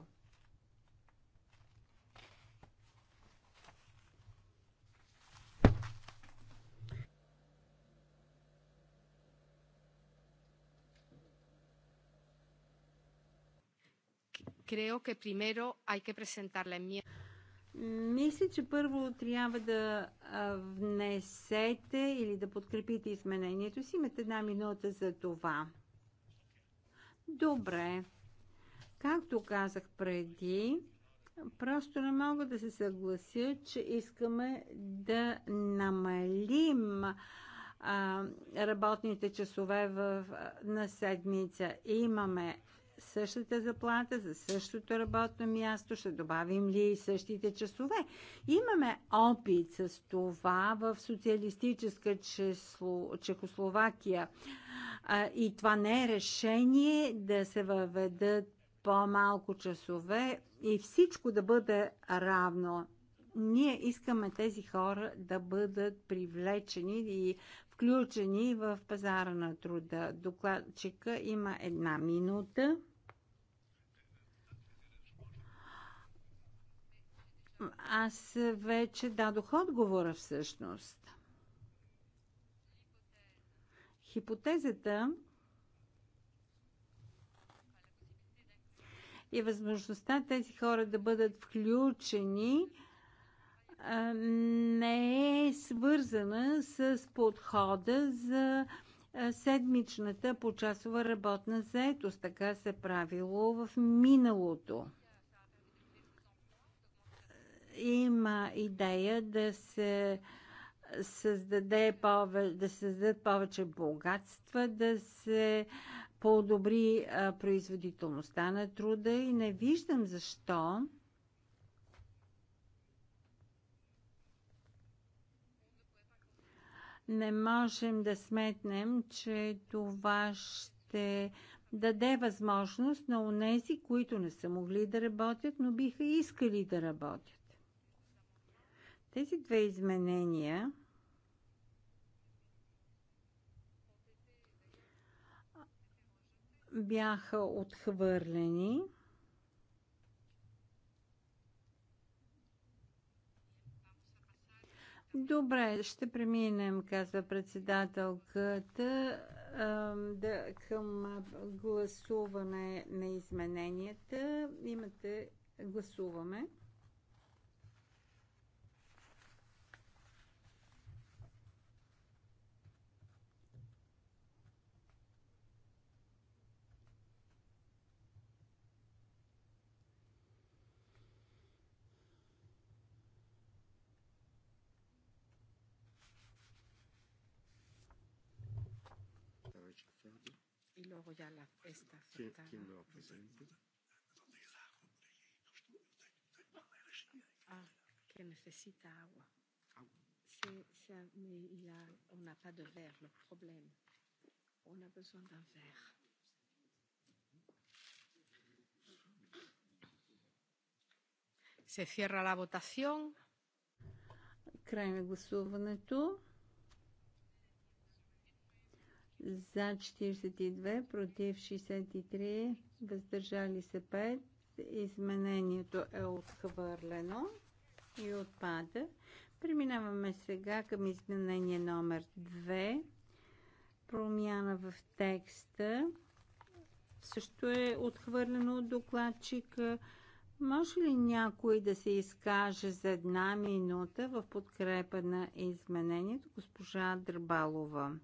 creo que primero hay que presentar la enmienda. Мисля, че първо трябва да внесете или да подкрепите изменението си. Имате една минута за това. Добре. Както казах преди, просто не мога да се съглася, че искаме да намалим а, работните часове в, на седмица. Имаме същата заплата, за същото работно място, ще добавим ли и същите часове. Имаме опит с това в социалистическа чесло, Чехословакия а, и това не е решение да се въведат по-малко часове и всичко да бъде равно ние искаме тези хора да бъдат привлечени и включени в пазара на труда. Докладчика има една минута. Аз вече дадох отговора всъщност. Хипотезата и възможността тези хора да бъдат включени не е свързана с подхода за седмичната почасова работна заетост. Така се е правило в миналото. Има идея да се създаде повече, да създадат повече богатства, да се подобри производителността на труда и не виждам защо не можем да сметнем, че това ще даде възможност на онези, които не са могли да работят, но биха искали да работят. Тези две изменения бяха отхвърлени. Добре, ще преминем, казва председателката, да, към гласуване на измененията. Имате, гласуваме. ya la, está afectada. ¿Quién, lo presenta? Ah, que necesita agua. Agua. C'est, c'est, mais il a, on n'a pas de verre, le problème. On a besoin d'un verre. Се cierra la votación. Край на гласуването за 42, против 63, въздържали се 5. Изменението е отхвърлено и отпада. Преминаваме сега към изменение номер 2. Промяна в текста. Също е отхвърлено от докладчика. Може ли някой да се изкаже за една минута в подкрепа на изменението? Госпожа Дърбалова.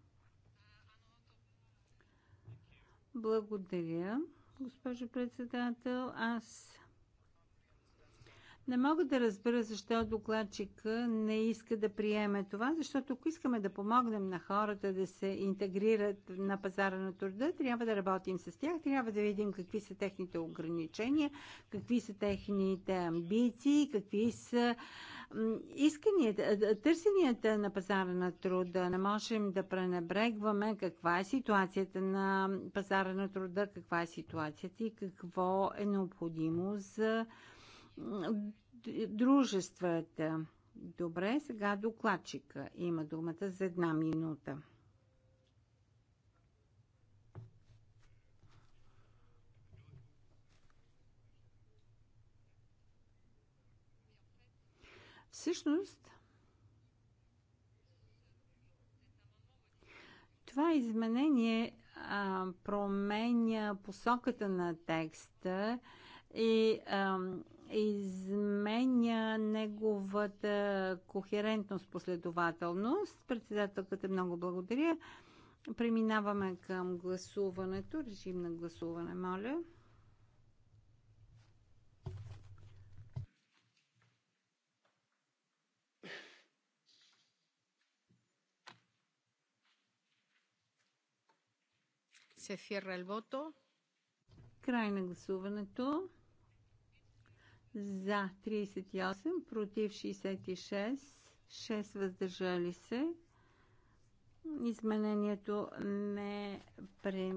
Благодаря, госпожо председател. Аз не мога да разбера защо докладчика не иска да приеме това, защото ако искаме да помогнем на хората да се интегрират на пазара на труда, трябва да работим с тях, трябва да видим какви са техните ограничения, какви са техните амбиции, какви са исканията, търсенията на пазара на труда. Не можем да пренебрегваме каква е ситуацията на пазара на труда, каква е ситуацията и какво е необходимо за дружествата. Е Добре, сега докладчика има думата за една минута. Всъщност, това изменение а, променя посоката на текста и а, изменя неговата кохерентност, последователност. Председателката много благодаря. Преминаваме към гласуването. Режим на гласуване, моля. Се фирра Край на гласуването за 38, против 66, 6 въздържали се. Изменението не, при,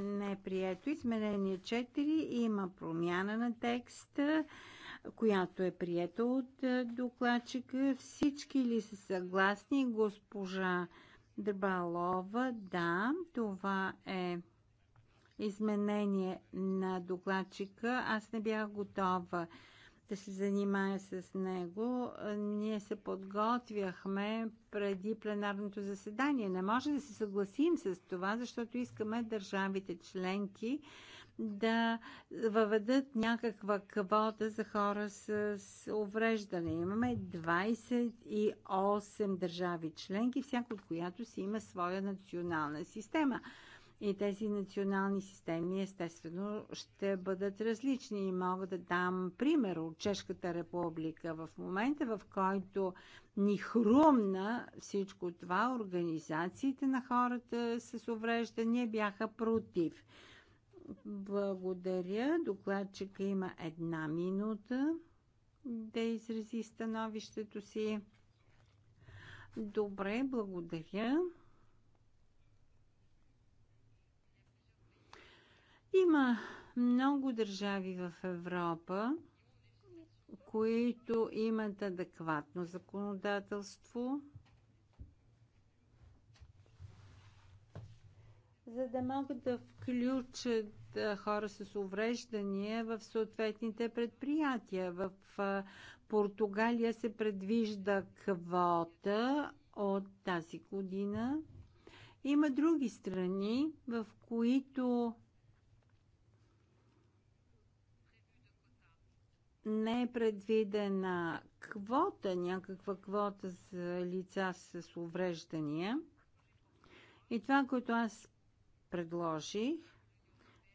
не е прието. Изменение 4 има промяна на текста, която е прието от е, докладчика. Всички ли са съгласни? Госпожа Дебалова, да, това е изменение на докладчика. Аз не бях готова да се занимая с него. Ние се подготвяхме преди пленарното заседание. Не може да се съгласим с това, защото искаме държавите членки да въведат някаква квота за хора с увреждане. Имаме 28 държави членки, всяко от която си има своя национална система. И тези национални системи, естествено, ще бъдат различни. И мога да дам пример от Чешката република. В момента, в който ни хрумна всичко това, организациите на хората с увреждания бяха против. Благодаря. Докладчика има една минута да изрази становището си. Добре, благодаря. Има много държави в Европа, които имат адекватно законодателство, за да могат да включат хора с увреждания в съответните предприятия. В Португалия се предвижда квота от тази година. Има други страни, в които не е предвидена квота, някаква квота за лица с увреждания. И това, което аз предложих,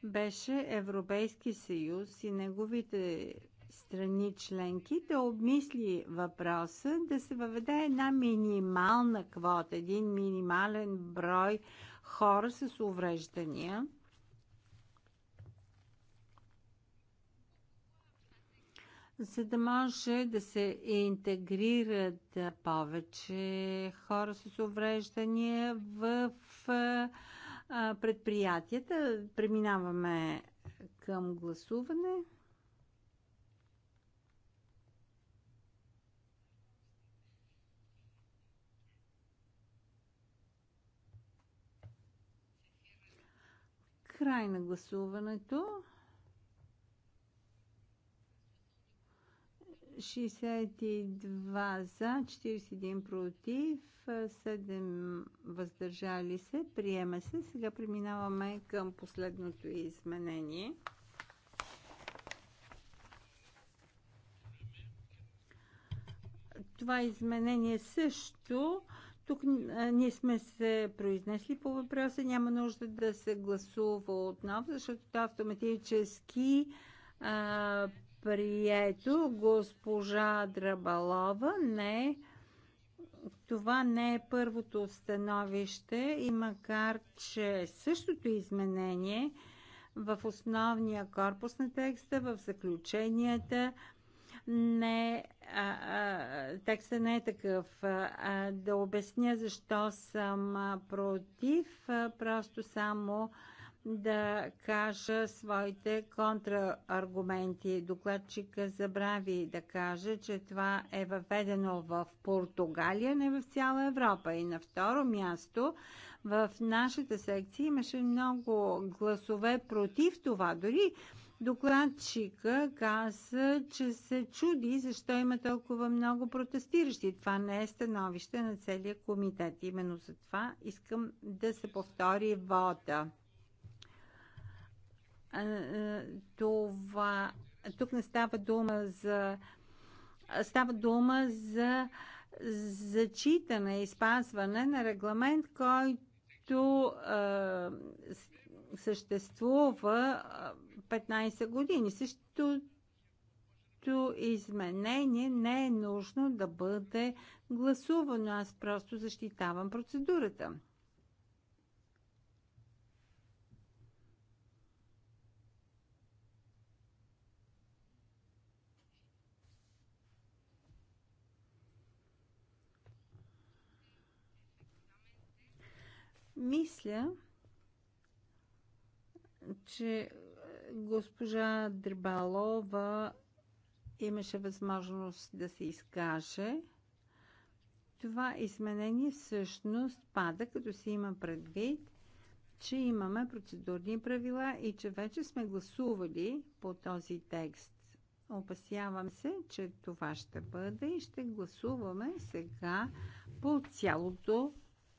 беше Европейски съюз и неговите страни членки да обмисли въпроса да се въведе една минимална квота, един минимален брой хора с увреждания за да може да се интегрират повече хора с увреждания в предприятията. Преминаваме към гласуване. Край на гласуването. 62 за, 41 против, 7 въздържали се. Приема се. Сега преминаваме към последното изменение. Това изменение е също. Тук ние сме се произнесли по въпроса. Няма нужда да се гласува отново, защото автоматически а, прието. Госпожа Драбалова, не. Това не е първото становище и макар, че същото изменение в основния корпус на текста, в заключенията, не, а, а, текста не е такъв. А, а, да обясня защо съм против, а, просто само а, да кажа своите контрааргументи. Докладчика забрави да каже, че това е въведено в Португалия, не в цяла Европа. И на второ място, в нашата секция имаше много гласове против това. Дори Докладчика каза, че се чуди защо има толкова много протестиращи. Това не е становище на целия комитет. Именно за това искам да се повтори вода. Е, това, тук не става дума за става дума за зачитане и спазване на регламент, който е, съществува 15 години. Същото изменение не е нужно да бъде гласувано. Аз просто защитавам процедурата. Мисля, че госпожа Дрибалова имаше възможност да се изкаже. Това изменение всъщност пада, като се има предвид, че имаме процедурни правила и че вече сме гласували по този текст. Опасявам се, че това ще бъде и ще гласуваме сега по цялото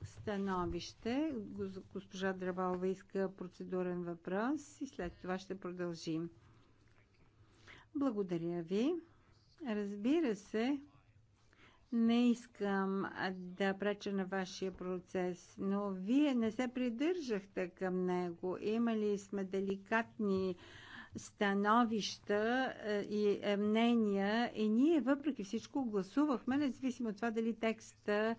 становище. Госпожа Драбалова иска процедурен въпрос и след това ще продължим. Благодаря ви. Разбира се, не искам да преча на вашия процес, но вие не се придържахте към него. Имали сме деликатни становища е, и е, мнения и ние въпреки всичко гласувахме, независимо от това дали текста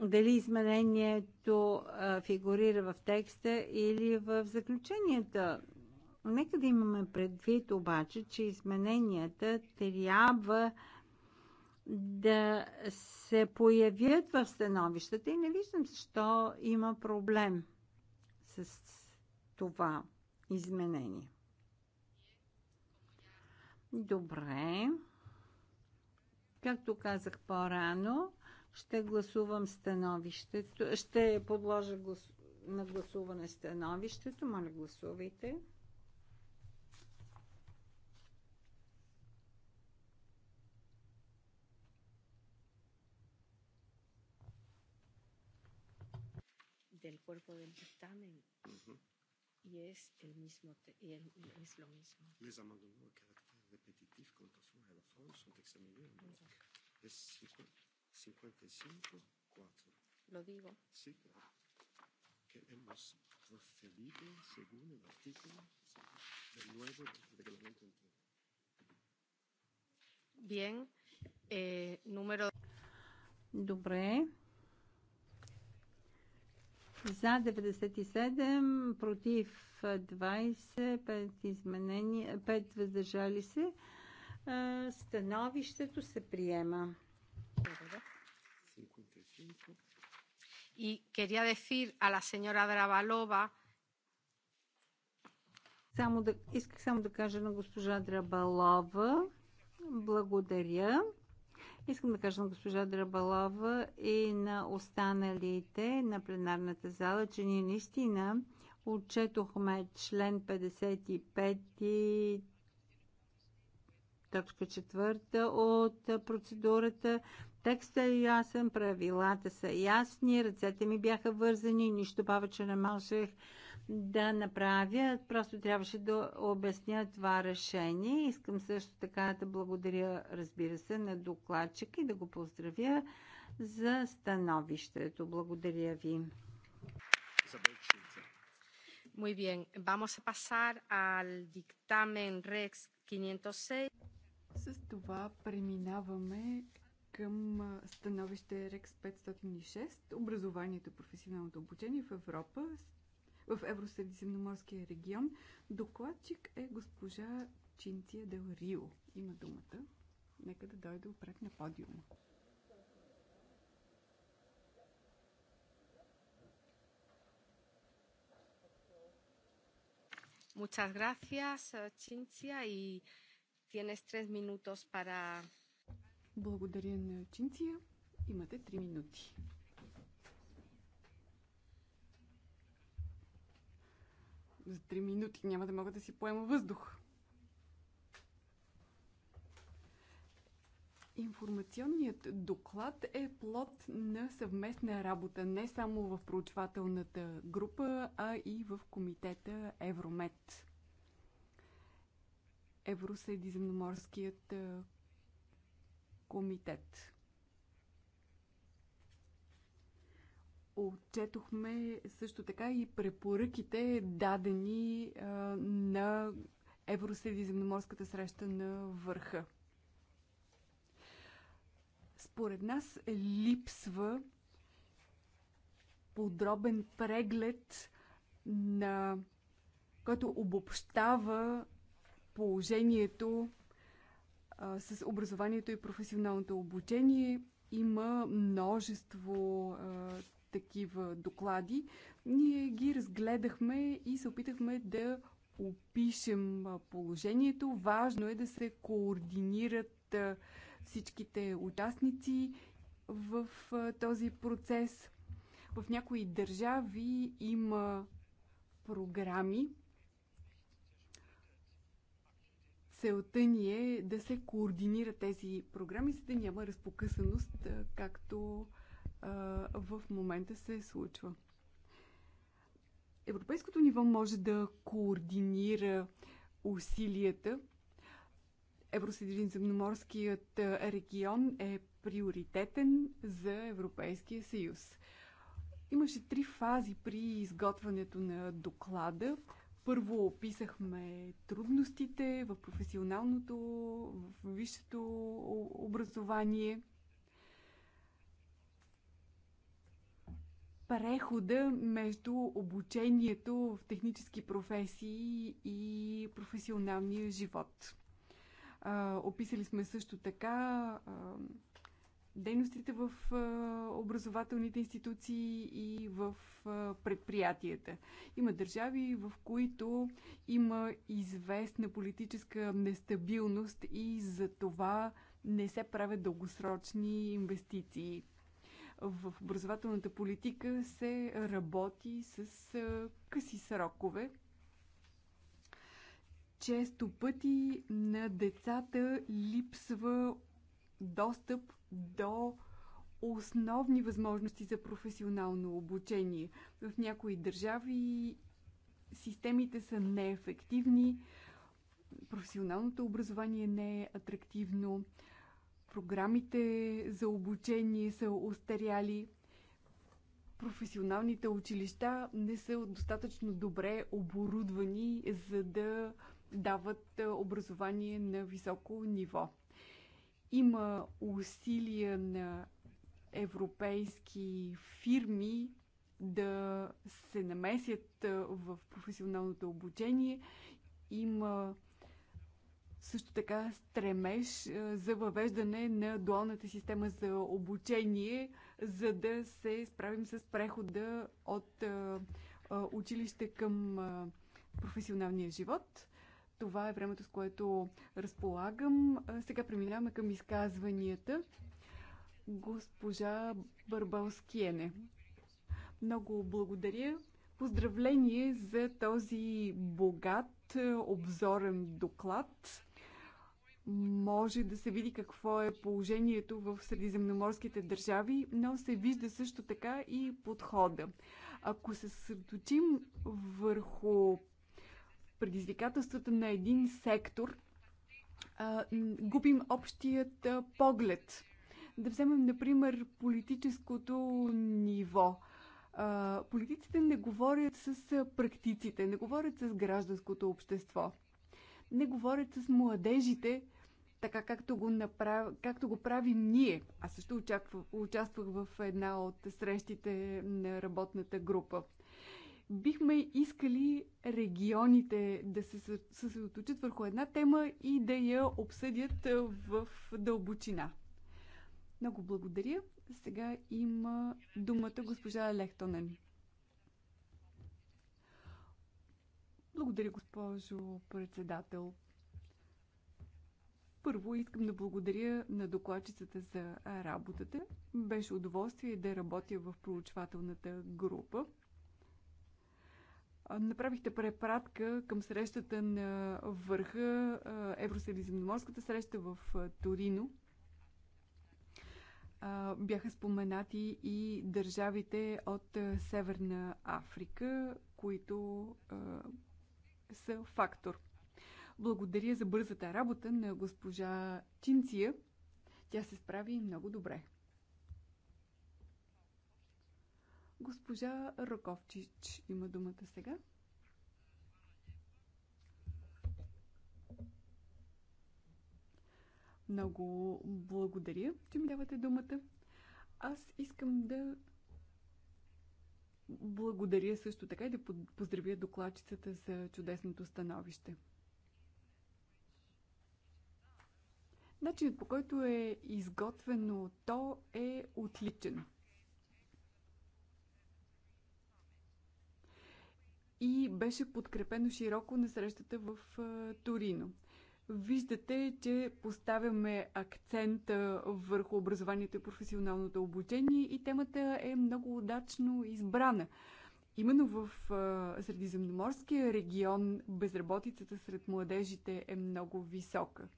дали изменението а, фигурира в текста или в заключенията. Нека да имаме предвид обаче, че измененията трябва да се появят в становищата и не виждам защо има проблем с това изменение. Добре. Както казах по-рано, ще гласувам становището. Ще подложа глас... на гласуване становището. Моля, гласувайте. Del cuerpo del dictamen. Uh-huh. Y es, el mismo te- y el, es lo mismo. Les amendements à caractère répétitif quant au fond et à la forme sont examinés en bloc. 55, 4. Lo digo. Sí, claro. Que hemos procedido según el artículo del nuevo reglamento interno. Bien. Eh, número. Добре. За 97, против 20, пет изменения, 5 въздържали се. Становището се приема. Y quería decir a la señora Drabalova. Само да, исках само да кажа на госпожа Драбалова. Благодаря. Искам да кажа на госпожа Драбалова и на останалите на пленарната зала, че ние наистина отчетохме член 55 точка четвърта от процедурата. Текстът е ясен, правилата са ясни, ръцете ми бяха вързани, нищо повече не можех да направя. Просто трябваше да обясня това решение. Искам също така да благодаря, разбира се, на докладчик и да го поздравя за становището. Благодаря ви. Muy bien, vamos a pasar al dictamen REX 506. С това преминаваме към становище РЕКС 506 Образованието и професионалното обучение в Европа в Евросредиземноморския регион. Докладчик е госпожа Чинтия Дел Рио. Има думата. Нека да дойде опред на подиума. Muchas gracias, Cintia, y tienes tres minutos para благодаря на Чинция. Имате 3 минути. За 3 минути няма да мога да си поема въздух. Информационният доклад е плод на съвместна работа не само в проучвателната група, а и в комитета Евромед. Евросъединоморският комитет. Отчетохме също така и препоръките дадени а, на Евросредиземноморската среща на върха. Според нас липсва подробен преглед на който обобщава положението а, с образованието и професионалното обучение. Има множество а, такива доклади. Ние ги разгледахме и се опитахме да опишем положението. Важно е да се координират всичките участници в този процес. В някои държави има програми, целта ни е да се координира тези програми, за да няма разпокъсаност, както в момента се случва. Европейското ниво може да координира усилията. Евросредиземноморският регион е приоритетен за Европейския съюз. Имаше три фази при изготвянето на доклада. Първо описахме трудностите в професионалното, в висшето образование. прехода между обучението в технически професии и професионалния живот. А, описали сме също така а, дейностите в образователните институции и в предприятията. Има държави, в които има известна политическа нестабилност и за това не се правят дългосрочни инвестиции. В образователната политика се работи с къси срокове, често пъти на децата липсва достъп до основни възможности за професионално обучение. В някои държави системите са неефективни, професионалното образование не е атрактивно, програмите за обучение са устаряли, професионалните училища не са достатъчно добре оборудвани, за да дават образование на високо ниво. Има усилия на европейски фирми да се намесят в професионалното обучение. Има също така стремеж за въвеждане на дуалната система за обучение, за да се справим с прехода от училище към професионалния живот. Това е времето, с което разполагам. Сега преминаваме към изказванията. Госпожа Барбалскиене. Много благодаря. Поздравление за този богат обзорен доклад може да се види какво е положението в средиземноморските държави, но се вижда също така и подхода. Ако се съсредоточим върху предизвикателствата на един сектор, а, губим общият а, поглед. Да вземем, например, политическото ниво. А, политиците не говорят с практиците, не говорят с гражданското общество, не говорят с младежите, така както го, направ... както го правим ние. Аз също участвах в една от срещите на работната група. Бихме искали регионите да се съсредоточат върху една тема и да я обсъдят в дълбочина. Много благодаря. Сега има думата госпожа Лехтонен. Благодаря, госпожо председател. Първо искам да благодаря на докладчицата за работата. Беше удоволствие да работя в проучвателната група. Направихте препратка към срещата на върха Евросъюземноморската среща в Торино. Бяха споменати и държавите от Северна Африка, които са фактор. Благодаря за бързата работа на госпожа Чинция. Тя се справи много добре. Госпожа Роковчич има думата сега. Много благодаря, че ми давате думата. Аз искам да благодаря също така и да поздравя докладчицата за чудесното становище. Начинът по който е изготвено то е отличен. и беше подкрепено широко на срещата в Торино. Виждате, че поставяме акцент върху образованието и професионалното обучение и темата е много удачно избрана. Именно в Средиземноморския регион безработицата сред младежите е много висока.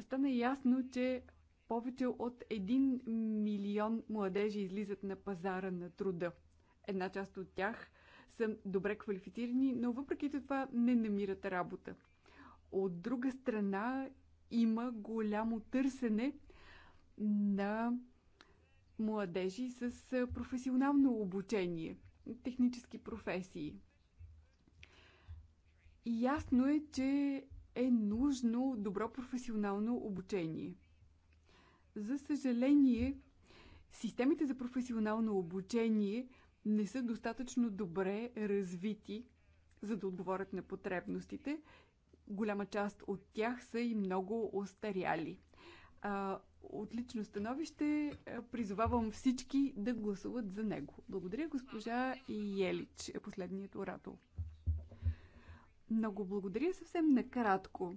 Стана ясно, че повече от 1 милион младежи излизат на пазара на труда – Една част от тях са добре квалифицирани, но въпреки това не намират работа. От друга страна има голямо търсене на младежи с професионално обучение, технически професии. И ясно е, че е нужно добро професионално обучение. За съжаление, системите за професионално обучение – не са достатъчно добре развити, за да отговорят на потребностите. Голяма част от тях са и много остаряли. А, отлично становище. Призовавам всички да гласуват за него. Благодаря, госпожа Елич, е последният оратор. Много благодаря. Съвсем накратко.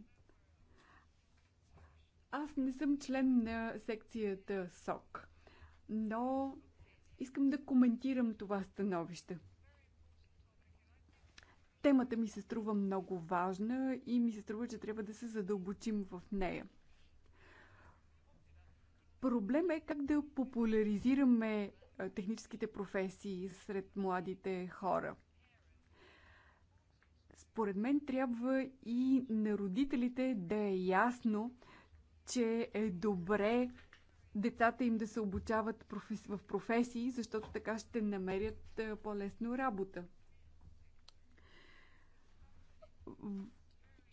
Аз не съм член на секцията СОК, но Искам да коментирам това становище. Темата ми се струва много важна и ми се струва, че трябва да се задълбочим в нея. Проблем е как да популяризираме техническите професии сред младите хора. Според мен трябва и на родителите да е ясно, че е добре децата им да се обучават в професии, защото така ще намерят по-лесно работа.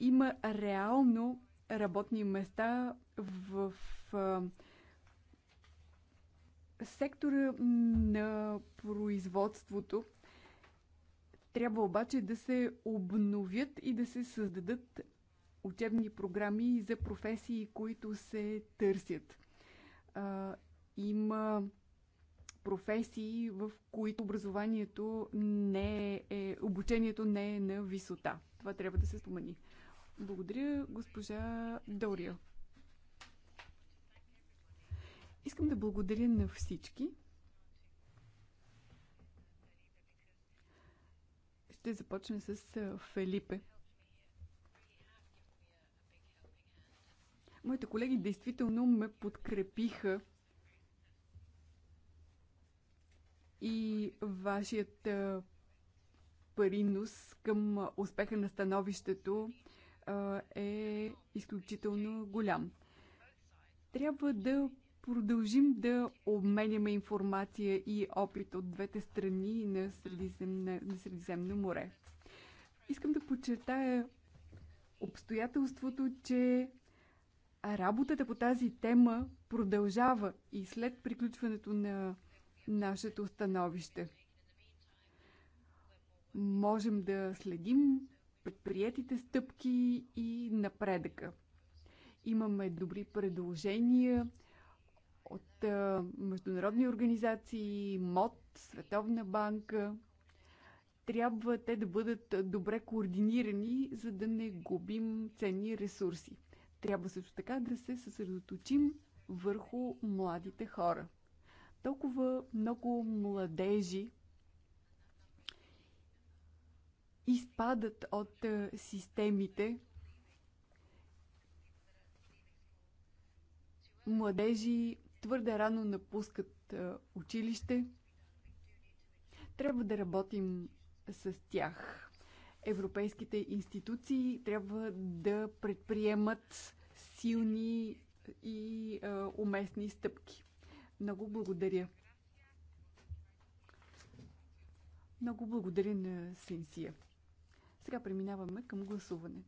Има реално работни места в сектора на производството трябва обаче да се обновят и да се създадат учебни програми за професии, които се търсят а, има професии, в които образованието не е, обучението не е на висота. Това трябва да се спомени. Благодаря, госпожа Дория. Искам да благодаря на всички. Ще започна с Фелипе. Моите колеги действително ме подкрепиха и вашият паринос към успеха на становището е изключително голям. Трябва да продължим да обменяме информация и опит от двете страни на, Средиземно, на Средиземно море. Искам да подчертая обстоятелството, че работата по тази тема продължава и след приключването на нашето становище. Можем да следим предприятите стъпки и напредъка. Имаме добри предложения от международни организации, МОД, Световна банка. Трябва те да бъдат добре координирани, за да не губим ценни ресурси. Трябва също така да се съсредоточим върху младите хора. Толкова много младежи изпадат от е, системите. Младежи твърде рано напускат е, училище. Трябва да работим с тях. Европейските институции трябва да предприемат силни и а, уместни стъпки. Много благодаря. Много благодаря на Сенсия. Сега преминаваме към гласуване.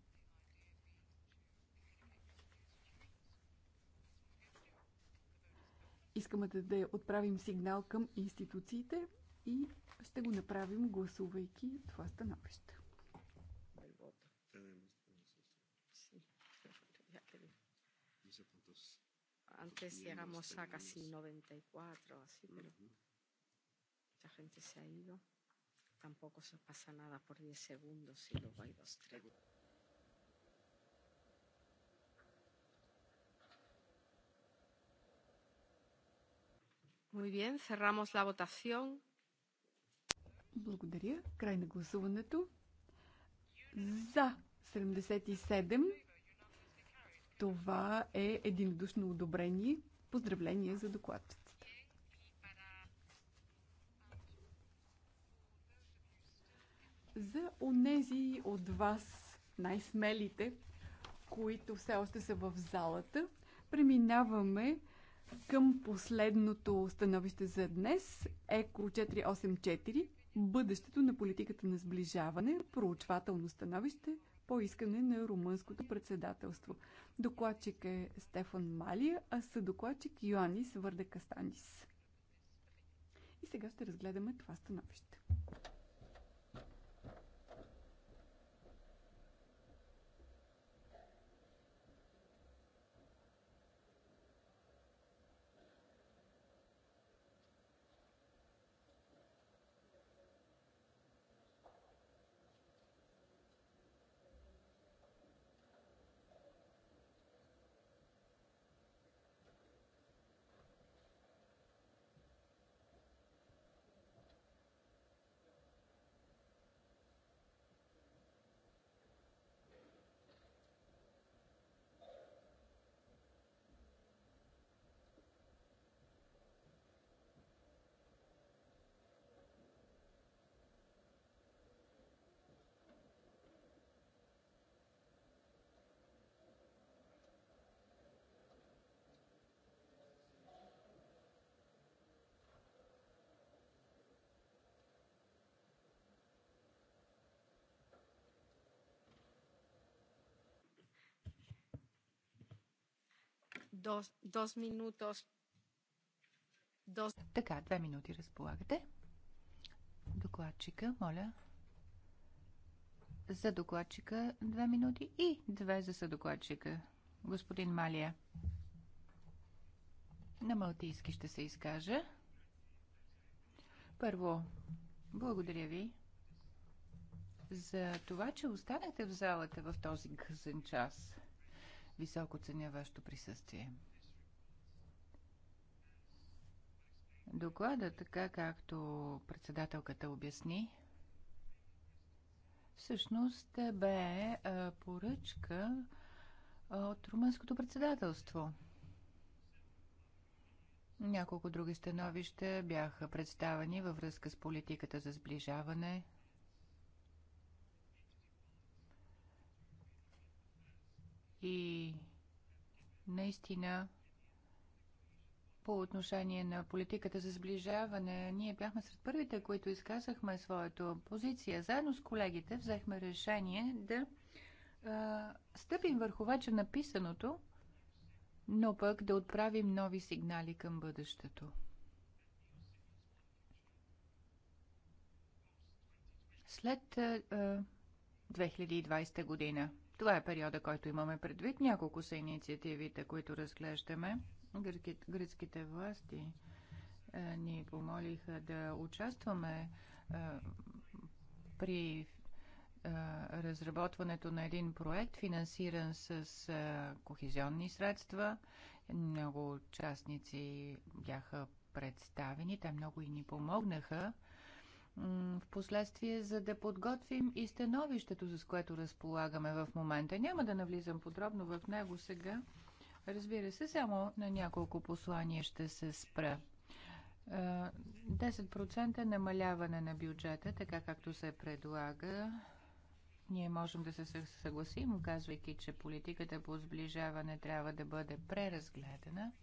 Искаме да, да отправим сигнал към институциите и ще го направим гласувайки това становище. Antes llegamos a casi 94, así, pero mucha gente se ha ido. Tampoco se pasa nada por 10 segundos y luego hay dos, tres. Muy bien, cerramos la votación. Благодаря. Край на гласуването. За 77, това е единодушно одобрение. Поздравление за докладчицата. За онези от вас, най-смелите, които все още са в залата, преминаваме към последното становище за днес, ЕКО 484, бъдещето на политиката на сближаване, проучвателно становище, по искане на румънското председателство. Докладчик е Стефан Мали, а съдокладчик Йоанис Върде Кастандис. И сега ще разгледаме това становище. Dos, minutos. Dos... Така, две минути разполагате. Докладчика, моля. За докладчика две минути и две за съдокладчика. Господин Малия. На малтийски ще се изкажа. Първо, благодаря ви за това, че останете в залата в този късен час. Високо ценя вашето присъствие. Доклада, така както председателката обясни, всъщност бе поръчка от румънското председателство. Няколко други становища бяха представени във връзка с политиката за сближаване – и наистина по отношение на политиката за сближаване, ние бяхме сред първите, които изказахме своята позиция. Заедно с колегите взехме решение да а, стъпим върху вече написаното, но пък да отправим нови сигнали към бъдещето. След а, 2020 година. Това е периода, който имаме предвид. Няколко са инициативите, които разглеждаме. Гръцките власти е, ни помолиха да участваме е, при е, разработването на един проект, финансиран с е, кохезионни средства. Много участници бяха представени. Те много и ни помогнаха в последствие, за да подготвим и становището, с което разполагаме в момента. Няма да навлизам подробно в него сега. Разбира се, само на няколко послания ще се спра. 10% е, намаляване на бюджета, така както се предлага. Ние можем да се съгласим, казвайки, че политиката по сближаване трябва да бъде преразгледана –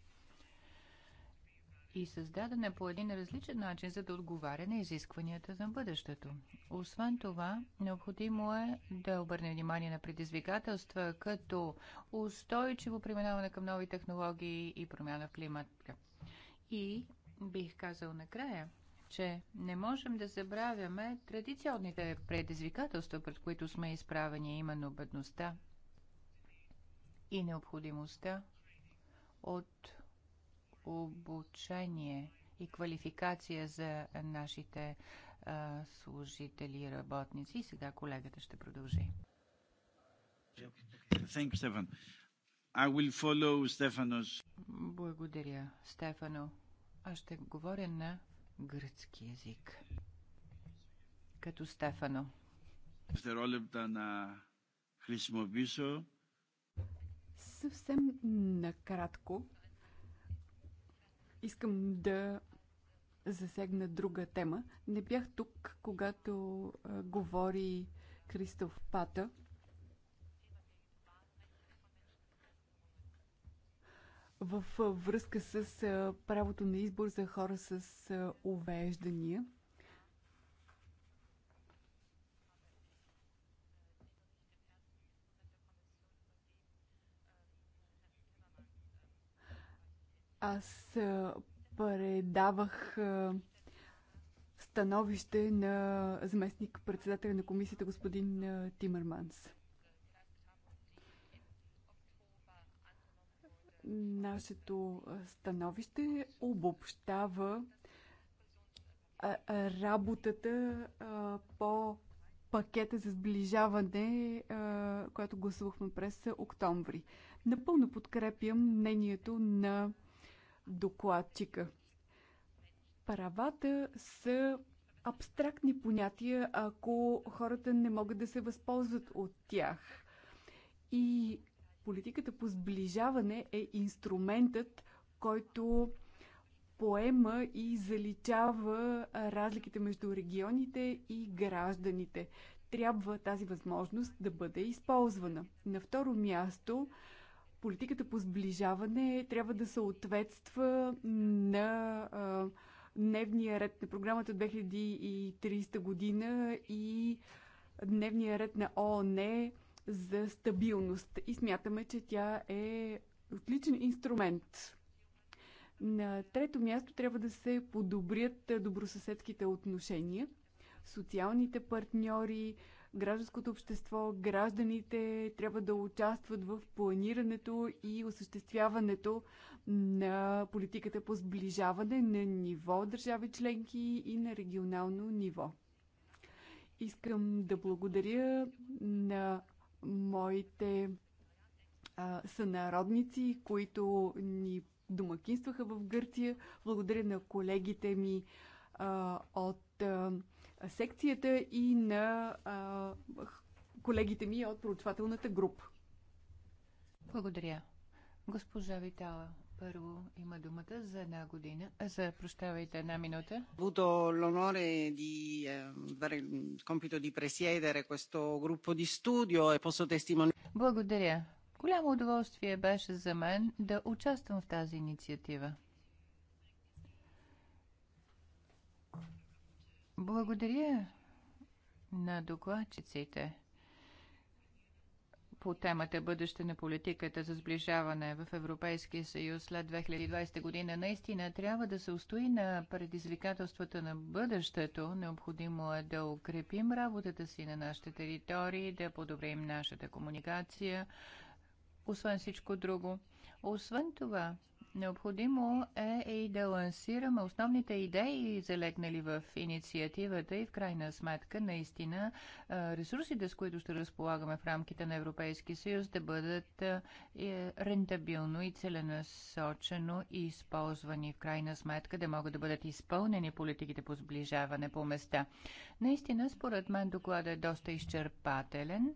и създадена по един различен начин, за да отговаря на изискванията за бъдещето. Освен това, необходимо е да обърне внимание на предизвикателства, като устойчиво преминаване към нови технологии и промяна в климата. И бих казал накрая, че не можем да забравяме традиционните предизвикателства, пред които сме изправени, именно бедността и необходимостта от обучение и квалификация за нашите а, служители и работници. И сега колегата ще продължи. Thanks, Stefan. I will follow Stefanos. Благодаря, Стефано. Аз ще говоря на гръцки язик. Като Стефано. Съвсем накратко Искам да засегна друга тема. Не бях тук, когато а, говори Кристоф Пата. В а, връзка с а, правото на избор за хора с увеждания. Аз предавах становище на заместник председателя на комисията господин Тимерманс. Нашето становище обобщава работата по пакета за сближаване, който гласувахме през октомври. Напълно подкрепям мнението на докладчика. Правата са абстрактни понятия, ако хората не могат да се възползват от тях. И политиката по сближаване е инструментът, който поема и заличава разликите между регионите и гражданите. Трябва тази възможност да бъде използвана. На второ място, Политиката по сближаване трябва да съответства на дневния ред на програмата 2030 година и дневния ред на ООН за стабилност. И смятаме, че тя е отличен инструмент. На трето място трябва да се подобрят добросъседските отношения. Социалните партньори, Гражданското общество, гражданите трябва да участват в планирането и осъществяването на политиката по сближаване на ниво държави членки и на регионално ниво. Искам да благодаря на моите а, сънародници, които ни домакинстваха в Гърция. Благодаря на колегите ми а, от а, секцията и на а, колегите ми от проучвателната група. Благодаря. Госпожа Витала, първо има думата за една година. За, прощавайте, една минута. Буто лоноре ди дваре компито ди пресиедере presiedere questo gruppo di studio e posso testimoniare. Благодаря. Голямо удоволствие беше за мен да участвам в тази инициатива. Благодаря на докладчиците по темата бъдеще на политиката за сближаване в Европейския съюз след 2020 година наистина трябва да се устои на предизвикателствата на бъдещето. Необходимо е да укрепим работата си на нашите територии, да подобрим нашата комуникация, освен всичко друго. Освен това, Необходимо е и да лансираме основните идеи, залегнали в инициативата и в крайна сметка наистина ресурсите, с които ще разполагаме в рамките на Европейския съюз, да бъдат рентабилно и целенасочено и използвани в крайна сметка, да могат да бъдат изпълнени политиките по сближаване по места. Наистина, според мен, докладът е доста изчерпателен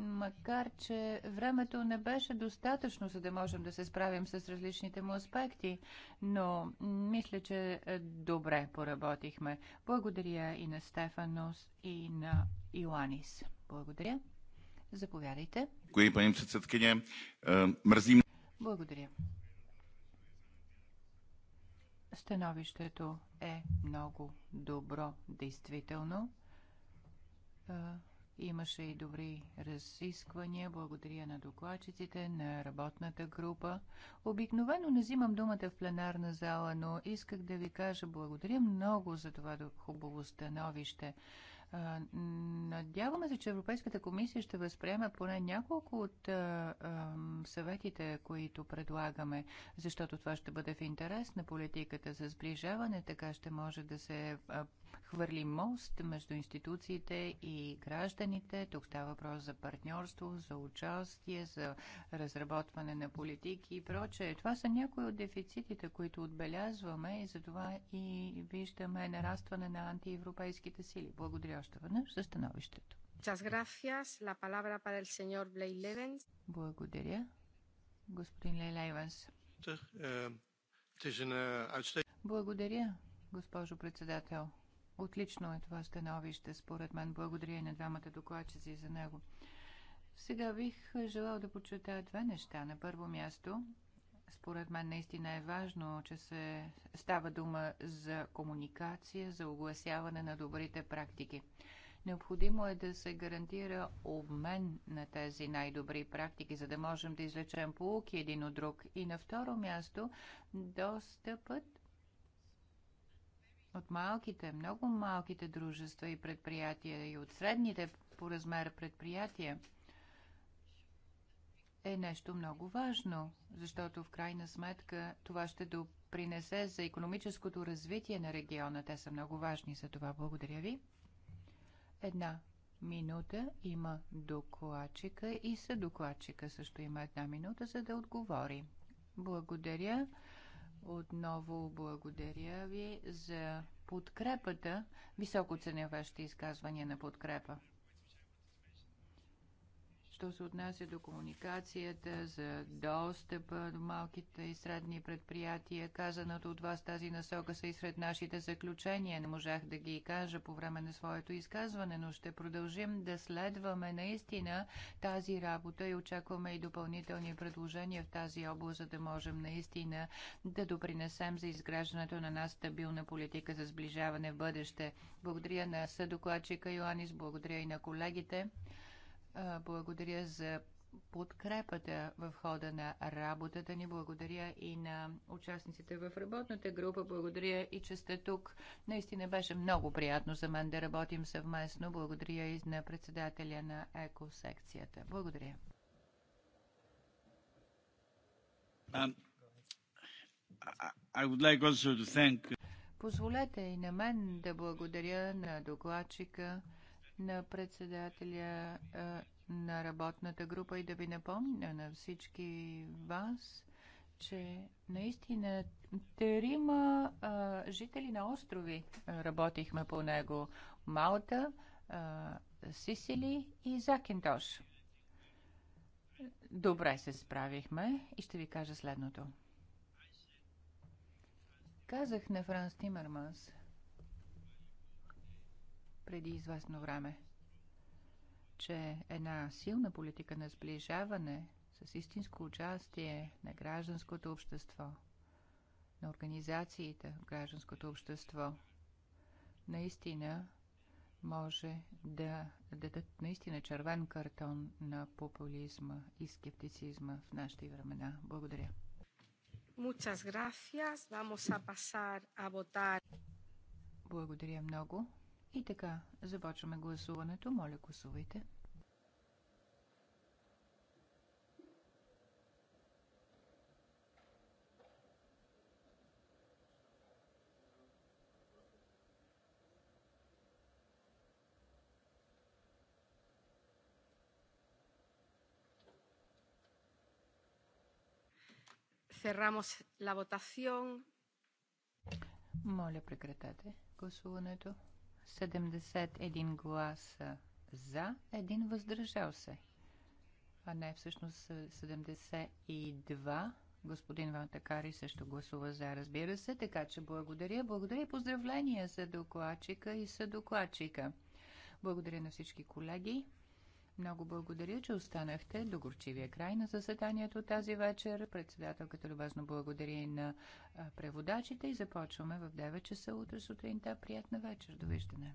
макар че времето не беше достатъчно, за да можем да се справим с различните му аспекти, но мисля, че е, добре поработихме. Благодаря и на Стефанос, и на Иоанис. Благодаря. Заповядайте. Кои, пани председкиня, мързим. Благодаря. Становището е много добро, действително е, Имаше и добри разисквания. Благодаря на докладчиците, на работната група. Обикновено не взимам думата в пленарна зала, но исках да ви кажа благодаря много за това хубаво становище. Надяваме се, че Европейската комисия ще възприеме поне няколко от съветите, които предлагаме, защото това ще бъде в интерес на политиката за сближаване, така ще може да се хвърли мост между институциите и гражданите. Тук става въпрос за партньорство, за участие, за разработване на политики и прочее. Това са някои от дефицитите, които отбелязваме и затова и виждаме нарастване на антиевропейските сили. Благодаря още веднъж за становището. Благодаря. Господин Лейла е, е, Благодаря, госпожо председател. Отлично е това становище, според мен. Благодаря и на двамата докладчици за него. Сега бих желал да почетая две неща. На първо място, според мен наистина е важно, че се става дума за комуникация, за огласяване на добрите практики. Необходимо е да се гарантира обмен на тези най-добри практики, за да можем да излечем полуки един от друг. И на второ място, достъпът от малките, много малките дружества и предприятия и от средните по размер предприятия е нещо много важно, защото в крайна сметка това ще допринесе за економическото развитие на региона. Те са много важни за това. Благодаря ви. Една минута има докладчика и съдокладчика също има една минута, за да отговори. Благодаря. Отново благодаря ви за подкрепата. Високо ценя вашите изказвания на подкрепа що се отнася до комуникацията, за достъпа до малките и средни предприятия. Казаното от вас тази насока са и сред нашите заключения. Не можах да ги кажа по време на своето изказване, но ще продължим да следваме наистина тази работа и очакваме и допълнителни предложения в тази област, за да можем наистина да допринесем за изграждането на нас стабилна политика за сближаване в бъдеще. Благодаря на съдокладчика Йоанис, благодаря и на колегите. Благодаря за подкрепата в хода на работата ни. Благодаря и на участниците в работната група. Благодаря и че сте тук. Наистина беше много приятно за мен да работим съвместно. Благодаря и на председателя на екосекцията. Благодаря. Um, I would like also to thank... Позволете и на мен да благодаря на докладчика на председателя на работната група и да ви напомня на всички вас, че наистина трима жители на острови работихме по него. Малта, а, Сисили и Закинтош. Добре се справихме и ще ви кажа следното. Казах на Франс Тимърманс, преди известно време, че една силна политика на сближаване с истинско участие на гражданското общество, на организациите в гражданското общество, наистина може да дадат наистина червен картон на популизма и скептицизма в нашите времена. Благодаря. Muchas gracias. Vamos a pasar a votar. Благодаря много. И така, започваме гласуването. Моля, гласувайте. Cerramos la votación. Моля, прекратете гласуването. 71 гласа за, един въздържал се. А не, всъщност 72. Господин Вантакари също гласува за, разбира се, така че благодаря. Благодаря и поздравления за докладчика и съдокладчика. Благодаря на всички колеги. Много благодаря, че останахте до горчивия край на заседанието тази вечер. Председателката любезно и на преводачите и започваме в 9 часа утре сутринта. Приятна вечер. Довиждане.